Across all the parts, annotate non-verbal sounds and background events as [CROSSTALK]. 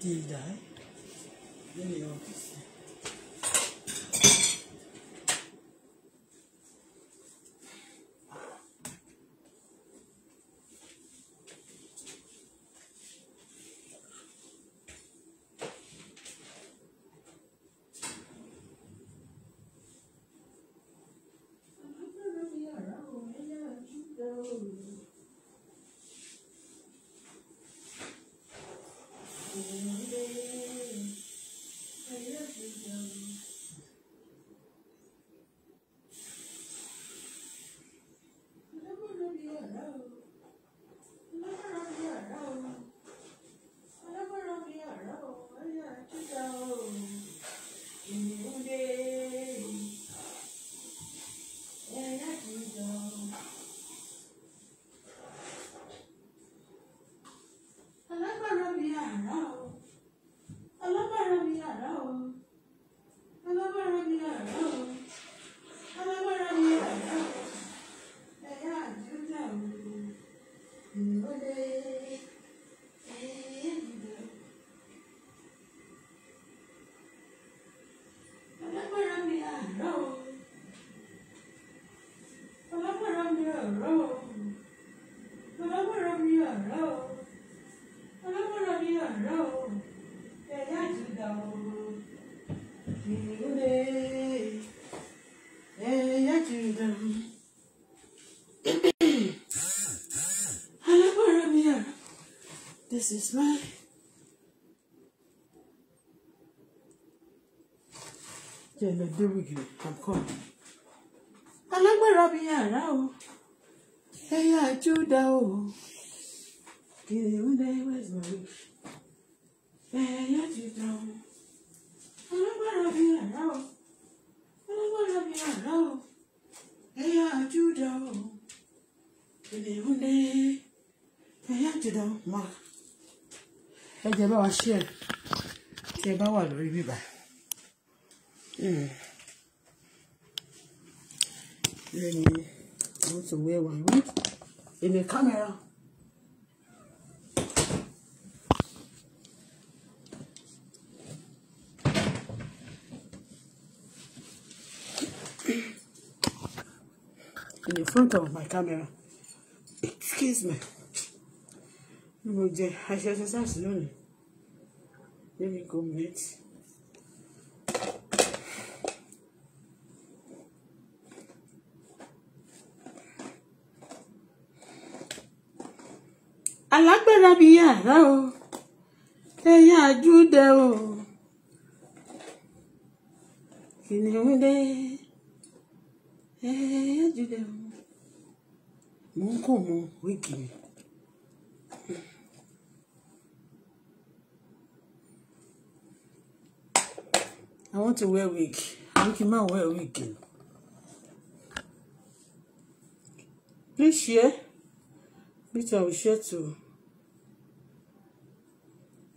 Did I? Let me know. this is mine. Yeah, no, do we I'm coming. front of my camera excuse me I mo jẹ aṣọ exercise lónìí let me go meet. alágbára bíi yàrá o ẹ̀yà àjúdẹ o kìnìún Hey, ẹ̀yà do o mò ń kò mọ wíìgì mi. I want to wear wig. Àwọn kì í máa wear wig. Please share. Which I will share to.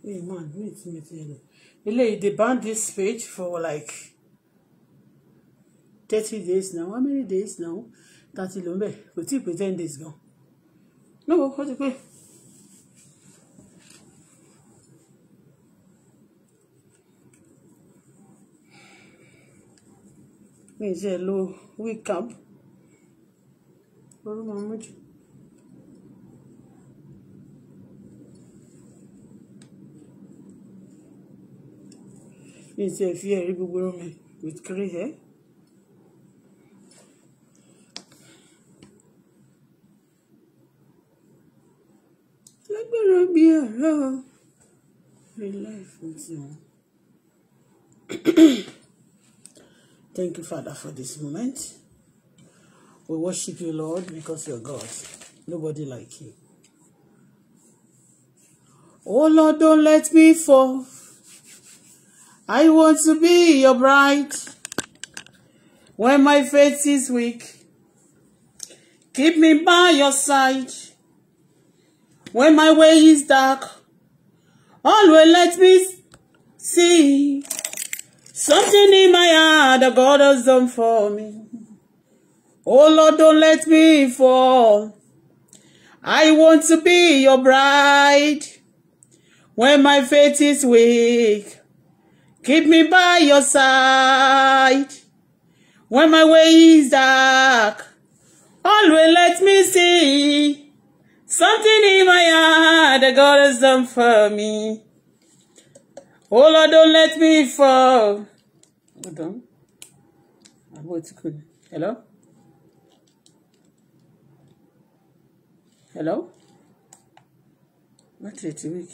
Hey man, wait a minute. Eléyìí, they banned this page for like 30 days now. How many days now? tá a ti lò ń bẹ̀ kò tí ì pé ten days gan lówó ó ti pé. mi ì ṣe lo wíkàp lórí máa mú jù. mi ì ṣe fi ẹ̀rí gbogbo rán with grey hair. bí ọ̀rọ̀ relief life Thank you, Father, for this moment. We worship you, Lord, because you're God. Nobody like you. Oh, Lord, don't let me fall. I want to be your bride. When my faith is weak, keep me by your side. When my way is dark, always let me see something in my heart that God has done for me. Oh Lord, don't let me fall. I want to be your bride. When my faith is weak, keep me by your side. When my way is dark, always let me see Something in my heart that God has done for me. Oh Lord, don't let me fall. Hold on. I'm going to cool. Hello? Hello? Not yet, week.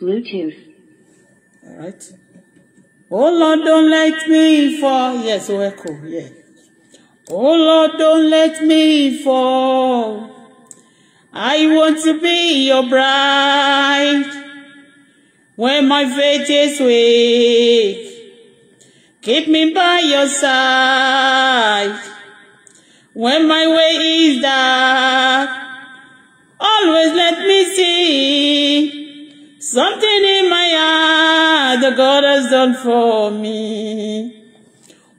Bluetooth. All right. Oh Lord, don't let me fall. Yes, oh, echo. Yeah. Oh Lord, don't let me fall. I want to be your bride. When my faith is weak, keep me by your side. When my way is dark, always let me see something in my heart the God has done for me.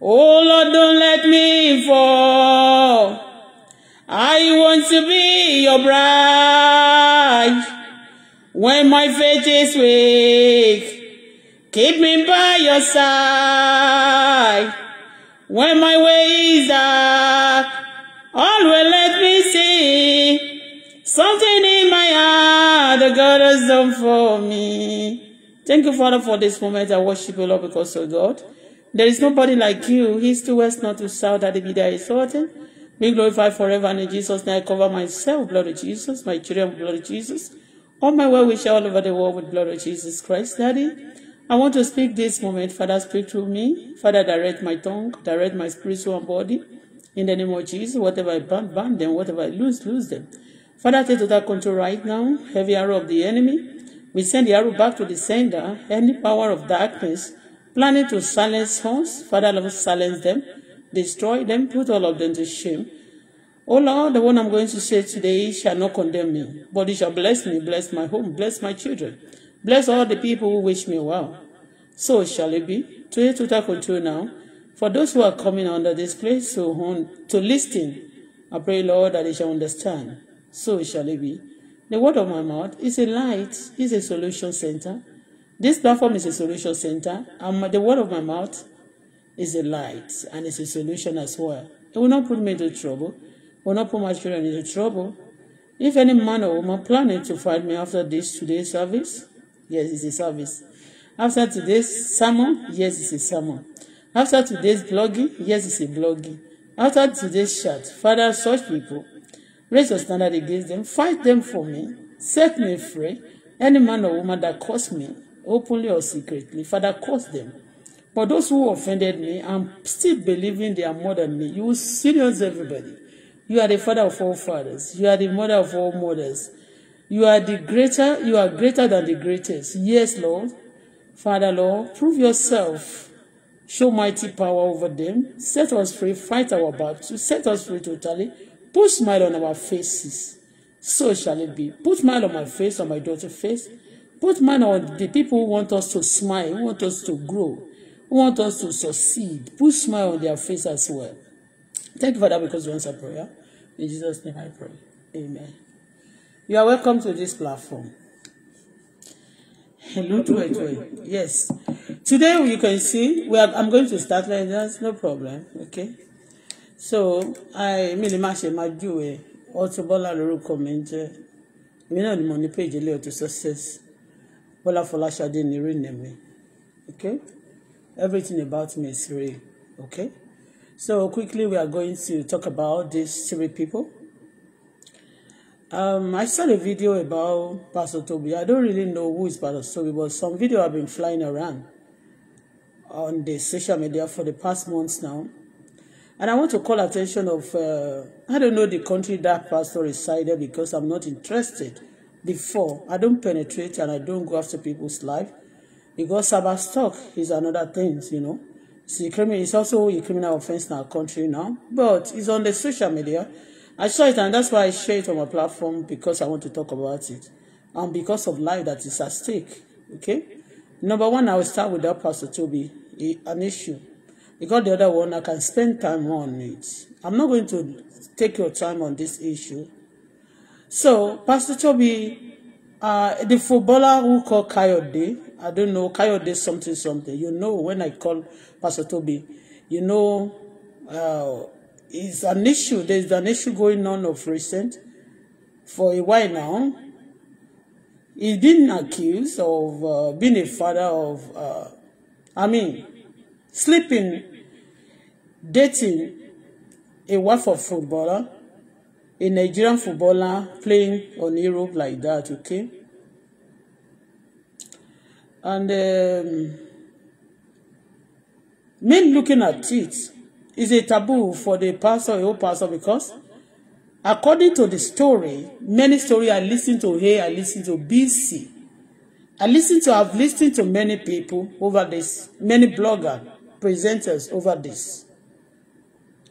Oh Lord, don't let me fall. I want to be your bride. When my faith is weak, keep me by your side. When my way is dark, always let me see something in my heart The God has done for me. Thank you, Father, for this moment. I worship you, Lord, because of God. There is nobody like you. He's to west, not to south, that be eh, is sorting. Be glorified forever and in Jesus' Now I cover myself, blood of Jesus, my children, blood of Jesus. All my well wishes all over the world with blood of Jesus Christ, Daddy. I want to speak this moment. Father, speak through me. Father, direct my tongue, direct my spirit, soul, and body. In the name of Jesus, whatever I burn, burn them. Whatever I lose, lose them. Father, take total control right now. Heavy arrow of the enemy. We send the arrow back to the sender. Any power of darkness planning to silence us. Father, love, silence them, destroy them, put all of them to shame. Oh Lord, the one I'm going to say today shall not condemn me, but it shall bless me, bless my home, bless my children, bless all the people who wish me well. So shall it be. Today, total control now. For those who are coming under this place to, home, to listen, I pray, Lord, that they shall understand. So shall it be. The word of my mouth is a light, is a solution center This platform is a solution center, and the word of my mouth is a light and it's a solution as well. It will not put me into trouble, it will not put my children into trouble. If any man or woman planning to find me after this today's service, yes, it's a service. After today's sermon, yes, it's a sermon. After today's blogging, yes, it's a blogging. After today's chat, Father, such people, raise your standard against them, fight them for me, set me free. Any man or woman that caused me openly or secretly. Father, curse them. But those who offended me, I'm still believing they are more than me. You serious everybody. You are the father of all fathers. You are the mother of all mothers. You are the greater, you are greater than the greatest. Yes, Lord. Father, Lord, prove yourself. Show mighty power over them. Set us free. Fight our battles. Set us free totally. Put smile on our faces. So shall it be. Put smile on my face, on my daughter's face both man or the people who want us to smile who want us to grow who want us to succeed put smile on their face as well thank you that because you answer prayer in jesus name i pray amen you are welcome to this platform hello to it yes today you can see we are i'm going to start like that no problem okay so i mean, ni ma ṣe ma ju ẹ Auto Bola lórúkọ mi ń jẹ́ èmi náà to mo ní péjì ilé Success Bola Folashade ni real name mi okay everything about me is real okay so quickly we are going to talk about these three people um, I saw a video about Pastor Toby. I don't really know who is Pastor Toby, but some video have been flying around on the social media for the past months now. And I want to call attention of, uh, I don't know the country that pastor resided because I'm not interested before. I don't penetrate and I don't go after people's life because cyberstalk is another thing, you know. See, criminal is also a criminal offense in our country now, but it's on the social media. I saw it and that's why I share it on my platform because I want to talk about it and because of life that is at stake. Okay, number one, I will start with that Pastor Toby, an issue. Because the other one, I can spend time on it. I'm not going to take your time on this issue So Pastor Toby, uh, the footballer who called Kayode, I don't know, Kayode something something. You know, when I call Pastor Toby, you know, uh, it's an issue. There's an issue going on of recent for a while now. He's been accused of uh, being a father of, uh, I mean, sleeping, dating a wife of footballer a Nigerian footballer playing on Europe like that, okay? And um, me looking at it is a taboo for the pastor, a old pastor, because according to the story, many story I listen to here, I listen to BC. I listen to, I've listened to many people over this, many bloggers, presenters over this.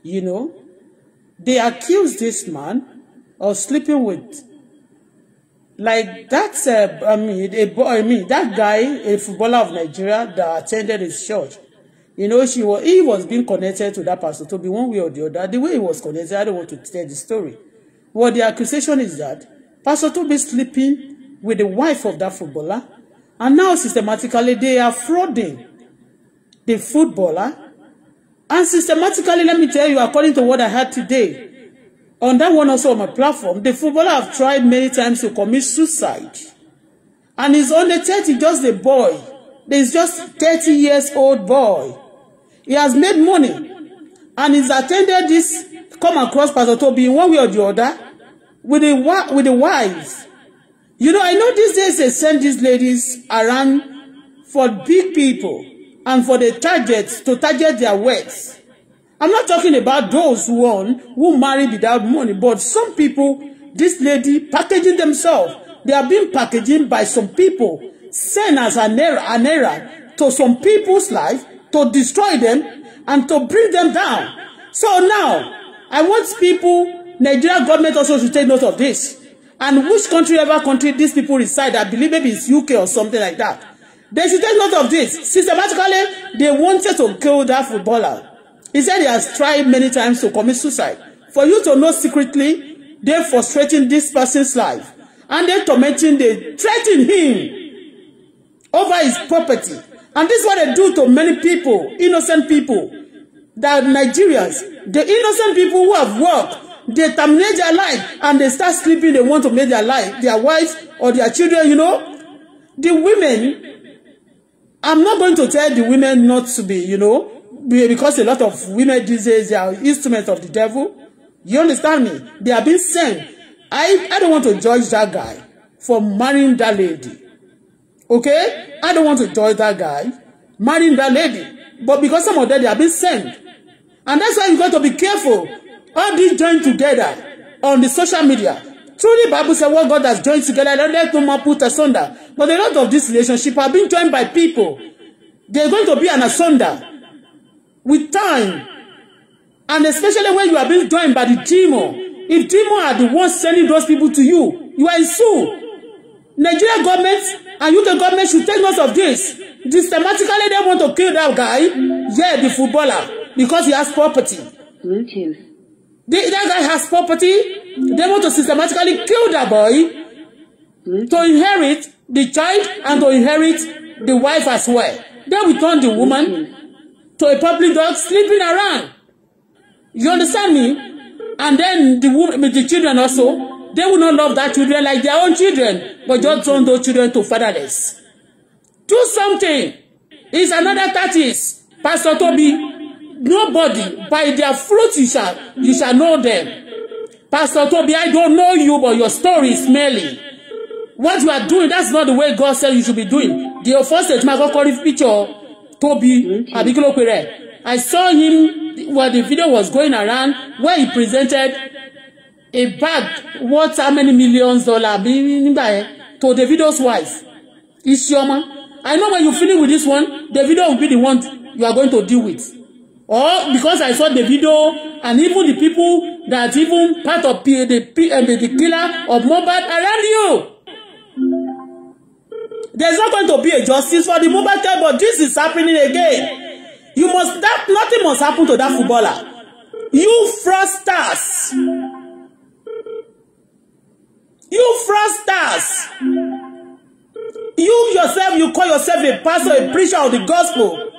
You know, They accused this man of sleeping with, like that's a I mean, a, boy I mean that guy, a footballer of Nigeria that attended his church. You know, she was he was being connected to that pastor Tobi one way or the other. The way he was connected, I don't want to tell the story. What the accusation is that Pastor Tobi sleeping with the wife of that footballer, and now systematically they are frauding the footballer And systematically, let me tell you, according to what I had today, on that one also on my platform, the footballer have tried many times to commit suicide. And he's only 30, just a boy. He's just 30 years old boy. He has made money. And he's attended this come across Pastor Toby in one way or the other with the, with the wives. You know, I know these days they send these ladies around for big people and for the targets to target their words. I'm not talking about those who on who marry without money, but some people, this lady packaging themselves, they are being packaging by some people, sent as an error, an error to some people's life to destroy them and to bring them down. So now, I want people, Nigeria government also to take note of this. And which country, ever country these people reside, I believe maybe it's UK or something like that. They should take note of this. Systematically, they wanted to kill that footballer. He said he has tried many times to commit suicide. For you to know secretly, they frustrating this person's life. And they tormenting, they threaten him over his property. And this is what they do to many people, innocent people, that Nigerians, the innocent people who have worked, they terminate their life and they start sleeping, they want to make their life, their wives or their children, you know. The women I'm not going to tell the women not to be, you know, because a lot of women these days they are instruments of the devil. You understand me? They are being sent. I, I don't want to judge that guy for marrying that lady. Okay? I don't want to judge that guy marrying that lady. But because some of them, they are being sent. And that's why you got to be careful. All these join together on the social media. Truly, Bible says what God has joined together, let no man put asunder. But a lot of this relationship have been joined by people. They're going to be an asunder with time. And especially when you are being joined by the demon. If demon are the ones sending those people to you, you are in sue. Nigeria government and UK government should take note of this. Systematically, they want to kill that guy. Yeah, the footballer, because he has property. Bluetooth. The, that guy has property. They want to systematically kill that boy to inherit the child and to inherit the wife as well. Then we turn the woman to a public dog sleeping around. You understand me? And then the woman, the children also, they will not love that children like their own children, but just turn those children to fatherless. Do something. It's another 30s. Pastor Toby, nobody by their fruit you shall you shall know them Pastor Toby, I don't know you but your story is smelly what you are doing that's not the way God said you should be doing the first stage ma kọ́kọ́ rí picture Toby, mm-hmm. àbí kí ló I saw him while the video was going around where he presented a bag worth how many millions dollar bi nígbà yẹn to Davido's wife Isioma I know when you finish with this one Davido will be the one you are going to deal with or because I saw the video and even the people that even part of the, eh, the, the killer of Mohbad around you. There's not going to be a justice for the Mohbad child, but this is happening again. You must, that, nothing must happen to that footballer. You fraudsters. You fraudsters. You yourself, you call yourself a pastor, a preacher of the gospel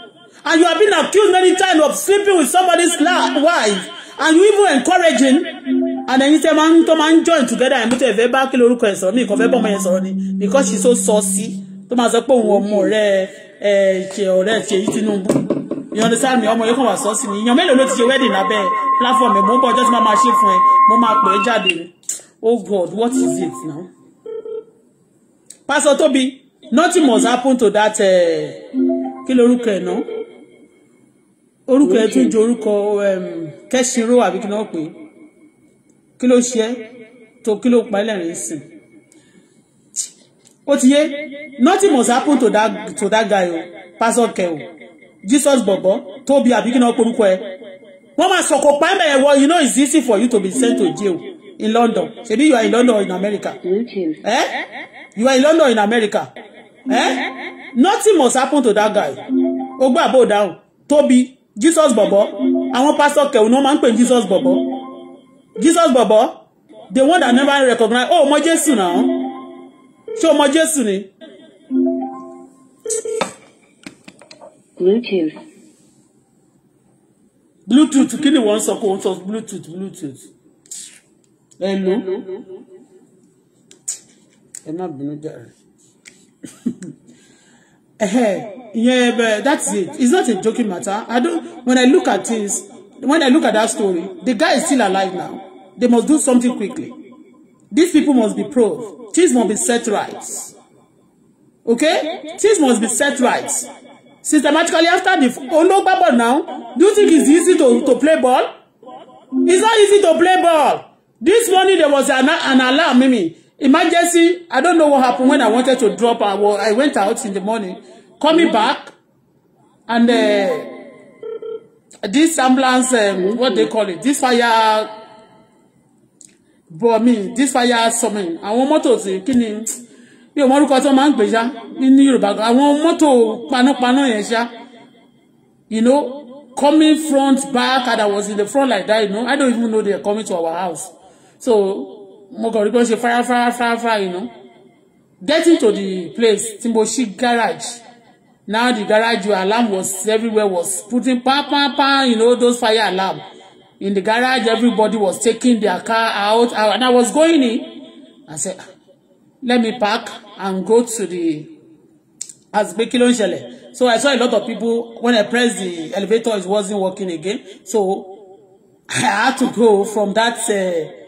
and you have been accused many times of sleeping with somebody's wife and you even encouraging and then tẹ́ máa man, tó máa join together ẹ̀mí tẹ́ fẹ́ bá kí lorúkọ ẹ̀ sọ̀rọ̀ mi nǹkan fẹ́ bọ́ ọmọ yẹn sọ̀rọ̀ ni because she's so saucy tó máa sọ pé òun ọmọ you understand me You come kàn saucy ni èèyàn mélòó ló ti wedding lábẹ́ platform ẹ̀ mo just my machine. tí máa mo máa pè é oh God what is it now. Pastor Toby, nothing must happen to that eh, kí lorúkọ ẹ̀ orúkọ ẹ tún ju orúkọ kẹsìnrò àbí kí náà pé kí ló ṣe tó kí ló pa ẹlẹ́rìn sìn ó ti yé nothing must happen to that to that guy o pastor kẹ o jesus bọ̀bọ̀ tóbi àbí kí náà pé orúkọ ẹ wọ́n máa sọ̀kò pa ẹ̀mẹ̀ ẹ̀wọ̀ you know it's easy for you to be sent to jail in London ṣebí you are in London or in America eh? you are in London or in America eh? nothing must happen to that guy ogbó àbò dáhùn tóbi jesus bọ̀bọ̀ àwọn pastor kẹ̀wù náà máa ń pè jesus bọ̀bọ̀ jesus bọ̀bọ̀ the one that never recognize oh ọmọ jésù náà ṣé ọmọ jésù ni. bluetooth. bluetooth kí ni wọ́n ń sọ kó wọ́n sọ bluetooth bluetooth. hello. hello. má bínú jàre. [LAUGHS] yeah, but that's it. It's not a joking matter. I don't. When I look at this, when I look at that story, the guy is still alive now. They must do something quickly. These people must be proved. Things must be set right. Okay? Things must be set right. Systematically after the Ologba ball now, do you think it's easy to, to play ball? It's not easy to play ball. This morning there was an, an alarm, Mimi. Emergency, I don't know what happened when I wanted to drop. I, was, I went out in the morning, coming mm-hmm. back, and uh, this ambulance, um, mm-hmm. what they call it, this fire, but me, this fire something. Àwọn mọ́tò tí kí ni bí o mọ́rúkọ tó máa ń gbé ṣá ní Yorùbá àwọn mọ́tò panápaná yẹn ṣá, you know, coming front, back, and I was in the front like that, you know. I don't even know they are coming to our house. So, mo kàn rí pé ó ṣe fire, fara fara fara you know getting to the place tí mo ṣí garage now the garage alarm was everywhere was putting pa pa pa you know those fire alarm in the garage everybody was taking their car out and I was going in I said ah, let me park and go to the As kí ló ń ṣẹlẹ̀ so I saw a lot of people when I press the elevator it wasn't working again so [LAUGHS] I had to go from that. Uh,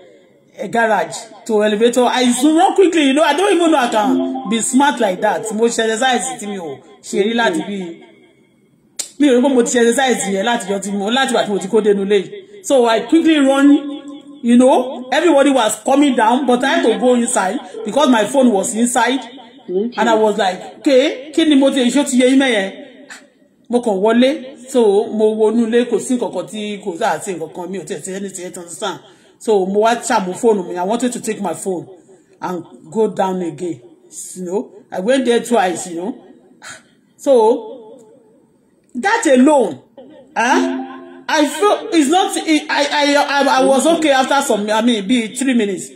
a garage to elevator I zoom run quickly you know I don't even know I can be smart like that mo ṣe exercise tí mi ò ṣe rí láti bí mi ò rí pé mo ti ṣe exercise yẹn láti jọ ti mo láti wà tí mo ti kó dénú lé so I quickly run you know everybody was coming down but I had to go inside because my phone was inside and I was like okay kí ni mo ti ṣe ti yẹ yín mẹ́yẹn mo kàn wọlé so mo wọnú ilé kò sí nǹkan kan tí kò sáà sí nǹkan kan mi ò tẹ̀ sí ẹni tí ẹ tán sàn so mo wá ṣàmú fóònù mi i wanted to take my phone and go down again you know i went there twice you know [LAUGHS] so that alone huh? Ah, i feel it's not I, I i i was okay after some i mean be three minutes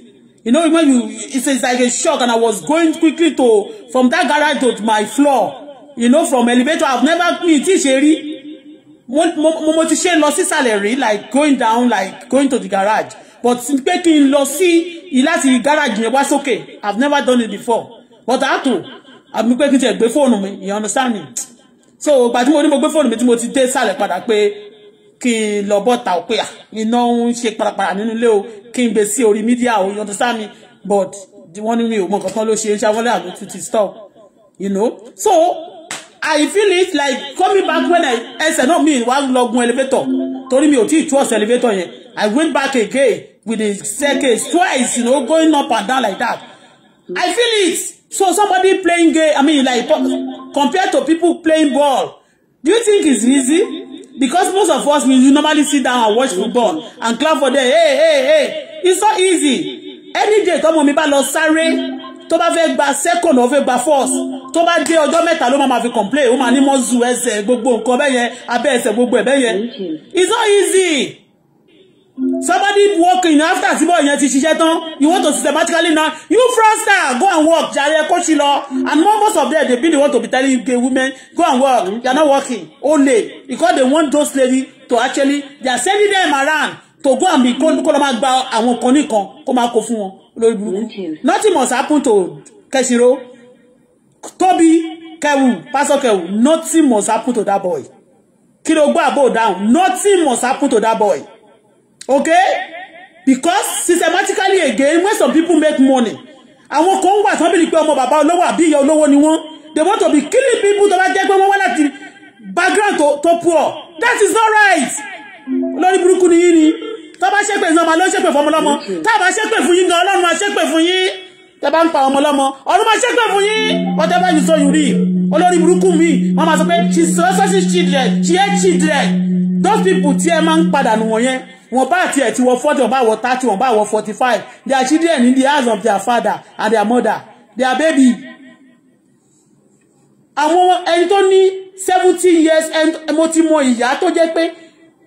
you know when you it's, it's like a shock and i was going quickly to from that garage to my floor you know from elevator i've never been tí ṣe rí mo mo mo ti ṣe lọ sísàlẹ̀ rí like going down like going to the garage but pé kí n lọ sí láti gáràjì yẹn wá sókè i've never done it before but i to àmì pé kí n tiẹ̀ gbé fóònù mi you understand me so ìgbà tí mo ní mo gbé fóònù mi tí mo ti dé sàlẹ̀ padà pé kí n lọ bọ́ta ò pé à iná ń ṣe parapara nínú ilé o kí n gbé sí orí mídíà o you understand me but wọ́n ní mi ò mọ nǹkan kan ló ṣe é ṣàwọlé àmì tún ti stop you know so I feel it like coming back when I ẹsẹ̀ náà mi wá lọ gun elevator torí mi ò tí ì tú ọ̀sẹ̀ elevator yẹn I went back again with a staircase twice, you know, going up and down like that. I feel it. So somebody playing game, I mean, like, compared to people playing ball, do you think it's easy? Because most of us, we normally sit down and watch football and clap for them. Hey, hey, hey. It's not easy. Any day, tọ́mọ mi bá lọ sáré, tó bá fẹ́ gba second ó fẹ́ gba first tó bá dé ọjọ́ mẹ́ta ló máa fi complain ó máa ní mọ́ zu ẹsẹ̀ gbogbo nǹkan bẹ́yẹn abẹ́ ẹsẹ̀ gbogbo ẹ̀ bẹ́yẹn it's not easy somebody working after tí bọ́ọ̀ yẹn ti ṣiṣẹ́ tán you want to systematically now you fraudster go and work jàre kó ṣì lọ and most of them dey be the one to be telling gay women go and work they are not working only because they want those lady to actually they are sending them around to go and be kó kó lọ máa gba àwọn kan nìkan kó máa kó fún wọn lórí burúkú nothing must happen to Keshiro Tobi Kewu Pastor Kewu nothing must happen to that boy kí ló gbọ́ down. nothing must happen to that boy okay because systematically again when some people make money àwọn kan wà tí wọ́n bìrì pé ọmọ bàbá olówó àbí ìyá olówó ni wọ́n they want to be killing people tó bá jẹ́ pé wọ́n wá láti background tó tó poor that is not right lórí burúkú ni yín ni tó bá ṣépè ní ọmọ ló ṣépè fún ọmọlọ́mọ tá a bá ṣépè fún yín gan ọlọ́run máa ṣépè fún yín tẹ bá ń pa ọmọlọ́mọ ọdún máa ṣépè fún yín whatever you saw you reap olórí burúkú mi wọ́n máa sọ pé she so so she children she hate children those people tí ẹ máa ń padà nù wọ̀nyẹn wọn bá àti ẹ̀ tí wọ́n forty wọn bá wọ thirty wọn bá wọ forty five their children in the house of their father and their mother their baby. àwọn ẹni tó ní seventy years mo ti mọ ìyá tó jẹ́ pé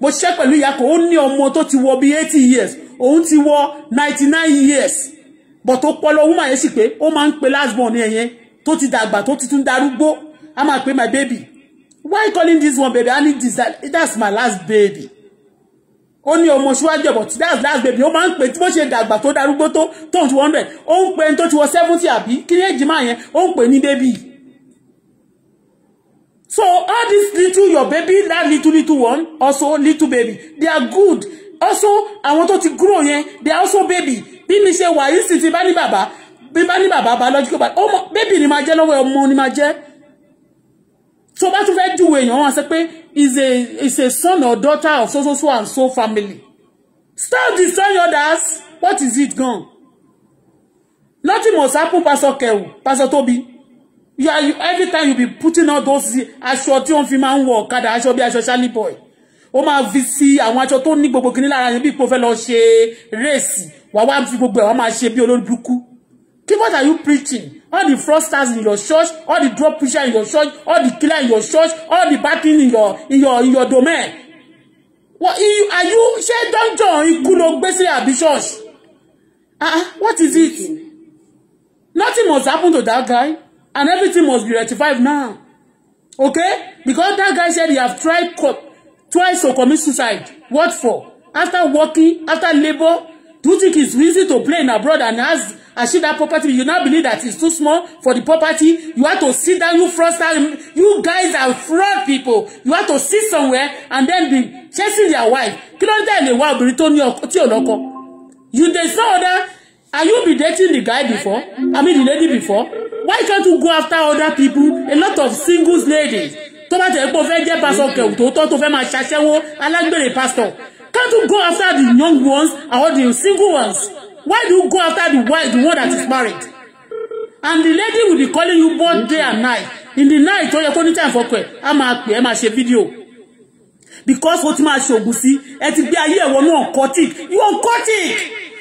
mo ṣiṣẹ́ pẹ̀lú ìyá kan ó ní ọmọ tó ti wọ bíi eighty years òun ti wọ ninety nine years bọ̀ tó pọ̀ lọ́wọ́ màá yẹn sì pé ó máa ń pe last born ẹ̀yẹn tó ti dàgbà tó ti tún darúgbó a máa pe my baby why calling this one baby i need this that's my last baby ó ní ọmọ ṣíwájú ẹ̀bọ̀ tí that's last baby ó máa ń pè tí bó ṣe dàgbà tó darúgbó tó tóun ti one hundred ó ń pè tó ti wọ seventy àbí kí ní èjì máa yẹn ó ń pè ní baby so all this little your baby that little little one also little baby they are good also àwọn tó ti grow yẹn they are also baby bí mi ṣe wà yìí sì ti bá ní bàbá bí bá ní bàbá biological baby ni máa jẹ́ lọ́wọ́ ọmọ ni máa jẹ́ So bá tún fẹ́ júwe èèyàn wọn sọ pé is a is a son or daughter of so so so and so family stop destroying others what is it gan nothing must happen pastor kewu pastor tobi you are you, every time you be putting all those aṣọ tí wọ́n fi máa ń wọ ọ̀kadà aṣọ bí aṣọ ṣálí boy ó máa fi sí àwọn aṣọ tó ní gbogbo kinní lára yẹn bí ipò fẹ́ lọ ṣe réèsì wàá wá fi gbogbo ẹ̀ wàá máa ṣe bí olórí burúkú kí what are you preaching all the fraudsters in your church all the drug pusher in your church all the killer in your church all the backing in your in your in your domain what you are you ṣé dungeon ikú ló gbé sí àbí church ah, ah what is it nothing must happen to that guy and everything must be rectified now okay because that guy said he have tried twice to commit suicide what for after working after labor. Do you think it's easy to play in abroad and has achieve that property? You now believe that it's too small for the property. You have to sit down, you fraudster. You guys are fraud people. You have to sit somewhere and then be chasing their wife. Kí ló ń tẹ̀lé wa obìnrin tó your ọkọ tí ò You there's no other. Are you be dating the guy before? I mean the lady before? Why can't you go after other people? A lot of singles ladies. Tó bá tẹ̀lé pé o fẹ́ jẹ́ pásọ̀ kẹ̀wù tó tọ́ tó fẹ́ máa ṣaṣẹ́wó Can't you go after the young ones or the single ones? Why do you go after the wife, the one that is married? And the lady will be calling you both day and night. In the night, tó yẹ kó time for pẹ̀, I'm máa pè é, máa ṣe fídíò. Because o ti máa ṣògùn sí, ẹ ti gbé ayé ẹ̀wọ̀ ní oncotic. You oncotic!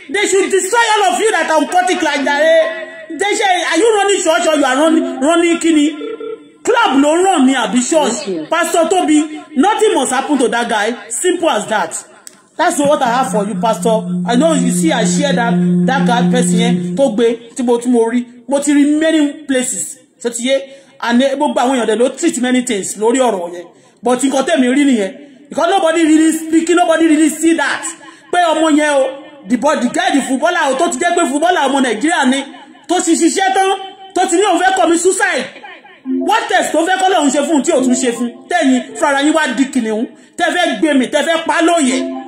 They should destroy all of you that are oncotic like that. Eh? They say, are you running church or you are running, running kini? Club ló ràn ní àbí church. Pastor Toby, nothing must happen to that guy. Simple as that that's what I have for you pastor I know you see I share that that guy, person yẹn tó gbé tí mo tí mo rí mo ti rí many places ṣe ti yé and gbogbo àwọn èèyàn dẹ̀ ló treat many things lórí ọ̀rọ̀ yẹn but nǹkan tẹ̀mí rí nìyẹn because nobody really speaking nobody really see that pé ọmọ yẹn o the boy, the guy the footballer o tó ti jẹ́ pé footballer ọmọ Nàìjíríà ni tó ti ṣiṣẹ́ tán tó ti ní òun fẹ́ commit suicide what test tó fẹ́ kọ́ lọ́hún ṣe fún un tí ò tún ṣe fún tẹ̀yìn fúnra yín wá di kìnìún tẹ́ fẹ́ gbé mi tẹ́ fẹ́ pa lóye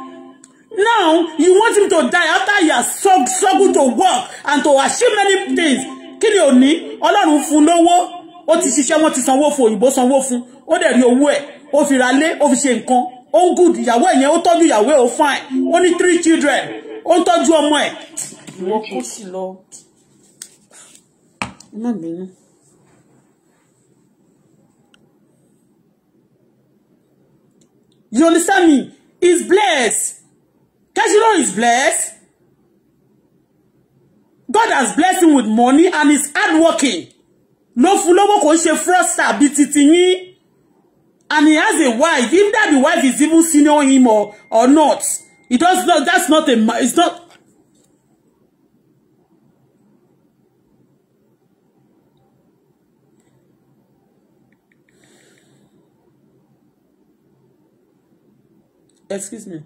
now you want him to die after he has struggled to work and to achieve many things kí ni òní ọlọ́run fún lówó ó ti ṣiṣẹ́ wọ́n ti sanwó fún òyìnbó sanwó fún ó dẹ̀ rí owó ẹ̀ ó fi ra lé ó fi ṣe nǹkan ó ń gùd ìyàwó ẹ̀yẹn ó tọ́jú ìyàwó fine ó ní three children ó ń tọ́jú ọmọ ẹ̀. ìwọ kò sí lọ iná bínú. you understand me he's blessed Keshiro is blessed. God has blessed him with money and is hardworking. No fún lówó kò ń ṣe fraudster bíi titi And he has a wife. Even that the wife is even senior him or, or not. It does not, that's not a, it's not, Excuse me.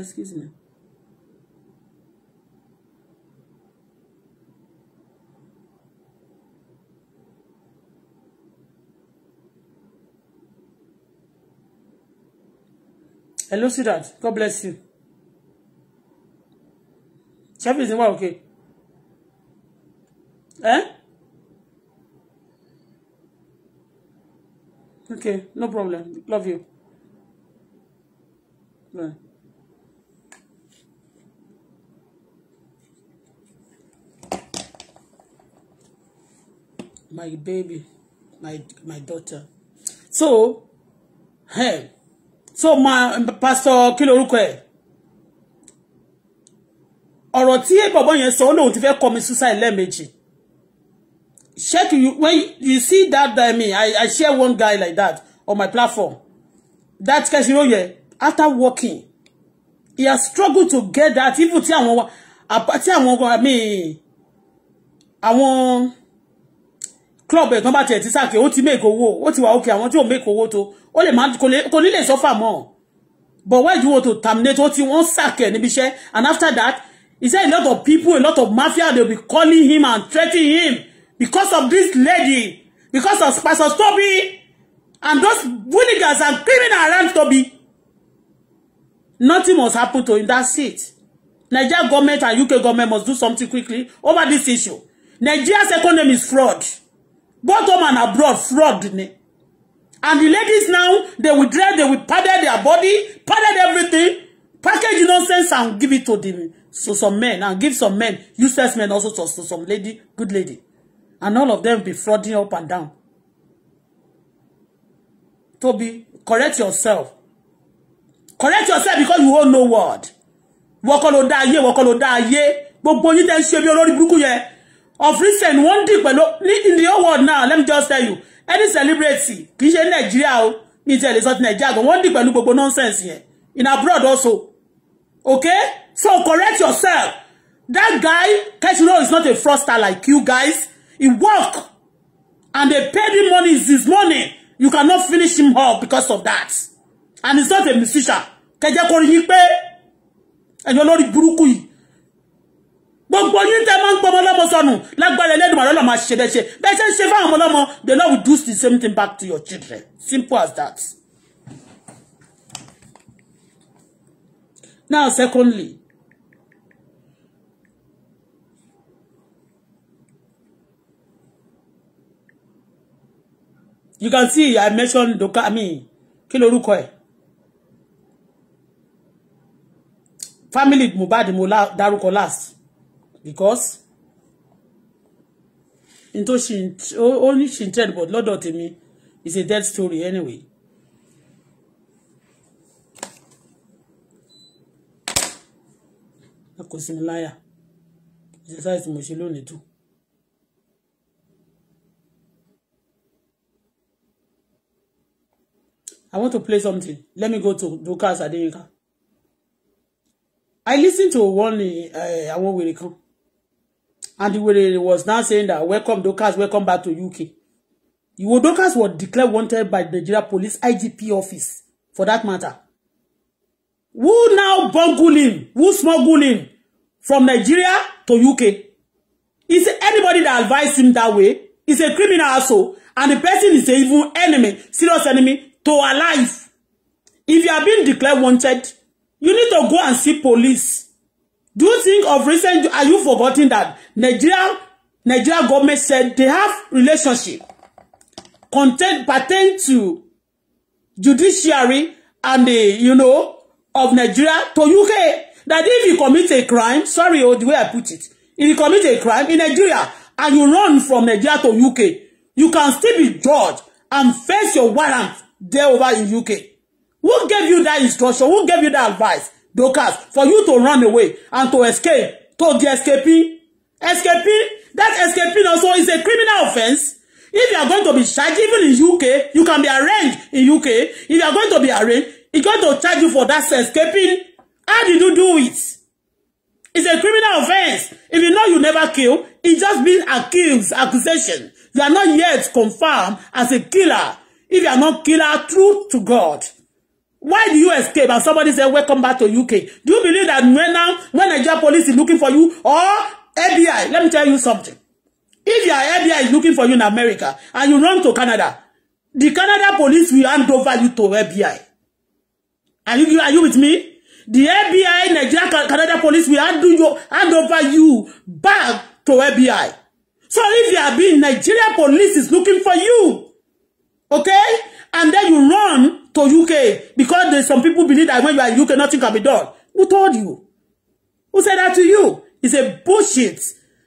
excuse me. Hello, sweetheart. God bless you. Chef is in well, okay? Eh? Okay, no problem. Love you. Bye. my baby my my daughter so hey, so my pastor kí lorúkọ ẹ ọ̀rọ̀ tí bọ̀bọ̀ yẹn sọ ti fẹ́ commit suicide lẹ́ẹ̀mejì check you when you, see that by me. I, I share one guy like that on my platform that you know ye. after working he has struggled to get that even tí àwọn tí àwọn I mean àwọn club ẹ̀ tán bá tiẹ̀ ti sáàkì ó ti make owó ó ti wà òkè àwọn tí ò make owó tó ó lè máa kò ní lè sọ́fà mọ́ but why do you want to terminate ó ti wọ́n sáàkì ẹ̀ níbi iṣẹ́ and after that he said a lot of people a lot of mafia they be calling him and threatening him because of this lady because of Pastor Tobi and those hooligans and criminal around Tobi nothing must happen to him that's it Nigeria government and UK government must do something quickly over this issue Nigeria's economy is fraud both home and abroad fraud ni and the ladies now they will dress they will padded their body padded everything package nonsense and give it to the so some men and give some men useless men also to, to some lady good lady and all of them be frauding up and down Toby, correct yourself correct yourself because you hold know word wọ́kọ́ ló dá ayé wọ́kọ́ ló dá ayé gbogbo yín tẹ́ ń ṣe bí olórí burúkú yẹn of recent wọ́n dì pẹ̀lú in the whole world now let me just tell you any celebrity kì í ṣe ní nàìjíríà o mi ti ẹ̀ ti nàìjíríà gan wọ́n dì pẹ̀lú gbogbo nonsense yẹn in abroad also okay so correct yourself that guy Keshiro is not a fraudster like you guys he work and they pay him money is his money you cannot finish him up because of that and he's not a musician kẹjẹ kọrin yín pé ẹ̀yin olórí burúkú yìí gbogbo yín tẹ́ máa ń gbọmọ lọ́mọ sọnù lágbára ẹlẹ́dùnmọ̀ lọ́lọ́ máa ṣe bẹ́ẹ̀ ṣe bẹ́ẹ̀ ṣe ń ṣe fáwọn ọmọ lọ́mọ the Lord will do the same thing back to your children simple as that. now secondly you can see i mentioned doka i mean kí lorúkọ ẹ family Mohbad mo dárúkọ last because n tó ṣì ń ó ní ṣì ń tell but lọ́dọ̀ tèmi it's a dead story anyway. a kò sí mi láyà exercise mo ṣe lónìí tù. I want to play something. Let me go to Dorcas Adeyinka. I listen to one eh, eh, àwọn wèrè kan. And he was now saying that, welcome Dorcas, welcome back to UK. Iwo Dorcas was declared wanted by Nigeria Police IGP office, for that matter. Who now bungle him? Who smuggle him from Nigeria to UK? Is anybody that advised him that way? Is a criminal also, and the person is an evil enemy, serious enemy to our life. If you are being declared wanted, you need to go and see police Do you think of recent, are you forgetting that Nigeria, Nigeria government said they have relationship content pertain to judiciary and the, you know, of Nigeria to UK that if you commit a crime, sorry, oh, the way I put it, if you commit a crime in Nigeria and you run from Nigeria to UK, you can still be judged and face your warrant there over in UK. Who gave you that instruction? Who gave you that advice? Dokas for you to run away and to escape to the escaping, escaping that escaping also is a criminal offense if you are going to be charged even in UK you can be arraigned in UK if you are going to be arraigned e going to charge you for that escaping how did you do it it's a criminal offense if you know you never kill e just been accused accusation you are not yet confirmed as a killer if you are not killer truth to God Why do you escape? And somebody said, welcome back to UK. Do you believe that when now, when Nigeria police is looking for you or FBI, let me tell you something. If your FBI is looking for you in America and you run to Canada, the Canada police will hand over you to FBI. Are you, are you with me? The FBI, Nigeria, Canada police will hand, you, hand over you back to FBI. So if you are being Nigeria police is looking for you, okay? and then you run to UK because there's some people believe that when you are in UK, nothing can be done. Who told you? Who said that to you? It's a bullshit.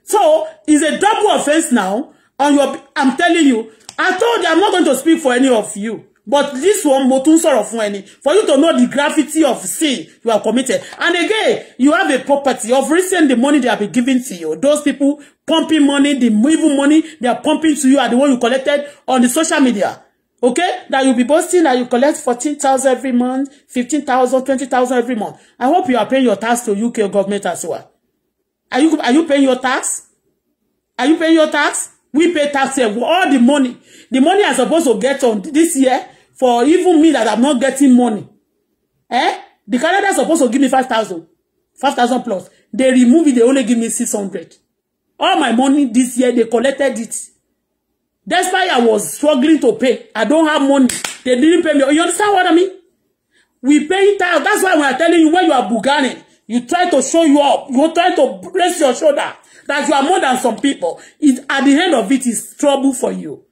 So it's a double offense now. On your, I'm telling you, I told you I'm not going to speak for any of you. But this one, mo of sọ̀rọ̀ for you to know the gravity of sin you have committed. And again, you have a property of recent the money they have been giving to you. Those people pumping money, the evil money they are pumping to you are the one you collected on the social media. Okay? That you be boasting that you collect fourteen thousand every month, fifteen thousand, twenty thousand every month. I hope you are paying your tax to UK government as well. Are you, are you paying your tax? Are you paying your tax? We pay tax here. All the money. The money I supposed to get on this year for even me that I'm not getting money. Eh? The Canada is supposed to give me five thousand, five thousand plus. They remove it. They only give me six hundred. All my money this year, they collected it. That's why I was struggling to pay. I don't have money. They didn't pay me. You understand what I mean? We pay it out. That's why when I'm telling you when you are Bulgarian, you try to show you up. You try to raise your shoulder that you are more than some people. It, at the end of it is trouble for you.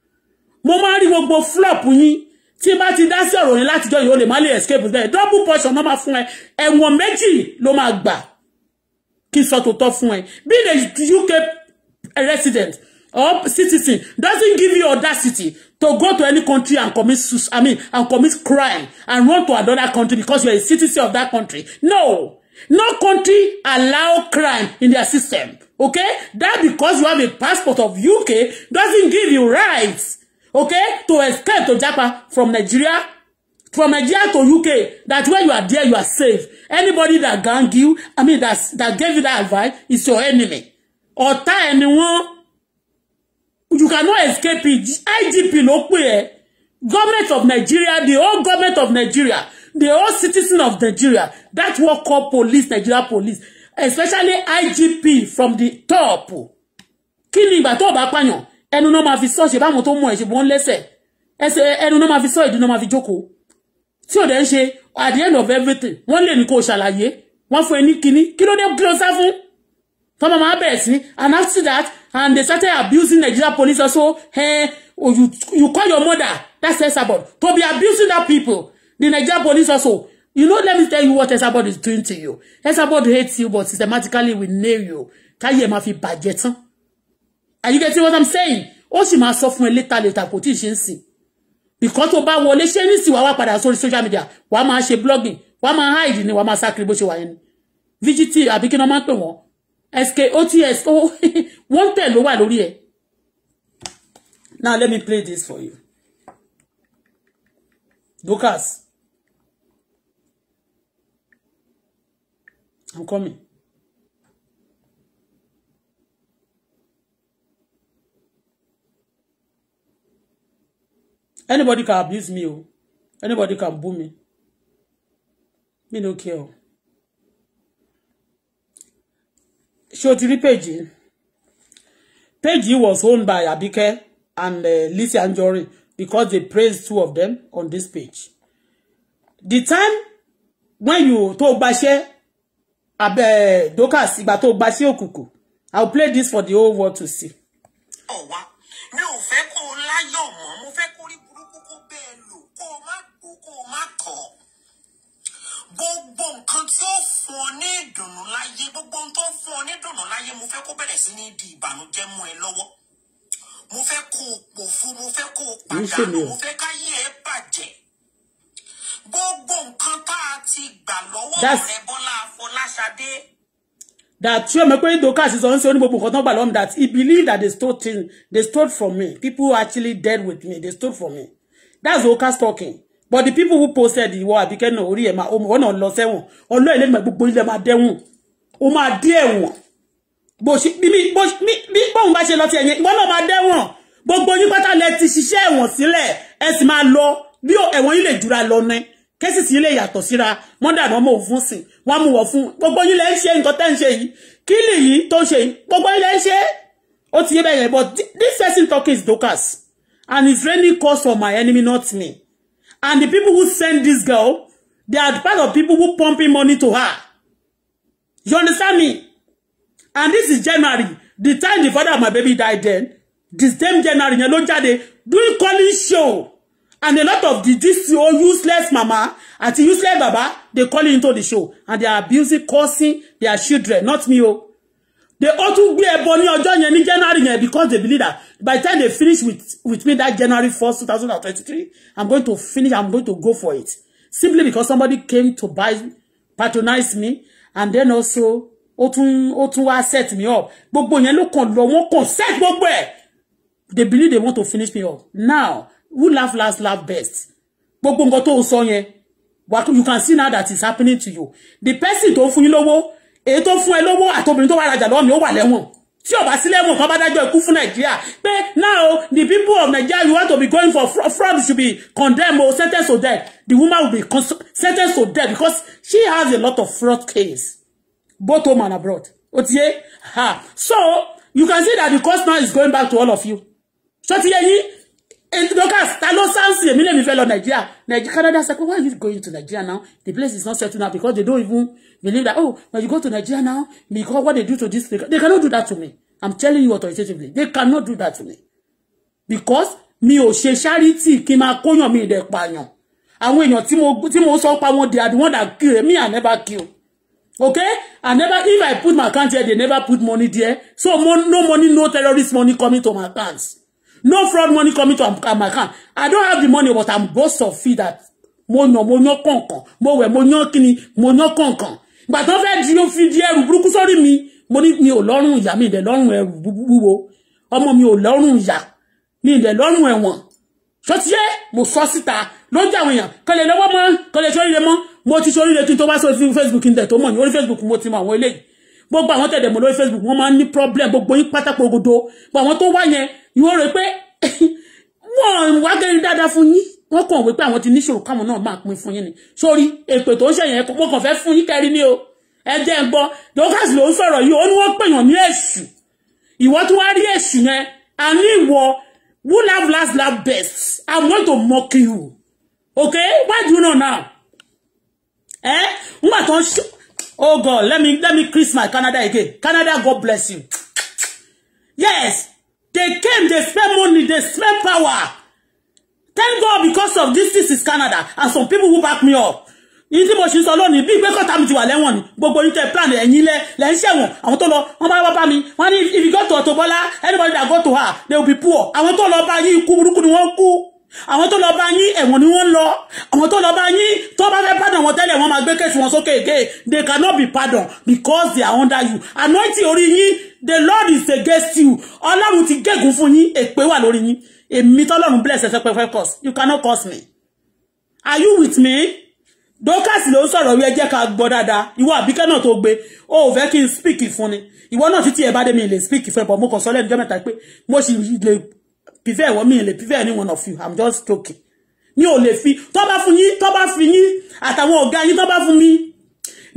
Mo máa rí gbogbo flop yín tí bá that's your only last yín you jọ yìí ó escape bẹ́ẹ̀. Double portion náà máa fún ẹ. Ẹ̀wọ̀n méjì ló máa gbà kí sọ tòótọ́ fún ẹ. Being a UK resident, or citizen doesn't give you audacity to go to any country and commit I mean and commit crime and run to another country because you're a citizen of that country. No. No country allow crime in their system. Okay? That because you have a passport of UK doesn't give you rights, okay, to escape to Japan from Nigeria, from Nigeria to UK. That when you are there, you are safe. Anybody that gang you, I mean, that's, that gave you that advice is your enemy. or ẹni anyone you cannot escape it IGP no pè ẹ́ government of Nigeria the whole government of Nigeria the whole citizen of Nigeria that what call police Nigeria police especially IGP from the top Kini ni ìgbà tó o Enu pààyàn ma náà máa fi ba ṣe báwọn tó mú ẹ ṣe bọ́n lẹ́sẹ̀ ẹsẹ̀ ẹnu náà máa fi sọ ìdí náà fi jókòó tí ò dẹ̀ ń at the end of everything wọ́n lè ní kó ṣàlàyé wọ́n fún ẹ ní kinní kí ló dé kí ló sá fún and after that and they started abusing Nigeria police also. Hey, eh, oh, you you call your mother. That's Esabod. To be abusing that people. The Nigeria police also. You know, let me tell you what Esabod is doing to you. Esabod hates you, but systematically will nail you. Can you fi bàjẹ́ tán. Are you getting what I'm saying? Ó sì máa sọ fún ẹ later later kò tí ì ṣe ń sìn. Ìkan tó bá wọlé ṣé ní sì wá wá padà social media. Wàá máa ṣe blogging. Wàá máa hide ni wàá máa sá kiri bó ṣe wà yẹn ni. VGT àbí kí ni wọ́n máa ń [LAUGHS] one ten ló wà lórí ẹ̀. now let me play this for you Dorcas i'm coming. anybody can abuse me oh. anybody can boo me me no care o oh. ṣé o ti page Page was owned by Abike and uh, Lizzy Anjorin because they praised two of them on this page. The time when you talk gbaṣẹ́ Abe Dokas, but talk gbaṣẹ́ òkùnkùn I will play this for the whole world to see. Ọ̀wá mi ò fẹ́ kó gbogbo nǹkan tí ó fún ọ ní ìdùnnú láyé gbogbo ohun tó fún ọ ní ìdùnnú láyé mo fẹ́ kó bẹ̀rẹ̀ sí ní di ìbànújẹ́ mú ẹ lọ́wọ́ mo fẹ́ kó o pò fún mo fẹ́ kó o pàdánù mo fẹ́ káyé ẹ bàjẹ́ gbogbo nǹkan tá a ti gbà lọ́wọ́ rẹ Bọ́lá Afọláṣadé. that true mi pé dokas sọ ń ṣe onígbogbo nǹkan tán that he believe that they stole things they stole from me people who actually dead with me they stole from me that's dokas talking but the people who posted ìwọ Àbíkẹ́ náà orí ẹ̀ máa ó náà lọ won. ọlọ́ọ̀ ilé nígbà gbogbo ilẹ̀ máa dẹ́wọ̀n ó máa dé ẹ̀wọ̀n bó ṣe bí bí bóun bá ṣe lọ ti ẹ̀yẹn ìwọ náà máa dẹ́wọ̀n gbogbo yín pátá lẹ ti ṣiṣẹ́ ẹ̀wọ̀n sílẹ̀ ẹ sì máa lọ bí ẹ̀wọ̀n yín lè jura lọ ní kẹ́sì sí ilé yàtọ̀ síra wọ́n dàgbọ́ mọ̀ fún sí wọ́n mú wọ̀ fún gbogbo yín lẹ ń ṣe nǹkan tẹ́ ń ṣe yìí kí lè yìí tó ṣe yìí gbogbo yín lẹ ń ti yé bẹ́ẹ̀ but this person talking is Dorcas and it's really cause for my enemy not me And the people who send this girl, they are part of people who pumping money to her. You understand me? And this is January. The time the father of my baby died then, this same January, yẹn ló jáde, doing calling show. And a lot of the this old useless mama àti useless baba, they calling into the show. And they are abusing, cursing their children. Not me, oh they ought to be a ní or join ní january because they believe that by the time they finish with with me that january 1st 2023 i'm going to finish i'm going to go for it simply because somebody came to buy patronize me and then also ó to ó to set me up But yẹn ló kàn lọ wọ́n kàn set they believe they want to finish me up now who laugh last laugh best gbogbo nǹkan tó sọ yẹn you can see now that it's happening to you the person don't fool yín lówó èyí tó fún ẹ lówó àtobìnrin tó wà rajà lọ́wọ́ mi ó wà lẹ́wọ̀n tí ọba sí lẹ́wọ̀n kan bá dájọ́ ikú fún nàìjíríà pé now the people of nigeria you want to be going for fraud should be condemned or oh, sentenced to death the woman will be sentenced to death because she has a lot of fraud case both home and abroad ó ti ha so you can see that the cost now is going back to all of you ṣó ti yé yín Dorcas, ta ló sáǹsì èmi lèmi fẹ́ lọ Nàìjíríà. Nàìjíríà Canada say, why are you going to Nigeria now? The place is not settled now because they don't even believe that, oh, when you go to Nigeria now, because what they do to this, they cannot do that to me. I'm telling you authoritatively, they cannot do that to me. Because mi ò ṣe charity kí máa kóyàn mi ìdẹ̀ pààyàn. Àwọn èèyàn tí mo tí pa wọn they are the one that kill me I never kill. Okay? I never, if I put my account here, they never put money there. So mo, no money, no terrorist money coming to my accounts. No fraud money coming to my account. I don't have the money, but I'm boast of it that mo yàn mo yàn kọ̀ọ̀kan mo we mo yàn kíni mo yàn kọ̀ọ̀kan ìgbà tó fẹ́ di ó fi di ẹrù burúkú sórí mi mo ní mi ò lọ́rùn ìyá mi ìdẹ̀ lọ́rùn ẹrù wúwo ọmọ mi ò lọ́rùn ìyá mi ìdẹ̀ lọ́rùn ẹ̀wọ̀n tó ti yé mo sọ síta lójú àwọn èèyàn kan lè lọ́wọ́ mọ́ kan lè sóríire mọ́ mo ti sóríire kí n tó wá sórí Facebook ń tẹ̀ tó mọ̀ ní orí Facebook mo ti mọ àwọn eléyìí gbogbo àwọn tẹ̀dẹ̀ mọ̀ lórí Facebook wọ́n máa ń ní problem gbogbo yín pátákó gbogbo àwọn tó wá yẹn ìwọ́n rẹ̀ pé [LAUGHS] wọ́n wá gẹ́rin dáadáa fún yín wọ́n kàn wípé àwọn ti níṣòro káwọn náà máa pín fún yín ni sórí èpè tó ń ṣẹ̀yìn ẹ̀kọ́ mo kàn fẹ́ fún yín kẹrí ni o ẹ jẹ́ ń gbọ́ dorcas ló ń sọ̀rọ̀ yìí ó ní wọ́n pèèyàn ní èṣù ìwọ tí wọ́n rí èṣù yẹn àní ìwọ who love last love best i'm going to mock you okay why do you know now ẹ ngbà tó ń ṣe oh god let me let me kiss my canada again canada god bless you yes they came they spend money they spend power. Thank God because of this this is Canada and some people who back me up yìí tí mo ṣe sọ lónìí bí ìgbé kọta mi ti wà lẹ́wọ̀n ni gbogbo yìí tẹ plan ẹ̀yìn lẹ lẹ́ ń ṣẹ̀wọ̀n àwọn tó lọ wọ́n bá wá bá mi wọ́n ní if you go to Auto Bola anybody that go to her they will be poor àwọn tó lọ bá yín ikú burúkú ni wọ́n kú àwọn tó lọ bá yín ẹ̀wọ̀n ni wọ́n lọ àwọn tó lọ bá yín tó bá fẹ́ pardon wọn tẹ́lẹ̀ wọ́n máa gbé kéṣù wọn sókè again they cannot be pardon because they are under you anointing orí yín the Lord is against you ọlọ́run ti gégùn fún yín èpè wà lórí yín èmi tọ́lọ́run bless ẹsẹ̀ pẹ́pẹ́ curse you cannot curse me are you with me dókàsì ló ń sọ̀rọ̀ wí ẹ jẹ́ ká gbọ́ dáadáa ìwọ àbíkẹ́ náà tó gbé o ò fẹ́ kí n speak fún ni ìwọ náà títí ẹ bá dé mi lè speak fún ẹ bọ̀ mo kàn sọ lẹ́nu jọ́ mẹ́ta pé mo sì lè prefer ẹ̀wọ́ mi lè prefer any one of you i'm just joking mi ò lè fi to bá fún yín to bá fi yín àtàwọn ọ̀gá yín tó bá fún mi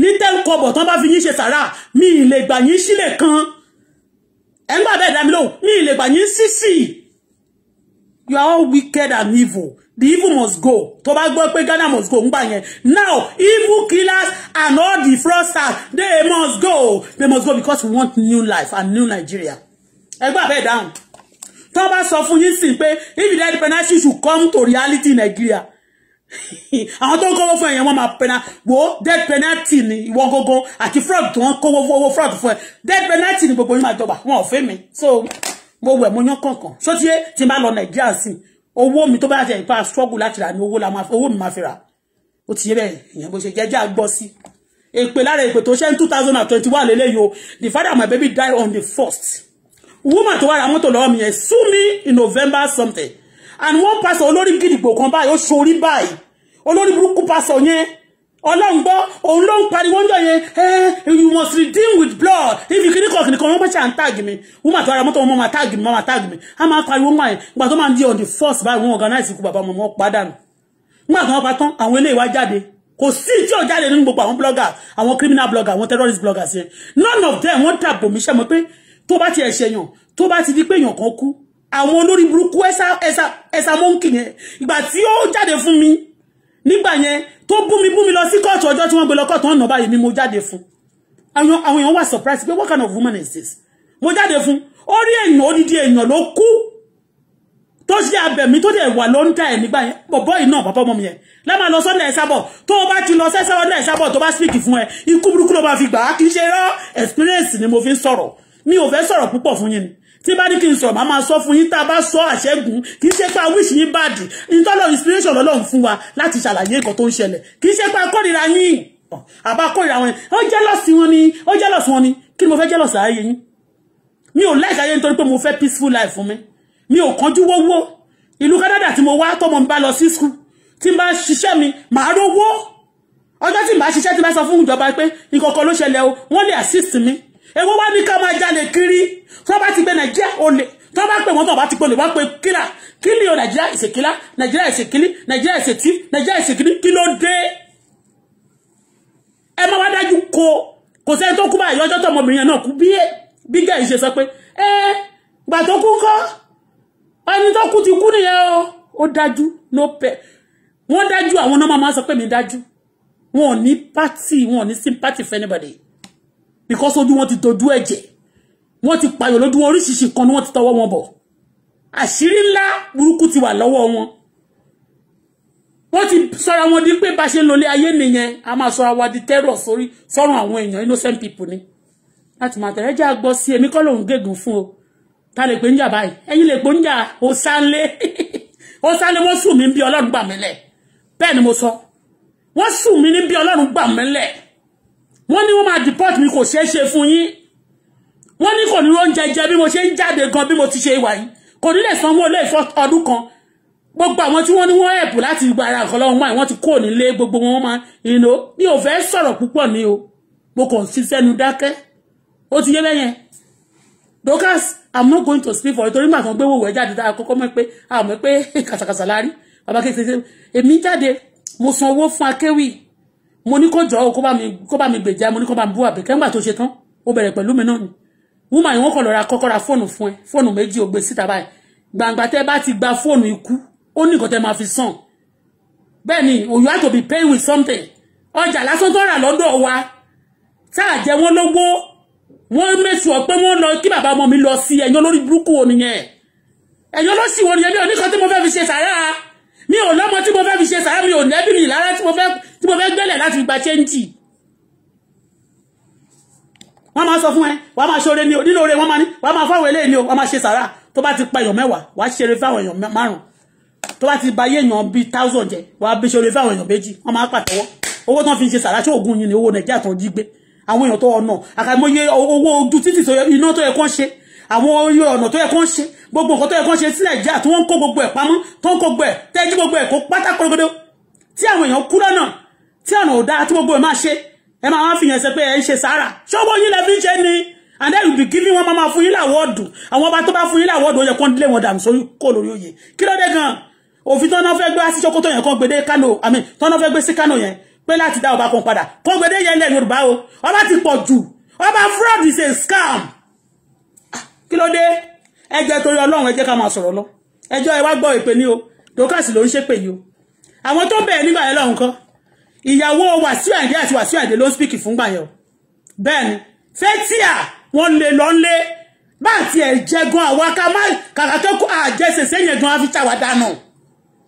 ní ten kọ́bọ̀ to bá fi yín ṣe sàrà mi ì lè gbà yín sílẹ̀ kan ẹ̀ ń gbà bẹ́ẹ̀ mi lóhùn mi ì lè gbà yín you are all wicked and evil the evil must go tó bá gbọ́ Ghana must go ńgbà now evil killers and all the fraudsters they must go they must go because we want new life and new Nigeria ẹgbẹ́ abẹ́ down. Toba bá sọ fún yín if you dey penalty you should come to reality in Nigeria [LAUGHS] àwọn tó ń kówó fún ẹ̀yàn wọn máa pena wo death penalty ni ìwọ gógó àti fraud tó ń kówó fowó fraud fún ẹ death penalty ni gbogbo yín máa jọba wọn ò fẹ́ mi so gbogbo ẹ̀ mo yán kọ̀ọ̀kan ṣó tí tí n bá lọ nàìjíríà sí owó mi tó bá ṣe ìpa struggle láti rà ní owó la máa owó mi máa fi rà ó ti yé bẹ́ẹ̀ ìyẹn bó ṣe jẹ́jẹ́ àgbọ́ sí èpè lára èpè tó ṣe ní the father of my baby died on the first woman to wá ra mọ́tò lọ́wọ́ mi yẹn sue me in november something and one pastor olórí gidigbo kan báyìí ó ṣorí báyìí olórí burúkú pastor yẹn ọlọ́run gbọ́ òun ló ń pariwo ń dọ̀yẹ eh, you must redeem with blood if you kiri kọ̀ọ̀kì nìkan wọ́n pẹ́ ṣe à ń tag mi wọ́n máa tó ara mọ́tò wọn máa tag mi máa tag mi a máa pariwo ń wà yẹn gbà tó máa ń di on the first báyìí wọ́n organize ikú bàbá mọ̀mọ́ padànù nígbà tó wọ́n pa tán àwọn eléyìí wá jáde kò sí tí ò jáde nínú gbogbo àwọn blogger àwọn criminal blogger àwọn terrorist bloggers yẹn none of them wọ́n dàbò mí sẹ́mo pé tó bá ti ẹ̀ṣẹ̀ yàn tó bá ti di pé èèyàn kan kú àwọn olórí burúkú ẹ̀sà ẹ̀sà ẹ̀sà mọ́ńkì yẹn ìgbà tí ó jáde fún mi nígbà yẹn tó bú mi bú mi lọ sí kóòtù ọjọ́ tí wọ́n gbé lọ kóòtù ọ̀nà báyìí mi mo jáde fún àwọn èèyàn wà surprise pé what kind of woman is this mo jáde fún ó rí èèyàn odidi èèyàn ló kú tó ṣe abẹ̀mí tó dẹ̀ wà lọ́ńdà ẹ̀ nígbà yẹn bọ̀bọ́ yìí náà bàbá ọmọ mi yẹn lẹ́mà lọ sọ́dọ̀ ẹ̀ tó o bá ti lọ sẹ́sẹ́ ọ̀dọ̀ ẹ̀ tó bá speak fún ẹ ikú burúkú ló máa fi gbà á kì í ṣe rọ́ experience ni mo fi ń sọ̀rọ̀ mi ò fẹ́ sọ̀rọ̀ púpọ̀ fún yín ni tí bá ní kí n sọ màá máa sọ fún yín tá a bá sọ àṣẹ́gun kì í ṣe pé awíṣ yín bàdì ìtọ́lọ̀ inspiration lọ́lọ́run fún wa láti ṣàlàyé nǹkan tó ń ṣẹlẹ̀ kì í ṣe pé akórira yín àbá kórira wọn ó jẹ́lọ́sì wọn ni ó jẹ́lọ́sì wọn ni kí ni mo fẹ́ jẹ́lọ́sì ayé yín mi ò láìka ayé nítorí pé mo fẹ́ peaceful life fún mi mi ò kánjú wọ́wọ́ ìlú Canada tí mo wá tọmọ mi bá lọ sí school tí n bá ṣiṣẹ́ mi màá rówó ọjọ́ tí n assist mi èwo wá ní ká máa jalè kiri tó bá ti gbé nàìjíríà olè tó bá pè wọ́n tó bá ti pè olè wá pè kíra kílì o nàìjíríà ìsèkílá nàìjíríà ìsèkílí nàìjíríà ìsètí nàìjíríà ìsèkílí kí ló dé ẹ má wá dájú ko kò sẹ́ni tó kú báyìí ọjọ́ tó ọmọbìnrin yẹn náà kú bí bí gẹ̀ẹ́yì ṣe sọ pé ẹ gbà tó kú kọ́ ẹni tó kú ti kú nìyẹn o ó dájú ló pẹ́ wọ́n dájú àwọn ọmọ máa sọ pé mi dájú wọn ò ní pátì wọn ò ní sympathy for anybody because ojú wọn ti dojú ẹ̀jẹ̀ wọ́n ti pààyàn lójú wọn oríṣiríṣi kan ni wọ́n ti tọwọ́ wọn bọ̀ àṣírí ńlá burúkú ti wà lọ́wọ́ wọn wọ́n ti sọ́ra wọn di pé bá ṣe ń lọlé ayé nìyẹn a máa sọ́ra wa di terror sórí sọ́run àwọn èèyàn innocent people ni láti máa tẹ̀lé jẹ́ àgbọ̀ sí èmi kọ́ lòun gègùn fún o ta lè pè ń jà báyìí ẹ̀yin lè pè ń jà ó sálé ó sálé wọ́n sùn mí bí ọlọ́run gbà mí lẹ̀ bẹ́ẹ̀ ni mo sọ wọ́n sùn mí ní bí ọlọ́run gbà mí lẹ̀ wọ́n ní wọ́n máa deport mi kò ṣeé ṣe fún yín wọ́n ní kò ní oúnjẹ jẹ bí mo ṣe ń jáde gan bí mo ti ṣe wà yìí kò ní lè sanwó ilé ìfọ ọdún kan gbogbo àwọn tí wọ́n ní wọ́n ẹ̀bù láti gba ara nǹkan lọ́wọ́ wọ́n ti kúrò nílé gbogbo wọn máa ìnà mi ò fẹ́ sọ̀rọ̀ púpọ̀ ni o mo kàn sí sẹ́nu dákẹ́ ó ti yé bẹ́yẹn Dorcas i'm not going to speak for it. nítorí màkàn gbé wòwẹ́ jáde dára kọ́kọ́ mọ̀ pé àmọ́ pé [LAUGHS] kàṣàkàṣà lárí bàbá kékeré èmi jáde mo san owó fún akéwì mo ní kó jọ ọ kó bá mi kó bá mi gbèjà mo ní kó bá mi bú àbẹ̀kẹ́ ńgbà tó ṣe tán ó bẹ̀rẹ̀ pẹ̀lú mi náà ni wúmà yìí wọ́n kọ̀ lọ́ra kọ́kọ́ ra fóònù fún ẹ fóònù méjì ó gbé síta báyìí gbàǹgbà tẹ́ bá ti gba fóònù ikú ó ní nǹkan tẹ́ máa fi sàn bẹ́ẹ̀ ni oh, you have to be paying with something ọjà lásán tó rà lọ́dọ̀ wa tá à jẹ wọ́n lówó wọ́n mẹ́sù ọ̀ pé wọ́n lọ kí bàbá ọmọ mi lọ sí ẹ̀yán lórí burúkú ònìyẹn ẹ̀yán ló sì wọ́n nìyẹn bí oníkan tí mo fẹ́ fi ṣe sàárà mi ò lọ́mọ tí mo fẹ́ fi ṣe sàrà mi ò lẹ́bí mi lára tí mo fẹ́ tí mo fẹ́ gbẹ́lẹ̀ láti gba chẹ́ńtì wọ́n máa sọ fún ẹ wàá máa ṣoore ni nínú oore wọ́n máa ní wàá máa fáwọn eléyìí ni o wàá máa ṣe sàrà tó bá ti pa èèyàn mẹ́wàá wàá ṣeré fáwọn èèyàn márùn tó bá ti ba yé èèyàn bíi thousand jẹ wàá bí ṣoore fáwọn èèyàn méjì wọ́n máa pàtẹ́wọ́ owó tán fi ṣe sàrà ṣé òògùn yìí ni owó nàìjíríà tó ń jí gbé àwọn èèyàn tó ọ̀nà àkàìmọye owó ojú so iná tó yẹ kán ṣe àwọn orí ọ̀nà tó yẹ kó ń ṣe gbogbo nǹkan tó yẹ kó ń ṣe sí nàìjíríà tí wọ́n ń kó gbogbo ẹ̀ pamọ́ tó ń kó gbogbo ẹ̀ tẹ́jú gbogbo ẹ̀ kó pátá korogodo tí àwọn èèyàn kú lọ́nà tí ọ̀nà ò dáa tí gbogbo ẹ̀ máa ṣe ẹ máa wọ́n fi yẹn ṣe pé ẹ ń ṣe sàárà ṣọ́wọ́ yín lẹ fi ń ṣe ni and then you be giving wọn máa fún yín láwọ́ọ̀dù àwọn ọba tó bá fún yín láwọ́ọ̀dù ó yẹ kó ń lé wọn dànù sórí kó lórí òye kí ló dé gan-an òfin tó náà fẹ́ gbé sí Sókótó yẹn kan gbèdé Kánò àmì tó náà fẹ́ gbé sí Kánò yẹn pé láti dá ọba kan padà kó gbèdé yẹn lẹ̀ Yorùbá o ọba ti pọ̀ jù ọba fraud is a scam kí ló dé ẹ jẹ́ torí ọlọ́run ẹ jẹ́ ká máa sọ̀rọ̀ lọ ẹjọ́ ẹ wá gbọ́ ìpè ní o dókàsì ló ń ṣépè yìí o àwọn tó bẹ̀rẹ̀ nígbà yẹn lọ́hùn kan ìyàwó wàsíù àìdé àti wàsíù àìdé ló ń spíkì fúngbà yẹn o bẹ́ẹ̀ ni fẹ́tíà wọ́n lè lọ ń lé bá àti ẹ̀ jẹ́ gan àwa ká má kàkà tó kó àjẹsẹsẹ yẹn gan afi táwa dànù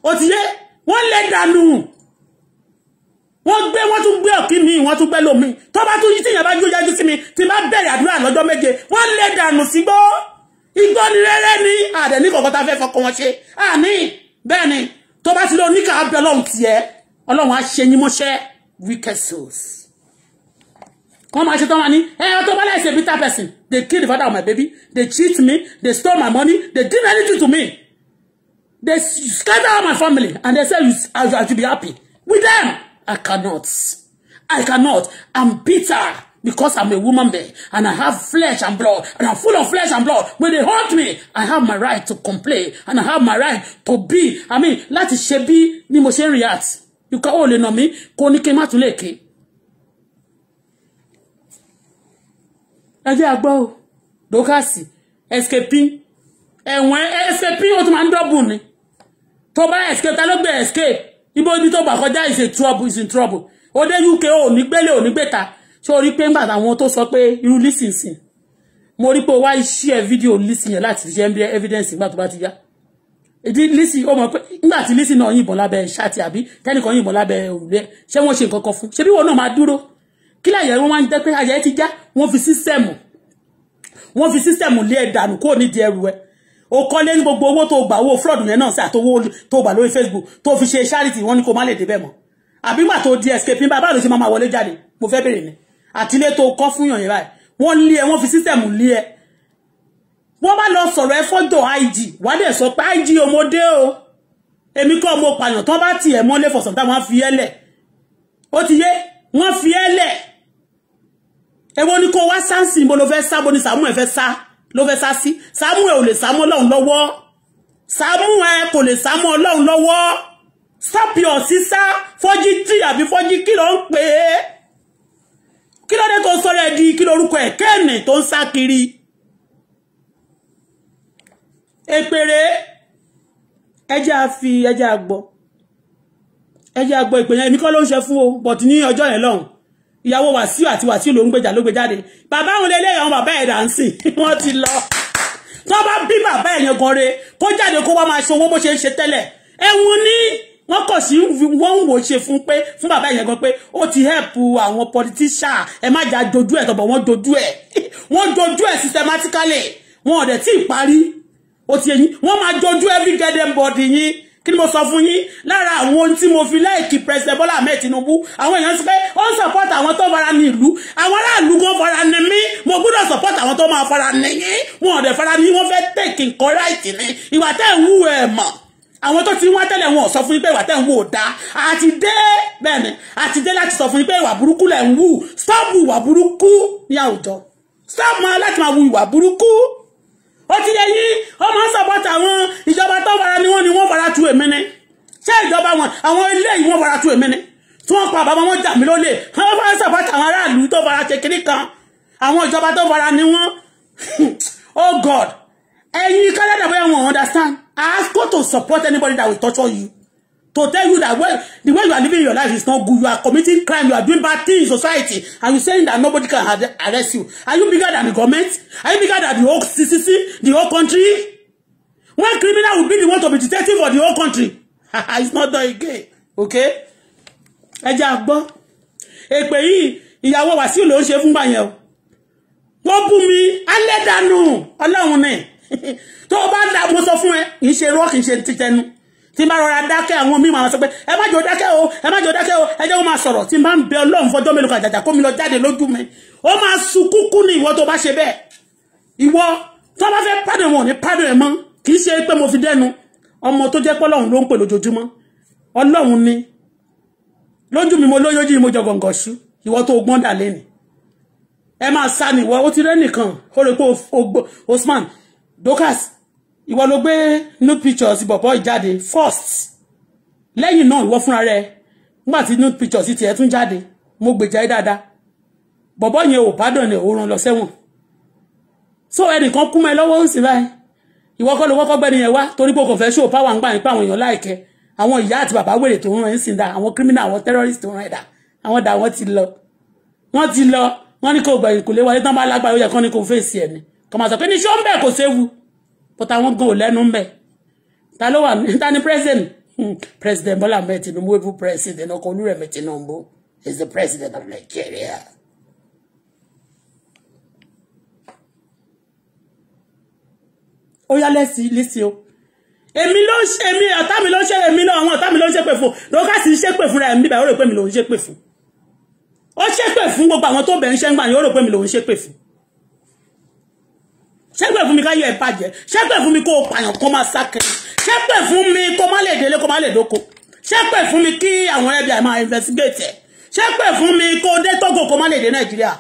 ó ti yé wọ́n lè dànù wọ́n gbé wọ́n tún gbé ọ̀kí mi wọ́n tún gbé lómi tó bá tún yí tí ìyàbá yóò yájú sí mi tí bá bẹ̀rẹ̀ àdúrà lọ́jọ́ méje wọ́n lè dànù sígbó igbó ni rẹ́rẹ́ ni àdẹ̀ ní kọ̀ọ̀kan tá a fẹ́ fọkàn wọn ṣe àní bẹ́ẹ̀ ni tó bá ti lọ níkà abẹ́ ọlọ́run tiẹ̀ ọlọ́run á ṣe yín mọ́ṣẹ́ wicked souls. wọ́n máa ṣe tán wọn ni ẹ ọtọ́ bá láì ṣe bitter person they kill the father of my baby they cheat me they stole my money they give anything to me they scatter my family and they say you, I, I should be happy with them. I cannot. I cannot. I'm bitter because I'm a woman there and I have flesh and blood and I'm full of flesh and blood. When they hurt me, I have my right to complain and I have my right to be. I mean, láti ṣe bí ni mo ṣe ń react. You can only know me. Kò ní kí n má tún lè kí. Ẹ jẹ́ àgbọ̀ o. Escaping. Ẹ̀wọ̀n escaping ó tún máa ń ni. Tó escape ta ló gbé escape ibo ibi tó gbà kọjá is in trouble is in trouble ó dé uk ò ni gbélé ò ní gbèta ṣé o rí pé nígbà to. So sọ pé listen, lísìnsìn mo rí pé o wá share fídíò lísìn yẹn láti ṣe evidence nígbà tó bá ti yá Listen, lísìn ó mọ̀ pé nígbà tí lísìn náà yìnbọn lábẹ́ ṣáàtì àbí kẹ́nìkan yìnbọn lábẹ́ òrùlé ṣé wọ́n ṣe nǹkan kan fún ṣebí wọn náà máa dúró kí láyé wọn máa ń jẹ́ pé ayé ti já wọ́n fi sísẹ̀mù wọ́n fi sísẹ̀mù lé ẹ̀dànù kó nídìí ẹrù ẹ̀ o kọ́lé ní gbogbo owó tó gbà owó fraud yẹn náà sí àtowó tó gbà lórí Facebook tó fi ṣe charity wọn ni kò má lè débẹ̀ mọ́ àbí gbà tó di escape ní bàbá àlòṣe máa wọlé jáde mo fẹ́ bèrè ni àtìlé tó kọ́ fún yàn yẹn báyìí wọ́n lé ẹ wọ́n fi system lé ẹ wọ́n bá lọ sọ̀rọ̀ ẹ fọ́jọ́ IG wà á dẹ̀ sọ pé IG ọmọdé o èmi kọ́ mo pààyàn tán bá tiẹ̀ mọ́lé for some time wọ́n fi ẹ́ lẹ̀ ó ti yé wọ́n fi ẹ́ lẹ̀ èwo ni kò wá sáǹsì níbo ló fẹ́ sá bo ni Sàámú ẹ̀ sá ló fẹ́ sá sí Samuel ò lè sá mọ́ Ọlọ́run lọ́wọ́ Samuel kò lè sá mọ́ Ọlọ́run lọ́wọ́ stop your sister fọ́jí tí àbí fọ́jí kí ló ń pè é kí ló dé tó sọ̀rọ̀ ẹ̀ di kí lórúkọ ẹ̀ kẹ́ẹ̀nì tó ń sá kiri èpèrè ẹjẹ́ a fi ẹjẹ́ a gbọ́ ẹjẹ́ a gbọ́ ìpè yẹn èmi kọ́ ló ń ṣe fún o but ní ọjọ́ yẹn lọ́hùn ìyàwó wàsíù àti wàsíù ló ń gbèjà ló gbé jáde bàbá òun lè léyàwó bàbá ẹ̀ dà ń sìn [LAUGHS] wọ́n ti lọ tó bá bí bàbá ẹ̀ yẹn gan re kó jáde kó wá máa ṣe owó bó ṣe ń ṣe tẹ́lẹ̀ ẹ̀wọ̀n ní wọ́n kọ̀ sí wọ́n ń wò ṣe fún pé fún bàbá yẹn gan pé ó ti help àwọn politician ẹ má jà dojú ẹ̀ tọ̀bọ̀ wọ́n dojú ẹ̀ [LAUGHS] wọ́n dojú ẹ̀ systematically wọn ò dẹ̀ tí ì parí ó ti yẹ yín wọ́n máa dojú every yín kí ni mo sọ fún yín lára àwọn ohun tí mo fi láìkí president bola Ahmed Tinubu àwọn èèyàn sọ pé ó ń support àwọn tó fara ní ìlú àwọn aráàlú kan fara ní mí mo gbọ́dọ̀ support àwọn tó máa fara ní yín wọn ò dẹ̀ fara ní wọ́n fẹ́ take nǹkan right ni ìwà tẹ́ ń wú ẹ̀ mọ̀ àwọn tó ti wá tẹ́lẹ̀ wọn sọ fún yín pé ìwà tẹ́ ń wú ò dáa àti dé bẹ́ẹ̀ ni àti dé láti sọ fún yín pé ìwà burúkú lẹ̀ ń wù stop ìwà burúkú ní àwùjọ stop máa láti máa wu ìwà burúkú ó ti yẹ yín ó máa ń sọ̀pọ̀tà àwọn ìjọba tó fara ni wọ́n ni wọ́n fara tu èmi ni ṣé ìjọba wọn àwọn ilé yìí wọ́n fara tu èmi ni tí wọ́n pa bàbá wọn jà mí lólè wọ́n fara sọ̀pọ̀tà àwọn aráàlú tó fara ṣe kiri kan àwọn ìjọba tó fara ni wọ́n [LAUGHS] oh God ẹ̀yin kálẹ̀dà bóyá wọn understand I ask God to support anybody that will torture you to tell you that well, the way you are living your life is not good. You are committing crime. You are doing bad things in society. And you saying that nobody can arrest you. Are you bigger than the government? Are you bigger than the whole CCC, the whole country? One criminal would be the one to be detective for the whole country. [LAUGHS] it's not done again. Okay? Ẹ jẹ́ àgbọ́. Èpè yìí, ìyàwó Wàsíù ló ń ṣe fúngbà yẹn o. Wọ́n bú mi, alẹ́ dànù, ọlọ́run ni. [LAUGHS] Tó o bá mo sọ fún ẹ, kì í ṣe irọ́, kì í tí n bá rọra dákẹ́ àwọn míì máa sọ pé ẹ má jọ dákẹ́ o ẹ má jọ dákẹ́ o ẹ jẹ́ wọn máa sọ̀rọ̀ tí n bá ń bẹ ọlọ́run fọjọ́ mélòó kan àjàjà kó mi lọ jáde lójú mi ó máa sunkúnkún ní ìwọ tó bá ṣe bẹ́ẹ̀ ìwọ tó bá fẹ́ pàdé wọn ní pàdé ẹ̀ mọ́ kì í ṣe pé mo fi dẹ́nu ọmọ tó jẹ́ pé ọlọ́run ló ń pè lójoojúmọ́ ọlọ́run ni lójú mi mo lóyójú ni mo jọ gọ̀ǹgọ̀ ṣú ìwọ tó gbọ́n dà lẹ́nu Osman Dorcas ìwọ ló gbé nude pictures bọ̀bọ̀ ìjáde first lẹ́yìn náà ìwọ fúnra rẹ nígbà tí nude pictures tiẹ̀ tún jáde mo gbèjà ẹ dáadáa bọ̀bọ̀ yẹn ò bá dọ̀nà ò ràn lọ sẹ́wọ̀n so ẹnìkan kú mọ́ ẹ lọ́wọ́ ó sì báyìí ìwọ kọ́ ló kọ́kọ́ gbẹ́ni yẹn wá torí pé kò fẹ́ ṣó power ń gbà yín pé àwọn èèyàn láìkẹ́ àwọn ìyá àti bàbá wèrè tó ń ràn yín sí dá àwọn criminal àwọn terrorist tó ń ràn yín dá àwọn dá wọn ti lọ wọn ti lọ wọn ní kò gbẹ̀yìn kò lè wọlé tán bá lágbàá ó yẹ kán ní kò fèsì ẹ̀ ni kò máa sọ pé ní ṣó ń bẹ̀ kò séwu but àwọn gan ò lẹ́nu ń bẹ̀ ta ló wà ta ni president hmm, president Bola Ahmed Tinubu ebu president ọkọ Olúrẹ̀mí Tinubu is the president of Nigeria. ó yá lẹ́sí lẹ́sí o èmi ló ṣe èmi ọ̀tá mi ló ṣe èmi náà àwọn ọ̀tá mi ló ń ṣépè fún lọ́kàsí ṣépè fúnra ẹ̀mí bíbá ó rò pé mi ló ń ṣépè fún ó ṣépè fún gbogbo àwọn tó bẹ̀ ń ṣẹ́ ń gbà yóò rò pé mi ló ń ṣépè fún ṣẹ́gbẹ̀ fún mi ká yọ ẹ̀ bàjẹ́ ṣẹ́gbẹ̀ fún mi kó o pààyàn kó máa sá kiri ṣẹ́gbẹ̀ fún mi kó má lè délé kó má lè dóko ṣẹ́gbẹ̀ fún mi kí àwọn ẹbí àmà investigate ẹ̀ ṣẹ́gbẹ̀ fún mi kó dé Togo kó má lè dé Nàìjíríà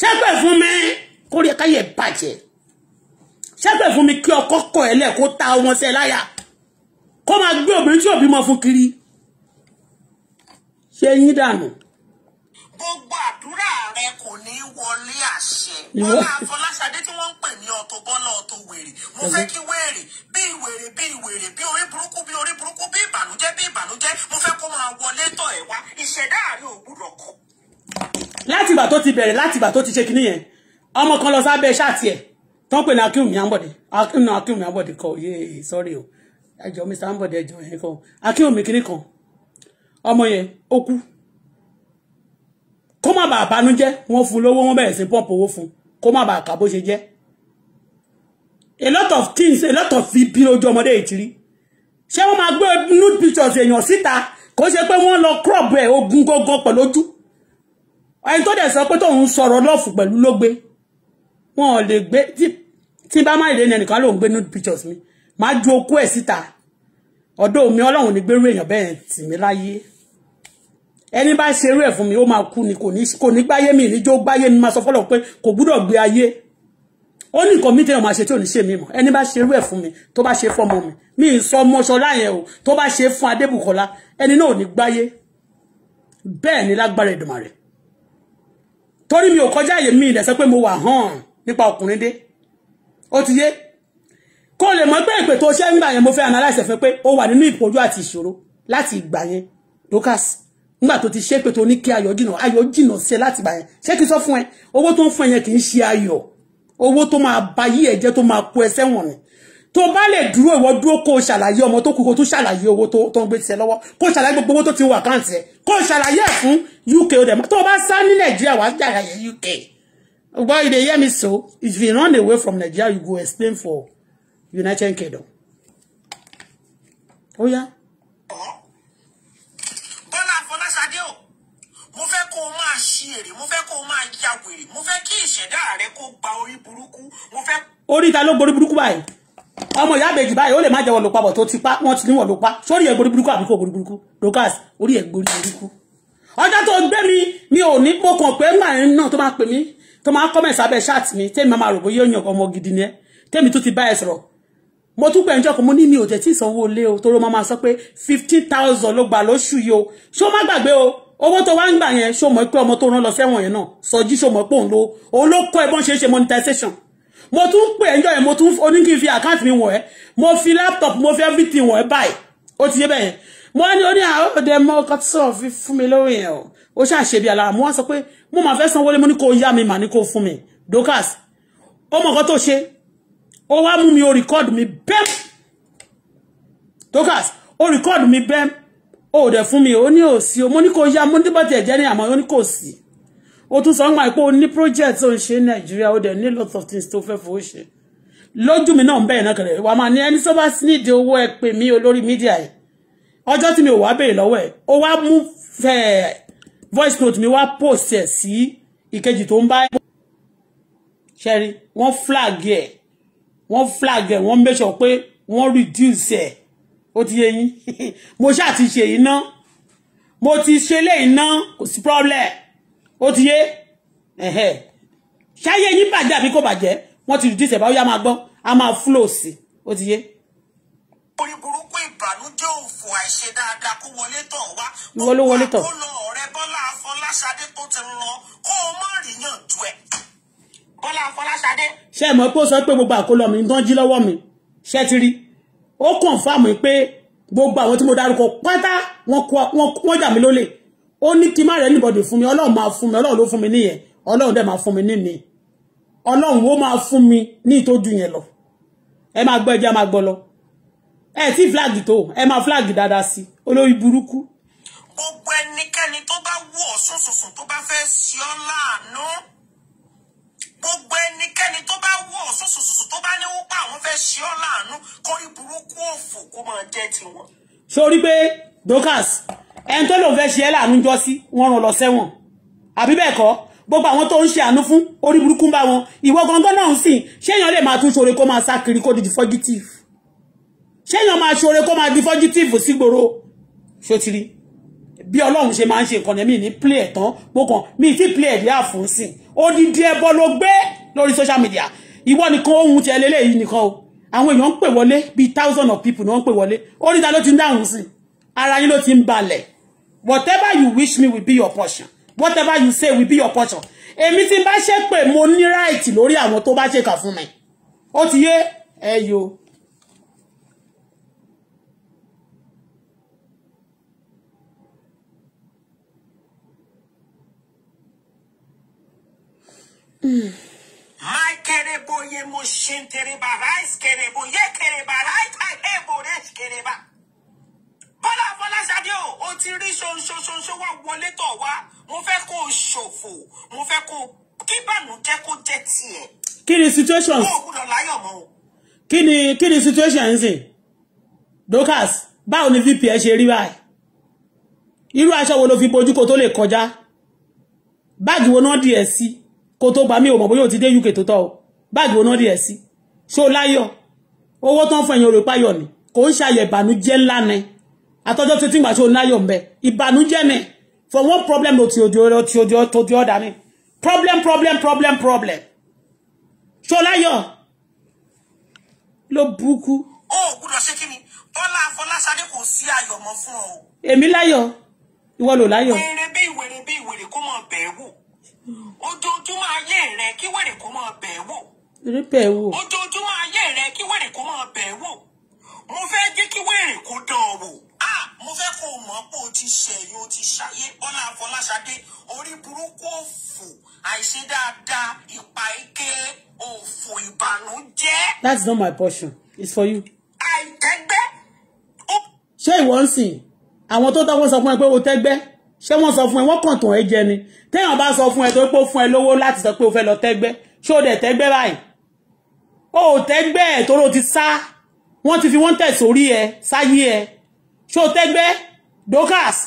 ṣẹ́gbẹ̀ fún mi kó rí ká yọ ẹ̀ bàjẹ́ ṣẹ́gbẹ̀ fún mi kí ọkọ kọ ẹ lẹ̀ kó ta wọn sẹ́ láyà kó máa gbé obìnrin tí òbí mọ fún kiri ṣe yín dànù gbogbo àdúrà rẹ kò ní wọlé àṣẹ Bọ́lá Afọláṣadé tí wọ́n ń pè ní Auto Bola Auto wèrè mo fẹ́ kí wèrè bí wèrè bí wèrè bí orí burúkú bí orí burúkú bí ìbànújẹ́ bí ìbànújẹ́ mo fẹ́ kó máa wọlé tọ̀ ẹ̀ wá ìṣẹ̀dá àárẹ̀ òwúrọ̀ kọ. láti ìgbà tó ti bẹ̀rẹ̀ láti ìgbà tó ti ṣe kinní yẹn ọmọ kan lọ sábẹ́ ṣáàtì ẹ̀ tó ń pè ní akínwùmí àbọ̀dé akínwùmí àbọ̀dé kọ yéé sọ́rí o ẹjọ́ mr àbọ̀dé ẹjọ́ yẹn kọ akínwùmí kinní kan ọmọ yẹn ó kú kó má bàa banújẹ́ wọ́n fún lówó wọ́n bẹ̀rẹ̀ sí pump owó fún kó má bàa kà ṣe jẹ́ a lot of things a lot of bí lójú ọmọdé ìtìrí ṣé wọ́n máa gbé nude pictures èèyàn síta kò ṣe pé wọ́n lọ crop ẹ̀ ogun gangan pẹ̀lú ojú ẹni tó dẹ̀ sọ pé tóun sọ̀rọ̀ lọ́ọ̀fù pẹ̀lú ló gbé wọn ò lè gbé tí bá má ìdè ní ẹnìkan lòun gbé nude pictures mi máa ju okú ẹ̀ síta ọ̀dọ̀ mi ọlọ́run ní gbérú èèyàn bẹ́ẹ̀ tì mí láyé ẹni bá ń ṣerú ẹ̀ fún mi ó máa kú ni kò ní kò ní gbáyé mi níjó gbáyé mi máa sọ fọlọ́ pé kò gbúdọ̀ gbé ayé ó ní nǹkan mi tẹ́yàn máa ṣe tí ò ní ṣe mí mọ̀ ẹni bá ṣerú ẹ̀ fún mi tó bá ṣe fọmọ mi mi ì sọ ọmọ ṣọlá yẹn o tó bá ṣe fún adébùkọ́lá ẹni náà ò ní gbáyé bẹ́ẹ̀ ni lágbára Èdùmàrè torí mi ò kọjá àyè mi ìdẹ̀sẹ́ pé mo wà hàn nípa ọkùnrin dé ó ti yé kó lè mọ̀ pé ìpè tó ṣẹ́ ń gbà yẹn mo fẹ́ analyse fún pé ó wà nínú ìpọ́jú àti ìṣòro láti ìgbà yẹn Dorcas nígbà tó ti ṣe pé tó ní kí ayọ̀ jìnà ayọ̀ jìnà sí ẹ láti gbà ṣé kí sọ fún ẹ owó tó ń fún ẹ kì í ṣe ayọ̀ owó tó máa ba yí ẹ jẹ́ tó máa kó ẹ sẹ́wọ̀n ni tó bá lè dúró ìwọ dúró kó o ṣàlàyé ọmọ tó kú kó tó ṣàlàyé owó tó ń gbé tiẹ̀ lọ́wọ́ kó o ṣàlàyé gbogbo owó tó ti wà káǹtì ẹ kó o ṣàlàyé ẹ fún UK ó dẹ̀ mọ́ tó o bá sá ní Nàìjíríà wàá ṣàlàyé UK But you dey hear me so, if you run away from Nigeria, you go explain for United Kingdom. Oh yeah. ṣí èrè mo fẹ́ kó o máa ya wèrè mo fẹ́ kí ìṣẹ̀dá rẹ kó gba orí burúkú mo fẹ́. orí ta ló gorí burúkú báyìí ọmọ ìyá àbèjì báyìí ó lè má jẹ́ wọn ló papọ̀ tó ti pa wọ́n ti ní wọn ló pa sórí ẹ̀ gorí burúkú àbí kò gorí burúkú Dorkas orí ẹ̀ gorí burúkú. ọjọ́ tó gbé mi mi ò ní mo kàn pé ńgbà yẹn náà tó máa pè mí tó máa kọ́mẹ̀ sábẹ́ ṣáàt mi tẹ́mi máa rò bóyá òyìn ọmọ gidi ni ẹ tẹ́mi tó ti bá ẹ sọ̀rọ̀ mo tún gbẹ̀ǹjọ́ kan mo ní mi ò tẹ̀ tí ìsanwó lé o toro ló máa sọ pé fifteen thousand ló gbà lóṣù yìí o ṣé ó má gbàgbé o owó tó wá ń gbà yẹn ṣó mọ̀ pé ọmọ tó rán lọ sẹ́wọ̀n yẹn náà sọjí ṣó mọ̀ pé òun ló òun ló kọ́ ẹbọn ṣe monetization mo tún pè ẹjọ́ yẹn mo tún oní kí n fi àkáǹtì mi wọ̀ ẹ́ mo fi laptop mo fi everything wọ̀ ẹ́ báyìí ó ti yé bẹ́ẹ̀ mo ní oní àwọn ah, ọ̀dẹ mọ ọkọ tí sọ̀rọ̀ fi fún mi lórí yẹn o ó ṣáà ṣe bí alára mo wá sọ pé mo máa fẹ́ sanwó lé mo ní kó yá mi mà ní kó fún mi Dorcas ó mọ̀ nǹkan tó ṣe ó wá mú mi ó record mi bẹ́ẹ̀ Dorcas ó record mi bẹ́ẹ̀ ó dẹ̀ fún mi ó ní òsì o mo ní kò yá mo ní bá tiẹ̀ jẹ́ ní àmọ́ ó ní kò sí o tún sọ wọn pé o ní project tó ń ṣe ní nàìjíríà ó lot of things to fẹ́ fowó ṣe lójú mi náà ń bẹ̀rẹ̀ náà kẹrẹ̀ wà máa ní ẹni tó bá nídìí owó ẹ pè mí olórí mídíà yìí ọjọ́ tí mi ò wá béèrè lọ́wọ́ ẹ̀ ó wá mú fẹ́ voice note mi wá post ẹ̀ sí ìkejì tó ń bá ṣẹ́rí flag ẹ̀ wọ́n flag ẹ̀ wọ́n make sure pé wọ́n reduce ẹ̀ ó ti yé [LAUGHS] mo ṣáà ti ṣe yìí mo ti se le ná kò si problem o ti yé ṣáyé yín bàjẹ́ àbí kò bàjẹ́ wọ́n ti dùdí ba ó yá máa gbọ́ á máa flow sí ó ti yé orí burúkú ìbànújẹ́ òfò àìṣe dáadáa kó wọlé tọ̀ wá kó wà kó lọ ọ̀rẹ́ Bọ́lá Afọláṣadé tó ti lọ kó o má rí yàn jù ẹ̀. Bọ́lá Afọláṣadé. ṣé ẹ mọ̀ pé ó sọ pé gbogbo àkólọ mi ń tán jí mi ṣé ti rí ó kọ̀ǹfàmù pé gbogbo àwọn tí mo dárúkọ pátá wọ́n jà mí lólè ó ní kí má rẹ̀ anybody fún mi ọlọ́run máa fún mi ọlọ́run ló fún mi nìyẹn ọlọ́run dẹ̀ máa fún mi nìyẹn ọlọ́run ó máa fún mi ní ìtọ́jú yẹn lọ ẹ máa gbọ́ ẹjẹ́ máa gbọ́ lọ ẹ tí flag tó ẹ máa flag dáadáa sí olórí burúkú. gbogbo ẹnikẹ́ni tó bá wù ọ́ sọ̀sọ̀sọ̀ tó bá fẹ́ sí ọ láàánú gbogbo ẹnikẹ́ni tó bá wọ sọsọsọsọ tó bá ní wípé àwọn fẹ́ ṣe ọ láàánú kórí burúkú òfò kó máa jẹ tiwọn. sórí pé Dorkas ẹni tó lòun fẹ́ ṣe ẹ́ láàánú jọ sí wọ́n rán lọ sẹ́wọ̀n àbí bẹ́ẹ̀ kọ́ gbogbo àwọn tó ń ṣe àánú fún orí burúkú bá wọn ìwọ gangan náà ń sìn ṣéèyàn lè máa tún ṣoore kó máa sá kiri kó di fugitive ṣéèyàn máa ṣoore kó máa di fugitive sígboro ṣòtìrí bí ọlọ́run ṣe máa ń ṣe ìkànnì mi ní play tán mo kàn ti play ẹ̀ dí àfúnsìn odidi ẹbọ ló gbé lórí social media ìwọ nìkan ohun tiẹ̀ lélẹ́yìí nìkan o àwọn èèyàn ń pè wọlé bíi thousand of people ni wọ́n ń pè wọlé oríta ló ti ń dáhùn sí ara yín ló ti ń balẹ̀ whatever you wish me will be your portion whatever you say will be your portion èmi tí n bá ṣe pé mo ní right lórí àwọn tó bá ṣèkà fún mi ó ti yé ẹ yo My kerebo ye mo shin tereba rice kerebo ye kereba right I ebo res kereba. Bọ́lá Fọláṣadé o, o ti rí ṣonṣonṣonṣo wá wọlé tọ̀ wá. Mo fẹ́ kó mo fẹ́ kó o kí bànújẹ́ kó jẹ́ tiẹ̀. Kí ni situation? Kó o gbúdọ̀ láyọ̀ mọ́ o. Kí ni kí ni situation ń sìn? ba báwo ni VP ẹ ṣe rí báyìí? Irú aṣọ wo ló fi bojú kó tó lè kọjá? Báàgì wo náà dì ẹ sí? kó tó gba mi ò mọ̀ bóyá o ti dé UK tó tọ́ o báàgì wo náà rí ẹ sí ṣó láyọ̀ owó tó ń fún ẹ̀yìn orò ìpáyọ̀ ni kò ń ṣàyẹ̀ ìbànújẹ́ ńlá ni àtọ́jọ́ tó ti ń gbà ṣó láyọ̀ ń bẹ ìbànújẹ́ ni for one problem to the other to the to the other ni problem problem problem problem ṣó láyọ̀ ló burúkú. ó gbúdọ̀ ṣe kí ni Bọ́lá Afọláṣadé kò sí ayọ̀ mọ́ fún ọ. èmi láyọ̀ ìwọ ló láyọ̀. wèrè bí ìwèrè bí ìwèrè kó mọ̀ bẹ́ẹ̀ wò ojoojúmọ́ ayé rẹ kí wèrè kó máa bẹ̀ wò. bẹ̀ wò. ojoojúmọ́ ayé rẹ kí wèrè kó máa bẹ̀ wò. mo fẹ́ jẹ́ kí wèrè kó dán wò. mo fẹ́ kó o mọ̀ pé o ti ṣẹ̀yìn o ti ṣàyé bọ́lá afọláṣadé orí burúkú òfò àìṣe dáadáa ìpa ike òfò ìbànújẹ́. that's not my portion it's for you. àìtẹ́gbẹ́. ṣé ìwọ ń sìn àwọn tó dáwọ́ sọ fún ẹ pé o tẹ́gbẹ́ ṣé wọ́n sọ fún ẹ wọ́n kàn tàn ẹ́ jẹ ni téèyàn bá sọ fún ẹ tó pé ó fún ẹ lówó láti sọ pé ó fẹ́ lọ tẹ́gbẹ́ ṣé ó dẹ̀ tẹ́gbẹ́ báyìí ó tẹ́gbẹ́ ẹ̀ tó ló ti sá wọ́n ti fi wọ́n tẹ̀ sórí ẹ sáyé ẹ ṣé ó tẹ́gbẹ́ Dorcas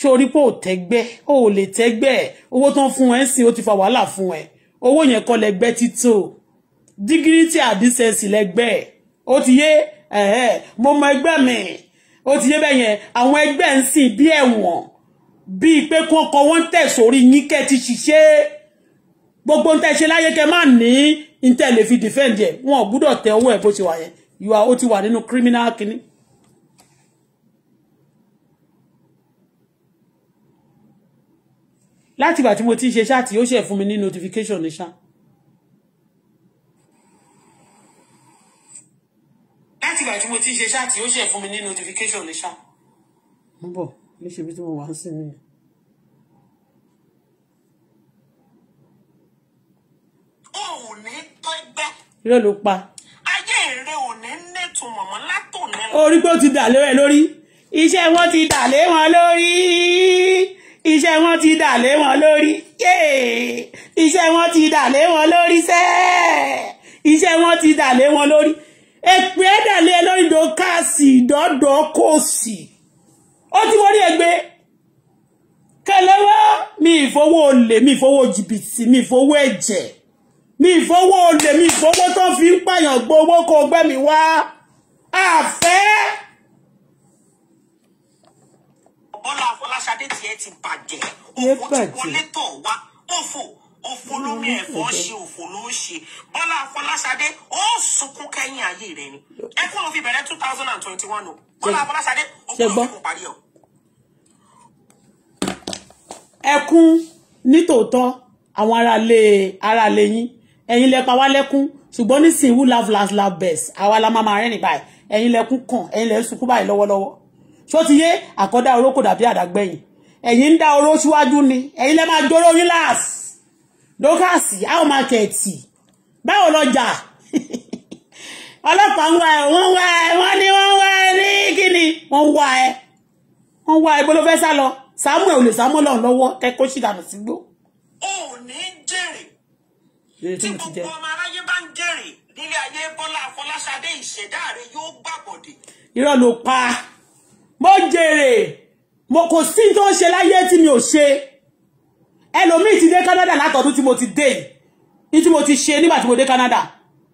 ṣé pé ó tẹ́gbẹ́ ó lè tẹ́gbẹ́ owó tó fún ẹ ń ó ti fa wàhálà fún ẹ owó yẹn kọ́ lẹgbẹ́ títò dignity and decency lẹgbẹ́ ó ti yé mo mọ ẹgbẹ́ mi ó ti yé bẹ́ẹ̀ yẹn àwọn ẹgbẹ́ ń sìn bí ẹ̀wọ̀n bíi pé kí wọ́n kọ wọ́n tẹ̀ sórí yín kẹ́ ti ṣiṣẹ́ gbogbo ń tẹ́ ṣe láyé kẹ́ má ní ń tẹ́ lè fi defend yẹ wọn ò gbúdọ̀ tẹ owó ẹ̀ bó ṣe wà yẹn ìwà ó ti wà nínú criminal kínní. láti ìgbà tí mo ti ń ṣe ṣáàtì ó ṣe fún mi ní notification ní ṣá. láti ìgbà tí mo ti ń ṣe ṣáàtì ó ṣe fún mi ní notification ní ṣá. ń bọ̀ níṣe bí tí mo wà ń sìn ní tọ́gbẹ́. irọ́ ló pa. orí pé ó ti dà lé ẹ lórí iṣẹ́ wọn ti dà lé wọn lórí iṣẹ́ wọn ti dà lé wọn lórí iṣẹ́ wọn ti dà lé wọn lórí sẹ́ẹ̀ iṣẹ́ wọn ti dà lé wọn lórí èpè dà lé lórí dòkàsì dọ́dọ̀ kò sí ó ti wọlé ẹgbẹ́ kẹlẹ́wá mi ìfowó olè mi ìfowó jìbìtì mi ìfowó ẹ̀jẹ̀ mi ìfowó olè mi ìfowó tó fi ń pààyàn gbowó kó gbẹ́mi wá àfẹ́. Bọ́lá Afọláṣadé tiẹ̀ ti bàjẹ́ òun ti wọlé tọ̀ wá òfò òfolómi ẹ̀fọ́ ṣe òfoló ṣe Bọ́lá Afọláṣadé ó sunkún kẹ́yìn ayé rẹ̀ ni ẹkún ló fi bẹ̀rẹ̀ two thousand and twenty one o Bọ́lá Afọláṣadé ó kún ló fi kún parí o. ẹkún nítòótọ́ àwọn aráalé aráalé yín ẹ̀yin lẹ wá lẹ́kún ṣùgbọ́n nísìnyí who laugh last laugh best àwa la máa máa rẹ́rìn báyìí ẹ̀yin lẹ́kún kàn ẹ̀yin lẹ́ ń sunkún báyìí lọ́wọ́lọ́wọ́ ṣó ti yé àkọ́dá oró kò dàbí àdágbẹ́yìn ẹ̀yin ń dá oró síwájú ni ẹ̀yin lẹ́ máa dóró yín láàsì dókàsì how market báwo lọjà ọlọ́pàá ń wá ẹ wọ́n wá ẹ wọ́n ní wọ́n wá ẹ ní kíni wọ́n wá ẹ wọ́n wá ẹ bó sá lọ samuel ò lè samuel ọ̀hún lọ́wọ́ ẹ kó sì dànù sígbó. o ò ní jèrè tí gbogbo ọmọ aráyé bá ń jèrè nílé ayé bọ́lá àfọláṣadé ìṣẹ̀dá rẹ yóò gbàbọ̀dé. irọ́ ló pa mo jèrè mo kò sí tó ń ṣe láyé tí mi ò ṣe ẹlòmíì ti dé Canada látọdún tí mo ti dé yìí tí mo ti ṣe nígbà tí mo dé Canada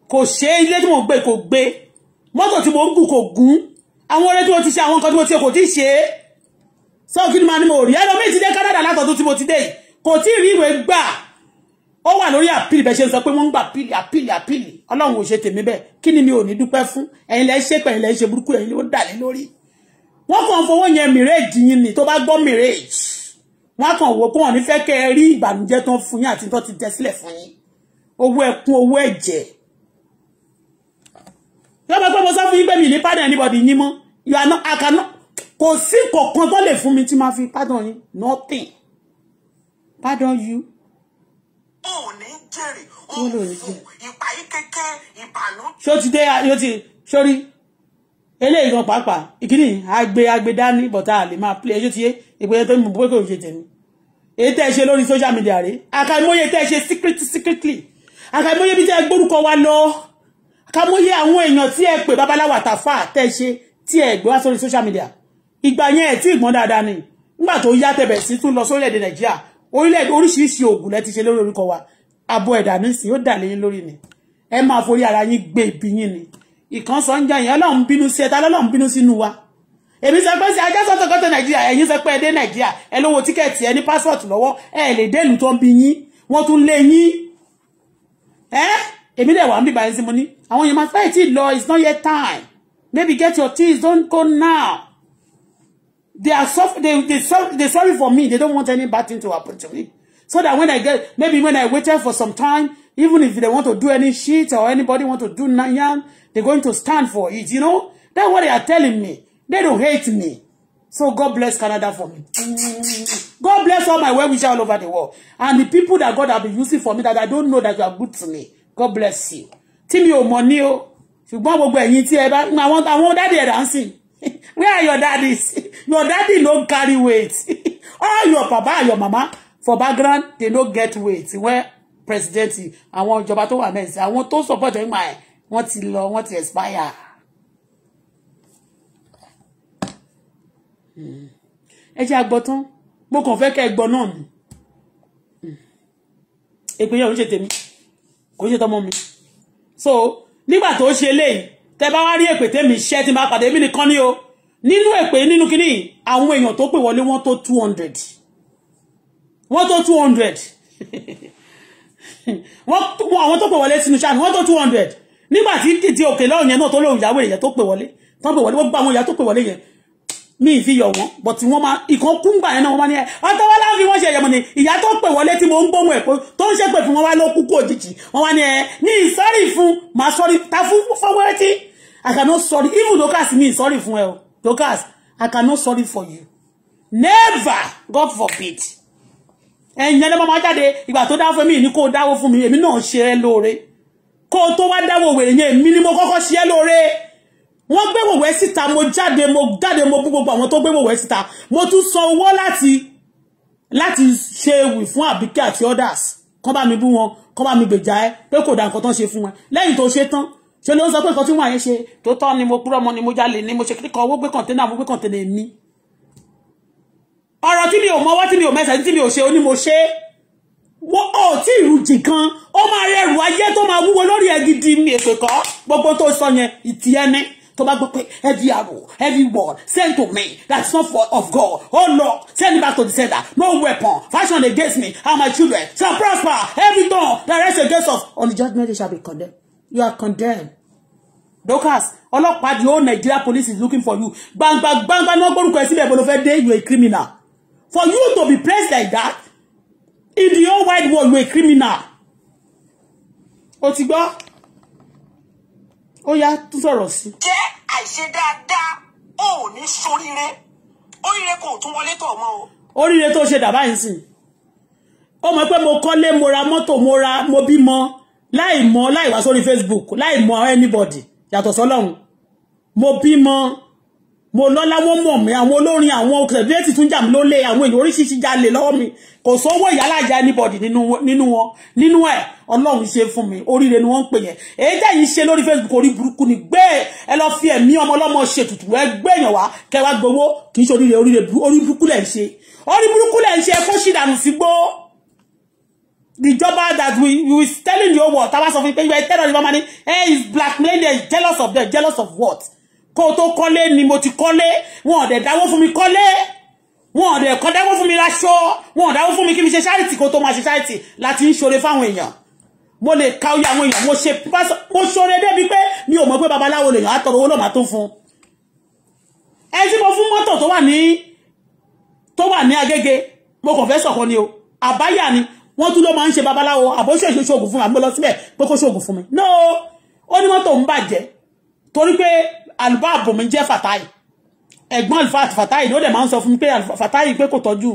kò ṣe ilé tí mo gbé kò gbé mọ́tò tí mo ń gùn kò gùn àwọn ọ̀rẹ́ tí mo ti ṣe àwọn nǹkan tí mo ti ṣe kò tí ṣe sọ kí ni màá ní mo rí ẹlòmíì ti dé Canada látọdún tí mo ti dé yìí kò tí ì rí ìwé gbà ó wà lórí àpìlì bẹ́ẹ̀ ṣe ń sọ pé wọ́n ń gbà pìlì àpìlì àpìlì ọlọ́run ò ṣe tèmi bẹ́ẹ̀ kí ni mi ò ní dúpẹ́ fún ẹ̀yin lẹ́ ṣe pẹ̀lú ẹ̀yin ṣe burúkú ẹ̀yin ló dà lé lórí wọ́n kàn fowó yẹn mìíràn jìyìn ni tó bá gbọ́ mìíràn wọ́n kàn wò pé wọ́n ní fẹ́ kẹ́ ẹ rí ìbànújẹ́ tó ń fún yín àti tó ti jẹ sílẹ̀ fún yín owó ẹkún owó ẹ̀jẹ̀ lọ́pọ̀ pé mo sọ fún yín pé mi ní pardon anybody yín mọ́ you are not I cannot kò sí kọ̀ọ̀kan tó lè fún mi tí máa fi pardon yín nothing pardon you. o ò ní jèrè o ò fún ìpa yìí kéke ìbànú. ṣó ti dé yóò ti sórí eléyìí gan pàápàá ìkíní àgbẹ̀ àgbẹ̀ dání bọ̀tá lè máa play ẹjọ́ ti yé ìpínlẹ̀ tó ń mú bókè òṣè tèmi èyí tẹ́ ẹ ṣe lórí social media rẹ̀ àkàìmọye tẹ́ ẹ ṣe secret secretly àkàìmọye bí tẹ́ ẹ gbórúkọ wa lọ àkàìmọye àwọn èèyàn tí ẹ pè babaláwo àtàfà tẹ́ ẹ ṣe tí ẹ gbé wá sórí social media ìgbà yẹn ẹ tí ìgbọ́n dáadáa ni nígbà tó yá tẹ̀bẹ̀ sí tún lọ sórílẹ̀-èdè nàìjíríà orílẹ̀-èdè oríṣiríṣi ògùn lẹ ti ṣe lórí orúkọ wa abo ẹ̀dà nísìnyí ó dà lẹ́yìn lórí ni ẹ máa forí ara yín gbé ìbí yín ni ìkànsọ́ ń jẹ́ yẹn ọlọ́run bínú sí ẹ̀ta ọlọ́run bínú sínú wa èmi sọ pé sí ajá sọ́tọ̀ kọ́tọ̀ nàìjíríà ẹ̀yin sọ pé ẹ dé nàìjíríà ẹ lówó tíkẹ́ẹ̀tì ẹ ní pásọ̀tù lọ́wọ́ ẹ lè dẹ́nu tó ń bi yín wọ́n tún lé yín ẹ́ èmi dẹ̀ wà ń bíbá yín sí mo ní àwọn èèyàn máa fẹ́ẹ̀ tí lọ it's not yet time Maybe get your things don't go now they are soft they they sorry they sorry for me they don't want any bad thing to happen to me so that when I get maybe when I waited for some time even if they want to do any shit or anybody want to do nyan they're going to stand for it you know that's what they are telling me They don't hate me. So God bless Canada for me. God bless all my well-wishers all over the world. And the people that God have been using for me that I don't know that you are good to me. God bless you. Tí mi ò mọ̀ ní o. Ṣùgbọ́n gbogbo ẹ̀yin tí ẹ bá àwọn àwọn daddy ẹ̀ dancing. [LAUGHS] Where are your daddies? [LAUGHS] Your daddy don't carry weight. [LAUGHS] All your papa and your mama for background they don't get weight. Where president I want tó wà mẹ́sì àwọn tó support ẹ̀ ń gbà ẹ̀ wọ́n ti lọ wọ́n expire. ẹ jẹ́ àgbọ̀ tán mo kàn fẹ́ kẹ́ ẹ gbọ́ náà ni èpè yẹn ò ń ṣe tèmi kò ń ṣe tọmọ mi so nígbà tó ṣe léyìí tẹ bá wá rí èpè tèmi ṣẹ́ tí máa pàdé mí nìkan ní o nínú èpè nínú kínní àwọn èèyàn tó pè wọlé wọ́n tó two hundred wọ́n tó two hundred [LAUGHS] àwọn tó pè wọlé sínú ṣáà ni wọ́n tó two hundred nígbà tí dìde òkè lọ́rùn yẹn náà tó lóun ìyàwó èèyàn tó pè wọlé tó pè wọlé gbogbo àwọn ìyá tó pè wọlé yẹn mi ì fi yọ̀ wọ́n but wọ́n máa ìkan kú ńgbà yẹn náà wọ́n máa ní ẹ eh, ọtọ́ wọn láfi wọ́n ṣe ẹ̀yọ̀mọ̀ ni ìyá tó pè wọlé tí mo ń gbóhùn ẹ̀ tó ń ṣe pè fún wọn wá ló kú òjijì wọ́n wá ní ẹ eh, ní ìsọ́rí fún màá sọ́rí ta fún fọwọ́rẹ́tì I cannot sorry even Dorcas mi ìsọ́rí fún ẹ o Dorcas I cannot sorry for you never God forbid ẹ̀yin ẹlẹ́mọ̀ máa jáde ìgbà tó dáwọ́ fún mi ní kó dáwọ́ fún mi èmi náà ṣe é lóore kó o tó wá dáwọ́ wèrè yẹn èmi ni mo kọ́kọ́ ṣe é lóore wọ́n gbé wòwẹ́ síta mo jáde mo jáde mo bú gbogbo àwọn tó gbé wòwẹ́ síta mo tún san owó láti láti ṣe ewì fún àbíkẹ́ àti others kán bá mi bú wọn kán bá mi gbèjà ẹ pé kò dá nǹkan tán ṣe fún wọn lẹ́yìn tó ṣe tán ṣe ló ń sọ pé nǹkan tí wọ́n àyè tó tọ́ ni mo purọ́ mọ́ ni mo jalè ni mo ṣe kíkọ́ owó gbé kọ̀ǹténà mo gbé kọ̀ǹténà mi ọ̀rọ̀ tí mi ò mọ́wọ́ tí mi ò mẹ́sẹ̀ tí mi ò ṣe ó ní mo ṣe wọ́n ọ̀ tí ìrù jì kan ó máa rẹrù ayé tó máa wúwo lórí ẹgidi mi èpè kọ́ gbogbo tó sọ yẹn ìtì ẹni tó bá gbọ́ pé every arrow heavy word sent to me That is not for of God oh Lord send me back to the sender no weapon fashioned against me and my children shall prosper every tongue that rest against us on the judgment day shall be condemned you are condemned Dorcas ọlọ́pàá the whole Nigeria police is looking for you gbangba gbangba ní wọ́n gbórúkọ ẹ sílẹ̀ ìbọn ló fẹ́ dé you a criminal for you to be placed like that in the whole wide world you a criminal o ti gbọ́ ó yá tún sọ̀rọ̀ sí. jẹ́ àìṣe dáadáa ó ò ní soríire oríire kò tún wọlé tọ̀ mọ́ o. oríire tó ṣe dàbá yìí sìn ó mọ̀ pé mo kọ́lé mo ra mọ́tò mo ra mo bímọ láì mọ̀ láì wá sórí Facebook láì mọ̀ anybody yàtọ̀ sọ́lọ́run mo bímọ mo lọ́lá wọ́n mọ̀ mí àwọn olórin àwọn celebrity tún jà mí lólè àwọn èèyàn oríṣiríṣi jalè lọ́wọ́ mi kò sówó ìyálàjà anybody nínú wọn nínú ẹ̀ ọlọ́run ṣe fún mi oríire ni wọ́n ń pè yẹn èyí tẹ̀yìn ṣe lórí facebook orí burúkú ni gbé e. ẹ lọ fi ẹ̀mí ọmọ ọlọ́mọ ṣe tutù ẹ gbé èèyàn wá kẹwàá gbowó kì í ṣe oríire orí burúkú lẹ̀ ń ṣe orí burúkú lẹ̀ ń ṣe kó ṣì dànù sí gbó the jobber that we we is telling you about, world tabasofin pe you are a terrorist man eh is blackmailing them jealous of them jealous of what kó o tó kọ́lé ni mo ti kọ́lé wọn ò dẹ̀ dáwó fún mi kọ́lé wọn ò dẹ̀ kọ́ dáwó fún mi láṣọ wọn ò dáwó fún mi kí mi ṣe ṣáìtì kó tó máa ṣe ṣáìtì láti ń ṣoore fáwọn èèyàn mo lè ka oyè àwọn èèyàn mo ṣe mo ṣoore débi pé mi ò mọ̀ pé babaláwo lèèyàn á tọrọ owó lọ́mà tó fún ẹ tí mo fún mọ́tò tó wà ní tó wà ní Agége mo kàn fẹ́ sọ̀kan ni o àbáyà ni wọ́n tún ló máa ń ṣe babaláwo àbóṣèṣe ṣoògùn fún mi àbúlọ síbẹ̀ pé kó ṣoògùn fún mi no ó ní mọ́tò ń bàjẹ́ torí pé àlùbá àbòmí jẹ́ Fatai ẹ̀gbọ́n àlùfáà àti Fatai ni ó dẹ̀ máa ń sọ fún mi pé Fatai pé kò tọ́jú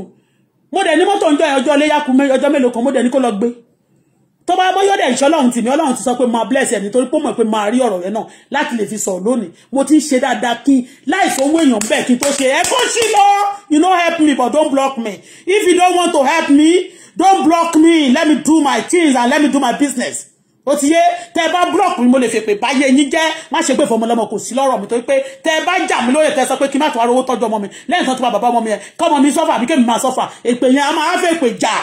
mo dẹ̀ ní mọ́tò ń jọ ọjọ́ léyàkú ọjọ́ mélòó kan mo dẹ̀ ní kó lọ gbé tó bá bọ́yọ́ dẹ̀ ìṣọ́ ọlọ́run tìmí ọlọ́run ti sọ pé máa bless ẹ̀ nítorí pé mọ̀ pé máa rí ọ̀rọ̀ rẹ̀ náà láti lè fi sọ̀rọ̀ lónìí mo ti ń ṣe dáadáa kí láìsọ owó èèyàn bẹ́ẹ̀ kí n tó ṣe ẹ kó sí lọ you no help me but don't block me if you don't want to help me don't block me let me do my things and let me do my business ó ti yé tẹ bá búlọ̀kù ni mo lè fèpè báyé yín jẹ́ má ṣe pé fọmọ lọmọ kò sí lọ́rọ̀ mi torí pé tẹ bá jà mí lóye tẹ sọ pé kí má tó wá rówó tọ́jú ọmọ mi lẹ́yìn tán tó bá bàbá ọmọ mi yẹn kọ́mọ mi sọ́fà àbí kémi máa sọ́fà èpè yẹn a máa fèpè jà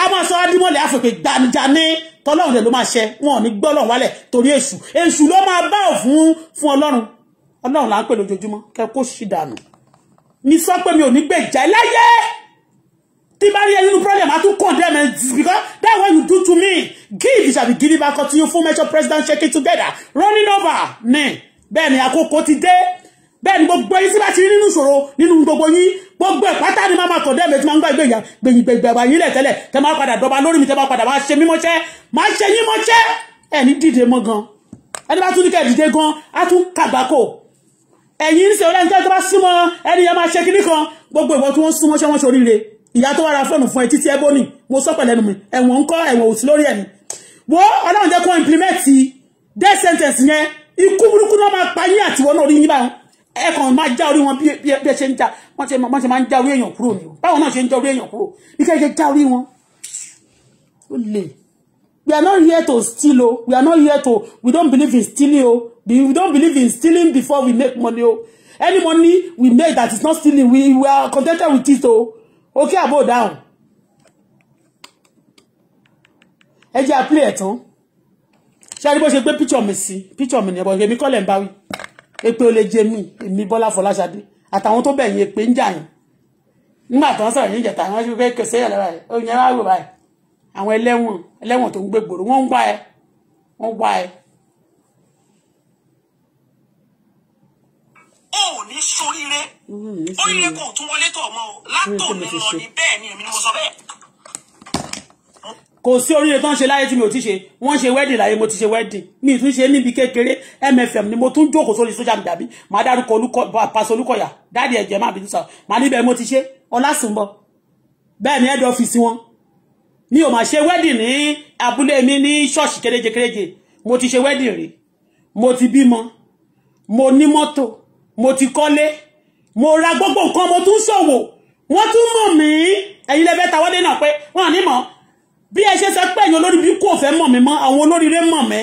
a máa sọ adímọ̀lẹ̀ àfèpè gbanja ní tọ́lọ́run ló máa ṣe wọn ò ní gbọ́ ọlọ́run wálẹ̀ torí èṣù èṣù ló máa bá òfun fún ọlọ́run ọlọ́run là ń pè lójoojúmọ́ kẹ kó ṣì dànù mi sọ pé mi ò ní gbèjà láyé tí bá rí problem I tún condemn and because that what you do to me give shall be given back to you full measure president check it together running over ni bẹ́ẹ̀ ni àkókò ti dé bẹ́ẹ̀ ni gbogbo yín but bá ti rí nínú ìṣòro nínú gbogbo yín go ìpátá ni máa ma condemn ẹ̀ tí máa ń let gbèyàn gbèyìn gbègbàgbà yín lẹ̀ tẹ́lẹ̀ tẹ́ máa padà dọ́ba lórí mi tẹ́ máa padà máa ṣe mímọ́ṣẹ́ máa ṣe yín mọ́ṣẹ́ ẹ̀ ní dìde mọ́ gan ẹni bá tún ní kẹ́ dìde gan you tún kàgbákò ẹ̀yin ń ṣe ọlọ́run tẹ́ you're my súnmọ́ ẹni yẹn máa ṣe kinní you want so much, wọ́n want wọ́n ṣoríire ìyá tó wá ra fún ẹ títí ẹ bóni mo sọ pẹ̀lẹ́nu mi ẹ̀wọ̀n ń ẹ̀wọ̀n òsì lórí ẹ̀ wo ọlọ́run jẹ́ kó implement death sentence yẹn ikú burúkú náà máa pa yín àtiwọ́ náà orí yín báwọn ẹ kàn máa já orí wọn bí ẹ ṣe ń já wọ́n ṣe máa ń já orí èèyàn kúrò ni báwọn náà ṣe ń já orí èèyàn kúrò bí kẹ́ já orí wọn ó lè we are not here to steal o we are not here to we don't believe in stealing o we don't believe in stealing before we make money o any money we make that is not stealing we, we are contented with it o òkè àbò dáhùn ẹ jẹ́ àpilẹ ẹ tán ṣe àdìbò ṣe pé píchọ mi sí píchọ mi ní ẹbọ èmi kọ́lẹ̀ ń báwí èpè ò lè jẹ mí èmi Bọ́lá Fọláṣadé àtàwọn tó bẹ̀yìn èpè ń jà yẹn nígbà tó ń sọ̀rọ̀ yín jẹ̀ta wọ́n ṣe pé kẹsẹ́ yẹ̀ lára ẹ̀ oyin ẹ̀ máa wò báyìí àwọn ẹlẹ́wọ̀n ẹlẹ́wọ̀n tó ń gbé gbòòrò wọ́n ń wá ẹ wọ́n wá ẹ. ó ò ó yẹ kó tún wọlé tó ọmọ o látòní lọ ní bẹ́ẹ̀ ni èmi ni mo sọ bẹ́ẹ̀. kò sí oríire tó ń ṣe láyé tí mi ò ti ṣe wọ́n ṣe wedding láyé mo ti ṣe wedding mi ì tún ṣe níbi kékeré mfm ni mo tún jókòó sórí social media bí màá dárúkọ olùkọ pàṣẹ olùkọyà dáàdi ẹ̀jẹ̀ má bínú sọ̀rọ̀ màá níbẹ̀ mo ti ṣe ọlásùnbọ̀ bẹ́ẹ̀ ni head office wọn mi ò máa ṣe wedding ní abúlé mi ní ṣọ́ọ̀ṣì kéréje kéréje mo ti ṣe wedding rí mo ti bímọ mo ní mọ́tò mo ti kọ́lé mo ra gbogbo nǹkan mo tún ṣòwò wọ́n tún mọ̀ mí ẹ̀yin lẹ́fẹ́ ta wọlé náà pé wọ́n ní mọ̀ bí ẹ ṣe sọ pé ẹ̀yin olórí bí kò fẹ́ mọ̀ mí mọ́ àwọn olóríire mọ̀ mí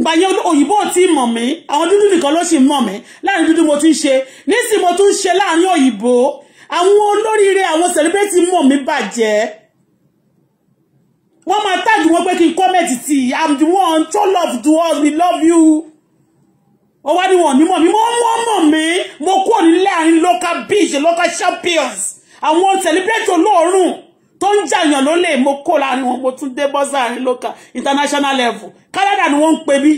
gbà yẹn òyìnbó ti mọ̀ mí àwọn dúdú nìkan ló sì mọ̀ mí láàrin dúdú mo tún ṣe nísìnyí mo tún ṣe láàrin òyìnbó àwọn olóríire àwọn sẹlẹbírẹ́tì mọ̀ mí bàjẹ́ wọ́n máa tàgì wọn pé kí n kọ́mẹ̀tì tí I'm the one tó love to us we love you ó wá ní wọn mímọ̀ mi wọ́n mọ̀ mọ̀ mi mo kúrò nílé àárín local beach local champions àwọn celebrate olóòórùn tó ń jàyàn ló lè mo kó láàrin wọn mo tún dé bọ́sà àárín local international level Canada ni wọ́n ń pè mí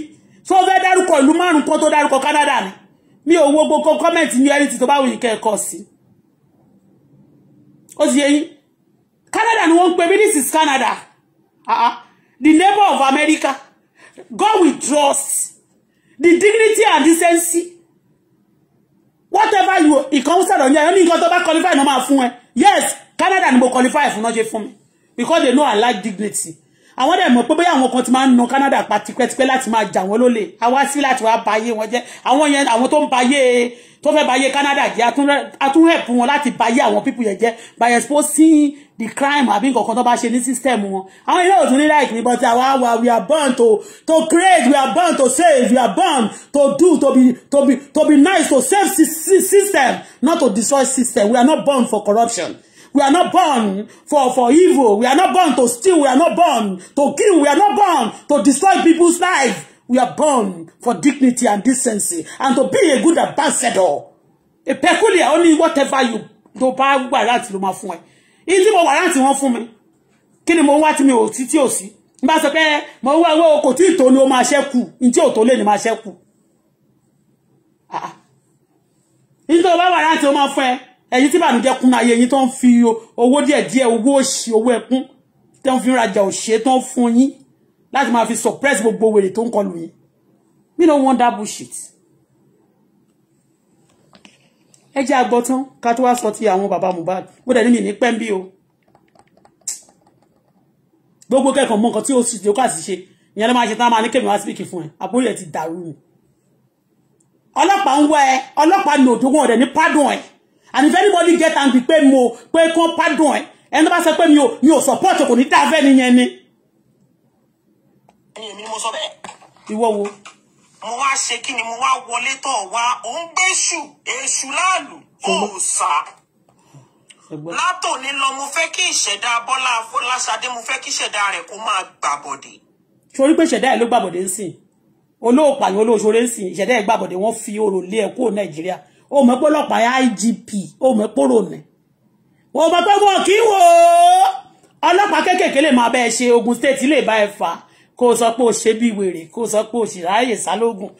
tó fẹ́ dárúkọ ìlú márùn-ún kan tó dárúkọ Canada ni mi ò wo gbogbo kọ́mẹ̀ntì ní ẹni tí tó bá wù yín kẹ́ẹ̀kọ́ sí ó ti yẹ yín Canada ni wọ́n ń pè mí this is Canada uh -uh. the neighbor of America God we trust the dignity and decency whatever you ìkan sọ̀rọ̀ ní you. ní nǹkan tó bá qualify náà máa fún ẹ yes Canada ni mo qualify fún náà ṣe fún mi because they know I like dignity àwọn dẹ̀ mọ̀ pé bóyá àwọn kan ti máa ń na Canada pa tipẹ́tipẹ́ láti máa jà wọ́n lólè àwa sí láti wá bayé wọn jẹ́ àwọn yẹn àwọn tó ń bayé tó fẹ́ bayé Canada jẹ́ atún help wọn láti bayé àwọn people yẹn jẹ́ by exposing the crime àbí nǹkan tó bá ṣe ní system wọn àwọn ilé òtún ní like ní but àwa wa we are born to to create we are born to save we are born to do to be to be to be nice to save system not to destroy system we are not born for corruption. We are not born for, for evil. We are not born to steal. We are not born to kill. We are not born to destroy people's lives. We are born for dignity and decency and to be a good ambassador. A peculiar only whatever you do bá wà láti ló máa fún ẹ. Ìdí mo wà láti wọ́n fún mi. Kí ni mo wá tí mi ò tí tí ò sí? N bá sọ pé mo wá owó kò tí ì tó ni ó máa ṣẹ́kù. N tí ò tó lé ni máa ṣẹ́kù. Ìdí ah, ah. tó bá wà láti ó máa fún ẹ ẹ̀yin tí bànújẹ́ kún ayé yín tó ń fi owó díẹ̀díẹ̀ owó òṣì owó ẹkún tó ń fi rajà òṣè tó ń fún yín láti máa fi suppress gbogbo wèrè tó ń kọlù yín mi no want that bullshit. ẹ jẹ́ agbọ́tán ká tó wá sọ ti àwọn bàbá Mohbad mo dẹ̀ ní mi ní pẹ́ńbí o gbogbo kẹ́kọ̀ọ́ mọ́ nǹkan tí ó sì tí ó kà sí ṣe ìyẹn ló máa ṣe tán máa ní kèmí wá síbìkì fún ẹ àbúrò ẹ ti dàrú ni ọlọ́pàá ń wá ẹ ọlọ́pàá ní òdòwò ọ̀dẹ̀ ní pádùn ẹ̀ and if anybody get and pé mo pé kán pardon ẹ ẹni bá sọ pé mi ò mi ò support kò ní dáfẹ́ nìyẹn ni. ẹni èmi ni mo sọ bẹ́ẹ̀. ìwọ wo. mo wá ṣe kí ni mo wá wọlé tọ̀ wá ò ń gbéṣù èṣù láàlú kò sá látòní lọ mo fẹ́ kí ìṣẹ̀dá Bọ́lá Fọláṣadé mo fẹ́ kí ìṣẹ̀dá rẹ̀ kó máa gbàbọ̀dé. torí pé ìṣẹ̀dá ẹ̀ ló gbàbọ̀dé ń sìn olóòpàyàn olóòṣòro ń sìn ìṣẹ̀dá ẹ̀ gbàbọ̀dé wọ́n fi orò lé ẹ̀ kó Nàìjíríà o mọ̀ pé ọlọ́pàá IGP o mọ̀ pé rò ní o mọ̀ pé wọn kì í wò ó ọlọ́pàá kéékèèké lè máa bẹ́ẹ̀ ṣe Ogun State lè bá ẹ fà kó o sọ pé o ṣe bí wèrè kó o sọ pé o sì ráàyè sálógún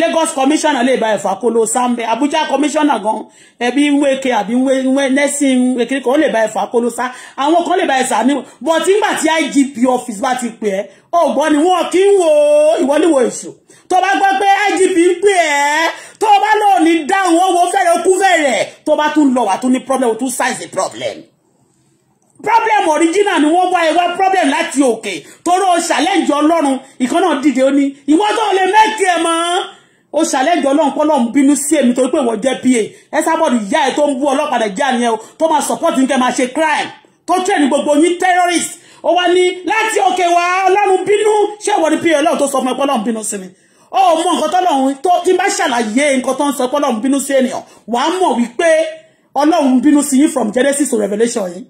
Lagos commissioner lè bá ẹ fà kó lo sáńbẹ Abuja commissioner gan ẹbí ń wé ke àbí ń wé nursing ekiri kan ó lè bá ẹ fà kó lo sá àwọn kan lè bá ẹ sá ní bọ̀tí ńgbà IGP office bá ti pè ẹ́ ọ̀gbọ́n ni wọ́n kí ń wo ìwọ́níwọ̀ èṣù tó bá gbọ́ pé IGP ń pè ẹ́ tó bá lóò ní dáhùn owó fẹ́rẹ̀ okú fẹ́rẹ̀ tó bá tún lọ wà tún ní problem tún size the problem problem original ni wọ́n wá ẹ wá problem láti òkè torí o challenge ọlọ́run ìkan náà dìde ó ní ìwọ́n tó lè mẹ́kì ẹ̀ mọ́ ó ṣàlẹ́jọ́ ọlọ́run kọ́ lọ́run bínú sí èmi torí pé ìwọ jẹ́ pa ẹ sábọ́dù ìyá ẹ tó ń bú ọlọ́pàá ìyá ni ẹ o tó máa support nǹkan máa ṣe crime tó tẹ̀ ní gbogbo yín terrorist ó wá ní láti òkè wá ọlọ́run bínú ṣé ìwọ ni pa ọlọ́run tó sọ fún ẹ pé ọlọ́run bínú sí mi ọmọ nǹkan tọ́lọ́run tó tí bá ṣàlàyé nǹkan tó ń sọ pé ọlọ́run bínú sí ènìyàn wàá mọ̀ wípé ọlọ́run bínú sí yín from Genesis to Revelation yìí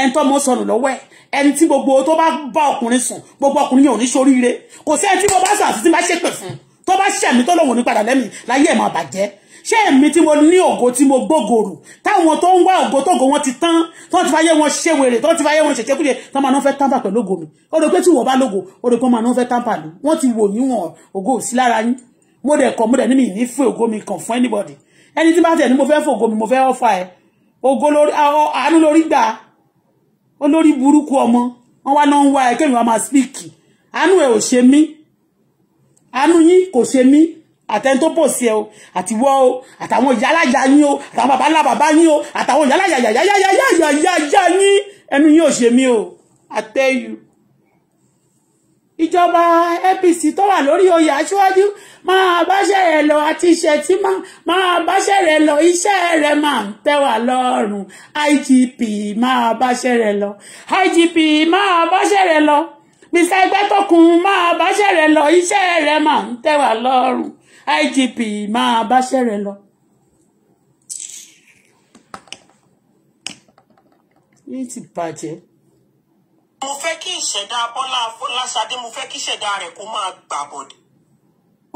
ẹni tó mọ sọnù lọ́wọ́ ẹ̀ ẹni tí gbogbo tó bá bá ọkùnrin sùn gbogbo ọkùnrin yẹn ò ní ṣoríire kò sí ẹni tí mo bá sọ àti tí bá ṣépè fún tó bá ṣẹ̀mí tọ́lọ́run ò ní padà lẹ́mìí láyé ẹ̀ máa bàjẹ́ ṣé èmi tí mo ní ògo tí mo gbógòrò táwọn tó ń wá ògo tógo wọn ti tán tó ti fàyè wọn ṣe wèrè tó ti fàyè wọn ṣèṣe kúṣe tó máa ná fẹ́ tábà pẹ̀lú ògo mi ó rò pé tí wọ́n bá lógo ó rò pé máa ná fẹ́ tábà lò wọ́n ti wò yín wọn ògo ò sí lára yín mo dẹ̀ kọ̀ mo dẹ̀ ní mi ní fún ògo mi kàn fún anybody ẹni tí bá tẹ̀ ní mo fẹ́ fún ògo mi mo fẹ́ ọ̀fà ẹ̀ ògo lórí àánú lórí gbà olórí burúkú ọmọ wọn wá náà ń wá ẹ kéèyàn wá máa speak àánú ẹ ò ṣe mí àánú yín àtẹni tó pòsí ẹ o àtiwọ́ o àtàwọn ìyálàyà yín o àtàwọn bàbá ńlá bàbá yín o àtàwọn ìyálàyà yáyáyáyáyáyá yín ẹnu yín ò ṣe mí o I tell you ìjọba APC tó wà lórí oyè aṣíwájú máa báṣẹ rẹ lọ àti iṣẹ́ tí máa báṣẹ rẹ lọ iṣẹ́ rẹ máa ń tẹ́ wa IGP máa báṣẹ rẹ lọ IGP máa báṣẹ rẹ lọ Mr. Ẹgbẹ́tókun máa báṣẹ rẹ lọ iṣẹ́ rẹ máa ń tẹ́ wa IGP máa báṣẹ́ rẹ lọ. ní ti bàjẹ́. mo fẹ́ kí ìṣẹ̀dá bọ́lá fọláṣadé mo fẹ́ kí ìṣẹ̀dá rẹ̀ kó máa gbà bọ̀dẹ̀.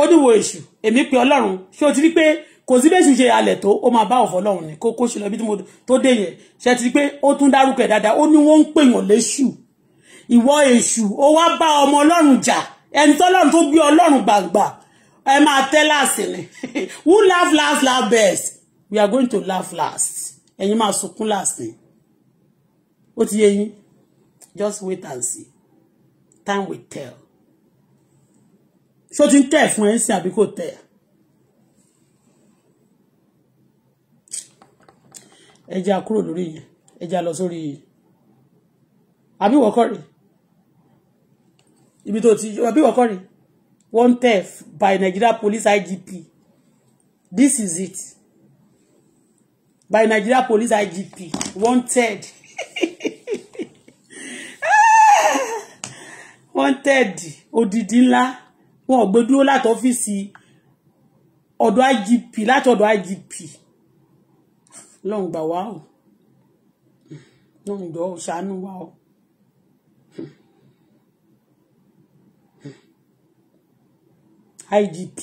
ó ní wo èṣù èmi pé ọlọ́run ṣé o ti rí pé kò sí bẹ́ẹ̀ sì ṣe alẹ̀ tó ó máa bá ọ̀fọ̀ ọlọ́run ni kó kó ṣe lọ ibi tó dé yẹn ṣe ti rí pé ó tún dárúkọ ẹ̀ dáadáa ó ní wọ́n ń pèèyàn léṣù ìwọ èṣù ó wá bá ọmọ ọlọ́run jà ẹni tọ́lọ́run tó gbé ọlọ́run gbàgbà ẹ máa tẹ́ láàsì ni [LAUGHS] who laugh last laugh best we are going to laugh last ẹ̀yin máa sunkún last ni ó ti yé yín just wait and see time will tell ṣó ti ń tẹ̀ fún ẹ̀ ń sìn àbí kò tẹ̀ ẹ já kúrò lórí yẹn ẹ já lọ sórí àbí wọ́kọ́ ibi tó ti àbí wọ́kọ́ one theft by Nigeria Police IGP this is it by Nigeria Police IGP one third one [LAUGHS] third odidi ńlá wọn ò gbé dúró láti ọ́fíìsì ọ̀dọ̀ IGP láti ọ̀dọ̀ IGP lọ́n gbà wá Long lọ́n gbà ọ́ ṣàánú wá o. IGP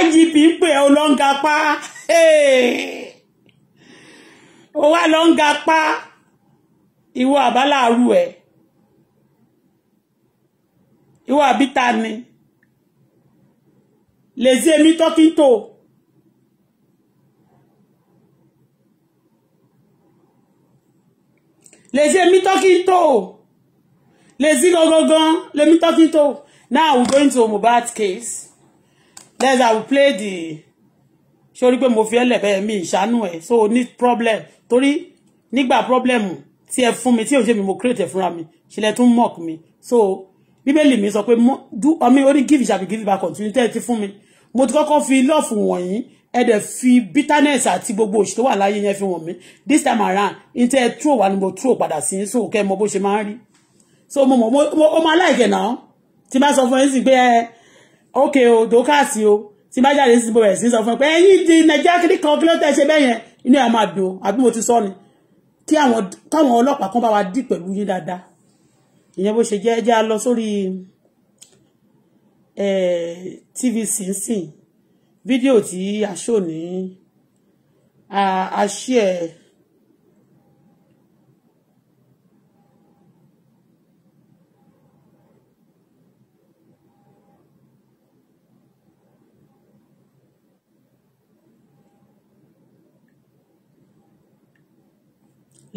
IGP ń pè ọ lọ́ngà pa ó wá lọ́ngà pa ìwọ àbáláàrú ẹ̀ ìwọ àbíta ni lèzi èmi tọ́kítò. lèzi èmi tọ́kítò lèzi gangan lèmi tọ́kítò now we going to Mohbad's case let's i will play the sori pé mo fi ẹlẹ bẹẹ mi ìṣàánú ẹ so o ní problem torí nígbà problem tí ẹ fún mi tí òṣèlú mo create ẹ fúnra She let him mock me. so bíbélì mi sọ do. I mean, only give shall be give back continue tẹ́ ẹ ti fún mi mo ti kọ́kọ́ fi lọ́ọ̀fù wọ̀nyí ẹ dẹ̀ fi bitterness àti gbogbo òṣì tó wà láyé yẹn fi wọ̀n mi this time around n tẹ́ ẹ throw wà ní mo throw padà sí so kẹ́ ẹ mọ bó ṣe máa ń rí so mo mọ mo ọmọ aláìkẹ náà tí bá sọ fún ẹ sí pé ẹ eh, ókè o dókàsí o tí bá jáde sí bẹ̀rẹ̀ sí sọ fún ẹ pé ẹ̀yin di nàìjíríà kiri kan kí ló tẹ ṣe bẹ́ẹ̀ yẹn inú ẹ̀ máa dùn àbí mo ti sọ ni kí àwọn káwọn ọlọ́pàá kan bá wa dì pẹ̀lú yín dáadáa ìyẹn bó ṣe jẹ́ jẹ́ a lọ sórí eh, tvc nsìn fídíò tí a ṣò ní a ṣí ẹ̀.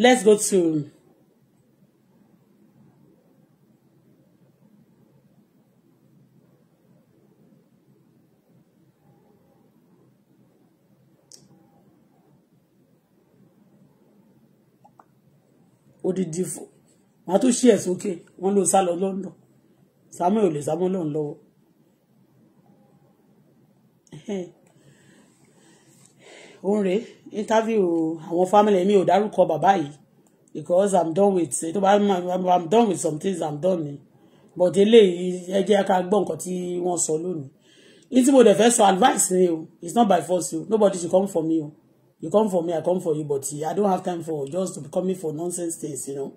let's go to odidi fún wọn tún ṣí ẹ sókè wọn ló sá lọ London Samuel ò lè sá mọ lọrun lọ́wọ́ òun rèé interview àwọn family mi ò dárúkọ bàbá yìí because i'm done with tó i'm done with some things i'm done ni but eléyìí ẹ jẹ́ ká gbọ́ nǹkan tí wọ́n sọ lónìí ní tí mo dẹ̀ fẹ́ sọ advice ni o it's not by force o nobody should come for me o you come for me i come for you but i don't have time for just to be coming for nonsense things you know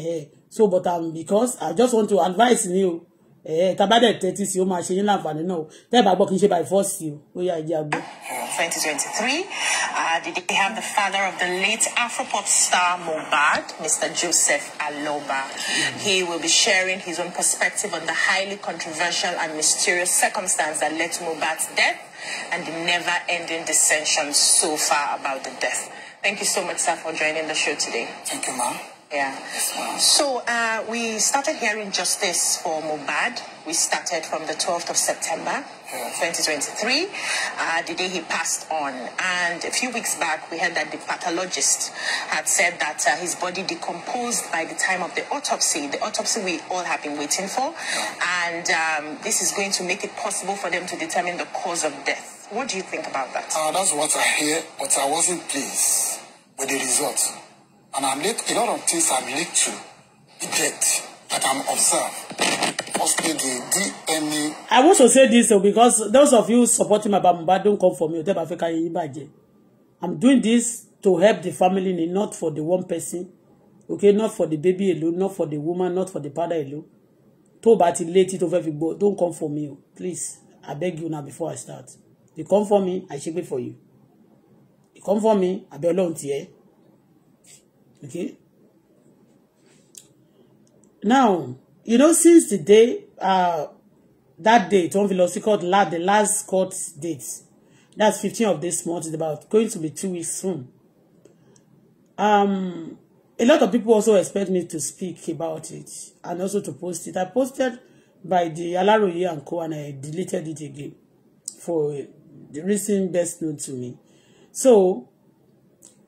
eh so but um, because i just want to advise ni o ẹ eh, tá a bá dẹ̀ tẹ́tí sí ó máa ṣe o tẹ́ ẹ bá gbọ́ kí by force sí o ó yá ìjà gbọ́. twenty twenty uh, did they have the father of the late Afropop star Mohbad Mr Joseph Aloba mm. he will be sharing his own perspective on the highly controversial and mysterious circumstance that led to Mohbad's death and the never-ending dissension so far about the death. Thank you so much, sir, for joining the show today. Thank you, ma'am. Yeah. So uh, we started hearing justice for Mubad. We started from the 12th of September 2023, uh, the day he passed on. And a few weeks back, we heard that the pathologist had said that uh, his body decomposed by the time of the autopsy, the autopsy we all have been waiting for. And um, this is going to make it possible for them to determine the cause of death. What do you think about that? Uh, that's what I hear, but I wasn't pleased with the result. And I'm late, a lot of things I'm late to detect that I'm observed. Firstly, the DNA. I want to say this though, because those of you supporting my Mohbad don't come for me. Tẹ́ bá fẹ́ ká yín bàjẹ́. I'm doing this to help the family, not for the one person. Okay, not for the baby alone, not for the woman, not for the father alone. Tó bá ti late tó over fi gbọ́, don't come for me. Oh, please, I beg you now before I start. You come for me, I ṣépè for you. You come for me, be alone here. Okay. Now, you know, since the day, uh, that day, one velocity court, Last the last court date, that's 15 of this month, it's about going to be two weeks soon. Um, a lot of people also expect me to speak about it and also to post it. I posted by the Alaroye and Co. and I deleted it again for the reason best known to me. So,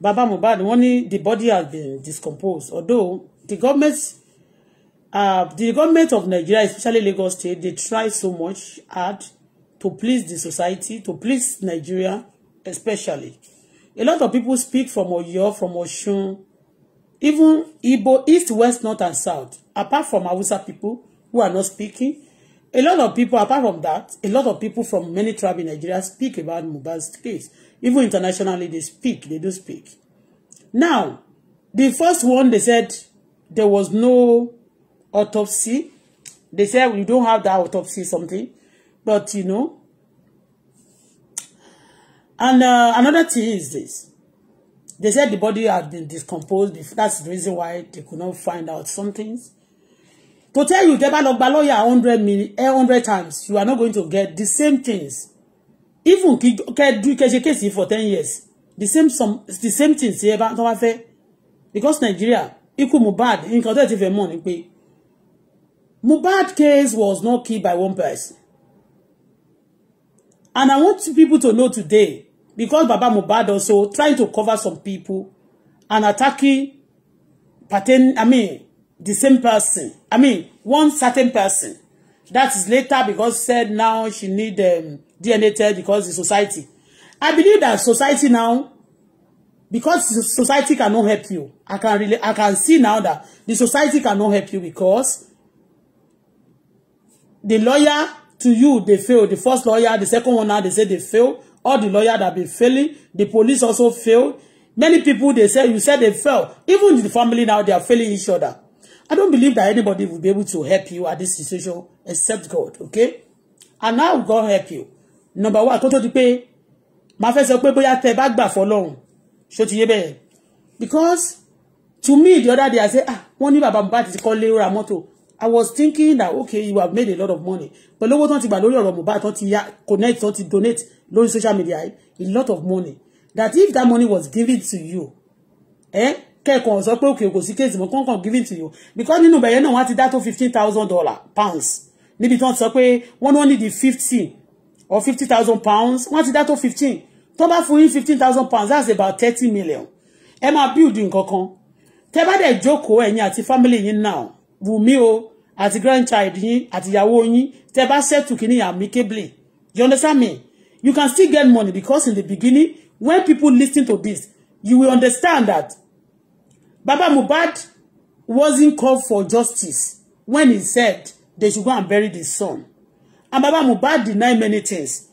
Baba Mohbad wọ́n the body has been discomposed although the government uh, the government of Nigeria especially Lagos state they try so much hard to please the society to please Nigeria especially a lot of people speak from Oyo from Oshun, even Igbo east west north and south apart from Hausa people who are not speaking a lot of people apart from that a lot of people from many tribes in Nigeria speak about Mohbad's case Even internationally, they speak. They do speak. Now, the first one, they said there was no autopsy. They said, well, you don't have that autopsy something. But, you know. And uh, another thing is this. They said the body had been decomposed. That's the reason why they could not find out some things. To tell you, they bá lọ gba lawyer 100, million, 100 times, you are not going to get the same things even kí kẹ́ kẹ́ ṣe kéèsì for ten years the same some the same thing say ẹ bá tó bá because Nigeria ikú Mohbad nǹkan tó ti fẹ́ mọ̀ ni pé Mohbad case was not killed by one person and I want people to know today because Baba Mohbad also trying to cover some people and attacking pertain I mean the same person I mean one certain person that is later because said now she need um, DNA test because the society. I believe that society now, because society cannot help you, I can really, I can see now that the society cannot help you because the lawyer to you, they fail. The first lawyer, the second one now, they say they fail. All the lawyer that been failing, the police also fail. Many people, they say, you said they fail. Even the family now, they are failing each other. I don't believe that anybody will be able to help you at this situation except God, okay? And now God help you number one kó tó di pé màá fẹ́ sọ pé bóyá tẹ bá gbà fọlọ́run ṣó ti yé bẹ́ẹ̀ because to me the other day i say ah wọ́n ní bàbá Mohbad ti kọ́ lé ra mọ́tò i was thinking that okay you have made a lot of money but owó tán ti gbà lórí ọ̀rọ̀ Mohbad tán ti ya connect tán ti donate lórí social media a lot of money that if that money was given to you eh kẹ́kọ̀ọ́ sọ pé òkè kò sí kéèsì mọ́ kọ́ńkàn given to you because nínú bẹ̀yẹ náà wọ́n ti dá tó fifteen thousand dollar pounds níbi tí wọ́n ti sọ pé wọ́n ní wọ́n ní di fifteen or fifty thousand pounds wọ́n ti dá tó fifteen tó bá fún yín fifteen thousand pounds that's about thirty million ẹ máa build nǹkan kan tẹ́ bá dẹ̀ jókòó ẹ̀yin àti family yín now wùmí o àti grandchild yín àti ìyàwó yín tẹ́ bá settle kìíní amicably you understand me you can still get money because in the beginning when people listen to this you will understand that Baba Mohbad wasn't called for justice when he said they should go and bury the son and baba Mohbad deny many things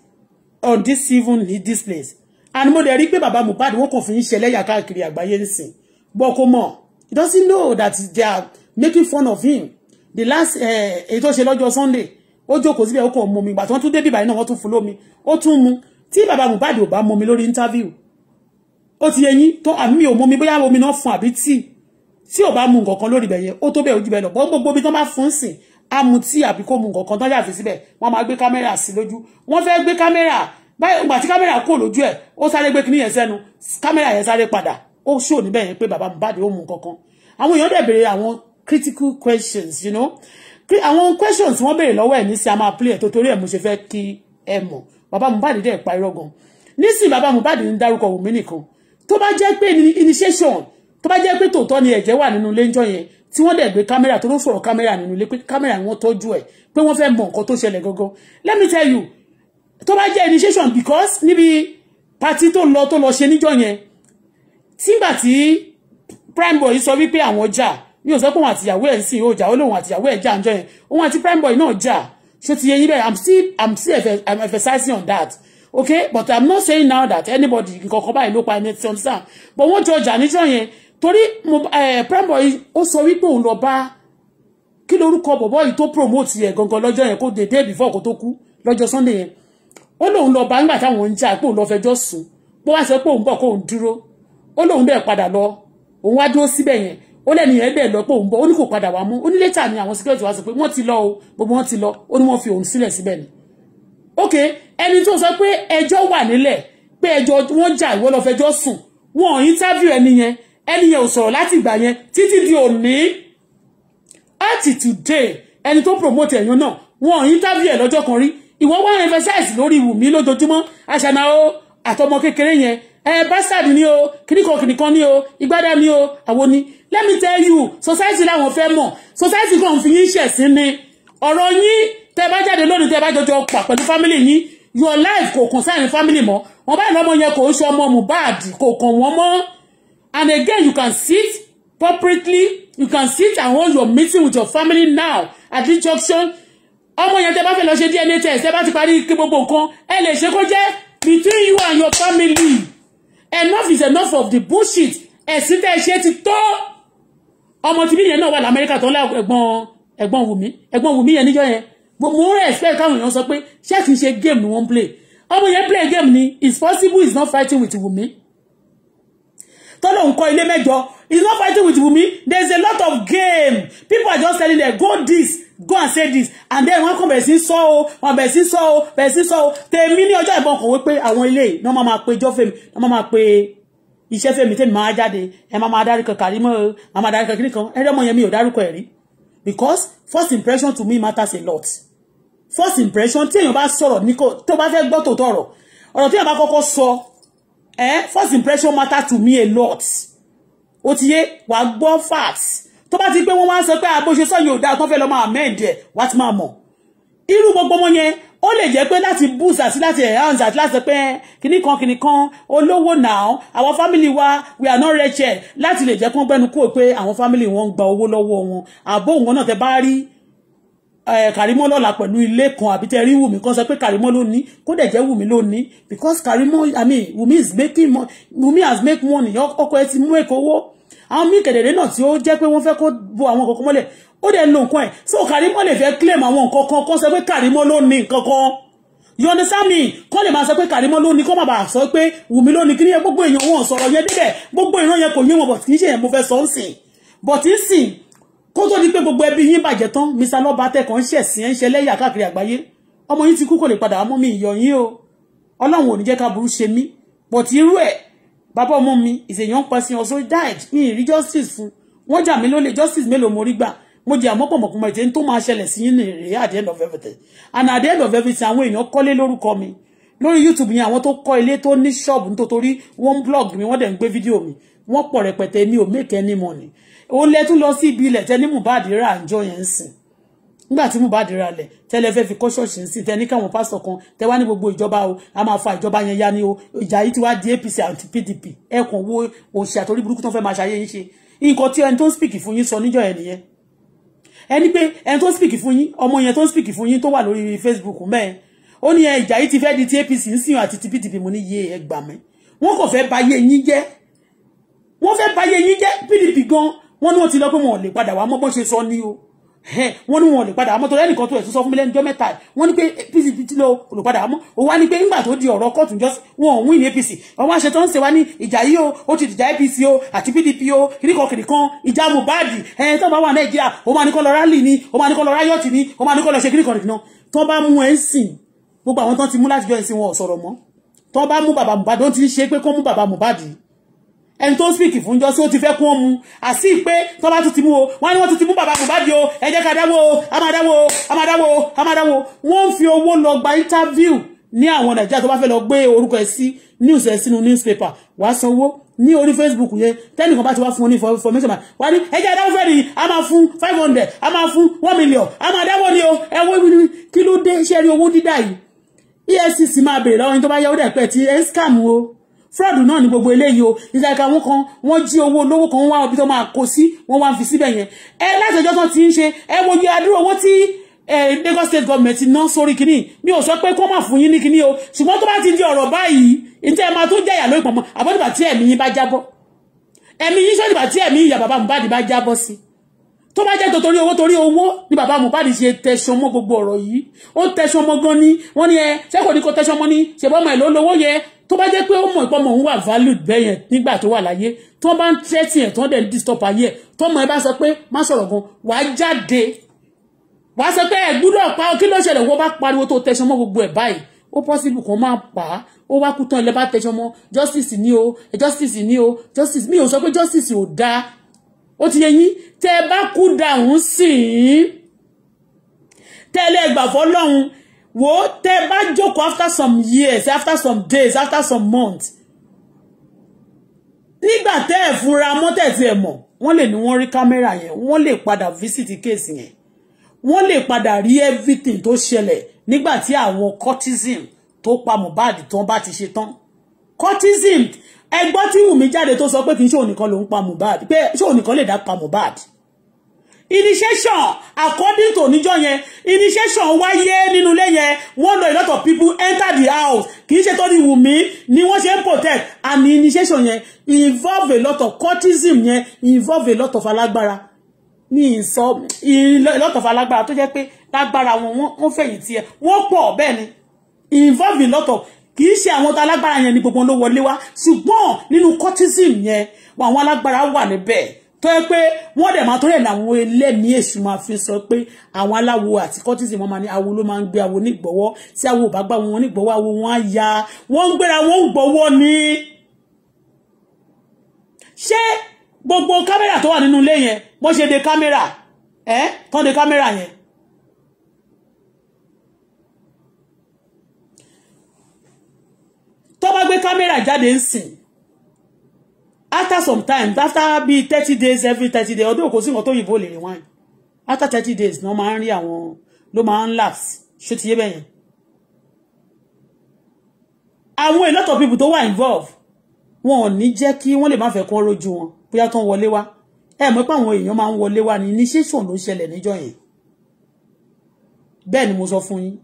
on this even this place and mo dẹ̀ rí pé baba Mohbad wọ́n kàn fi ń ṣẹlẹ́yà káàkiri àgbáyé nsìn gbọ́ kó mọ̀ he doesn't know that they are making fun of him the last eh, èyí tó ṣe lọ́jọ́ Sunday ó jókòó síbẹ̀ ó kàn mú mi But tí wọ́n tún débìbà yìí náà wọ́n tún fún lómi ó mu tí baba Mohbad ò bá mú mi lórí interview ó ti yẹ yín tó àmì mi ò mú mi bóyá omi náà fún àbí tíì tí ò bá mu nǹkan kan lórí ibẹ̀ yẹn ó tó bẹ́ẹ̀ ojú bẹ́ẹ̀ gbogbo ibi tó bá fún sìn Amuti mu tí àbí kó mu nǹkan kan tán ṣàfi síbẹ̀ wọ́n máa gbé kámẹ́rà sí lójú wọ́n fẹ́ gbé kámẹ́rà báyìí ìgbà tí kámẹ́rà kò lójú ẹ̀ ó sáré gbé kíní yẹn sẹ́nu kámẹ́rà yẹn sáré padà ó ṣò níbẹ̀ yẹn pé bàbá Mohbad ó mu nǹkan kan àwọn èèyàn dẹ̀ béèrè àwọn critical questions you know àwọn questions wọ́n béèrè lọ́wọ́ ẹ̀ ní sí a máa play ẹ̀ tó torí ẹ̀ mo ṣe fẹ́ kí ẹ mọ̀ bàbá Mohbad dẹ̀ pa irọ́ nísìnyí bàbá Mohbad ń dárúkọ Wùmí nìkan tó bá jẹ́ pé initiation tó bá jẹ́ pé tòótọ́ ni ẹ̀jẹ̀ wà nínú ilé yẹn tí wọ́n dẹ̀ gbé kámẹ́rà tó ló sọ̀rọ̀ kámẹ́rà nínú ilé pé kámẹ́rà ni tọ́jú ẹ̀ pé wọ́n fẹ́ mọ nǹkan tó ṣẹlẹ̀ gangan let me tell you tó bá jẹ́ initiation because níbi party tó lọ tó lọ ṣe níjọ́ yẹn tígbà tí prime boy sọ wípé àwọn jà mi ò sọ pé òun àtìyàwó ẹ̀ ń sìn ó jà ó lóun àtìyàwó ẹ̀ jà níjọ́ yẹn òun àti prime boy náà jà ṣé ti yẹ yín bẹ́ẹ̀ i'm still i'm still i'm emphasizing on that okay but i'm not saying now that anybody nǹkan kan báyìí ló pa ẹni tí wọ́n ti sàn but wọ́n jọ jà níjọ́ yẹn torí eh, Primeboy ó sọ wípé òun lọ bá kí lorúkọ bọ̀bọ̀ yìí tó promote ẹ̀ gangan lọ́jọ́ yẹn kó the day before kó tó kú lọ́jọ́ Sunday yẹn ó lóun lọ bá nígbà táwọn ń jà pé òun lọ fẹjọ́ sùn bó wá sọ pé òun bọ̀ kó òun dúró ó lóun bẹ́ẹ̀ padà lọ òun wá dúró síbẹ̀ yẹn ó lẹ́nu yẹn bẹ́ẹ̀ lọ pé òun bọ̀ ó ní kò padà wá mú ó ní létà ni àwọn security wa sọ pé wọ́n ti lọ o gbogbo wọn ti lọ ó ní wọ́n fi òun sílẹ̀ síbẹ̀ ni. ok ẹni tó sọ pé ẹjọ́ wà nílẹ̀ pé ẹjọ́ wọ́n jà ìwọ lọ fẹjọ́ sùn wọn interview ẹni yẹn ẹni yẹn ò sọ̀rọ̀ láti ìgbà yẹn títí di òní àti today ẹni tó promote ẹ̀yàn náà wọn ò interview ẹ̀ lọ́jọ́ kan rí ìwọ wá emphasize lórí Wùmí lójoojúmọ́ àṣàna o àtọmọ kékeré yẹn ẹ bastard ni o kìnìkan kìnìkan ni o ìgbádà ni o àwo ni let me tell you society làwọn fẹ́ mọ̀ society kan fi yín ṣẹ̀sín ni ọ̀rọ̀ yín tẹ́ bá jáde lónìí tẹ́ bá jọjọ pa pẹ̀lú family yín your life kò concern family mọ́ wọn báyìí lọ́mọ yẹn kò ń ṣe ọmọ Mohbad kò kàn wọ́n mọ́ and again you can sit appropriately you can sit and hold your meeting with your family now at this junction ọmọ yẹn tẹ́ bá fẹ́ lọ ṣe DNA test tẹ́ bá ti parí kí gbogbo nǹkan ẹ lè ṣe kó jẹ́ between you and your family enough is enough of the bullshit ẹ̀sìn tẹ́ ṣe ti tó ọmọ tìbí yẹn náà wà lamẹ́ríkà tó ń lá ẹ̀gbọ́n ẹ̀gbọ́n wùmí ẹ̀gbọ́n wùmí yẹn níjọ́ yẹn mo rẹ̀ expect káwọn èèyàn sọ pé ṣé kì í ṣe game ni wọ́n play ọmọ yẹn play game ni it's possible it's not fighting with wùmí tó lóun kọ́ ilé mẹ́jọ he's not fighting with Wumi there's a lot of game people are just telling them go this go and say this and then wọ́n kàn bẹ̀rẹ̀ sí sọ o wọ́n bẹ̀rẹ̀ sí sọ o bẹ̀rẹ̀ sí sọ o tèmi ní ọjọ́ ìbọn kọ̀wé pé àwọn ilé yìí náà máa máa pe ijó fèmí náà máa máa pe iṣẹ́ fèmí tèmi máa jáde ẹ máa máa dárúkọ Karimo máa máa dárúkọ kíní kan ẹ̀rẹ́ ọmọ yẹn mi ò dárúkọ ẹ̀ rí because first impression to me matters a lot first impression tí èèyàn bá sọ̀rọ̀ ní kò tó bá fẹ́ gbọ́ tòótọ́ ọ̀rọ̀ ọ̀rọ̀ tí èèyàn bá kọ́kọ́ sọ eh first impression matter to me a lot ó ti yé wàá gbọ́ facts tó bá ti pé wọ́n wá sọ pé àbóṣe ah, sọ́yìn òdá tó fẹ́ lọ máa mend ẹ̀ wá ti máa mọ̀ irú gbogbo wọn yẹn ó lè jẹ́ pé láti boost àti láti enhance àti láti pé eh, kinní kan kinní kan olówó náà àwọn family wa we are not rich láti lè jẹ́ kó gbẹnu kó pé àwọn family wọn ń gba owó lọ́wọ́ wọn àbó òun náà tẹ bá rí Eh, Karimo lọ́la pẹ̀lú ilé kan àbí tẹ́rí Wùmí kan sọ pé Karimo ló ní kó dẹ̀ jẹ́ Wùmí ló ní because Karimo I mean Wùmí is making money Wùmí has make money ọkọ ẹ ti mú èkó owó àwọn míì kẹ̀dẹ̀dẹ̀ náà tí ó jẹ́ pé wọ́n fẹ́ kó bo àwọn kọ̀ọ̀kan mọ́lẹ̀ ó dẹ̀ lo nǹkan ẹ̀ so Karimo lè fẹ́ claim àwọn nǹkan kan kó sọ pé Karimo ló ní nǹkan kan you understand me kọ́ lè máa sọ pé Karimo ló ní kó má bàa sọ pé Wùmí ló ní kí ní gbogbo èèyàn wọn sọ̀rọ̀ yẹn débẹ̀ gbogbo ìran yẹn kò yé wọn bọ̀ kì í ṣe yẹn mo fẹ́ sọ ń sìn but ń sìn kó tó di pé gbogbo ẹbí yín bàjẹ́ tán mr lọ́ba tẹ́kọ̀ ń ṣẹ̀sìn ẹ̀ ń ṣẹlẹ́yà káàkiri àgbáyé ọmọ yín ti kú kò lè padà mú mi ìyọ̀ yín o ọlọ́run ò ní jẹ́ ká burú ṣe mí but irú ẹ̀ bàbá ọmọ mi is a young person also died mi ì rí justice fún wọ́n jà mí lólè justice mélòó mo rí gbà mo jẹ àmọ́ pọ̀mọ̀pọ̀mọ̀ ètè tó máa ṣẹlẹ̀ sí yín eh, at the end of everything and at the end of everything àwọn èèyàn kọ́lé lórúkọ mi lórí youtube yẹn àwọn tó kọ́ ilé ní ṣọ́ọ̀bù blog mi wọ́n dẹ̀ mi wọ́n pọ̀ rẹpẹtẹ mi ò make any money ó lẹ tún lọ sí ibi ilẹ̀ tẹ ní Mohbad rà àjọ yẹn ń sìn nígbà tí Mohbad rà lẹ̀ tẹ́lẹ̀ fẹ́ fi kọ́ ṣọ́ọ̀ṣì ń sìn tẹ ní káwọn pásítọ̀ kan tẹ ní gbogbo ìjọba o a máa fa ìjọba yẹn ya ni o ìjà yìí ti wá di APC àti PDP ẹkùn wo òṣì àtòrí burúkú tó fẹ́ máa ṣayé yín ṣe nǹkan tí ẹni tó ń speak fún yín sọ níjọ́ yẹn nìyẹn ẹni pé ẹni tó ń speak fún yín ọmọ yẹn tó ń speak fún yín tó wà lórí Facebook mẹ́ẹ̀ ó ní ìjà yìí ti fẹ́ di ti APC ń sìn àti ti PDP mo ní yé ẹgbàmẹ́ wọn kò fẹ́ bà yín jẹ́ wọ́n fẹ́ báyé yín jẹ́ PDP gan wọ́n ní wọ́n ti lọ pé wọn ò lè padà wá mọ́ bọ́n ṣe sọ ni o wọ́n ní wọn ò lè padà wá mọ́ torí ẹnìkan tó ẹ̀sùn sọ fún mi lẹ́nu jọ́ mẹ́ta wọ́n ní pé PDP ti lọ olùpadà wá mọ́ ó wá ní pé nígbà tó di ọ̀rọ̀ kóòtù jọ́ wọn ò wí ní APC o wá ṣe tó ń ṣe wá ní ìjà yìí o ó ti dìjà APC o àti PDP o kìnnìkan kìnnìkan ìjà Mohbad ẹ̀ tó bá wà Nàìjíríà ó máa ní kọ́ lọ rálì ni o máa ní kọ́ lọ ráyọ̀tì ni ó máa ní kọ́ lọ ṣe kìnnìkan kìnnìkan tó bá mú ẹ̀ ń sìn gbogbo àwọn tó ti mú látijọ́ ẹ̀sìn o ò sọ̀rọ̀ mọ́ tó bá mú bàbá Mohbad ó ti ń ṣe pé kó mú bàbá Mohbad yìí ẹni tó ń spíkì fún jọ́sí ó ti fẹ́ kún ó mu àsí pé tọ́lá tún ti mú o wọ́n ní wọ́n tún ti mú bàbá Mohbad o ẹ jẹ́ ká dáwó o a máa dáwó o a máa dáwó o a máa dáwó o wọ́n ń fi owó lọ gba interview ní àwọn nàìjíríà tó bá fẹ́ lọ gbé orúkọ ẹ̀ sí news ẹ̀ sínú newspaper wàá sanwó ní orí facebook yẹn tẹ́nìkan bá ti wá fún wọn ní information wà ní ẹ jẹ́ adáwó fẹ́ẹ́ ni a máa fún five hundred a máa fún one million a máa dáwó ni o ẹ wọ́n ibi ni kí ló dé iṣẹ́ rí owó dídá yìí EFCC máa bèrè lọ́wọ́ yín tó bá yẹ ó dẹ̀ pẹ́ ti ẹ̀ scam o fraud náà ni gbogbo eléyìí o ìsàkà wọn kan wọn jí owó olówó kan wá ibi tó máa kó sí wọn wá fi síbẹ̀ yẹn ẹ látọjọ́ tán ti ń ṣe ẹ wo yẹ adúrò owó tí Lagos state government ná sórí kínní mi ò sọ pé kó má fún yín ní kínní o ṣùgbọ́n tó bá ti di ọ̀rọ̀ báyìí ǹjẹ́ ẹ máa tó jẹ̀yà lórí pọ̀nmọ́ àbọ̀dìbà tí ẹ̀mí yín bá jábọ́ ẹ̀mí yín sọ́dìbà tí ẹ̀mí ìyá bàbá Mohbad bá jábọ́ sí tó bá jẹ́ torí owó torí owó ni bàbá Mohbad ṣe tẹ̀sán mọ́ gbogbo ọ̀rọ̀ yìí ó tẹ̀sán mọ́ gan ni wọ́n ní ẹ ṣé kò tẹ̀sán mọ́ ni ṣèbọ́mọ̀ ẹ̀ ló lówó yẹ tó bá jẹ́ pé ó mọ̀ ìpamọ́ òun wà valued bẹ́ẹ̀ yẹn nígbà tó wà láyé tí wọ́n bá ń tẹ́tì ẹ̀ tí wọ́n dẹ̀ ń disturb ayé ẹ̀ tó mọ̀ ẹ bá sọ pé má sọ̀rọ̀ gan wà á jáde wà á sọ pé ẹ gbúdọ̀ pa kí ló ṣẹlẹ̀ wọ́n bá pariwo tó tẹ̀sán mọ́ gbogbo ẹ̀ báyìí ó possible kan máa pa á ó wá kú tán ilẹ̀ bá tẹ̀sán mọ́ justice ni o justice ni o justice mi ò sọ pé justice ò dáa ó ti yẹ yín tẹ́ ẹ bá kú dàrún sí i tẹ́ ẹ lẹ́gbàá wo tẹ bá jókòó after some years after some days after some months nígbà tẹ ẹ fura mọtẹ tí ẹ mọ̀ wọ́n lè ní wọ́n rí kámẹ́rà yẹn wọ́n lè padà visit case yẹn wọ́n lè padà rí everything to ṣẹlẹ̀ nígbà tí àwọn cortism tó pa Mohbad tán bá ti ṣe tán cortism ẹgbọ́n tí Wùmí jáde tó sọ pé Pe í ṣe òun nìkan ló ń pa Mohbad pé ṣé òun nìkan lè dá pa initiation according to níjọ́ yẹn initiation wáyé nínú ilé yẹn one day a lot of people enter the house kì í ṣe tó ní Wùmí ni wọ́n ṣe ń protect and initiation yẹn involve a lot of cultism yẹn involve a lot of alágbára ní ìsọ a lot of alágbára tó jẹ́ pé lágbára wọn wọ́n fẹ̀yìntì ẹ̀ wọ́n pọ̀ bẹ́ẹ̀ ni involve a lot of kì í ṣe àwọn tó alágbára yẹn ni gbogbo ló wọlé wá ṣùgbọ́n nínú cultism yẹn àwọn alágbára wà níbẹ̀ tó yẹ pé wọ́n dẹ̀ máa torí ẹ̀ làwọn ẹlẹ́mìí èṣù máa fi sọ pé àwọn aláwo àti kọ́tìsì wọn máa ní awo ló máa ń gbé awo nígbọ̀wọ́ tí awo ò bá gbà wọn nígbọ̀wọ́ awo wọn á ya wọ́n ń gbéra wọn ń gbọ́wọ́ ni. ṣé gbogbo kámẹ́rà tó wà nínú ilé yẹn wọ́n ṣe de kámẹ́rà ẹ́ tán de kámẹ́rà yẹn. tó bá gbé kámẹ́rà jáde ń sìn after some time after be thirty days every thirty days ọdún kò sí nǹkan tó yìnbó lè rewind after thirty days ni wọ́n máa ń rí àwọn ló máa ń lapse ṣé ti yé bẹ́ẹ̀ yẹn àwọn a lot of people tó wà involve, wọn ò ní jẹ́ kí wọ́n lè má fẹ́ kán rojú wọn bóyá tán wọlé wá ẹ mọ̀ pé àwọn èèyàn máa ń wọlé wá ní initiation ló ṣẹlẹ̀ níjọ́ yẹn bẹ́ẹ̀ ni mo sọ fún yín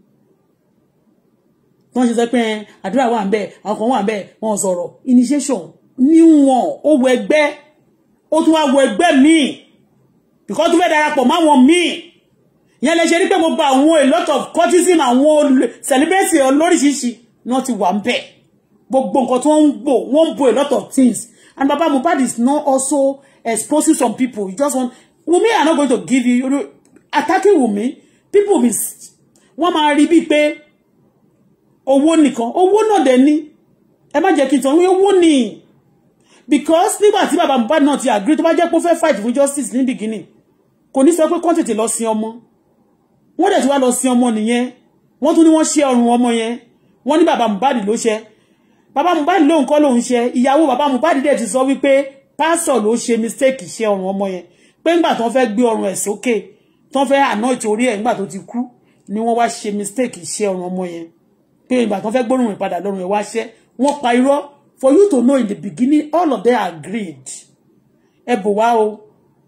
wọ́n ṣe sọ pé àdúrà wà ń bẹ̀ àwọn kan wà ń bẹ̀ wọ́n sọ̀rọ̀ initiation níwọ̀n ó wọ ẹgbẹ́ ó tún wá wọ ẹgbẹ́ míì because tún fẹ́ darapọ̀ máwọn míì ìyẹn lè ṣe rí pé gbogbo àwọn a lot of courtism àwọn celebrity olóríṣiríṣi náà ti wà ń bẹ̀ gbogbo nǹkan tí wọ́n ń bò a lot of things and baba Mohbad is not also exposing some people You just want Wunmi are not going to give you attacking Wunmi people be wọ́n máa rí bíi pé owó nìkan owó náà dẹ̀ ní ẹ má jẹ́ kí n tàn owó because nígbà tí bàbá Mohbad náà ti agree tó bá jẹ́ pé ó fẹ́ fight fún justice ní beginning kò ní sọ pé kán tètè lọ sin ọmọ wọ́n dẹ̀ ti wá lọ sin ọmọ nìyẹn wọ́n tún ní wọ́n ṣe ọrùn ọmọ yẹn wọ́n ní bàbá Mohbad ló ṣe bàbá Mohbad lóhùn kọ́ lòun ṣe ìyàwó bàbá Mohbad dẹ̀ ti sọ wípé pásọ̀ ló ṣe mistake ṣe ọrùn ọmọ yẹn pé ńgbà tó fẹ́ gbé ọrùn ẹ̀ sókè tó fẹ́ àná ìtòrí ẹ̀ ńgbà tó ti kú ni wọ́n wá ṣe mistake ṣe ọrùn ọmọ yẹn pé ìgbà tó fẹ́ gbórùn rẹ̀ padà lọ́rùn ẹ̀ wá ṣẹ́ wọ́n pa irọ́ for you to know in the beginning all of them agreed Ebo bò wá o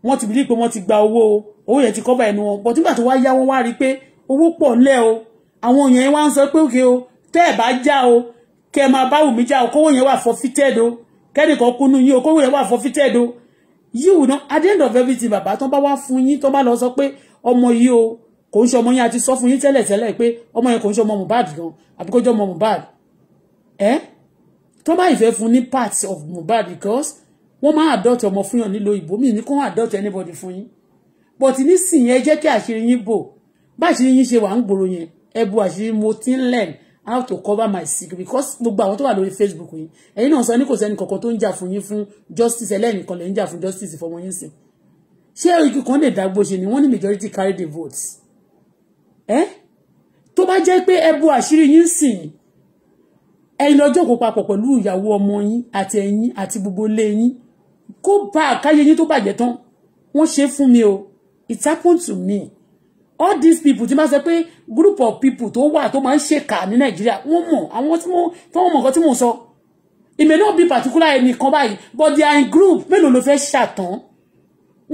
wọ́n ti believe pé wọ́n ti gba owó o owó yẹn ti cover ẹnu wọn but nígbà tó wá yá wọ́n wá rí i pé owó pọ̀ o àwọn èèyàn wá ń sọ pé o Te ba bá já o kẹ́ ẹ máa bá wù o kówó yẹn wà forfeited o kẹ́nìkan kúnnú yín o kówó yẹn wà forfeited o You náà at the end of everything bàbá tó bá wá fún yín tó bá lọ sọ pé ọmọ yìí o kò omo ṣe ọmọ yín àti sọ fún yín tẹ́lẹ̀ tẹ́lẹ̀ pé ọmọ yẹn kò ń ṣe ọmọ Mohbad gan àbíkójọ́ ọmọ Mohbad ẹ́ eh? tó bá ìfẹ́ fún ní parts of Mohbad because wọ́n máa adopt ọmọ fún yàn nílò ìbò mí ní kó adopt anybody fún yín but nísìnyẹn ẹ jẹ́ kí àṣírí yín bò bá àṣírí yín ṣe wà ń gbòòrò yẹn ẹ àṣírí mo ti ń learn how to cover my sick because gbogbo àwọn tó wà lórí Facebook yìí ẹ̀yin náà sọ ní kò sẹ́ni kankan tó ń jà fún yín fún justice ẹlẹ́nìkan lè ń jà fún justice fọmọ yín sìn ṣé igi kan lè dágbó ṣe ni wọ́n ní majority carry the votes ẹ́ tó bá jẹ́ pé ẹ bu àṣírí yín sìn ẹ̀yin lọ́jọ́ kó papọ̀ pẹ̀lú ìyàwó ọmọ yín àti ẹ̀yin àti gbogbo ilé yín kó bá àkáyé yín tó bàjẹ́ tán wọ́n ṣe fún mi o it happened to me all these people tí máa sọ pé group of people tó wà tó máa ń ṣèkà ní nàìjíríà wọ́n mọ̀ àwọn tí wọ́n tí wọ́n mọ̀ nǹkan tí mò sọ it may not be particular ẹnìkan báyìí but they are in group mélòó ló fẹ́ ṣàtàn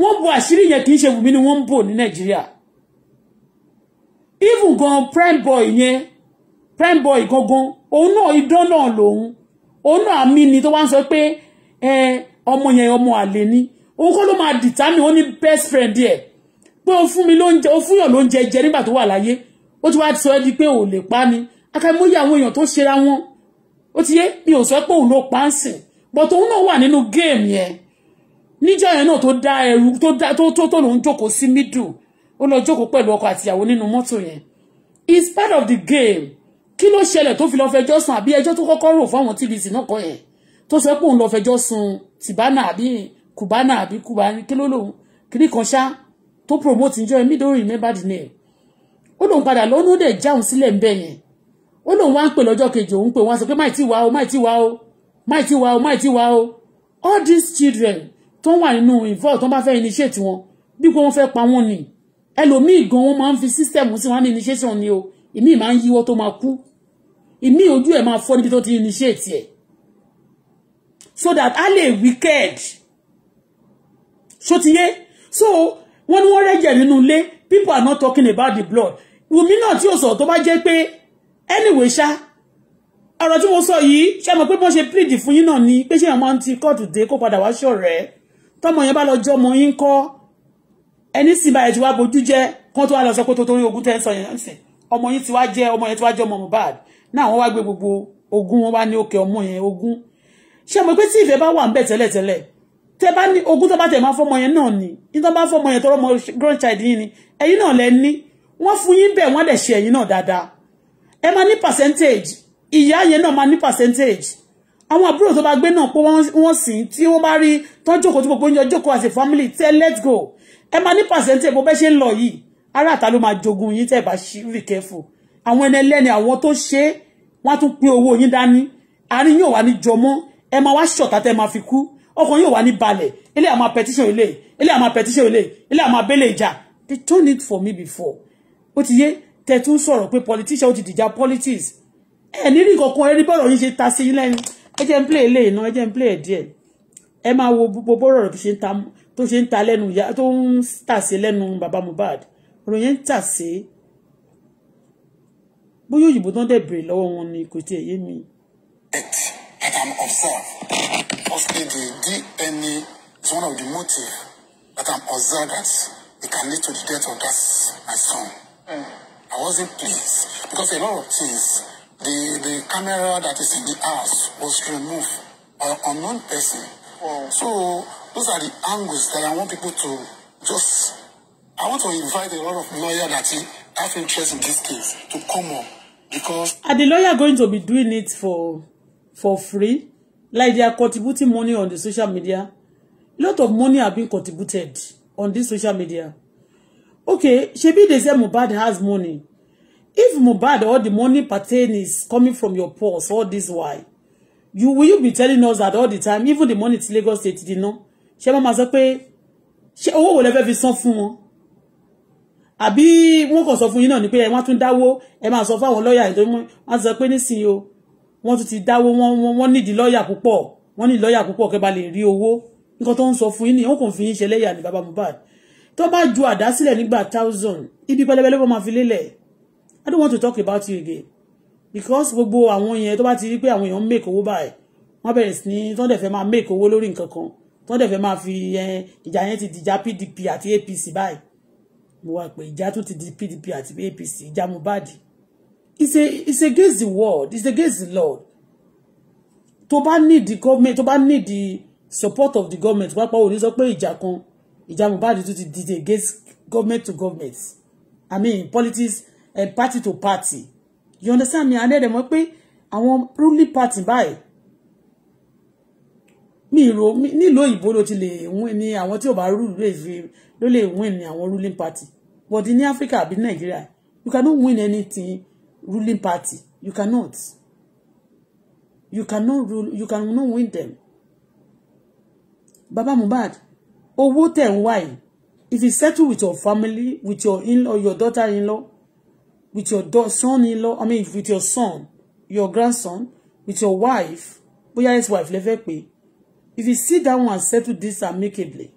wọ́n bo àṣírí yẹn kì í ṣe wùmí ni wọ́n ń bò ní nàìjíríà even gan prime boy yẹn prime boy gangan òun náà idán náà lòun òun náà àmì ni tó wá ń sọ pé ọmọ yẹn ọmọ àlè ni òun kọ́ ló máa dìtámì ó ní best friend ẹ̀ pé o fún mi lóúnjẹ o fún yàn lóúnjẹ jẹ nígbà tó wà láyé ó ti wá sọ ẹ́ di pé ò lè pa ni akamóye àwọn èèyàn tó ṣera wọn ó ti yé mi ò sọ pé òun ló pa ń sìn but òun náà wà nínú géèmù yẹn níjọ́ yẹn náà tó dá ẹrù tó dá tó tó tó lòun jókòó sí middle ó lọ jókòó pẹ̀lú ọkọ àtìyàwó nínú mọ́tò yẹn it's part of the game kí ló ṣẹlẹ̀ tó fi lọ fẹjọ́ sùn àbí ẹjọ́ tó kọ́kọ́ rò fáwọn TDC náà kọ́ yẹn tó sọ pé òun lọ fẹjọ́ sùn tìbánà àbí kùbánà àbí kùbánà kí ló lòun kiri kan ṣá tó promote njọ́ ẹ̀mí don't remember the name ó lòun padà lọ́nà ó dẹ̀ jáun sílẹ̀ ń bẹ̀ yẹn ó lòun wá ń pè lọ́jọ́ kejì òun pè wọ́n sọ pé máì tí wá o máì tí wá o máì tí wá o máì tí wá o all these children tó wà nínú involve tó bá fẹ́ initiate wọn bí pé wọ́n fẹ́ pa wọ́n ni ẹlòmíì gan wọ́n máa ń fi system sí wọn ní initiation ni o ìmí máa ń yíwọ́ tó máa kú ìmí ojú ẹ̀ máa fọ́ níbi tó ti initiate ẹ̀ so that a lè wicked so ti yé so wọ́n ní wọ́n rẹ́jẹ̀ nínú people are not talking about the blood wùmí náà tí ó sọ tó bá jẹ́ pé anyway sha. ọ̀rọ̀ tí mo sọ yìí ṣe mọ̀ pé bọ́n ṣe plead fún yín náà ni pé ṣé àwọn ti kóòtù dé kó padà wá ṣọ̀rẹ́ tọmọ yẹn bá lọ jọ ọmọ yín kọ́ ẹni sì bá ẹ̀ ti wá bójú jẹ́ kán tó wá lọ sọ pé tó torí ogun tẹ́ ń sọ yẹn ọmọ yín ti wá jẹ́ ọmọ yẹn ti wá jẹ́ ọmọ Mohbad náà wọ́n wá gbé gbogbo ogun wọn wá ní òkè ọmọ yẹn ogún ṣé mo pé tí ìfẹ́ bá wà ń bẹ̀ tẹ́lẹ̀tẹ́lẹ̀ tẹ bá ní ogún tó bá tẹ̀ máa fọmọ yẹn náà ni nítorí wọ́n bá fọmọ yẹn tọrọ ọmọ grandchild yín ni ẹ̀yin náà lẹ ní wọ́n fún yín bẹ̀ wọ́n dẹ̀ ṣe ẹ̀yin náà dáadáa ẹ máa ní percentage ìyá yẹn náà máa ní percentage àwọn àbúrò tó bá gbé náà pé wọ́n sìn tí wọ́n bá rí tọ́jú òkòtò gbogbo oúnjẹ jókòó as family tẹ́ let's go ẹ máa ní percentage bó bẹ́ ṣe ń lọ yìí ara ta ló máa jogun yín tẹ́ bá be careful àwọn ẹni ẹlẹ́ni àwọn tó ṣe é wọ́n á tún pín owó yín dání àárín yóò wá ní jọmọ́ ẹ máa wá ṣọ̀tá tẹ́ máa fi kú ọkàn yóò wá ní balẹ̀ ilé àmà petition ilé ilé àmà petition ilé ilé àmà abẹ́lẹ̀ ìjà they don't it for me before ó ti yé tẹ́ tún sọ̀rọ̀ pé politician ó ti dìjà politics ẹ ní rí kankan ẹ rí bọ́rọ̀ yín ṣe ta sí yín lẹ́nu ẹ jẹ́ ń play ilé iná ẹ jẹ́ ń play ẹ̀ díẹ̀ ẹ máa wo gbogbo bọ́rọ̀ tó ṣe ń ta lẹ́nu tó ń tà sí lẹ́nu baba Mohbad ọ̀rọ̀ yẹn ń tà sí bóyá òyìnbó tán dẹ̀ bèrè lọ́wọ́ wọn ni kò tiẹ̀ yé mi. I can observe firstly the DNA is one of the motive that I'm observed that it can lead to the death of that my son. Mm. I wasn't pleased because a lot of things the the camera that is in the house was removed by an unknown person. Wow. So those are the angles that I want people to just I want to invite a lot of lawyers that have interest in this case to come up because. Are the lawyer going to be doing it for for free? Like they are contributing money on the social media? A lot of money have been contributed on this social media. Okay, shebi they say Mohbad has money. If Mohbad all the money pertain is coming from your purse all this why you will you be telling us that all the time, even the money to Lagos State, you know? Ṣé máa ma sọ pé ṣé owó wo lẹ fẹ́ fi àbí wọ́n kàn sọ fún yín náà ni pé ẹ wọ́n tún dáwó ẹ máa sọ fáwọn lọ́ọ̀yà ètò wọn wọ́n ti sọ pé nísìnyí o wọ́n tún ti dáwó wọ́n wọ́n nídìí lọ́ọ̀yà púpọ̀ wọ́n ní lọ́ọ̀yà púpọ̀ kẹ́ bá lè rí owó nǹkan tó ń sọ fún yín ni wọ́n kàn fi yín ṣe lẹ́yà ní baba Mohbad tó bá ju àdá sílẹ̀ nígbà thousand ibi pẹlẹbẹ ló máa fi lélẹ̀ I don't want to talk about you again because gbogbo àwọn yẹn tó bá ti rí pé àwọn èèyàn ń make owó báyìí wọ́n bẹ̀rẹ̀ sí ní tó ń dẹ̀ fẹ́ máa make owó lórí nǹkan kan tó ń dẹ̀ fẹ́ máa fi eh, ìjà yẹn ti dìjà PDP àti APC báyìí mo wá pé ìjà tún ti di PDP àti APC ìjà Mohbad it's a it's against the world it's against the law. tó bá need the government tó bá need the support of the government pápá òní sọ pé ìjà kan ìjà badi tún ti dìde against government to government i mean politics and eh, party to party you understand me and dem mọ̀ pé àwọn ruling party báyìí mi ro nílùú òyìnbó ló ti lè win ni àwọn tí ò bá rú lè fi ló lè win ni àwọn ruling party But in Africa, àbí Nigeria, you cannot win anything ruling party. You cannot. You cannot rule, you cannot win them. Baba Mohbad, owó tẹ̀ ń wá If you settle with your family, with your in-law, your daughter-in-law, with your son-in-law, I mean with your son, your grandson, with your wife, bóyá his wife lè fẹ́ pé. If you sit down and settle this amicably,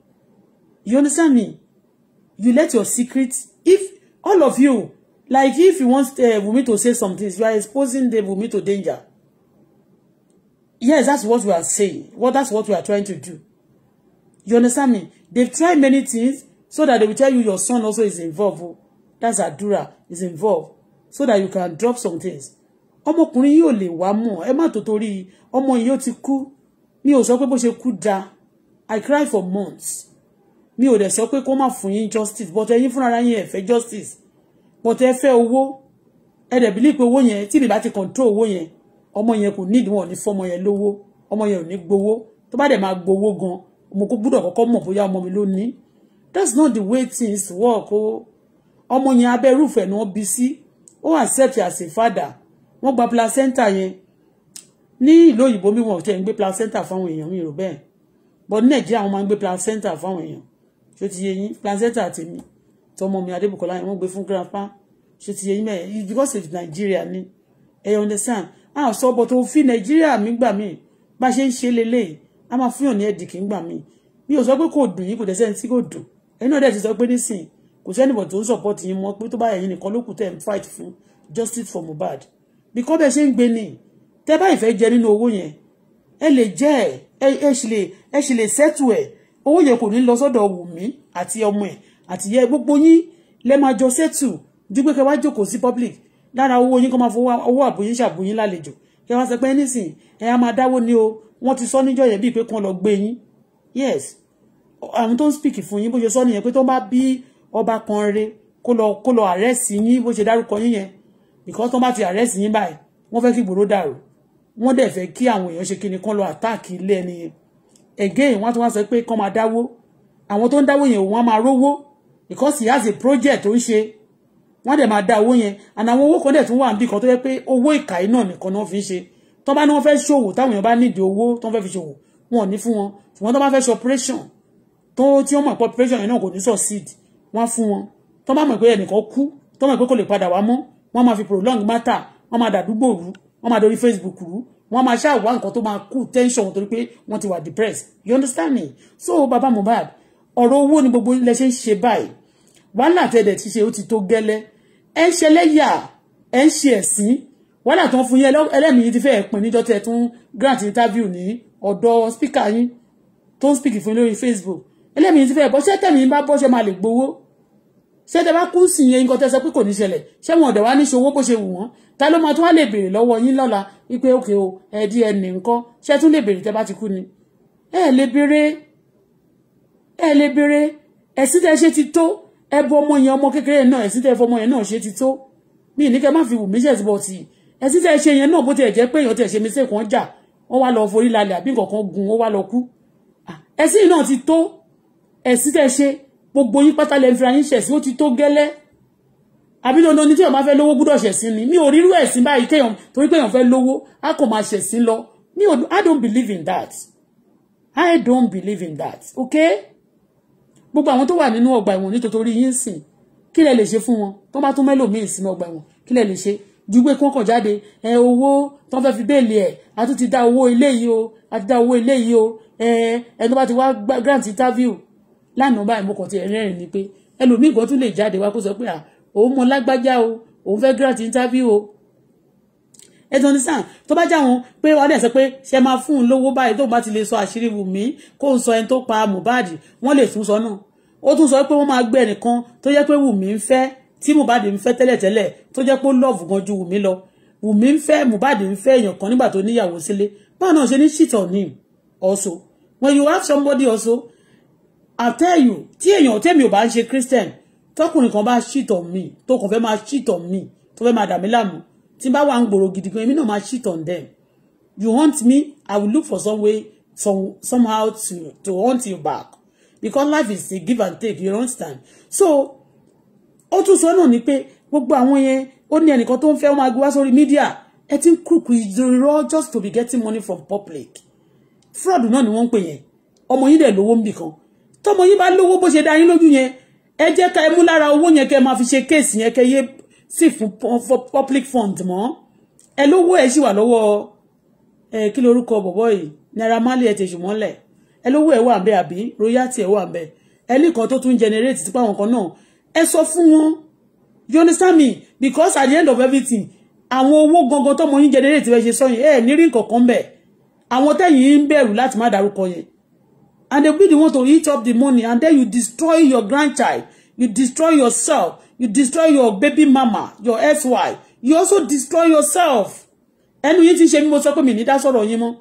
you understand me? you let your secrets if all of you like if you want uh, Wunmi to say some things you are exposing the Wunmi to danger yes that's what we are saying well that's what we are trying to do you understand me they've tried many things so that they will tell you your son also is involved oh that's Adura is involved so that you can drop some things ọmọkùnrin yìí lè wá mọ̀ ẹ má tó torí ọmọ yìí ó ti kú mi ò sọ pé bó ṣe kú da I cry for months mi ò dẹ̀ sọ pé kó má fún yín justice but ẹ̀yin fúnra yín ẹ̀ fẹ́ justice but ẹ fẹ́ owó ẹ dẹ̀ believe pé owó yẹn tí ìbá ti control owó yẹn ọmọ yẹn kò need wọn ní fọmọ yẹn lówó ọmọ yẹn ò ní gbowó tó bá dẹ̀ máa gbowó gan mo kó gbúdọ̀ kọ́kọ́ mọ̀ bóyá ọmọ mi ló ní that's not the way things work o ọmọ yẹn abẹ́ rúfẹ̀ ni wọ́n bí sí ó accept as a father wọ́n gba placenta yẹn ní ìlú òyìnbó mi wọn ò tẹ̀ ń gbé placenta fáwọn èèyàn mi rò bẹ́ẹ̀ but ní nàìjíríà wọ́n máa ń gbé placenta fáwọn èèyàn ṣó ti yé yín placenta tèmi tọmọ mi adébùkọ́lá yẹn wọ́n gbé fún grandpa ṣó ti yé yín mẹ́ẹ̀ because it's Nigeria ni ẹ yọ understand a sọ bọ̀ tó fi Nigeria mi gbà mí bá ṣe ń ṣe lélẹ̀ a máa fún yàn ní ẹ̀dìkì gbà mí mi ò sọ pé kò dùn yín kò dẹ̀ sẹ́ni tí kò dùn ẹni náà dẹ̀ ti sọ pé nísìn kò sẹ́ni bọ̀ tó ń support yín mọ́ pé tó bá yẹn nìkan ló ń fight fún justice for Mohbad because bẹ́ẹ̀ ṣe ń gbé ni tẹ́ bá ìfẹ́ jẹ nínú owó yẹn ẹ lè jẹ́ ẹ ẹ ṣì lè ẹ ṣì ẹ̀ owó yẹn kò ní lọ sọ́dọ̀ Wùmí àti ọmọ ẹ̀ àti yẹ gbogbo yín lẹ máa jọ sẹ́tù dípé kẹ wá jókòó sí public lára owó yín kọ́ máa fowó owó àbòyín ṣàbòyín lálejò kẹ wá sọ pé nísìn ẹ á máa dáwó ni o wọ́n ti sọ níjọ́ yẹn bíi pé kàn lọ gbé yín yes àwọn tó ń speak fún yín bó ṣe sọ nìyẹn pé tó bá bí ọba kan re kó lọ kó lọ àrẹ́sì yín bó ṣe dárúkọ yín yẹn because tó bá ti àrẹ́sì yín báyìí wọ́n fẹ́ kí gbòòrò dàrú wọ́n dẹ̀ fẹ́ kí àwọn èèyàn ṣe kíni kàn lọ àtáàkì ilé ẹni yẹn again wọ́n tún wá sọ pé kán máa dáwó àwọn tó ń dáwó yẹn wọ́n máa rówó because he has a project tó ń ṣe wọ́n dẹ̀ máa dá owó yẹn and àwọn owó kan dẹ̀ tún wà níbi kan tó yẹ pé owó ìkà iná nìkan ni wọ́n fi ń ṣe tó bá ní wọ́n fẹ́ ṣòwò táwọn èèyàn bá nídìí owó tó ń fẹ́ fi ṣòwò wọn ò ní fún wọn ṣùgbọ́n tó bá fẹ́ ṣe operation tó tí wọ́n mọ̀ pé operation yẹn náà kò ní succeed wọ́n fún wọn tó bá mọ̀ pé ẹnìkan kú tó mọ̀ pé kò lè padà wá mọ́ wọ́n máa fi prolong matter wọ́n máa dàdúgbò rú wọ́n máa dorí Facebook rú wọ́n máa ṣáà wá nǹkan tó máa kú tension torí pé wọ́n ti wà depressed you understand me so baba Mohbad ọ̀rọ̀ owó ni gbogbo ilẹ̀ ṣe ń ṣe báyìí wàhálà tẹ̀dẹ̀ ti ṣe ó ti tó gẹ́lẹ́ ẹ ń ṣe lẹ́yà ẹ ń ṣe ẹ̀sìn wàhálà tó ń fún yín ẹlẹ́mìí ti fẹ́ẹ̀ pin níjọ́ tẹ̀ tún grant interview ní ọ̀dọ̀ speaker yín tó ń speak fún yín lórí Facebook ẹlẹ́mìí ti fẹ́ẹ̀ bọ́ṣẹ́ tẹ̀mí bá bọ́ṣẹ́ máa lè gbowó ṣé tẹ bá kú sí yẹn nǹkan tẹ sọ pé kò ní ṣẹlẹ̀ ṣé wọn ọ̀dẹ̀ wá ní ṣòwò bó ṣe wù wọ́n ta ló máa tún wá lè béèrè lọ́wọ́ yín lọ́la wípé òkè o ẹ̀ẹ́dí ẹnì nǹkan ṣé tún lè béèrè tẹ bá ti kú ni ẹ lè béèrè ẹ lè béèrè ẹ̀sìn tẹ ṣe ti tó ẹ bọ ọmọ yẹn ọmọ kékeré náà ẹ̀sìn tẹ fọmọ yẹn náà ṣe ti tó mi ní kẹ má fi wù mí ṣẹ̀ síbọ̀ tì ẹ̀sìn tẹ ṣe yẹn náà bó tiẹ̀ jẹ́ pé èèyàn tẹ̀ ṣe mi sẹ́kọ̀ọ́ jà wọ́n wá lọ forí lálẹ́ àbí nǹkan kan gun ó wá lọ kú ẹ̀sìn náà ti tó ẹ̀sìn tẹ ṣe gbogbo yín pátá lẹ́nu fira yín ṣẹ̀sìn ó ti tó gẹ́lẹ́ àbí lọ́nà oní tí èèyàn máa fẹ́ lówó gbúdọ̀ ṣẹ̀sìn ni mi ò rírú ẹ̀sìn báyìí kéèyàn torí pé èèyàn fẹ́ lówó á kò máa ṣẹ̀sìn lọ mi ò I don't believe in that I don't believe in that okay gbogbo àwọn tó wà nínú ọgbà ẹ̀wọ̀n nítorí yín sìn kí lẹ lè ṣe fún wọn tó bá tún mẹ́lòmíì sínú ọgbà ẹ̀wọ̀n kí lẹ lè ṣe ju pé kọ́kàn jáde ẹ owó tó ń fẹ́ fi béèlì ẹ̀ a tún ti dá owó ilé yìí o a ti dá owó ilé yìí o ẹ ẹni tó bá ti wá grant interview lánàá báyìí mo kàn ti rẹ́rìn ni pé ẹlòmíì kan tún lè jáde wá kó sọ pé à òun mọ lágbájá o òun fẹ́ grant interview o ẹ tó ní sàn tó bá jáwọn pé wọn dẹ̀ sọ pé ṣe máa fún un lówó báyìí tóun bá ti lè sọ àṣírí wù mí kó n sọ ẹni tó pa Mohbad wọ́n lè tún sọ náà ó tún sọ pé wọ́n máa gbé ẹnìkan tó jẹ́ pé Wùmí ń fẹ́ tí Mohbad ń fẹ́ tẹ́lẹ̀tẹ́lẹ̀ tó jẹ́ pé ó lọ́ọ̀fù gan ju Wùmí lọ Wùmí ń fẹ́ Mohbad ń fẹ́ èèyàn kan nígbà tó níyàwó sílé báwọn náà ṣe ní shit on him also when you have somebody also I tell you tí èèyàn tẹ́mi ò bá ń ṣe Christian tọkùnrin kan bá cheat on me tó kàn fẹ́ máa cheat on me tó fẹ́ máa dà mí láàmú tí n bá wà ń gbòòrò gidi gan èmi náà máa shit on them you want me I will look for some way some somehow to to hunt you back because life is a give and take you understand so ó tún sọ náà ni pé gbogbo àwọn yẹn ó ní ẹnìkan tó ń fẹ́ ó máa gbé wá sórí mídíà ẹ ti just to be getting money from public fraud na ni wọ́n ń pè yẹn ọmọ yín dẹ̀ lówó kan tọmọ yín bá lówó bó ṣe dá yín lójú yẹn ẹ jẹ́ ká ẹ mú lára owó yẹn kẹ́ ẹ máa fi ṣe kéèsì yẹn kẹ́ yé sí fún public fund mọ́ ẹ lówó ẹ sì wà lọ́wọ́ ẹ kí lorúkọ bọ̀bọ̀ yìí Naira Marley ẹ tèṣù mọ́lẹ̀ ẹ lówó ẹ wà ń bẹ àbí royalty ẹ wà bẹ ẹ ní kan tó tún generate sípò àwọn kan náà ẹ sọ fún wọn you understand me because at the end of everything àwọn owó gangan tọmọ yín generate fẹ́ ṣe sọ yẹn ẹ ní rí nǹkan kan bẹ̀ àwọn tẹ̀yìn ń bẹ̀rù láti má dárúkọ yẹn and they will be the one to eat up the money and then you destroy your grandchild you destroy yourself you destroy your baby mama your ex-wife you also destroy yourself Enu yín ti ń ṣe mí mo sọ pé mi ní dá sọ̀rọ̀ yín mọ́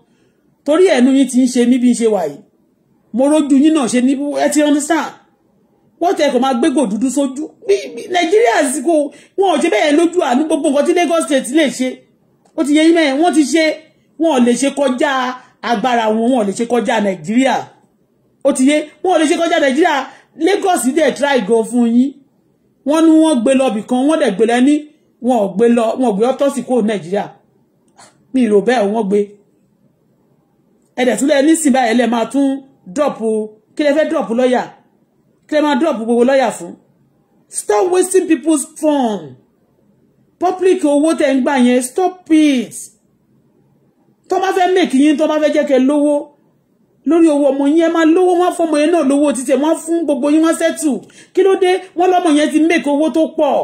torí ẹnu yín ti ń ṣe mí bí n ṣe wà yìí mo rójú yín náà ṣe ní ẹ ti understand wọ́n tẹ kò máa gbégò dúdú sójú nàìjíríà kò wọn ò ṣe bẹ́ẹ̀ lójú àánú gbogbo nǹkan tí Lagos state lè ṣe ó ti yẹ yín mẹ́rin wọ́n ti ṣe wọn ò lè ṣe kọjá agbára wọn wọn ò lè ṣe ó ti yé wọn ò lè ṣe kọjá Lagos dẹ̀ try go fún yín wọ́n ní wọ́n gbé lọ bìkan wọ́n dẹ̀ gbé lẹ́ni wọn ò gbé lọ wọn ò gbé ọ́tọ́sì kúrò nàìjíríà mi ìrò bẹ́ẹ̀ wọ́n gbé ẹ̀dẹ̀ tún lẹ́ nísìn báyìí ẹlẹ́ máa tún dọ́ọ̀pù kí lẹ fẹ́ dọ́ọ̀pù lọ́ọ̀yà kí lẹ máa dọ́ọ̀pù gbogbo lọ́ọ̀yà fún stop wasting people's phone public owó tẹ̀ ń gbà yẹn stop it tó bá fẹ́ make yín tó bá fẹ́ jẹ́ kẹ́ lówó lórí owó ọmọ yín ẹ máa lówó wọn fọmọ yẹn náà lówó títẹ wọn fún gbogbo yín wọn sẹtù kí ló dé wọn lọmọ yẹn ti make owó tó pọ̀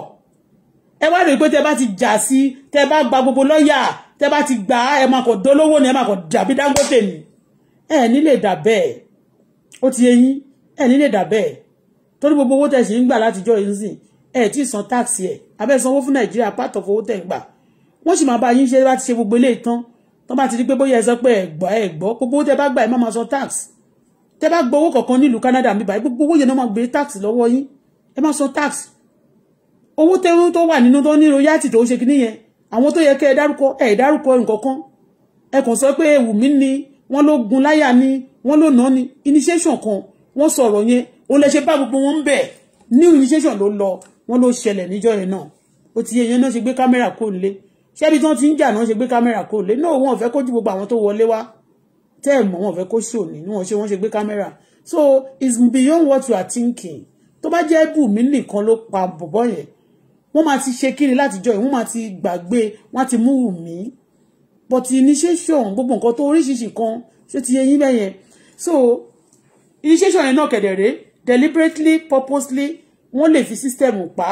ẹ wá rèé pé tẹ bá ti jà sí tẹ bá gba gbogbo lọ́ọ̀yà tẹ bá ti gbà á ẹ máa kàn dolówó ni ẹ máa kàn dàbí Dangote ni ẹ nílè dà bẹ́ẹ̀ ó ti yẹ yín ẹ nílè dà bẹ́ẹ̀ torí gbogbo owó tẹ̀sí ń gbà látijọ́ yìí sìn ẹ tí ì san táàsì ẹ̀ abẹ́ sanwó fún Nàìjíríà pàtó fowó tẹ̀ ń gbà wọ́n sì máa bá yín ṣe bá ti ṣe gbogbo ilé ìtàn tó bá ti di pé bóyá ẹ sọ pé ẹgbọ́ ẹgbọ́ gbogbo tẹ bá gbà ẹ máa sọ tax tẹ bá gbowó kọ̀ọ̀kan nílùú Canada mi báyìí gbogbo owó yẹn náà máa gbé tax lọ́wọ́ yín ẹ má sọ tax owó tẹ́rún tó wà nínú tó ní royalty tó ń ṣe kíní yẹn àwọn tó yẹ kẹ́ ẹ dárúkọ ẹ dárúkọ nǹkan kan ẹ kàn sọ pé ewu mi ni wọ́n ló gun láyà ni wọ́n ló nà ni initiation kan wọ́n sọ̀rọ̀ yẹn ó lè ṣe bá gbogbo wọn bẹ̀ new initiation ló lọ wọ́n ló ṣẹlẹ̀ níjọ́ yẹn náà ó ti yẹ yẹn náà ṣe gbé kámẹ́rà kó lé ṣebí tí wọ́n ti ń jà náà ṣe gbé kámẹ́rà kò lé náà wọ́n fẹ́ kójú gbogbo àwọn tó wọlé wá tẹ́ ẹ̀ mọ́ wọ́n fẹ́ kó ṣò ní wọ́n ṣe wọ́n ṣe gbé kámẹ́rà so it's beyond what you are thinking tó bá jẹ́ bùnmí nìkan ló pa bọ̀bọ̀ yẹn wọ́n máa ti ṣe kiri látijọ́ yìí wọ́n máa ti gbàgbé wọ́n ti mú wùmí but initiation gbogbo nǹkan tó oríṣiríṣi kan ṣé ti yẹ yín bẹ́yẹn so initiation yẹn náà kẹ̀dẹ̀rẹ́ deliberately purposely wọ́n lè fi system pa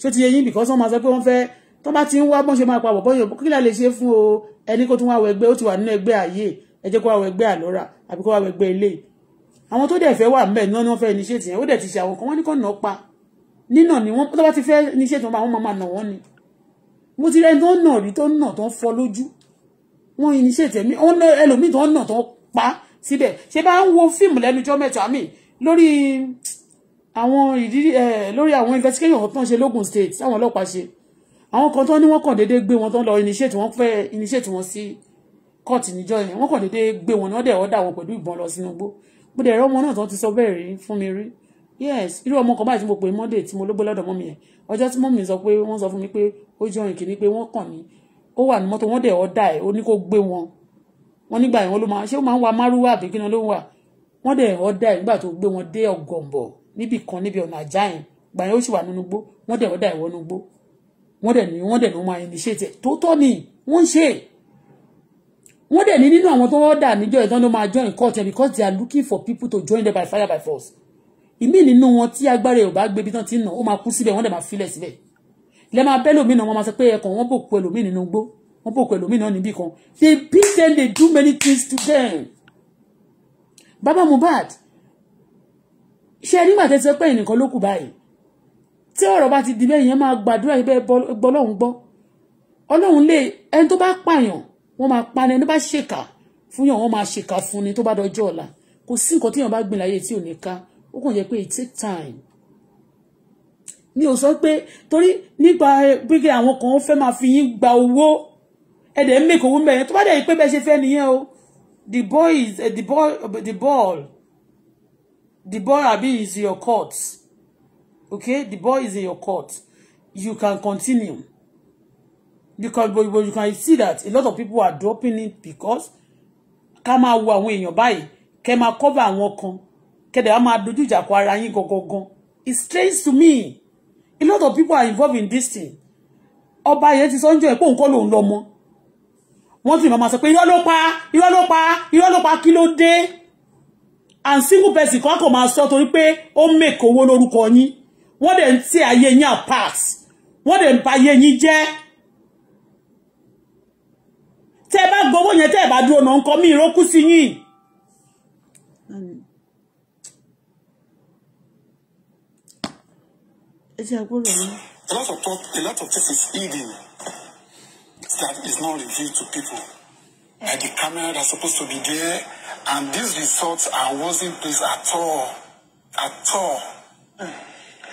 ṣé ti yẹ yín because wọ́n máa sọ pé wọ́n fẹ́ tó bá ti ń wá bọ́n ṣe máa papọ̀ bọ́yọ̀ kí la lè ṣe fún o ẹni kó tún wá wọ ẹgbẹ́ ó ti wà nínú ẹgbẹ́ ààyè ẹ jẹ́ kó wá wọ ẹgbẹ́ àlọ́ra àbí kó wá wọ ẹgbẹ́ ilé àwọn tó dẹ̀ fẹ́ wà ń bẹ̀ ni wọ́n fẹ́ níṣẹ́ tìyẹn ó dẹ̀ ti ṣe àwọn kan wọ́n ní kàn ná pa nínà ni wọ́n tó bá ti fẹ́ níṣẹ́ tí wọ́n bá wọ́n máa nà wọ́n ni mo ti rẹ́ tó ń nà rí tó ń nà tó ń fọ́ lójú wọ́n níṣẹ́ tẹ̀mí ẹlòmíì tó ń nà tó ń pa síbẹ̀ ṣe bá ń wo fíìmù lẹ́nujọ́ mẹ́ta mi lórí àwọn ìdí lórí àwọn investigation tó ń ṣe lógun state àwọn kan tó ní wọ́n kàn déédéé gbé wọn tó ń lọ initiate wọn fẹ́ initiate wọn sí court níjọ́ yẹn wọ́n kàn déédéé gbé wọn náà dẹ̀ ọ̀dà wọn pẹ̀lú ìbọn lọ sínú igbó mo dẹ̀ rẹ́ ọmọ náà tó ti sọ bẹ́ẹ̀ rí fún mi rí yes irú ọmọ kan báyìí tí mo pè monday tí mo ló gbé lọ́dọ̀ mọ́ mi yẹn ọjọ́ tí mọ́ mi sọ pé wọ́n sọ fún mi pé ó jọ ìkì ni pé wọ́n kàn mí ó wà ní mọ́tò wọ́n dẹ̀ ọ̀dà ẹ̀ ó ní kó gbé wọn wọ́n nígbà yẹn ló máa ṣé ó máa ń wa márúwá àbí kí ni ló ń wà wọ́n dẹ̀ ọ̀dà ẹ̀ nígbà tó gbé wọn dé ọ̀gọ̀m̀bọ̀ níbì kan níbi ọ̀nà àjá yẹn gbà yẹn ó sì wà nínú gbó wọ́n dẹ̀ ọ̀dà ẹ̀ wọnú gbó wọ́n dẹ̀ ní wọ́n dẹ̀ ní wọ́n máa initiate ẹ̀ tó tọ́ ni wọ́n ń ṣe wọ́n dẹ̀ ní nínú àwọn tó wọ́n dà níjọ́ ìtàn ló máa join court ẹ̀ because they are looking for people to join them by fire by force ìmí nínú wọn tí agbára ẹ̀ ò bá gbé ibi tán ti nà ó máa kú síbẹ̀ wọ́n dẹ̀ máa filẹ̀ síbẹ̀ lẹ́ máa bẹ́ lómìnà wọn máa sọ pé ẹ̀kọ́ wọn bòkú ẹlòmíì nínú gbó wọn bòkú ẹlòmíì náà níbì kan they beat them they do many things to them. Baba Mohbad ṣe nígbà tẹ́tí pé ẹnìkan ló kù báyìí tí ọ̀rọ̀ bá ti di bẹ́ẹ̀ yẹn máa gbàdúrà yìí bẹ́ẹ̀ gbọ́ ọlọ́run gbọ́ ọlọ́run lè ẹni tó bá pààyàn wọ́n máa pa ni ẹni tó bá ṣèkà fún yàn wọ́n máa ṣèkà fún ni tó bá dọjọ́ ọ̀la kò sí nǹkan tí yàn bá gbìn láyé tí ò ní ká ó kàn jẹ́ pé it take time mi ò sọ pé torí nígbà gbígbé àwọn kan fẹ́ máa fi yín gba owó ẹ̀dẹ̀ ń mèkò owó mẹ́rin tó bá dẹ̀ yìí pé bẹ́ẹ̀ ṣe fẹ́ nìyẹn o the boy is uh, the boy uh, the ball the ball abi is your court. Okay, the ball is in your court. You can continue. Because but, but you can see that a lot of people are dropping it because ká máa wo àwọn èèyàn báyìí kẹ́ máa cover àwọn kan kẹ́dẹ̀ á máa dojú ìjà kọ ara yín gangan. It's strange to me. A lot of people are involved in this thing. Ọba yẹn ti sọ́njọ́ ẹ̀ pé òun kọ́ lòun lọ mọ́. Wọ́n ti máa sọ pé irọ́ ló pa irọ́ ló pa irọ́ ló pa kilo ló And single person kan kò máa sọ torí pé O make owo lórúkọ yín wọ́n dẹ̀ ń tẹ ayé yín apart wọ́n dẹ̀ ń ba ayé yín jẹ́ tẹ́ bá gbowó yẹn tẹ́ bá dúró náà ń kọ́ mí ìrókù sí yín. a lot of talk a lot of things is hidden that is not revealed to people eh. like the camera that's supposed to be there and these results are wasn't placed at all at all. Mm.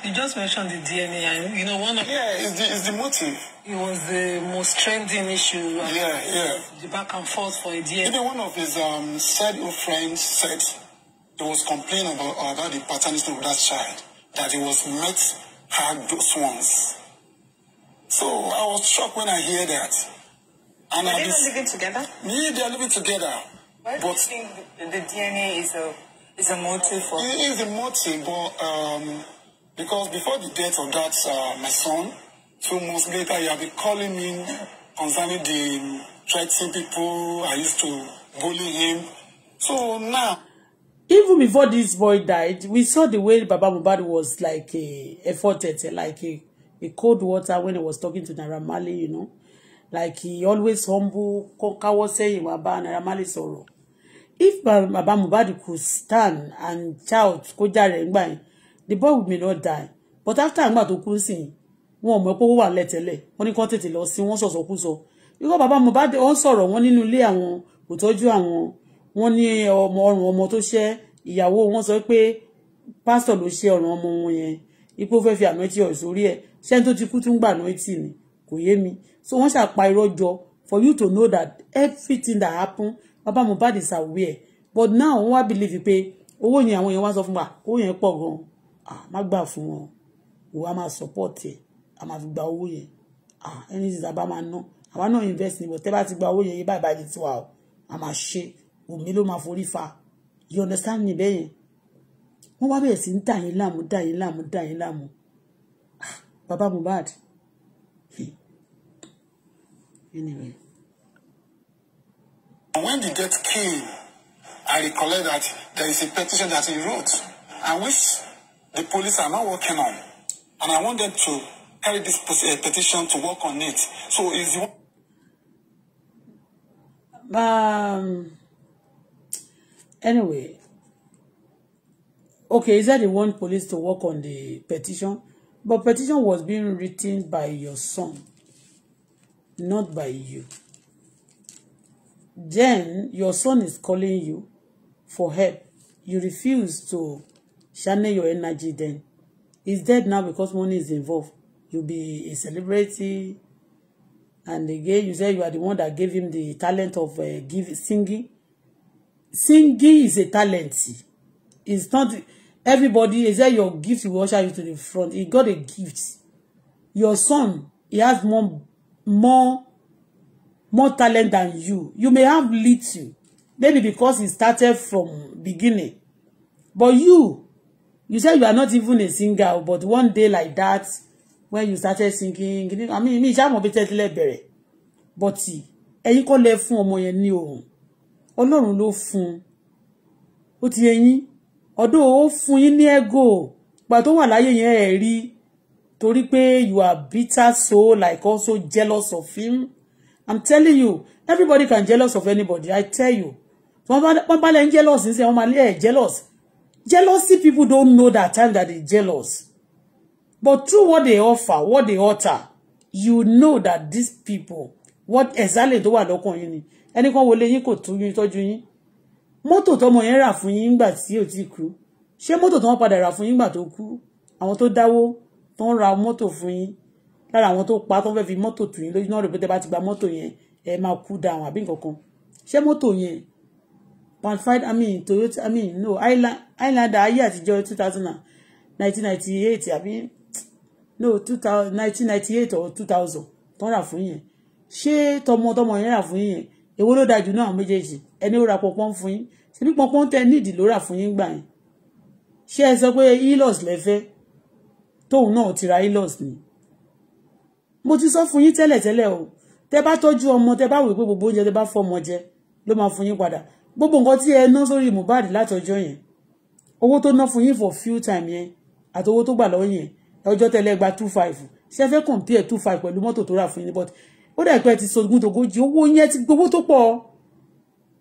You just mentioned the DNA, and you know one of yeah, it's the, it's the motive. It was the most trending issue. Yeah, yeah. The back and forth for a DNA. Even one of his um, said friends said he was complaining about, uh, about the paternity of that child that he was met had those ones. So I was shocked when I hear that. And are they not living together? Me, they are living together. Why but do you think the, the DNA is a is a motive for? It is a motive, but. Um, Because before the death of that, uh, my son, two months later, he had been calling me concerning the threatening people. I used to bully him. So now. Even before this boy died, we saw the way Baba Mubad was like a, eh, a fortet, eh, like a, eh, a cold water when he was talking to Naramali. you know. Like he always humble, káwọ́ sẹ́yìn wá bá Naira Marley If Baba Mubad could stand and shout, kó jàre the boy may not die but after àgbà tó kú sí i wọn ò mọ̀ pé ó wà lẹ́tẹ̀lẹ̀ wọ́n ní kán tètè lọ sí wọ́n sọ̀sọ̀ kú sọ ikọ́ bàbá Mohbad ó ń sọ̀rọ̀ wọn nínú ilé àwọn kò tọ́jú àwọn wọn ní ọmọ ọrùn ọmọ tó ṣẹ́ ìyàwó wọn sọ pé pásítọ̀ ló ṣe ọ̀ràn ọmọ wọn yẹn ipò fẹ́ fi ànáìtì ọ̀ sórí ẹ̀ ṣẹ́ni tó ti kú tún gbà ànáìtì ni kò yé mi so wọ́n ṣàpa irọ́ jọ for you to know that everything that happen bàbá Mohbad is aware but now wọ́n wá believe pé owó yẹn àwọn yẹn wá sọ fún wa owó yẹn pọ̀ gan-an ah má gbà fún wọn o a máa support ẹ a máa fi gba owó yẹn ah ẹni tí sábà máa ná àwa náà invest níbo tẹ́ bá ti gba owó yẹn yìí báyìí báyìí tiwa o a máa ṣe omi ló máa forí fa you understand me bẹ́ẹ̀ yẹn wọ́n wá bẹ̀rẹ̀ sí ń dà yín láàmú dà yín láàmú dà yín láàmú ah, baba Mohbad anyway. when the death came, I recollect that there is a petition that he wrote and which the police are not working on. And I want them to carry this eh, petition to work on it. So is the um anyway okay is that the one police to work on the petition but petition was being written by your son not by you then your son is calling you for help you refuse to channel your energy then it's dead now because money is involved you be a celebrity and again you say you are the one that gave him the talent of uh, give singing singing is a talent it's not everybody is that your gift will usher you to the front he got a gift your son he has more more more talent than you you may have little maybe because he started from beginning but you you said you are not even a singer but one day like that when you started singing i mean me ìṣàmọ̀ bí tẹ́tílẹ̀ bẹ̀rẹ̀ but see, kọ́ lẹ fún ọmọ yẹn ní ohùn ọlọ́run ló fún un ó ti ẹ̀yin ọ̀dọ̀ ó fún yín ní ego gbà tó wà láyé yẹn ẹ̀ rí torí you are bitter soul like also jealous of him i'm telling you everybody can jealous of anybody i tell you wọ́n bá lẹ́ jealous ń sẹ́ wọ́n jealous Jealousy people don't know that time that they're jealous. But through what they offer, what they utter, you know that these people, what exactly tó wà lọ́kàn yín ni. Ẹnìkan wọlé yín kò tún yín tọ́jú yín. Mọ́tò tọ́mọ yẹn rà fún yín nígbà tí ò ti kú. Ṣé mọ́tò tó wọ́n padà rà fún yín nígbà tó kú? Àwọn tó dáwó tó ń ra mọ́tò fún yín. Lára àwọn tó pa tó ń fi mọ́tò tù yín lójú náà rò pé tẹ́ bá ti gba mọ́tò yẹn, ẹ máa kú dáhùn àbí nǹkan kan. Ṣé mọ́tò yẹn Panfide I mean Toyota I mean no Highlander ayé àtijọ́ two thousand and nineteen ninety eight àbí no two thousand nineteen ninety eight or two thousand tó rà fún yẹn ṣé tọmọtọmọ yẹn rà fún yẹn èwo ló dájú náà méjèèjì ẹni ó ra pọnpọ́n fún yín ṣe ní pọnpọ́n tẹ níìdì ló rà fún yín gbà yẹn ṣé ẹ sọ pé ilos lẹ́fẹ́ tóun náà ti ra ilos ni mo ti sọ fún yín tẹ́lẹ̀tẹ́lẹ̀ o tẹ bá tọ́jú ọmọ tẹ bá wò pé gbogbo oúnjẹ tẹ bá fọmọ jẹ ló máa fún yín padà gbogbo nǹkan tí ẹ ná sórí Mohbad láti ọjọ́ yẹn owó tó ná fún yín for few time yẹn àti owó tó gbà lọ́wọ́ yẹn ọjọ́ tẹ́lẹ̀ gba two five ṣé ẹ fẹ́ compare two five pẹ̀lú mọ́tò tó rà fún yín but ó dà pé ẹ ti sogún togójì owó yẹn ti gbowó tó pọ̀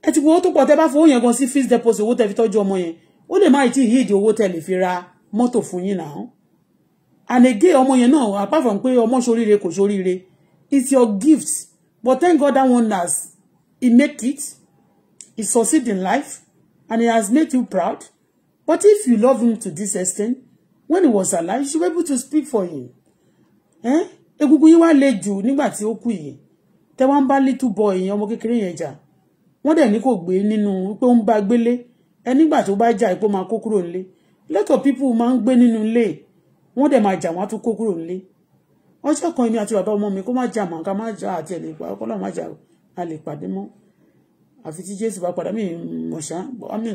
ẹ ti gbowó tó pọ̀ tẹ́ bá fowó yẹn gan sí fixed deposit owó tẹ́ fi tọ́jú ọmọ yẹn ó lè má ì tí ì yíìdì owó tẹ́ lè fi ra mọ́tò fún yín náà and again ọmọ yẹn náà apart from pé ọmọ ṣoríire kò ṣoríire it's your gift but thank God that one has he make it he succeed in life and he has made you proud. But if you love him to this extent, when he was alive, you were able to speak for him. Eh? Egungun yín wá le jù nígbà tí ó kú yìí. Tẹ́ wá ń bá little boy yẹn ọmọ kékeré yẹn jà. Wọ́n dẹ̀ ní kò gbé nínú pé ó ń bá gbélé. Ẹ nígbà tó bá jà ipò máa kó kúrò nílé. Lot of people máa ń gbé nínú ilé. Wọ́n dẹ̀ máa jà wọ́n á tún kó kúrò nílé. Ọjọ́ kan èmi àti bàbá ọmọ mi kó má jà mọ́ ká má jà àti ẹ̀lẹ́gbà ọkọ̀ náà má jà a lè pàdé mọ́ àfi tí jésù bá padà mí mọ̀ṣá àmì